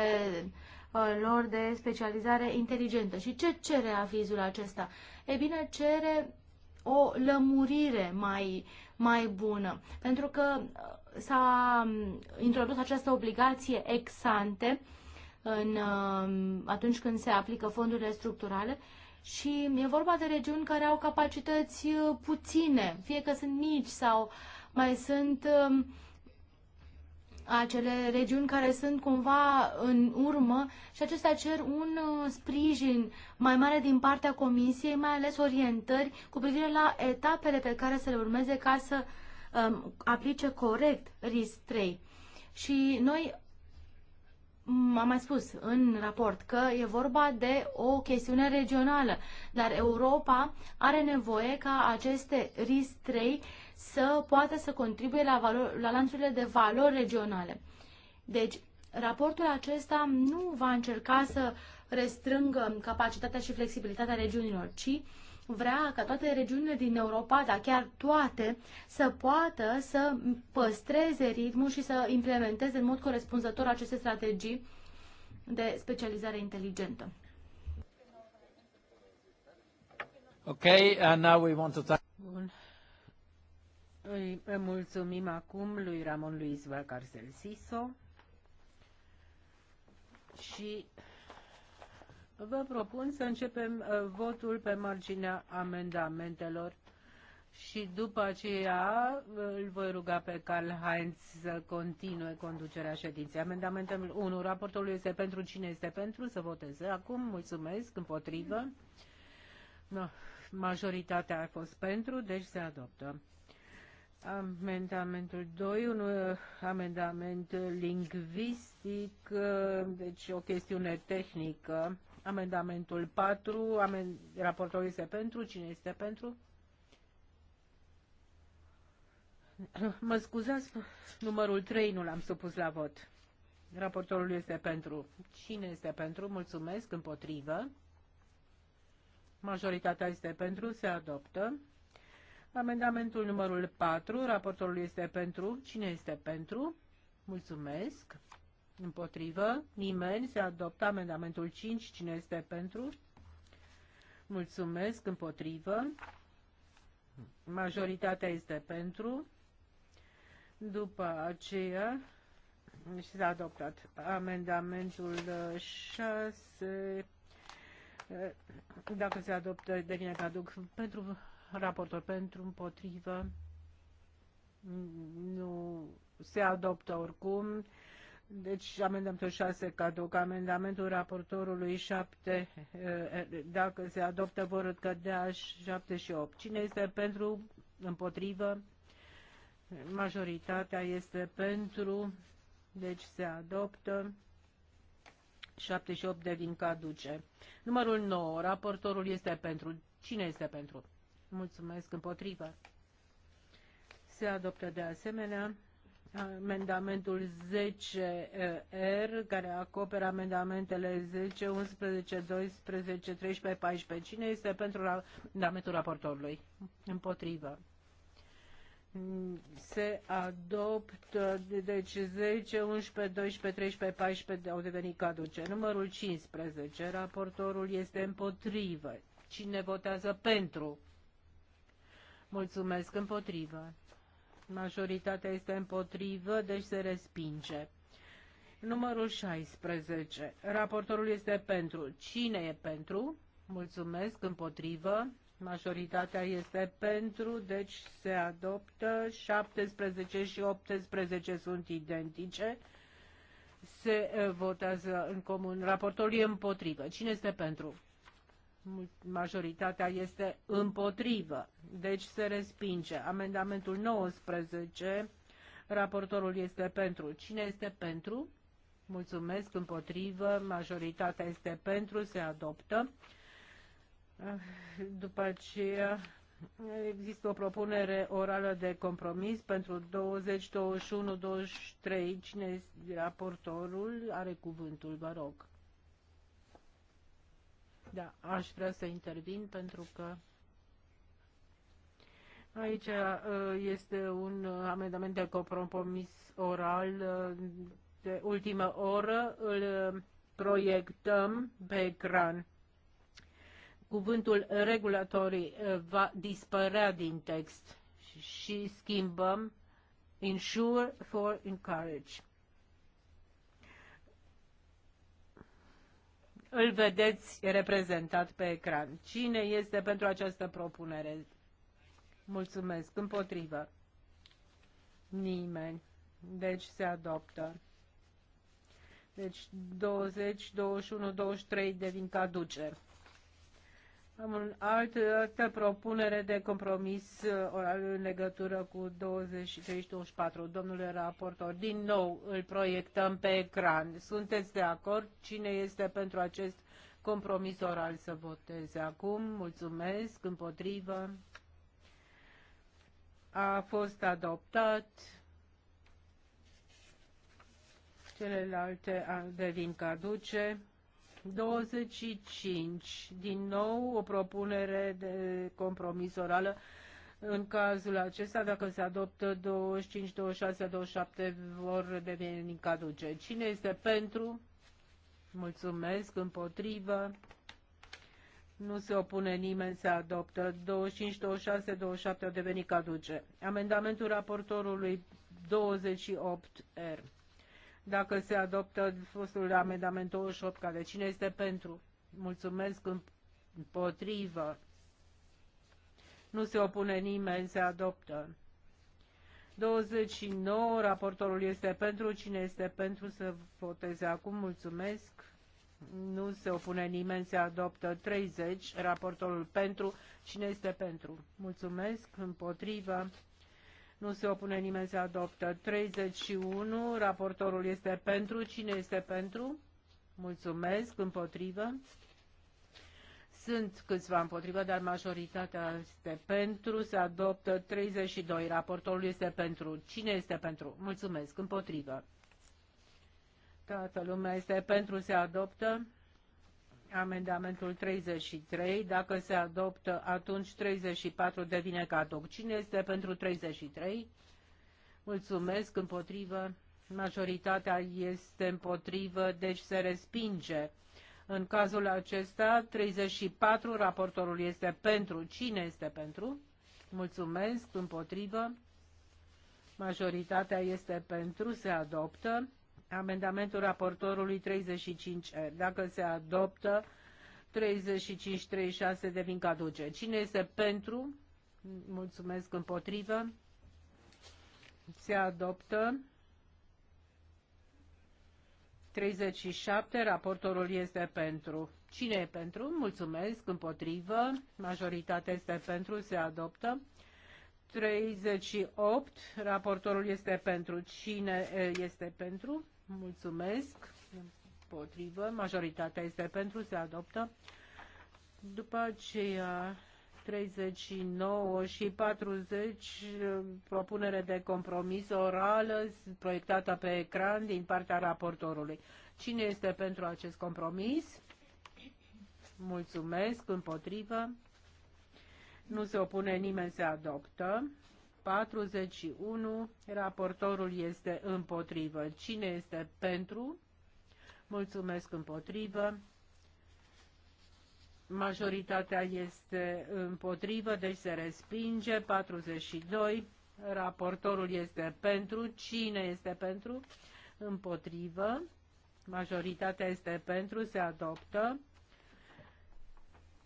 uh, lor de specializare inteligentă. Și ce cere avizul acesta? E bine, cere o lămurire mai, mai bună. Pentru că uh, s-a um, introdus această obligație ex ante în, um, atunci când se aplică fondurile structurale și e vorba de regiuni care au capacități uh, puține, fie că sunt mici sau mai sunt um, acele regiuni care sunt cumva în urmă și acestea cer un uh, sprijin mai mare din partea Comisiei, mai ales orientări cu privire la etapele pe care să le urmeze ca să um, aplice corect RIS 3. Și noi am mai spus în raport că e vorba de o chestiune regională, dar Europa are nevoie ca aceste RIS 3 să poată să contribuie la, valor, la lanțurile de valori regionale. Deci, raportul acesta nu va încerca să restrângă capacitatea și flexibilitatea regiunilor, ci vrea ca toate regiunile din Europa, dar chiar toate, să poată să păstreze ritmul și să implementeze în mod corespunzător aceste strategii de specializare inteligentă. Okay, and now we want to talk... Bun. Îi mulțumim acum lui Ramon Luis Valcarcel Siso și vă propun să începem uh, votul pe marginea amendamentelor și după aceea uh, îl voi ruga pe Karl Heinz să continue conducerea ședinței. Amendamentul 1. Raportul este pentru cine este pentru să voteze. Acum mulțumesc împotrivă. No, majoritatea a fost pentru, deci se adoptă. Amendamentul 2, un uh, amendament lingvistic, uh, deci o chestiune tehnică. Amendamentul 4, amend raportorul este pentru, cine este pentru? Mă scuzați, numărul 3 nu l-am supus la vot. Raportorul este pentru. Cine este pentru? Mulțumesc, împotrivă. Majoritatea este pentru, se adoptă. Amendamentul numărul 4, raportorul este pentru. Cine este pentru? Mulțumesc. Împotrivă. Nimeni. Se adoptă amendamentul 5. Cine este pentru? Mulțumesc. Împotrivă. Majoritatea este pentru. După aceea și s-a adoptat amendamentul 6. Dacă se adoptă, devine caduc pentru raportor pentru împotrivă nu se adoptă oricum. Deci amendamentul 6 caduc, amendamentul raportorului 7, eh, dacă se adoptă vor cădea 7 și 8. Cine este pentru, împotrivă? Majoritatea este pentru, deci se adoptă. 78 devin caduce. Numărul 9, raportorul este pentru. Cine este pentru? Mulțumesc împotrivă. Se adoptă de asemenea amendamentul 10R, care acoperă amendamentele 10, 11, 12, 13, 14. Cine este pentru amendamentul raportorului? Împotrivă. Se adoptă, deci 10, 11, 12, 13, 14 au devenit caduce. Numărul 15, raportorul este împotrivă. Cine votează pentru? Mulțumesc împotrivă. Majoritatea este împotrivă, deci se respinge. Numărul 16. Raportorul este pentru. Cine e pentru? Mulțumesc împotrivă. Majoritatea este pentru, deci se adoptă. 17 și 18 sunt identice. Se uh, votează în comun. Raportorul e împotrivă. Cine este pentru? majoritatea este împotrivă. Deci se respinge. Amendamentul 19, raportorul este pentru. Cine este pentru? Mulțumesc, împotrivă, majoritatea este pentru, se adoptă. După aceea există o propunere orală de compromis pentru 20, 21, 23. Cine este raportorul? Are cuvântul, vă rog. Da, aș vrea să intervin pentru că aici uh, este un uh, amendament de compromis oral uh, de ultimă oră. Îl proiectăm pe ecran. Cuvântul regulatorii va dispărea din text și schimbăm ensure for encourage. îl vedeți reprezentat pe ecran. Cine este pentru această propunere? Mulțumesc. Împotrivă. Nimeni. Deci se adoptă. Deci 20, 21, 23 devin caduce. Am un alt, altă propunere de compromis uh, oral în legătură cu 23-24. Domnule raportor, din nou îl proiectăm pe ecran. Sunteți de acord? Cine este pentru acest compromis oral să voteze acum? Mulțumesc. Împotrivă. A fost adoptat. Celelalte devin caduce. 25. Din nou, o propunere de compromis orală. În cazul acesta, dacă se adoptă 25, 26, 27, vor deveni caduce. Cine este pentru? Mulțumesc. Împotrivă? Nu se opune nimeni, se adoptă. 25, 26, 27 au devenit caduce. Amendamentul raportorului 28R dacă se adoptă fostul amendament 28, care cine este pentru? Mulțumesc împotrivă. Nu se opune nimeni, se adoptă. 29, raportorul este pentru, cine este pentru să voteze acum, mulțumesc. Nu se opune nimeni, se adoptă 30, raportorul pentru, cine este pentru, mulțumesc, împotrivă, nu se opune nimeni, se adoptă. 31, raportorul este pentru, cine este pentru? Mulțumesc, împotrivă. Sunt câțiva împotrivă, dar majoritatea este pentru, se adoptă 32, raportorul este pentru. Cine este pentru? Mulțumesc, împotrivă. Toată lumea este pentru, se adoptă. Amendamentul 33, dacă se adoptă, atunci 34 devine catoc. Cine este pentru 33? Mulțumesc, împotrivă. Majoritatea este împotrivă, deci se respinge. În cazul acesta, 34, raportorul este pentru. Cine este pentru? Mulțumesc, împotrivă. Majoritatea este pentru, se adoptă amendamentul raportorului 35R. Eh, dacă se adoptă, 35-36 devin caduce. Cine este pentru? Mulțumesc împotrivă. Se adoptă. 37. Raportorul este pentru. Cine e pentru? Mulțumesc. Împotrivă. Majoritatea este pentru. Se adoptă. 38. Raportorul este pentru. Cine eh, este pentru? Mulțumesc. Potrivă. Majoritatea este pentru. Se adoptă. După aceea 39 și 40 propunere de compromis orală proiectată pe ecran din partea raportorului. Cine este pentru acest compromis? Mulțumesc. Împotrivă. Nu se opune nimeni, se adoptă. 41. Raportorul este împotrivă. Cine este pentru? Mulțumesc împotrivă. Majoritatea este împotrivă, deci se respinge. 42. Raportorul este pentru. Cine este pentru? Împotrivă. Majoritatea este pentru, se adoptă.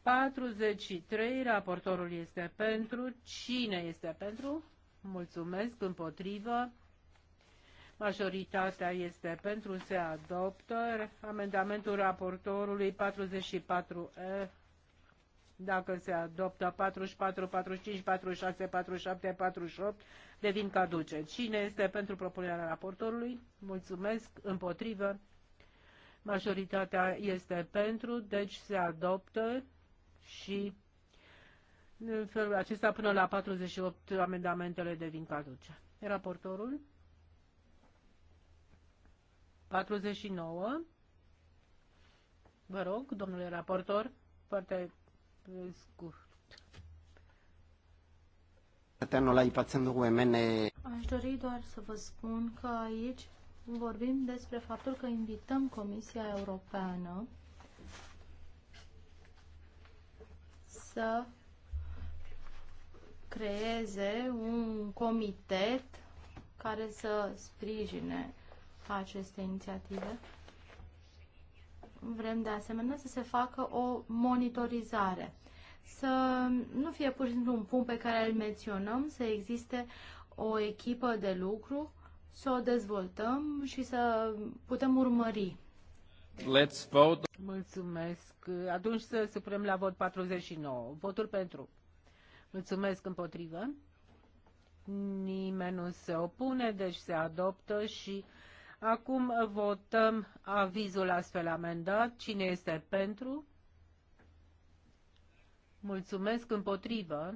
43, raportorul este pentru. Cine este pentru? Mulțumesc, împotrivă. Majoritatea este pentru, se adoptă. Amendamentul raportorului 44E. Dacă se adoptă 44, 45, 46, 47, 48, devin caduce. Cine este pentru propunerea raportorului? Mulțumesc, împotrivă. Majoritatea este pentru, deci se adoptă și în felul acesta până la 48 amendamentele devin caduce. Raportorul 49 Vă rog, domnule raportor, foarte uh, scurt. Aș dori doar să vă spun că aici vorbim despre faptul că invităm Comisia Europeană să creeze un comitet care să sprijine aceste inițiative. Vrem de asemenea să se facă o monitorizare, să nu fie pur și simplu un punct pe care îl menționăm, să existe o echipă de lucru, să o dezvoltăm și să putem urmări Let's vote. Mulțumesc. Atunci să suprem la vot 49. Votul pentru. Mulțumesc împotrivă. Nimeni nu se opune, deci se adoptă și acum votăm avizul astfel amendat. Cine este pentru? Mulțumesc împotrivă.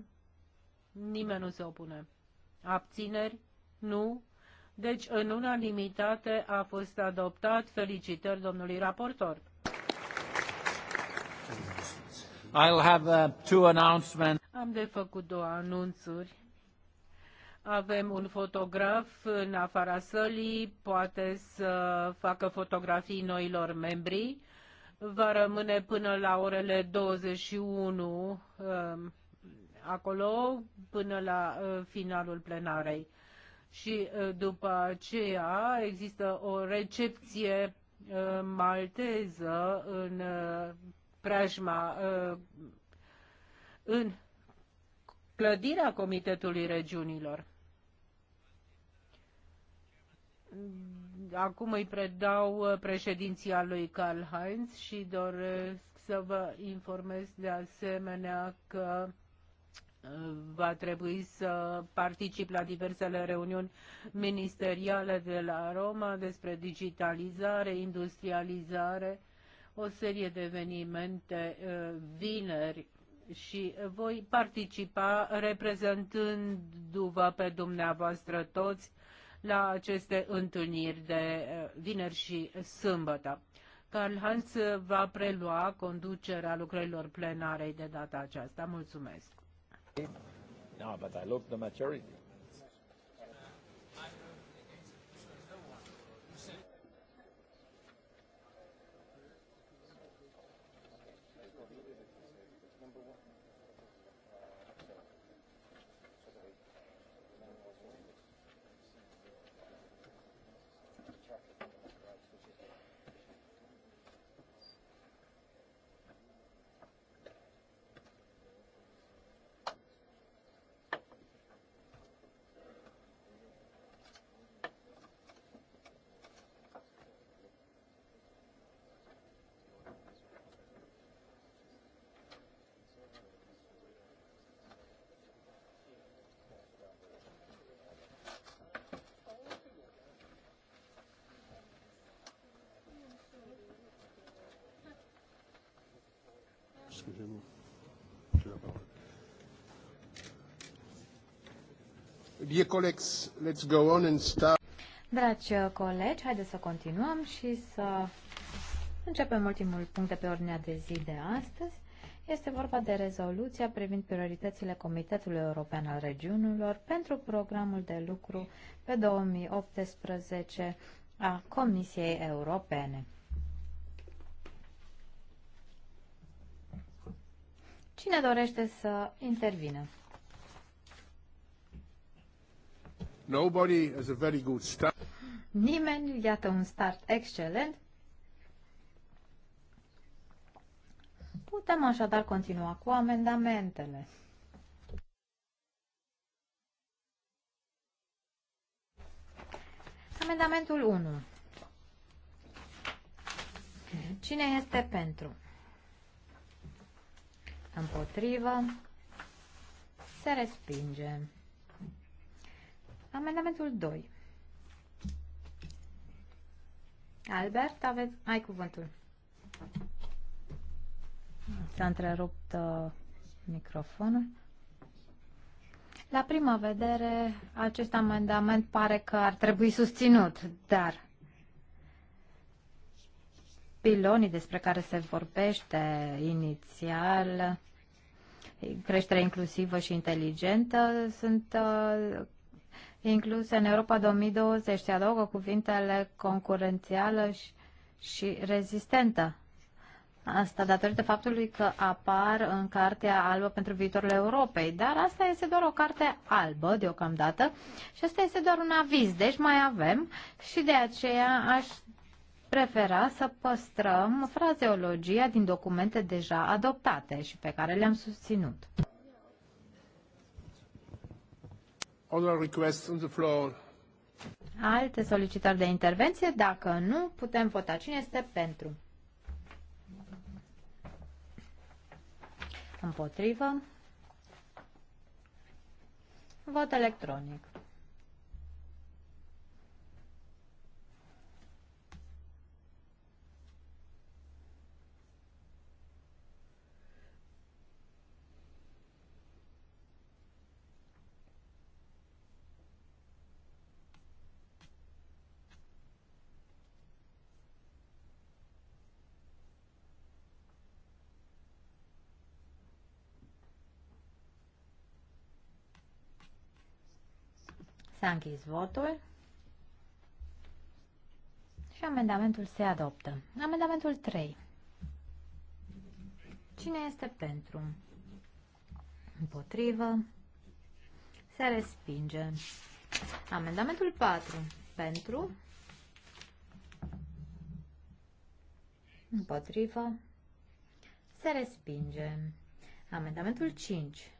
Nimeni nu se opune. Abțineri? Nu. Deci, în unanimitate a fost adoptat. Felicitări domnului raportor. I'll have, uh, two announcements. Am de făcut două anunțuri. Avem un fotograf în afara sălii, poate să facă fotografii noilor membri. Va rămâne până la orele 21 um, acolo, până la uh, finalul plenarei și uh, după aceea există o recepție uh, malteză în uh, preajma în clădirea Comitetului Regiunilor. Acum îi predau președinția lui Karl Heinz și doresc să vă informez de asemenea că va trebui să particip la diversele reuniuni ministeriale de la Roma despre digitalizare, industrializare, o serie de evenimente uh, vineri și voi participa reprezentându-vă pe dumneavoastră toți la aceste întâlniri de uh, vineri și sâmbătă. Carl Hans va prelua conducerea lucrărilor plenarei de data aceasta. Mulțumesc! No, but I look the maturity. excusez-moi. Dear colleagues, let's go on and start. Dragi uh, colegi, haideți să continuăm și să începem ultimul punct de pe ordinea de zi de astăzi. Este vorba de rezoluția privind prioritățile Comitetului European al Regiunilor pentru programul de lucru pe 2018 a Comisiei Europene. Cine dorește să intervină? Nobody has a very good start. Nimeni, iată un start excelent. Putem așadar continua cu amendamentele. Amendamentul 1. Cine este pentru? împotrivă, se respinge. Amendamentul 2. Albert, aveți, ai cuvântul. S-a întrerupt uh, microfonul. La prima vedere, acest amendament pare că ar trebui susținut, dar pilonii despre care se vorbește inițial, creșterea inclusivă și inteligentă, sunt uh, incluse în Europa 2020 și adaugă cuvintele concurențială și, și rezistentă. Asta datorită faptului că apar în Cartea Albă pentru viitorul Europei, dar asta este doar o carte albă deocamdată și asta este doar un aviz, deci mai avem și de aceea aș prefera să păstrăm frazeologia din documente deja adoptate și pe care le-am susținut. Alte solicitări de intervenție? Dacă nu, putem vota. Cine este pentru? Împotrivă? Vot electronic. S-a închis votul. Și amendamentul se adoptă. Amendamentul 3. Cine este pentru? Împotrivă. Se respinge. Amendamentul 4. Pentru. Împotrivă. Se respinge. Amendamentul 5.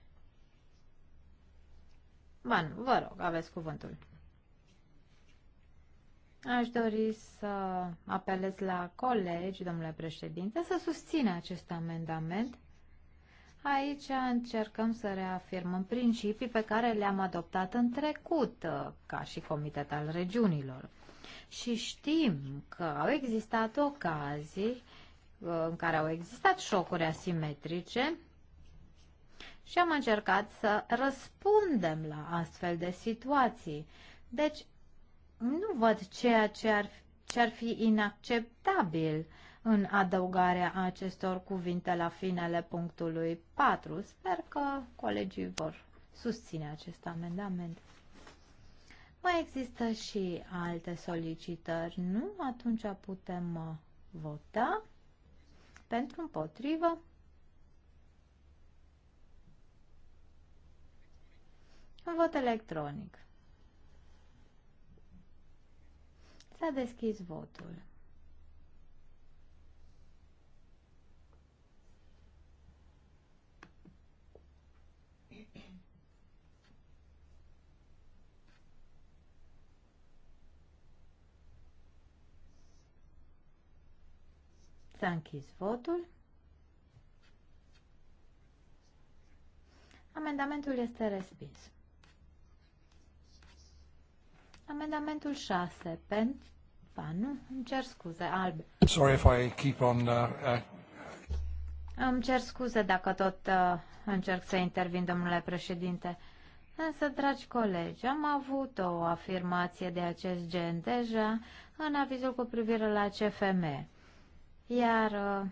Bun, vă rog, aveți cuvântul. Aș dori să apelez la colegi, domnule președinte, să susțină acest amendament. Aici încercăm să reafirmăm principii pe care le-am adoptat în trecut uh, ca și Comitet al Regiunilor. Și știm că au existat ocazii uh, în care au existat șocuri asimetrice și am încercat să răspundem la astfel de situații. Deci, nu văd ceea ce ar, ce ar fi inacceptabil în adăugarea acestor cuvinte la finele punctului 4. Sper că colegii vor susține acest amendament. Mai există și alte solicitări, nu? Atunci putem uh, vota pentru împotrivă. Un vot electronic. S-a deschis votul. S-a închis votul. Amendamentul este respins. Amendamentul 6 pentru... Ba, nu, îmi cer scuze, alb. Sorry if I keep on... Uh, uh... Îmi cer scuze dacă tot uh, încerc să intervin, domnule președinte. Însă, dragi colegi, am avut o afirmație de acest gen deja în avizul cu privire la CFM. Iar uh,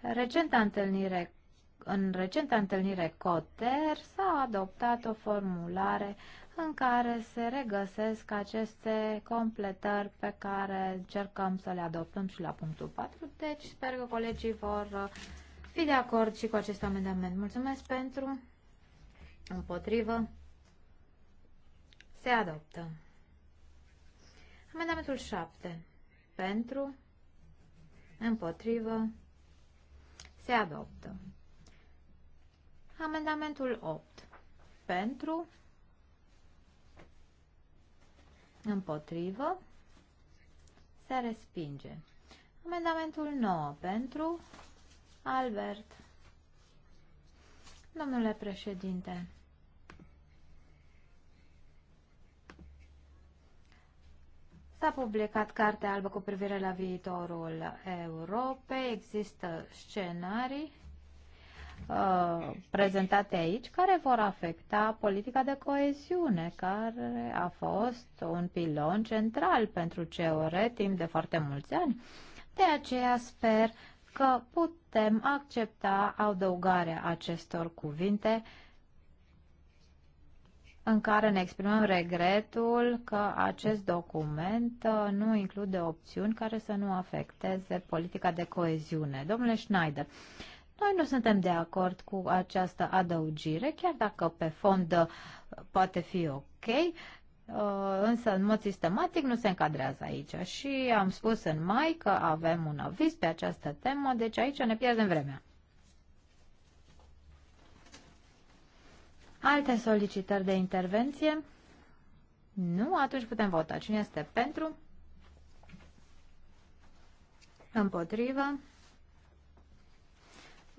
recenta întâlnire, în recenta întâlnire COTER s-a adoptat o formulare în care se regăsesc aceste completări pe care încercăm să le adoptăm și la punctul 4. Deci sper că colegii vor uh, fi de acord și cu acest amendament. Mulțumesc pentru, împotrivă, se adoptă. Amendamentul 7. Pentru, împotrivă, se adoptă. Amendamentul 8. Pentru, împotrivă, se respinge. Amendamentul 9 pentru Albert. Domnule președinte, S-a publicat Cartea Albă cu privire la viitorul Europei, există scenarii uh, prezentate aici, care vor afecta politica de coeziune, care a fost un pilon central pentru CEOR timp de foarte mulți ani. De aceea sper că putem accepta adăugarea acestor cuvinte în care ne exprimăm regretul că acest document uh, nu include opțiuni care să nu afecteze politica de coeziune. Domnule Schneider, noi nu suntem de acord cu această adăugire, chiar dacă pe fond uh, poate fi ok, uh, însă în mod sistematic nu se încadrează aici. Și am spus în mai că avem un aviz pe această temă, deci aici ne pierdem vremea. Alte solicitări de intervenție? Nu? Atunci putem vota. Cine este pentru? Împotrivă?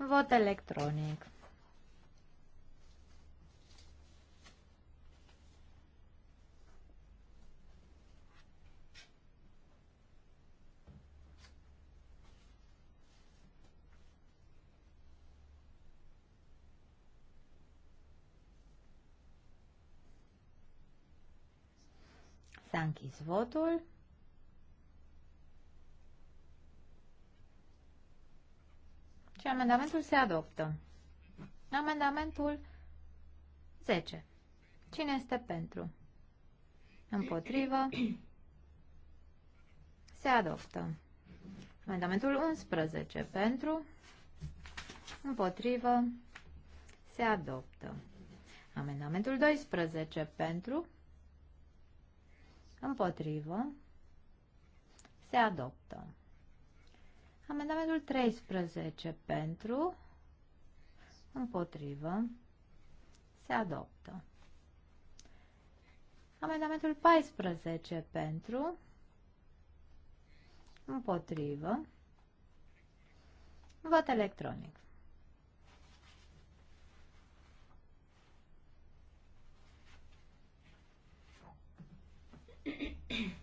Vot electronic. S-a închis votul. Și amendamentul se adoptă. Amendamentul 10. Cine este pentru? Împotrivă. Se adoptă. Amendamentul 11. Pentru. Împotrivă. Se adoptă. Amendamentul 12. Pentru. Împotrivă. Se adoptă. Amendamentul 13 pentru, împotrivă, se adoptă. Amendamentul 14 pentru, împotrivă, vot electronic. Thank you.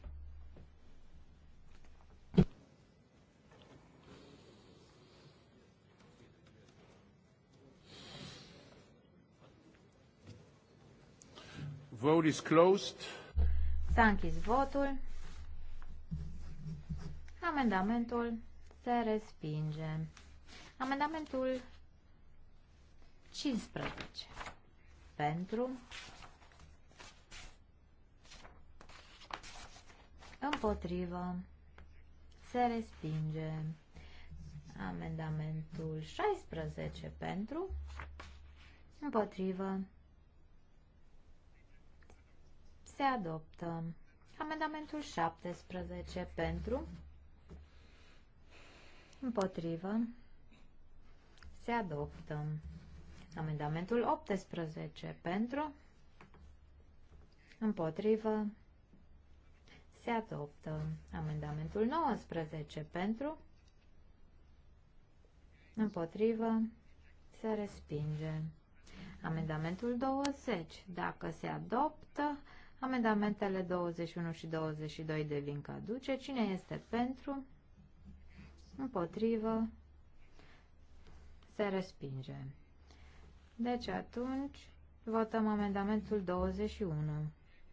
Vote is closed. S-a închis votul. Amendamentul se respinge. Amendamentul 15. Pentru. Împotrivă. Se respinge. Amendamentul 16 pentru. Împotrivă se adoptă. Amendamentul 17 pentru, împotrivă, se adoptă. Amendamentul 18 pentru, împotrivă, se adoptă. Amendamentul 19 pentru, împotrivă, se respinge. Amendamentul 20, dacă se adoptă, Amendamentele 21 și 22 devin caduce. Cine este pentru? Împotrivă? Se respinge. Deci atunci votăm amendamentul 21.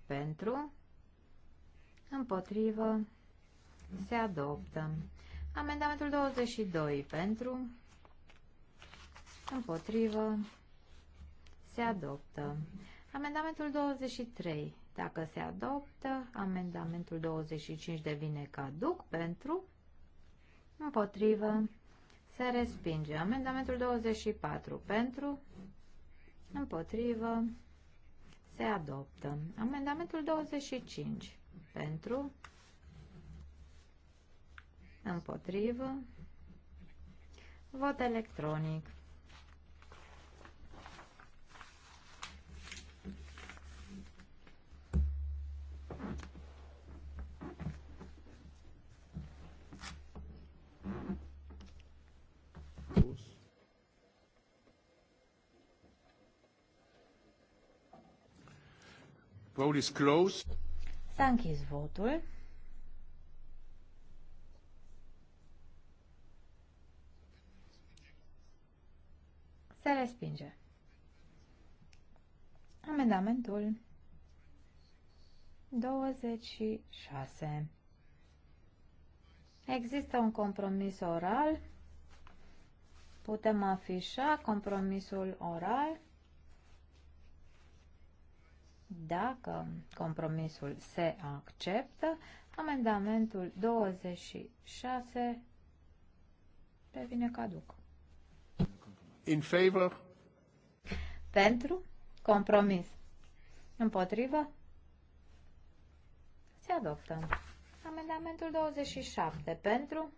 Pentru? Împotrivă? Se adoptă. Amendamentul 22. Pentru? Împotrivă? Se adoptă. Amendamentul 23 dacă se adoptă, amendamentul 25 devine caduc pentru, împotrivă, se respinge. Amendamentul 24 pentru, împotrivă, se adoptă. Amendamentul 25 pentru, împotrivă, vot electronic. Vote is closed. S-a închis votul. Se respinge. Amendamentul 26. Există un compromis oral. Putem afișa compromisul oral. Dacă compromisul se acceptă, amendamentul 26 devine caduc. In favor? Pentru? Compromis. Împotrivă? Se adoptă. Amendamentul 27. Pentru?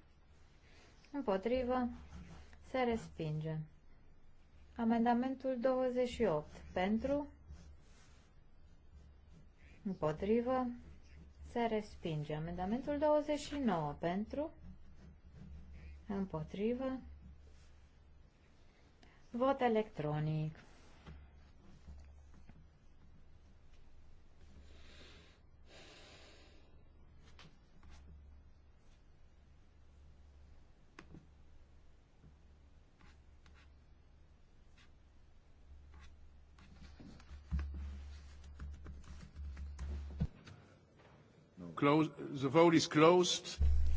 Împotrivă? Se respinge. Amendamentul 28. Pentru? Împotrivă. Se respinge. Amendamentul 29 pentru. Împotrivă. Vot electronic. Close, the vote is closed.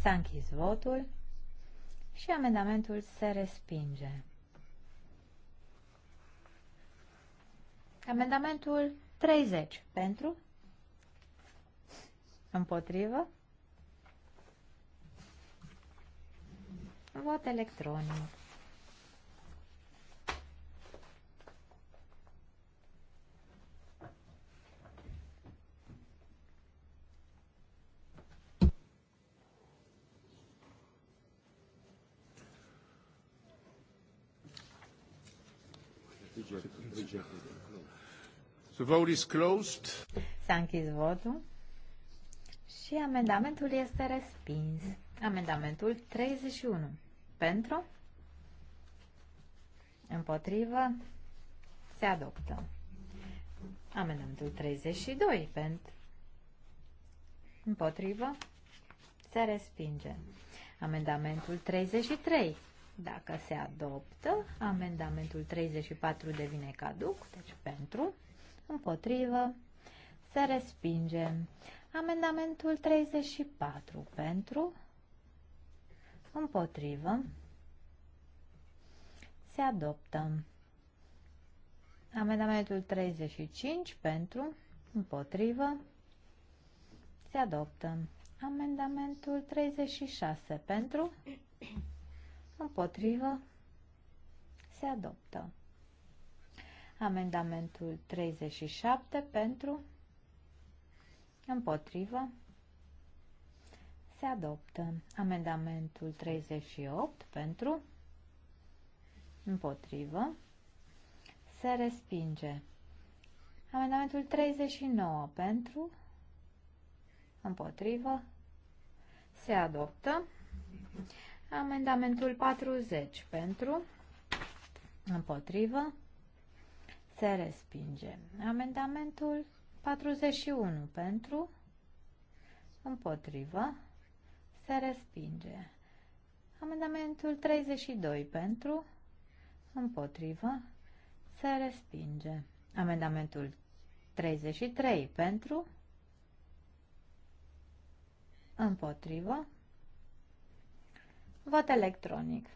S-a închis votul și amendamentul se respinge. Amendamentul 30 pentru, împotrivă, vot electronic. vote is closed. S-a închis votul și amendamentul este respins. Amendamentul 31. Pentru? Împotrivă? Se adoptă. Amendamentul 32. Pentru? Împotrivă? Se respinge. Amendamentul 33. Dacă se adoptă, amendamentul 34 devine caduc, deci pentru, împotrivă, se respinge. Amendamentul 34 pentru, împotrivă, se adoptă. Amendamentul 35 pentru, împotrivă, se adoptă. Amendamentul 36 pentru, împotrivă, se adoptă. Amendamentul 37 pentru, împotrivă, se adoptă. Amendamentul 38 pentru, împotrivă, se respinge. Amendamentul 39 pentru, împotrivă, se adoptă. Amendamentul 40 pentru, împotrivă, se respinge. Amendamentul 41 pentru, împotrivă, se respinge. Amendamentul 32 pentru, împotrivă, se respinge. Amendamentul 33 pentru, împotrivă, vot electronic.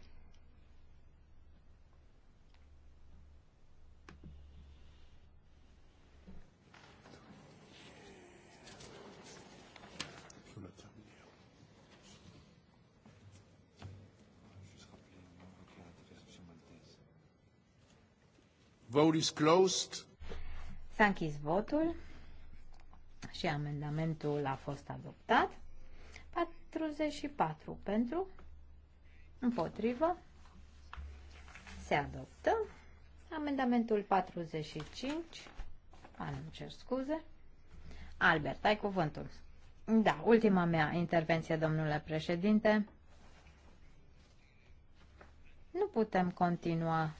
Vote is closed. S-a închis votul și amendamentul a fost adoptat. 44 pentru, împotrivă, se adoptă. Amendamentul 45, Am cer scuze. Albert, ai cuvântul. Da, ultima mea intervenție, domnule președinte. Nu putem continua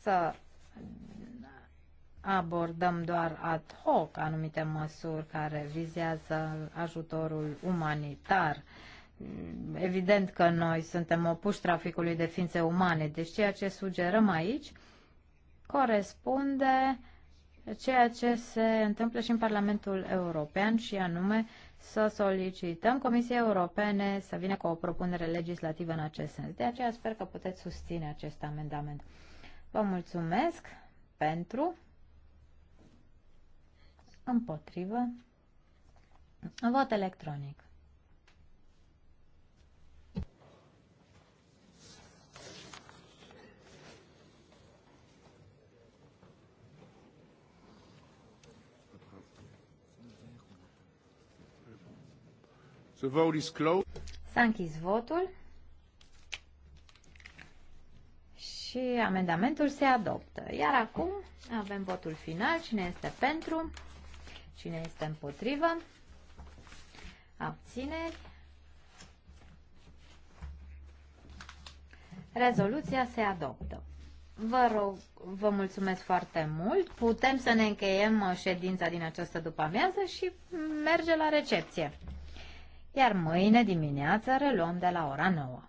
să abordăm doar ad hoc anumite măsuri care vizează ajutorul umanitar. Evident că noi suntem opuși traficului de ființe umane, deci ceea ce sugerăm aici corespunde ceea ce se întâmplă și în Parlamentul European și anume să solicităm Comisiei Europene să vină cu o propunere legislativă în acest sens. De aceea sper că puteți susține acest amendament. Vă mulțumesc pentru Împotrivă. Vot electronic. The vote is closed. S-a închis votul și amendamentul se adoptă. Iar acum avem votul final. Cine este pentru? Cine este împotrivă? Abțineri. Rezoluția se adoptă. Vă rog, vă mulțumesc foarte mult. Putem să ne încheiem ședința din această după-amiază și merge la recepție. Iar mâine dimineață reluăm de la ora 9.